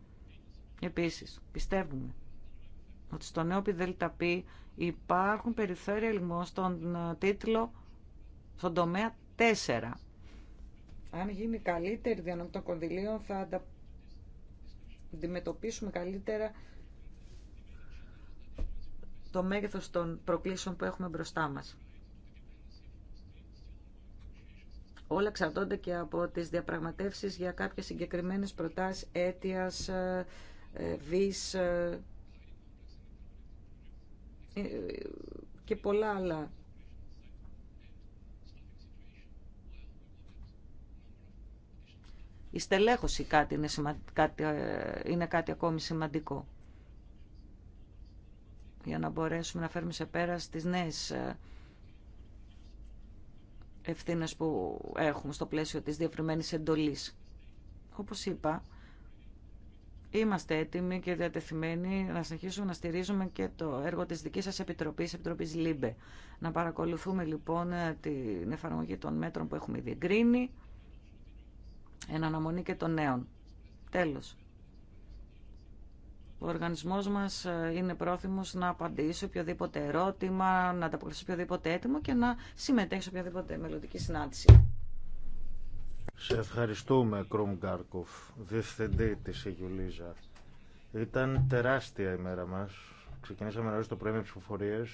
Επίσης, πιστεύουμε ότι στο νέο πι υπάρχουν περιθώρια λιγμών στον ε, τίτλο, στον τομέα 4. Αν γίνει καλύτερη διανομή των κονδυλίων θα αντιμετωπίσουμε καλύτερα το μέγεθος των προκλήσεων που έχουμε μπροστά μας. Όλα εξαρτώνται και από τις διαπραγματεύσεις για κάποιες συγκεκριμένες προτάσεις αίτιας, ε, ε, βίς ε, και πολλά άλλα. Η στελέχωση κάτι είναι, κάτι, είναι κάτι ακόμη σημαντικό για να μπορέσουμε να φέρουμε σε πέρα τις νέες ε, ευθύνες που έχουμε στο πλαίσιο της διευρυμένης εντολής. Όπως είπα, είμαστε έτοιμοι και διατεθειμένοι να συνεχίσουμε να στηρίζουμε και το έργο της δικής σας Επιτροπής, Επιτροπής ΛΥΜΠΕ. Να παρακολουθούμε λοιπόν ε, την εφαρμογή των μέτρων που έχουμε διεγκρίνει, εν αναμονή και των νέων. Τέλος. Ο οργανισμός μας ε, είναι πρόθυμος να απαντήσει οποιοδήποτε ερώτημα, να ανταποκριθεί οποιοδήποτε έτοιμο και να συμμετέχει σε οποιαδήποτε μελλοντική συνάντηση. Σε ευχαριστούμε, Κρούμ Γκάρκοφ, διευθυντή της Ήταν τεράστια η μέρα μας. Ξεκινήσαμε ρωτήσουμε το πρωί με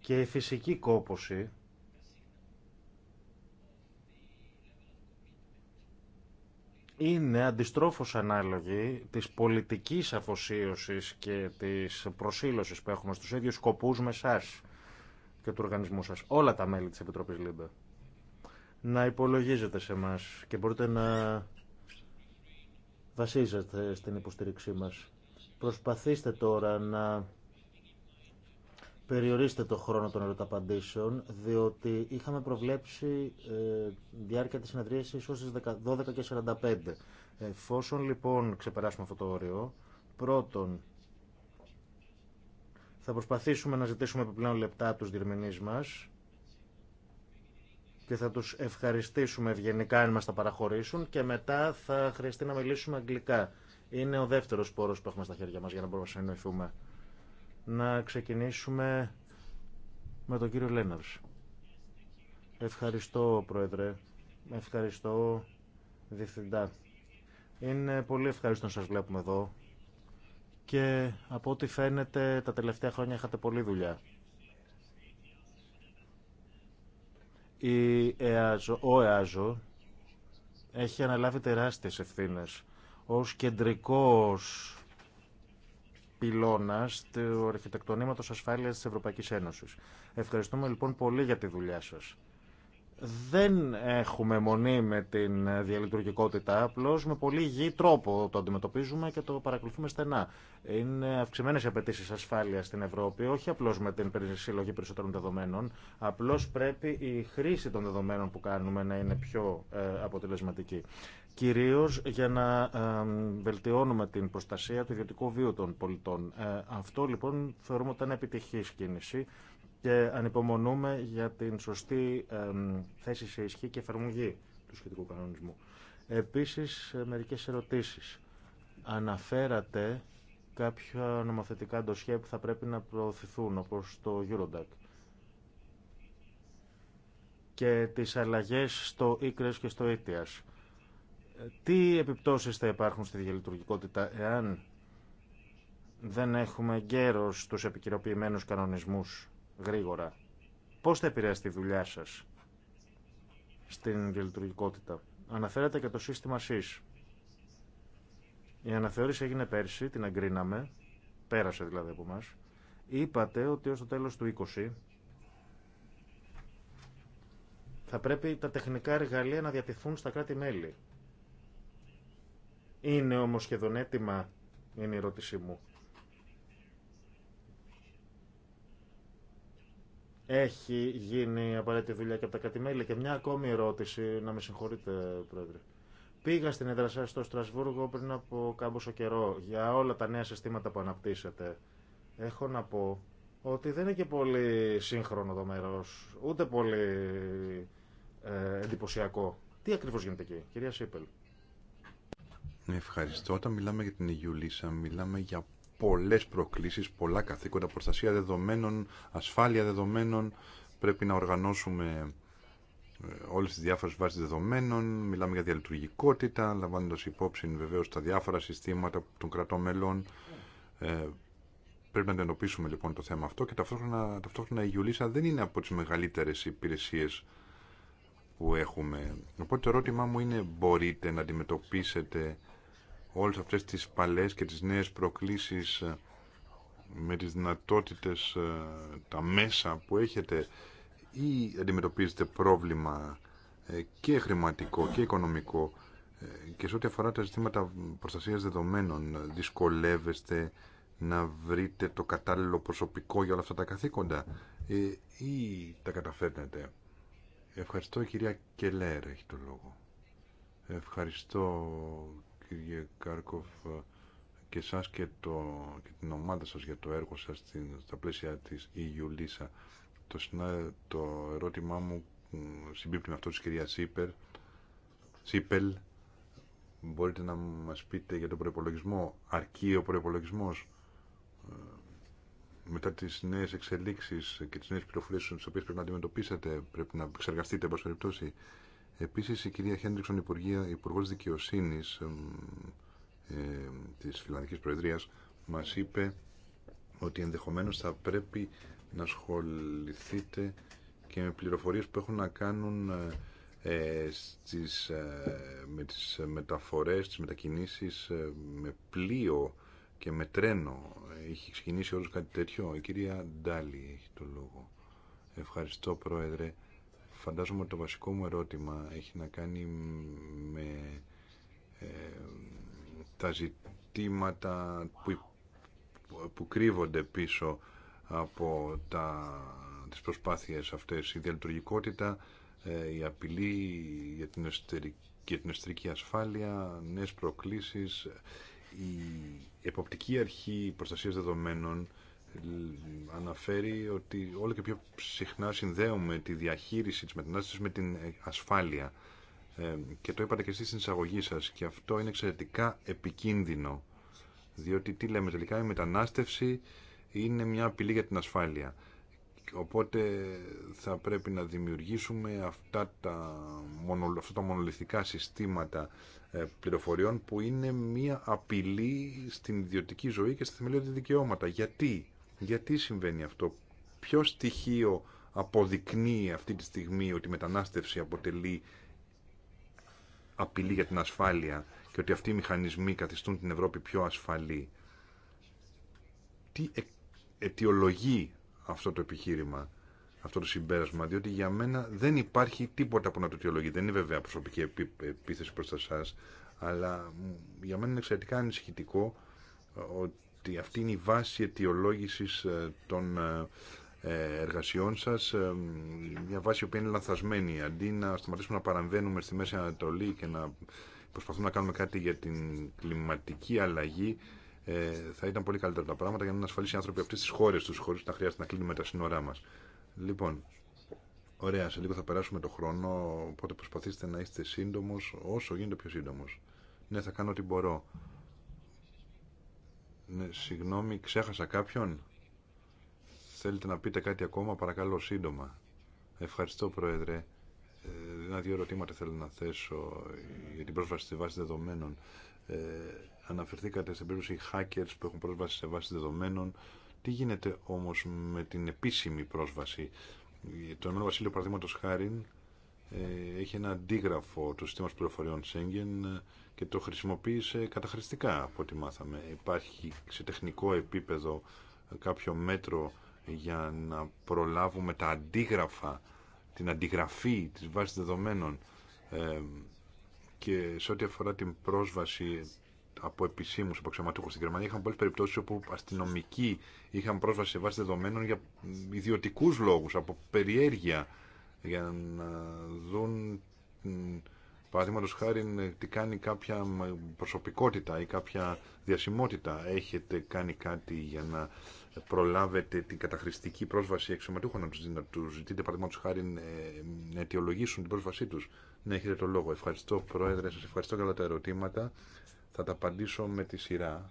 Και η φυσική κόπωση είναι αντιστρόφως ανάλογη της πολιτικής αφοσίωσης και της προσήλωσης που έχουμε στους ίδιους σκοπούς με εσά και του οργανισμού σας, όλα τα μέλη της Επιτροπής ΛΥΜΠΕ. Να υπολογίζετε σε μας και μπορείτε να βασίζετε στην υποστήριξή μας. Προσπαθήστε τώρα να Περιορίστε το χρόνο των ερωταπαντήσεων, διότι είχαμε προβλέψει ε, διάρκεια της συνεδρίασης ίσως στις 12 και 45. Εφόσον λοιπόν ξεπεράσουμε αυτό το όριο, πρώτον θα προσπαθήσουμε να ζητήσουμε επιπλέον λεπτά από τους διερμηνείς μας και θα τους ευχαριστήσουμε ευγενικά αν μας τα παραχωρήσουν και μετά θα χρειαστεί να μιλήσουμε αγγλικά. Είναι ο δεύτερος πόρος που έχουμε στα χέρια μας για να μπορούμε να συνεννοηθούμε να ξεκινήσουμε με τον κύριο Λέναρς. Ευχαριστώ, Πρόεδρε. Ευχαριστώ, Διευθυντά. Είναι πολύ ευχαριστώ να σας βλέπουμε εδώ. Και από ό,τι φαίνεται, τα τελευταία χρόνια είχατε πολλή δουλειά. Η ο ΕΑΖΟ έχει αναλάβει τεράστιες ευθύνες ως κεντρικός πυλώνα του αρχιτεκτονήματος ασφάλεια τη Ευρωπαϊκής Ένωσης. Ευχαριστούμε λοιπόν πολύ για τη δουλειά σα. Δεν έχουμε μονή με την διαλειτουργικότητα, απλώ με πολύ υγιή τρόπο το αντιμετωπίζουμε και το παρακολουθούμε στενά. Είναι αυξημένε οι απαιτήσει ασφάλεια στην Ευρώπη, όχι απλώ με την συλλογή περισσότερων δεδομένων, απλώ πρέπει η χρήση των δεδομένων που κάνουμε να είναι πιο ε, αποτελεσματική κυρίως για να ε, βελτιώνουμε την προστασία του ιδιωτικού βίου των πολιτών. Ε, αυτό λοιπόν θεωρούμε ότι ήταν επιτυχής κίνηση και ανυπομονούμε για την σωστή ε, θέση σε ισχύ και εφαρμογή του σχετικού κανονισμού. Επίσης, μερικές ερωτήσεις. Αναφέρατε κάποια νομοθετικά ντοσιέ που θα πρέπει να προωθηθούν, όπως το Eurodac και τις αλλαγές στο Ίκρες και στο ΙΤΙΑΣ τι επιπτώσεις θα υπάρχουν στη διαλειτουργικότητα εάν δεν έχουμε γέρος τους επικυροποιημένους κανονισμούς γρήγορα. Πώς θα επηρεάσει τη δουλειά σας στην διαλειτουργικότητα. Αναφέρατε και το σύστημα ΣΥΣ. Η αναθεώρηση έγινε πέρσι, την εγκρίναμε, πέρασε δηλαδή από μας. Είπατε ότι ως το τέλος του 20 θα πρέπει τα τεχνικά εργαλεία να διατηθούν στα κράτη-μέλη. Είναι όμως σχεδόν έτοιμα, είναι η ερώτησή μου. Έχει γίνει απαραίτητη δουλειά και από τα κατημέλια. Και μια ακόμη ερώτηση, να με συγχωρείτε, Πρόεδρε. Πήγα στην έδρα σας στο Στρασβούργο πριν από κάμποσο καιρό για όλα τα νέα συστήματα που αναπτύσσετε. Έχω να πω ότι δεν είναι και πολύ σύγχρονο το μέρο, ούτε πολύ ε, εντυπωσιακό. Τι ακριβώς γίνεται εκεί, κυρία Σίπελ. Ευχαριστώ. Όταν μιλάμε για την Ιουλίσσα, μιλάμε για πολλές προκλήσεις, πολλά καθήκοντα, προστασία δεδομένων, ασφάλεια δεδομένων. Πρέπει να οργανώσουμε ε, όλες τις διάφορες βάσεις δεδομένων, μιλάμε για διαλειτουργικότητα, λαμβάνοντας υπόψη βεβαίως τα διάφορα συστήματα των κρατών μελών. Ε, πρέπει να εντοπίσουμε λοιπόν το θέμα αυτό και ταυτόχρονα, ταυτόχρονα η Ιουλίσα δεν είναι από τις μεγαλύτερες υπηρεσίε που έχουμε. Οπότε το ερώτημά μου είναι μπορείτε να αντιμετωπίσετε όλες αυτές τις παλές και τις νέες προκλήσεις ε, με τις δυνατότητες, ε, τα μέσα που έχετε ή αντιμετωπίζετε πρόβλημα ε, και χρηματικό και οικονομικό και σε ό,τι αφορά τα ζητήματα προστασίας δεδομένων δυσκολεύεστε να βρείτε το κατάλληλο προσωπικό για όλα αυτά τα καθήκοντα ή τα καταφέρνετε. Ευχαριστώ κυρία Κελέρ έχει το λόγο. Ευχαριστώ κύριε Κάρκοφ ε, και σας και, το, και την ομάδα σας για το έργο σας στα πλαίσια της EU Lisa. Το, το ερώτημά μου συμπίπτει με αυτό της κυρία Σίπερ. Σίπελ, μπορείτε να μας πείτε για τον προπολογισμό, αρκεί ο προπολογισμό ε, μετά τις νέες εξελίξεις και τις νέες πληροφορίες στις οποίες πρέπει να αντιμετωπίσετε, πρέπει να εξεργαστείτε, εν Επίσης η κυρία Χέντριξον, υπουργό δικαιοσύνη Δικαιοσύνης ε, της Φιλανδικής Προεδρίας, μας είπε ότι ενδεχομένως θα πρέπει να ασχοληθείτε και με πληροφορίες που έχουν να κάνουν ε, στις, ε, με τις μεταφορές, τις μετακινήσεις ε, με πλοίο και με τρένο. Είχε ξεκινήσει όλο κάτι τέτοιο. Η κυρία Ντάλι έχει το λόγο. Ευχαριστώ Πρόεδρε φαντάζομαι ότι το βασικό μου ερώτημα έχει να κάνει με ε, τα ζητήματα που, κρύβονται πίσω από τα, τις προσπάθειες αυτές. Η διαλειτουργικότητα, ε, η απειλή για την, εστερική, ασφάλεια, νέες προκλήσεις, η εποπτική αρχή προστασίας δεδομένων αναφέρει ότι όλο και πιο συχνά συνδέουμε τη διαχείριση της μετανάστευσης με την ε, ασφάλεια ε, και το είπατε και εσείς στην εισαγωγή σας και αυτό είναι εξαιρετικά επικίνδυνο διότι τι λέμε τελικά η μετανάστευση είναι μια απειλή για την ασφάλεια οπότε θα πρέπει να δημιουργήσουμε αυτά τα, αυτά τα μονολυθικά συστήματα ε, πληροφοριών που είναι μια απειλή στην ιδιωτική ζωή και στη θεμελιώδη δικαιώματα. Γιατί γιατί συμβαίνει αυτό, ποιο στοιχείο αποδεικνύει αυτή τη στιγμή ότι η μετανάστευση αποτελεί απειλή για την ασφάλεια και ότι αυτοί οι μηχανισμοί καθιστούν την Ευρώπη πιο ασφαλή. Τι ε, αιτιολογεί αυτό το επιχείρημα, αυτό το συμπέρασμα, διότι για μένα δεν υπάρχει τίποτα που να το αιτιολογεί. Δεν είναι βέβαια προσωπική επίθεση προς εσά, αλλά για μένα είναι εξαιρετικά ανησυχητικό ε, ότι αυτή είναι η βάση αιτιολόγησης ε, των ε, ε, εργασιών σας, μια βάση που είναι λανθασμένη. Αντί να σταματήσουμε να παραμβαίνουμε στη Μέση Ανατολή και να προσπαθούμε να κάνουμε κάτι για την κλιματική αλλαγή, θα ήταν πολύ καλύτερα τα πράγματα για να ασφαλίσει οι άνθρωποι αυτές τις χώρες τους, χωρίς να χρειάζεται να κλείνουμε τα σύνορά μας. Λοιπόν, ωραία, σε λίγο θα περάσουμε το χρόνο, οπότε προσπαθήστε να είστε σύντομος, όσο γίνεται πιο σύντομος. Ναι, θα κάνω ό,τι μπορώ. Ναι, συγγνώμη, ξέχασα κάποιον. Θέλετε να πείτε κάτι ακόμα, παρακαλώ σύντομα. Ευχαριστώ, Πρόεδρε. Ε, Ένα-δύο ερωτήματα θέλω να θέσω για την πρόσβαση σε βάση δεδομένων. Ε, αναφερθήκατε στην περίπτωση hackers που έχουν πρόσβαση σε βάση δεδομένων. Τι γίνεται όμως με την επίσημη πρόσβαση. Ε, το Ηνωμένο Βασίλειο, παραδείγματο χάρη, έχει ένα αντίγραφο του συστήματος πληροφοριών Σέγγεν και το χρησιμοποίησε καταχρηστικά από ό,τι μάθαμε. Υπάρχει σε τεχνικό επίπεδο κάποιο μέτρο για να προλάβουμε τα αντίγραφα, την αντιγραφή της βάσης δεδομένων και σε ό,τι αφορά την πρόσβαση από επισήμους από στη στην Γερμανία, είχαν πολλές περιπτώσεις όπου αστυνομικοί είχαν πρόσβαση σε βάση δεδομένων για ιδιωτικού λόγους, από περιέργεια, για να δουν Παραδείγματο χάρη, ε, τι κάνει κάποια προσωπικότητα ή κάποια διασημότητα. Έχετε κάνει κάτι για να προλάβετε την καταχρηστική πρόσβαση εξωματούχων, να του ζητείτε, παραδείγματο χάρη, ε, να αιτιολογήσουν την πρόσβασή του. Ναι, έχετε το λόγο. Ευχαριστώ, Πρόεδρε. Σα ευχαριστώ για τα ερωτήματα. Θα τα απαντήσω με τη σειρά.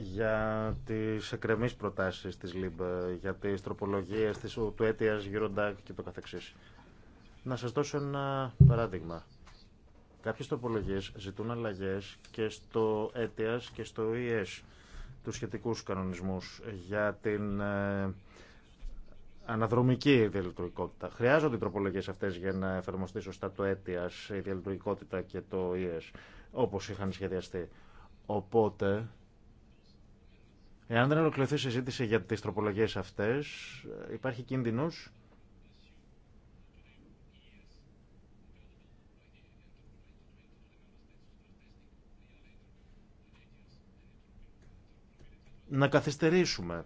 Για τις εκκρεμείς προτάσεις της ΛΥΜΠ, για τις τροπολογίες της, του αίτιας Eurodac και το καθεξής. Να σας δώσω ένα παράδειγμα. Κάποιες τοπολογίες ζητούν αλλαγές και στο ΕΤΙΑΣ και στο ΙΕΣ τους σχετικούς κανονισμούς για την ε, αναδρομική διαλειτουργικότητα. Χρειάζονται οι τροπολογίες αυτές για να εφαρμοστεί σωστά το ΕΤΙΑΣ, η διαλειτουργικότητα και το ΙΕΣ, όπως είχαν σχεδιαστεί. Οπότε, εάν δεν ολοκληρωθεί η συζήτηση για τι τροπολογίε αυτές, ε, υπάρχει κίνδυνο. να καθυστερήσουμε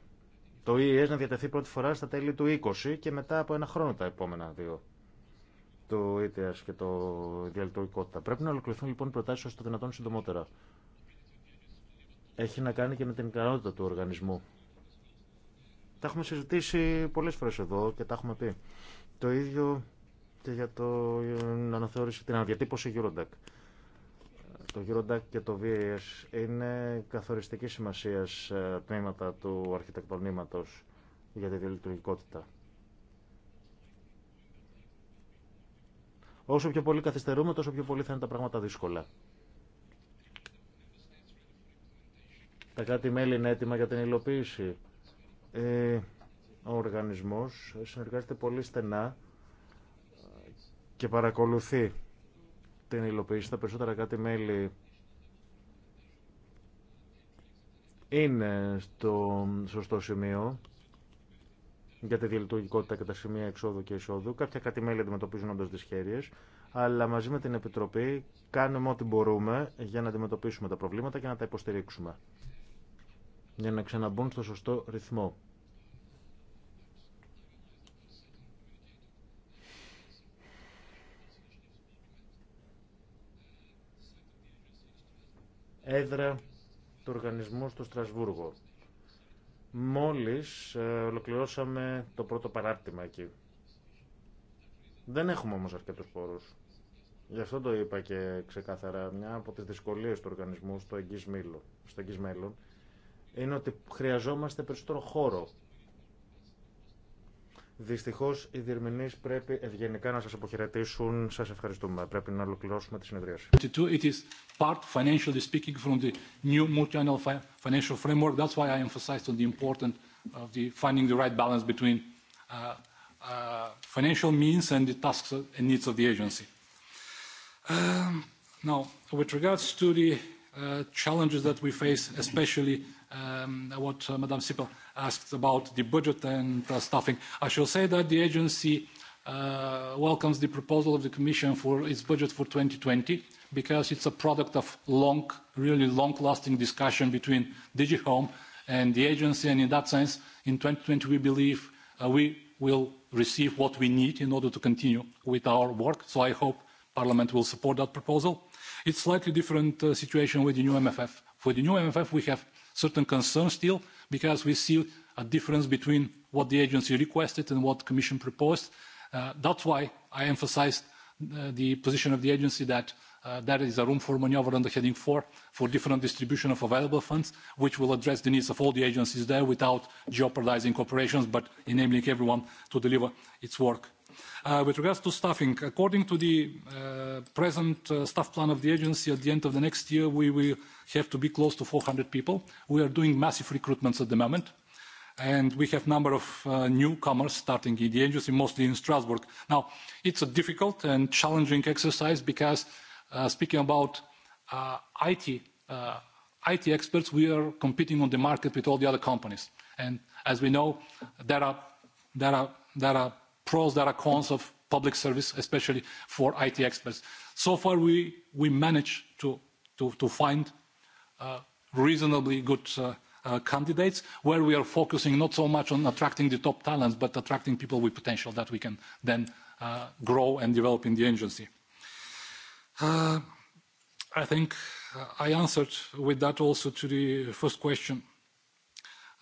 το ΙΕΣ e να διατεθεί πρώτη φορά στα τέλη του 20 και μετά από ένα χρόνο τα επόμενα δύο. Το ΙΤΕΑΣ e και το διαλειτουργικότητα. Πρέπει να ολοκληρωθούν λοιπόν οι προτάσει όσο το δυνατόν συντομότερα. Έχει να κάνει και με την ικανότητα του οργανισμού. Τα έχουμε συζητήσει πολλές φορές εδώ και τα έχουμε πει. Το ίδιο και για το, την ε, αναθεώρηση, την αναδιατύπωση Eurodac. Το Eurodac και το VAS είναι καθοριστική σημασία ε, τμήματα του αρχιτεκτονήματος για τη διαλειτουργικότητα. Όσο πιο πολύ καθυστερούμε, τόσο πιο πολύ θα είναι τα πράγματα δύσκολα. Τα κάτι μέλη είναι έτοιμα για την υλοποίηση. Ε, ο οργανισμός συνεργάζεται πολύ στενά και παρακολουθεί την υλοποίηση στα περισσότερα κάτι μέλη είναι στο σωστό σημείο για τη διαλειτουργικότητα και τα σημεία εξόδου και εισόδου. Κάποια κάτι μέλη αντιμετωπίζουν όντω δυσχέρειε, αλλά μαζί με την Επιτροπή κάνουμε ό,τι μπορούμε για να αντιμετωπίσουμε τα προβλήματα και να τα υποστηρίξουμε. Για να ξαναμπούν στο σωστό ρυθμό. έδρα του οργανισμού στο Στρασβούργο. Μόλις ε, ολοκληρώσαμε το πρώτο παράρτημα εκεί. Δεν έχουμε όμως αρκετούς πόρους. Γι' αυτό το είπα και ξεκάθαρα. Μια από τις δυσκολίες του οργανισμού στο εγγύς μέλλον είναι ότι χρειαζόμαστε περισσότερο χώρο Δυστυχώ οι διερμηνεί πρέπει ευγενικά να σα αποχαιρετήσουν. Σα ευχαριστούμε. Πρέπει να ολοκληρώσουμε τη συνεδρίαση. It is part financially speaking from the new multi-annual financial framework. That's why I emphasized on the importance of the finding the right balance between uh, uh, financial means and the tasks and needs of the agency. Um, now, with regards to the uh, challenges that we face, especially what Madam Sippel asked about the budget and staffing. I shall say that the agency welcomes the proposal of the Commission for its budget for 2020 because it's a product of long, really long-lasting discussion between Digihome and the agency. And in that sense, in 2020, we believe we will receive what we need in order to continue with our work. So I hope Parliament will support that proposal. It's slightly different situation with the new MFF. For the new MFF, we have certain concerns still because we see a difference between what the agency requested and what the Commission proposed. That's why I emphasized the position of the agency that there is a room for manoeuvre under heading 4 for different distribution of available funds, which will address the needs of all the agencies there without jeopardizing corporations, but enabling everyone to deliver its work With regards to staffing, according to the present staff plan of the agency, at the end of the next year, we will have to be close to 400 people. We are doing massive recruitments at the moment, and we have a number of newcomers starting in the agency, mostly in Strasbourg. Now, it's a difficult and challenging exercise because, speaking about IT experts, we are competing on the market with all the other companies. And as we know, there are pros, there are cons of public service, especially for IT experts. So far, we we managed to to find reasonably good candidates, where we are focusing not so much on attracting the top talents, but attracting people with potential that we can then grow and develop in the agency. I think I answered with that also to the first question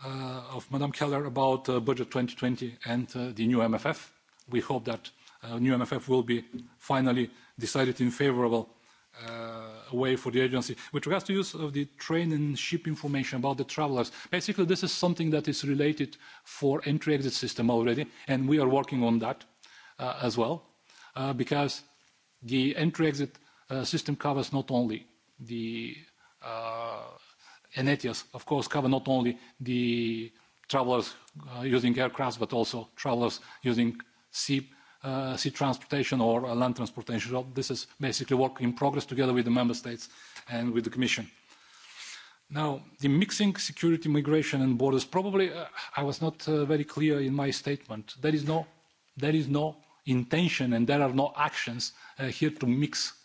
of Madame Keller about budget 2020 and the new MFF. We hope that new MFF will be finally decided in favorable way for the agency. With regards to use of the train and ship information about the travelers, basically this is something that is related for entry-exit system already, and we are working on that as well, because the entry-exit system covers not only the and ETIAS, of course, cover not only the travelers using aircraft, but also travelers using sea sea transportation or land transportation. this is basically work in progress together with the member states and with the Commission. Now, the mixing security, migration and borders. Probably, I was not very clear in my statement. There is no, there is no intention and there are no actions here to mix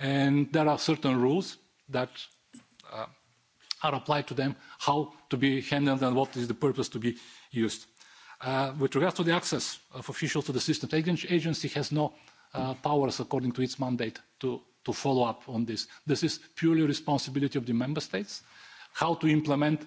and there are certain rules that are applied to them, how to be handled and what is the purpose to be used. With regards to the access of officials to the system, the agency has no powers according to its mandate to to follow up on this. This is purely responsibility of the member states. How to implement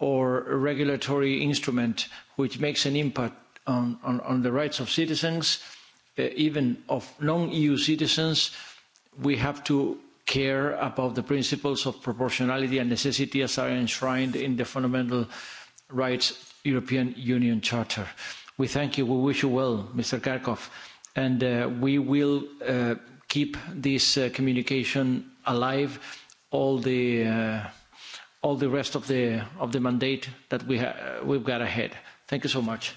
or a regulatory instrument which makes an impact on the rights of citizens, even of non-EU citizens, we have to care about the principles of proportionality and necessity as are enshrined in the Fundamental Rights European Union Charter. We thank you. We wish you well, Mr. Karkov. And we will keep this communication alive all the all the rest of the of the mandate that we we've got ahead. Thank you so much.